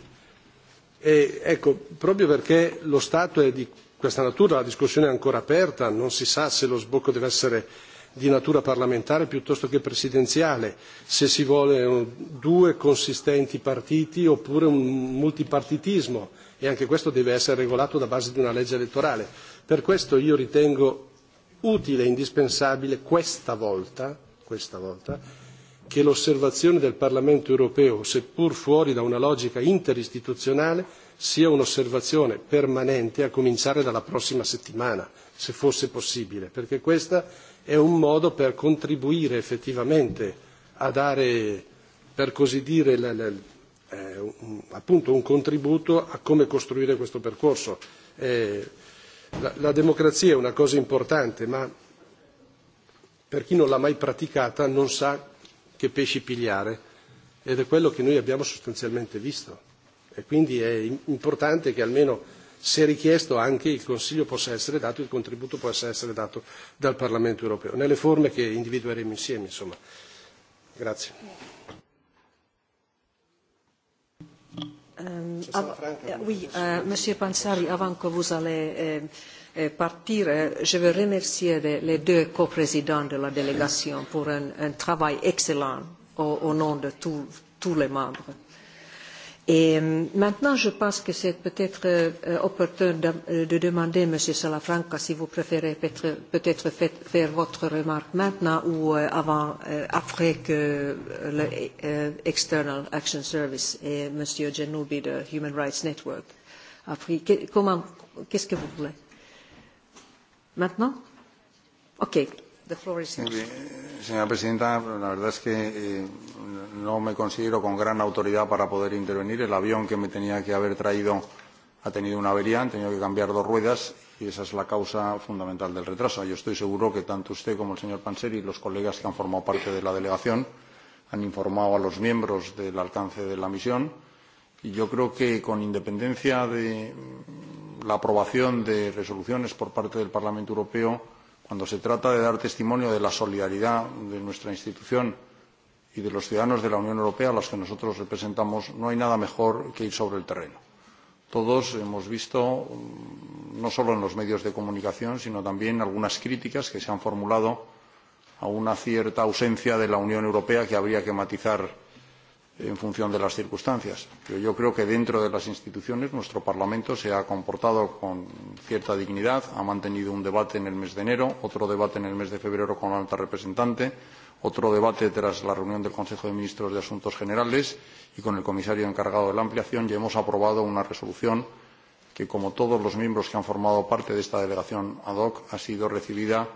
E, ecco, proprio perché lo Stato è di questa natura, la discussione è ancora aperta, non si sa se lo sbocco deve essere di natura parlamentare piuttosto che presidenziale, se si vogliono due consistenti partiti oppure un multipartitismo e anche questo deve essere regolato da base di una legge elettorale. Per questo io ritengo utile e indispensabile questa volta, questa volta che l'osservazione del Parlamento europeo, seppur fuori da una logica interistituzionale, sia un'osservazione permanente a cominciare dalla prossima settimana, se fosse possibile, perché questo è un modo per contribuire effettivamente a dare, per così dire, le, le, eh, appunto un contributo a come costruire questo percorso. Eh, la, la democrazia è una cosa importante, ma per chi non l'ha mai praticata non sa che pesci pigliare ed è quello che noi abbiamo sostanzialmente visto e quindi è importante che almeno se richiesto anche il Consiglio possa essere dato, il contributo possa essere dato dal Parlamento europeo, nelle forme che individueremo insieme. Insomma. Grazie. Ehm, eh, oui, euh, Monsieur Pansari, avant que vous allez euh, partir, eh, je veux remercier les deux coprésidents de la délégation pour un, un travail excellent au, au nom de tous les membres. Et euh, maintenant, je pense que c'est peut-être euh, opportun de, euh, de demander, Monsieur Salafranca, si vous préférez peut-être peut, -être, peut -être faire votre remarque maintenant ou euh, avant, euh, après que le euh, External Action Service et Monsieur Genoubi de Human Rights Network a pris. Qu'est-ce que vous voulez Maintenant OK. Señora presidenta, la verdad es que eh, no me considero con gran autoridad para poder intervenir. El avión que me tenía que haber traído ha tenido una avería, han tenido que cambiar dos ruedas y esa es la causa fundamental del retraso. Yo estoy seguro que tanto usted como el señor Panseri y los colegas que han formado parte de la delegación han informado a los miembros del alcance de la misión y yo creo que con independencia de la aprobación de resoluciones por parte del Parlamento Europeo cuando se trata de dar testimonio de la solidaridad de nuestra institución y de los ciudadanos de la Unión Europea a los que nosotros representamos, no hay nada mejor que ir sobre el terreno. Todos hemos visto, mm, no solo en los medios de comunicación, sino también algunas críticas que se han formulado a una cierta ausencia de la Unión Europea que habría que matizar en función de las circunstancias. Pero yo creo que dentro de las instituciones nuestro Parlamento se ha comportado con cierta dignidad, ha mantenido un debate en el mes de enero, otro debate en el mes de febrero con la alta representante, otro debate tras la reunión del Consejo de Ministros de Asuntos Generales y con el comisario encargado de la ampliación y hemos aprobado una resolución que, como todos los miembros que han formado parte de esta delegación ad hoc, ha sido recibida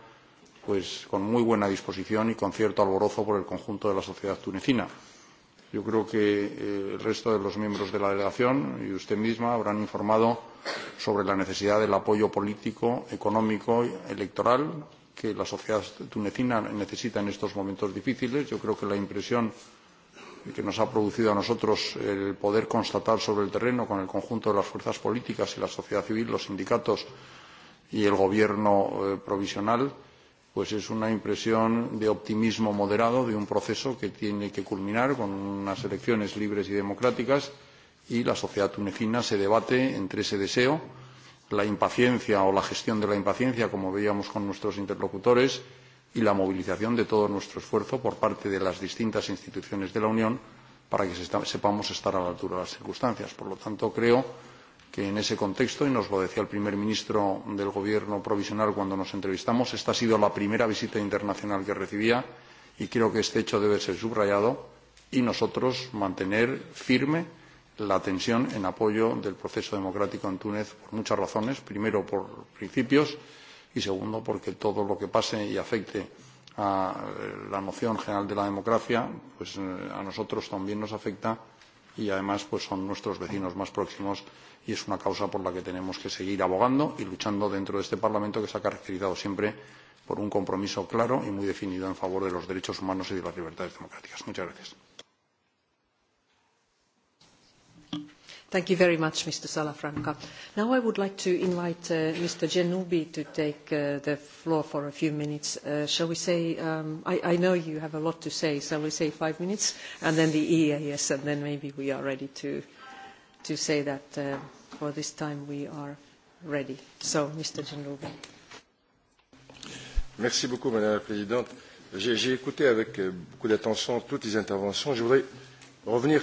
pues, con muy buena disposición y con cierto alborozo por el conjunto de la sociedad tunecina Yo creo que eh, el resto de los miembros de la delegación y usted misma habrán informado sobre la necesidad del apoyo político, económico, y electoral que la sociedad tunecina necesita en estos momentos difíciles. Yo creo que la impresión que nos ha producido a nosotros el poder constatar sobre el terreno con el conjunto de las fuerzas políticas y la sociedad civil, los sindicatos y el gobierno eh, provisional pues es una impresión de optimismo moderado de un proceso que tiene que culminar con unas elecciones libres y democráticas y la sociedad tunecina se debate entre ese deseo, la impaciencia o la gestión de la impaciencia, como veíamos con nuestros interlocutores, y la movilización de todo nuestro esfuerzo por parte de las distintas instituciones de la Unión para que sepamos estar a la altura de las circunstancias. Por lo tanto, creo que que en ese contexto, y nos lo decía el primer ministro del Gobierno provisional cuando nos entrevistamos, esta ha sido la primera visita internacional que recibía y creo que este hecho debe ser subrayado y nosotros mantener firme la tensión en apoyo del proceso democrático en Túnez por muchas razones. Primero, por principios y segundo, porque todo lo que pase y afecte a la noción general de la democracia, pues eh, a nosotros también nos afecta y además pues son nuestros vecinos más próximos y es una causa por la que tenemos que seguir abogando y luchando dentro de este Parlamento que se ha caracterizado siempre por un compromiso claro y muy definido en favor de los derechos humanos y de las libertades democráticas. Muchas gracias. Thank you very much, Salafranca. Now I would like to invite uh, Mr. Genubi to take uh, the floor for a few minutes. Uh, shall we say, um, I, I, know you have a lot to say, shall we say five minutes, and then the EAS, and then maybe we are ready to, to say that uh, for this time we are ready. So, Mr. Genubi. Merci beaucoup, Madame la Présidente. J'ai écouté avec euh, beaucoup d'attention toutes les interventions. Je voudrais revenir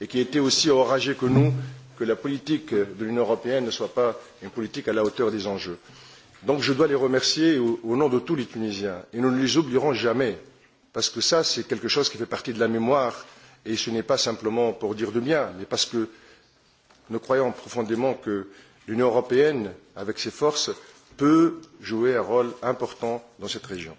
et qui était aussi orageux que nous que la politique de l'Union européenne ne soit pas une politique à la hauteur des enjeux. Donc je dois les remercier au, au nom de tous les Tunisiens et nous ne les oublierons jamais parce que ça c'est quelque chose qui fait partie de la mémoire et ce n'est pas simplement pour dire du bien mais parce que nous croyons profondément que l'Union européenne avec ses forces peut jouer un rôle important dans cette région.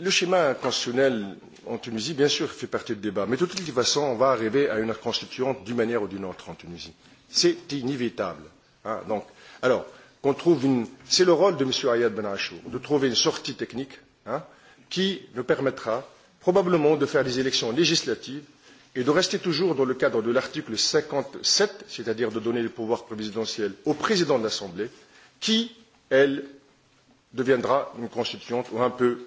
Le schéma constitutionnel en Tunisie, bien sûr, fait partie du débat, mais de toute façon, on va arriver à une constituante d'une manière ou d'une autre en Tunisie. C'est inévitable. Hein, donc, alors, qu'on trouve une... C'est le rôle de M. Ayad Ben Achour de trouver une sortie technique hein, qui nous permettra probablement de faire des élections législatives et de rester toujours dans le cadre de l'article 57, c'est-à-dire de donner le pouvoir présidentiel au président de l'Assemblée, qui, elle, deviendra une constituante ou un peu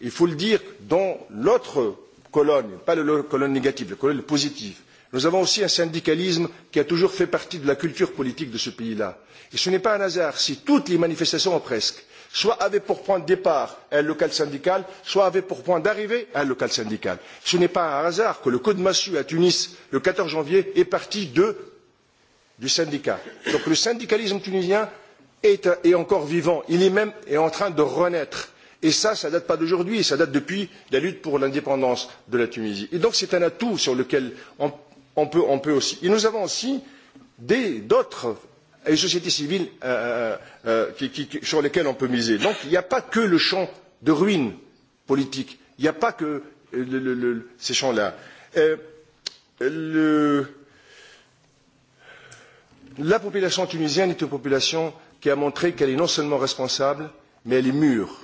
il faut le dire dans l'autre colonne pas la colonne négative la colonne positive nous avons aussi un syndicalisme qui a toujours fait partie de la culture politique de ce pays là et ce n'est pas un hasard si toutes les manifestations ou presque soit avaient pour point de départ un local syndical soit avaient pour point d'arrivée un local syndical. ce n'est pas un hasard que le coup de massue à tunis le quatorze janvier est parti de, du syndicat. donc le syndicalisme tunisien est, est encore vivant il est même est en train de renaître Et ça, ça ne date pas d'aujourd'hui, ça date depuis la lutte pour l'indépendance de la Tunisie. Et donc c'est un atout sur lequel on, on, peut, on peut aussi. Et nous avons aussi d'autres et euh, sociétés civiles euh, euh, euh, qui, qui, qui, sur lesquelles on peut miser. Donc il n'y a pas que le champ de ruines politiques, il n'y a pas que euh, le, le, le, ces champs-là. Euh, le... La population tunisienne est une population qui a montré qu'elle est non seulement responsable, mais elle est mûre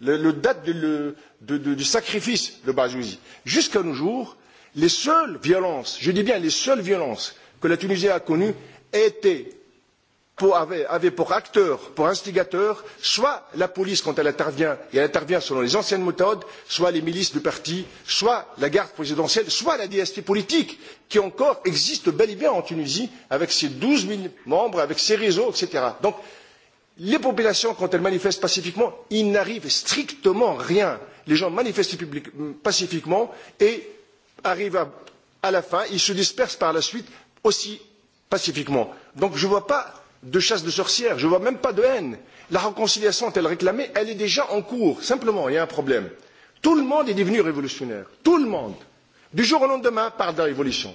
le, le date de, le, de, de, du sacrifice de Bazouzi. Jusqu'à nos jours, les seules violences, je dis bien les seules violences que la Tunisie a connues étaient pour, avait, avait pour acteur, pour instigateur, soit la police quand elle intervient, et elle intervient selon les anciennes méthodes, soit les milices du parti, soit la garde présidentielle, soit la dynastie politique, qui encore existe bel et bien en Tunisie, avec ses 12 000 membres, avec ses réseaux, etc. Donc les populations, quand elles manifestent pacifiquement, il n'arrive strictement rien. Les gens manifestent public, pacifiquement et arrivent à, à la fin, ils se dispersent par la suite aussi pacifiquement. Donc je ne vois pas de chasse de sorcières, je ne vois même pas de haine. La réconciliation est-elle réclamée, elle est déjà en cours. Simplement, il y a un problème. Tout le monde est devenu révolutionnaire. Tout le monde. Du jour au lendemain, par de la révolution.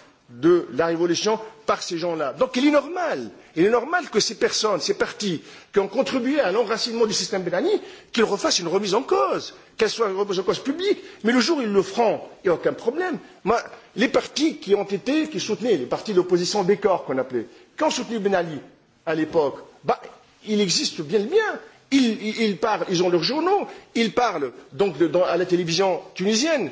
de la révolution par ces gens là. donc il est normal il est normal que ces personnes ces partis qui ont contribué à l'enracinement du système benani qu'ils refassent une remise en cause qu'elle soit une remise en cause publique mais le jour où ils le feront il n'y a aucun problème. Moi, les partis qui ont été qui soutenaient les partis d'opposition bécor qu'on appelait qui ont soutenu ben ali à l'époque bah, il existe bien le bien ils, ils, ils parlent ils ont leurs journaux ils parlent donc de, dans, à la télévision tunisienne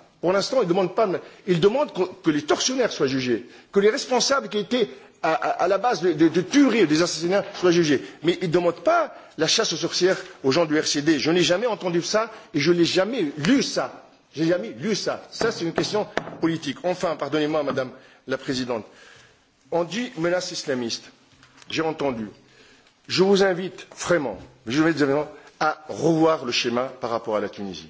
Pour l'instant, ils ne demandent pas. Ils demandent que, les tortionnaires soient jugés, que les responsables qui étaient à, à, à la base de, de, de tueries ou des assassinats soient jugés. Mais ils ne demandent pas la chasse aux sorcières aux gens du RCD. Je n'ai jamais entendu ça et je n'ai jamais lu ça. J'ai jamais lu ça. Ça, c'est une question politique. Enfin, pardonnez-moi, Madame la Présidente. On dit menace islamiste. J'ai entendu. Je vous invite vraiment, je vais dire vraiment, à revoir le schéma par rapport à la Tunisie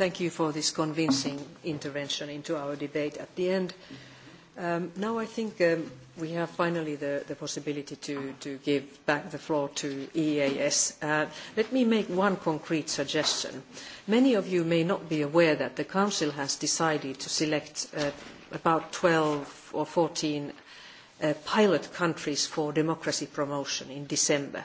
Thank you for this convincing intervention into our debate at the end. Um, now I think um, we have finally the, the possibility to, to, give back the floor to EAS. Uh, let me make one concrete suggestion. Many of you may not be aware that the Council has decided to select uh, about 12 or 14 uh, pilot countries for democracy promotion in December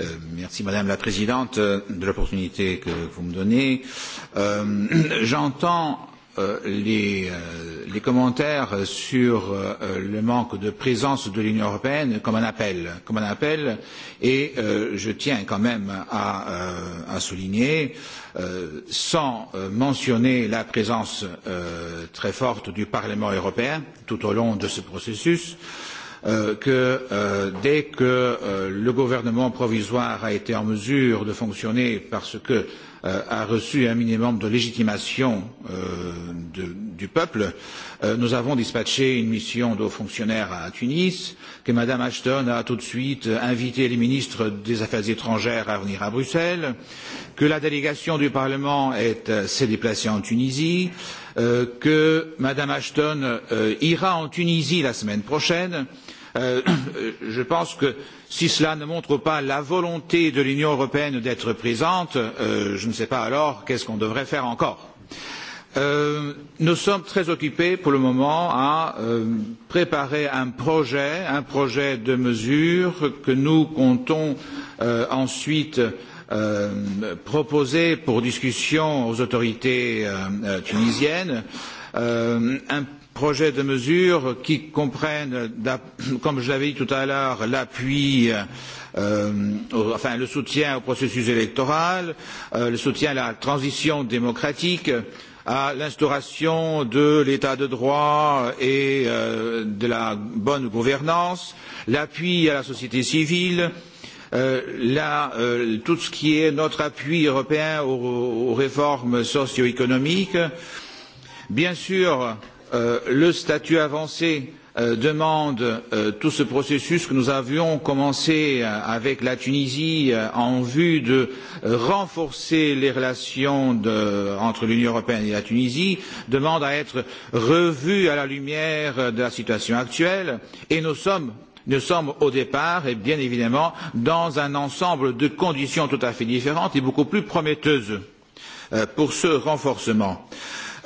Euh, merci Madame la Présidente euh, de l'opportunité que vous me donnez. Euh, J'entends euh, les, euh, les commentaires sur euh, le manque de présence de l'Union européenne comme un appel, comme un appel, et euh, je tiens quand même à, euh, à souligner euh, sans euh, mentionner la présence euh, très forte du Parlement européen tout au long de ce processus, euh, Euh, que euh, dès que euh, le gouvernement provisoire a été en mesure de fonctionner parce que euh, a reçu un minimum de légitimation euh, de, du peuple, euh, nous avons dispatché une mission de fonctionnaires à Tunis, que Mme Ashton a tout de suite invité les ministres des Affaires étrangères à venir à Bruxelles, que la délégation du Parlement euh, s'est déplacée en Tunisie, Euh, que Mme Ashton euh, ira en Tunisie la semaine prochaine. Euh, je pense que si cela ne montre pas la volonté de l'Union européenne d'être présente, euh, je ne sais pas alors qu'est-ce qu'on devrait faire encore. Euh, nous sommes très occupés pour le moment à euh, préparer un projet, un projet de mesures que nous comptons euh, ensuite euh, euh, proposé pour discussion aux autorités euh, euh, tunisiennes euh, un projet de mesure qui comprenne, comme je l'avais dit tout à l'heure, l'appui, euh, enfin le soutien au processus électoral, euh, le soutien à la transition démocratique, à l'instauration de l'état de droit et euh, de la bonne gouvernance, l'appui à la société civile, euh, euh, euh, tout ce qui est notre appui européen aux, aux réformes socio-économiques. Bien sûr, euh, le statut avancé euh, demande euh, tout ce processus que nous avions commencé euh, avec la Tunisie euh, en vue de euh, renforcer les relations de, entre l'Union européenne et la Tunisie demande à être revu à la lumière de la situation actuelle et nous sommes Nous sommes au départ, et bien évidemment, dans un ensemble de conditions tout à fait différentes et beaucoup plus prometteuses euh, pour ce renforcement.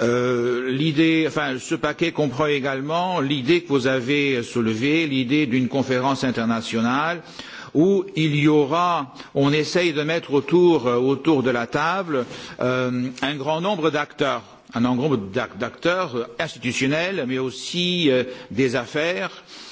Euh, l'idée, enfin, ce paquet comprend également l'idée que vous avez soulevée, l'idée d'une conférence internationale où il y aura, on essaye de mettre autour, euh, autour de la table euh, un grand nombre d'acteurs un grand nombre d'acteurs euh, institutionnels, mais aussi euh, des affaires, euh,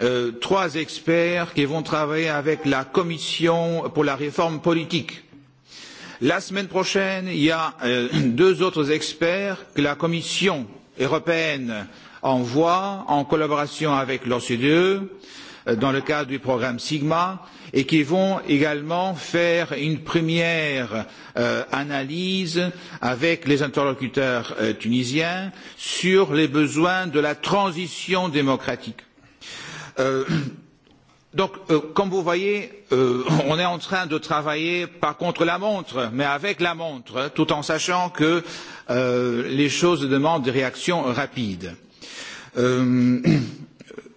Euh, trois experts qui vont travailler avec la commission pour la réforme politique. La semaine prochaine, il y a euh, deux autres experts que la commission européenne envoie en collaboration avec l'OCDE euh, dans le cadre du programme Sigma et qui vont également faire une première euh, analyse avec les interlocuteurs euh, tunisiens sur les besoins de la transition démocratique Euh, donc, euh, comme vous voyez, euh, on est en train de travailler pas contre la montre, mais avec la montre, tout en sachant que euh, les choses demandent des réactions rapides. Euh,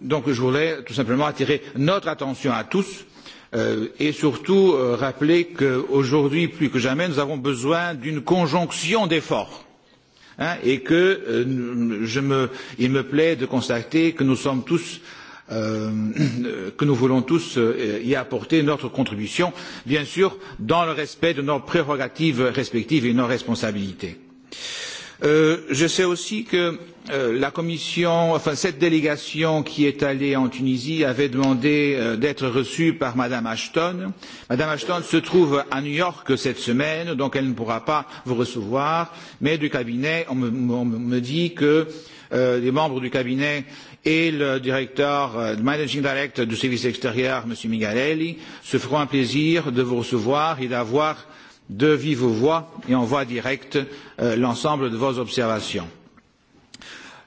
donc, je voulais tout simplement attirer notre attention à tous euh, et surtout euh, rappeler qu'aujourd'hui, plus que jamais, nous avons besoin d'une conjonction d'efforts hein, et que euh, je me, il me plaît de constater que nous sommes tous euh, Euh, que nous voulons tous euh, y apporter notre contribution, bien sûr dans le respect de nos prérogatives respectives et de nos responsabilités. Euh, je sais aussi que euh, la commission, enfin cette délégation qui est allée en Tunisie avait demandé euh, d'être reçue par Madame Ashton. Madame Ashton se trouve à New York cette semaine, donc elle ne pourra pas vous recevoir, mais du cabinet, on me, on me dit que euh, les membres du cabinet et le directeur, euh, le managing director du service extérieur, M. Migarelli, se feront un plaisir de vous recevoir et d'avoir de vive voix et en voix directe euh, l'ensemble de vos observations.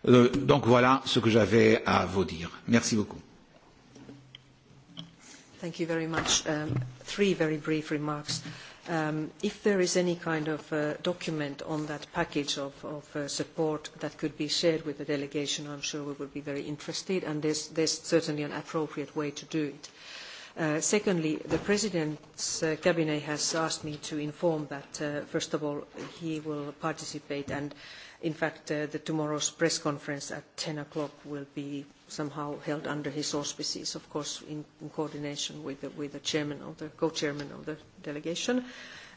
Euh, donc voilà ce que j'avais à vous dire. Merci beaucoup. Thank you very much. Um, three very brief remarks. Um, if there is any kind of uh, document on that package of, of uh, support that could be shared with the delegation, I'm sure we would be very interested, and there's, there's certainly an appropriate way to do it. Uh, secondly, the President's uh, Cabinet has asked me to inform that, uh, first of all, he will participate, and in fact, uh, the tomorrow's press conference at 10 o'clock will be somehow held under his auspices, of course, in, in coordination with the, with the chairman of the co-chairman of the delegation.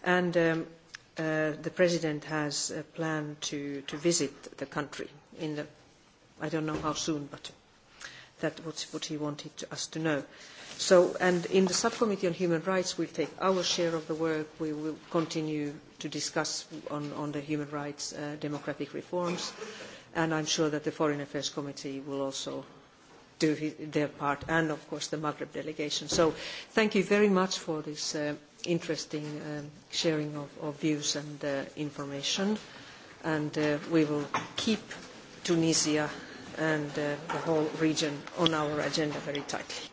And um, uh, the president has a plan to, to visit the country in the, I don't know how soon, but that was what he wanted to, us to know. So, and in the subcommittee on human rights, we'll take our share of the work. We will continue to discuss on, on the human rights, uh, democratic reforms, and I'm sure that the Foreign Affairs Committee will also do his, their part, and of course the Maghreb delegation. So thank you very much for this uh, interesting um, sharing of, of, views and uh, information. And uh, we will keep Tunisia and uh, the whole region on our agenda very tightly.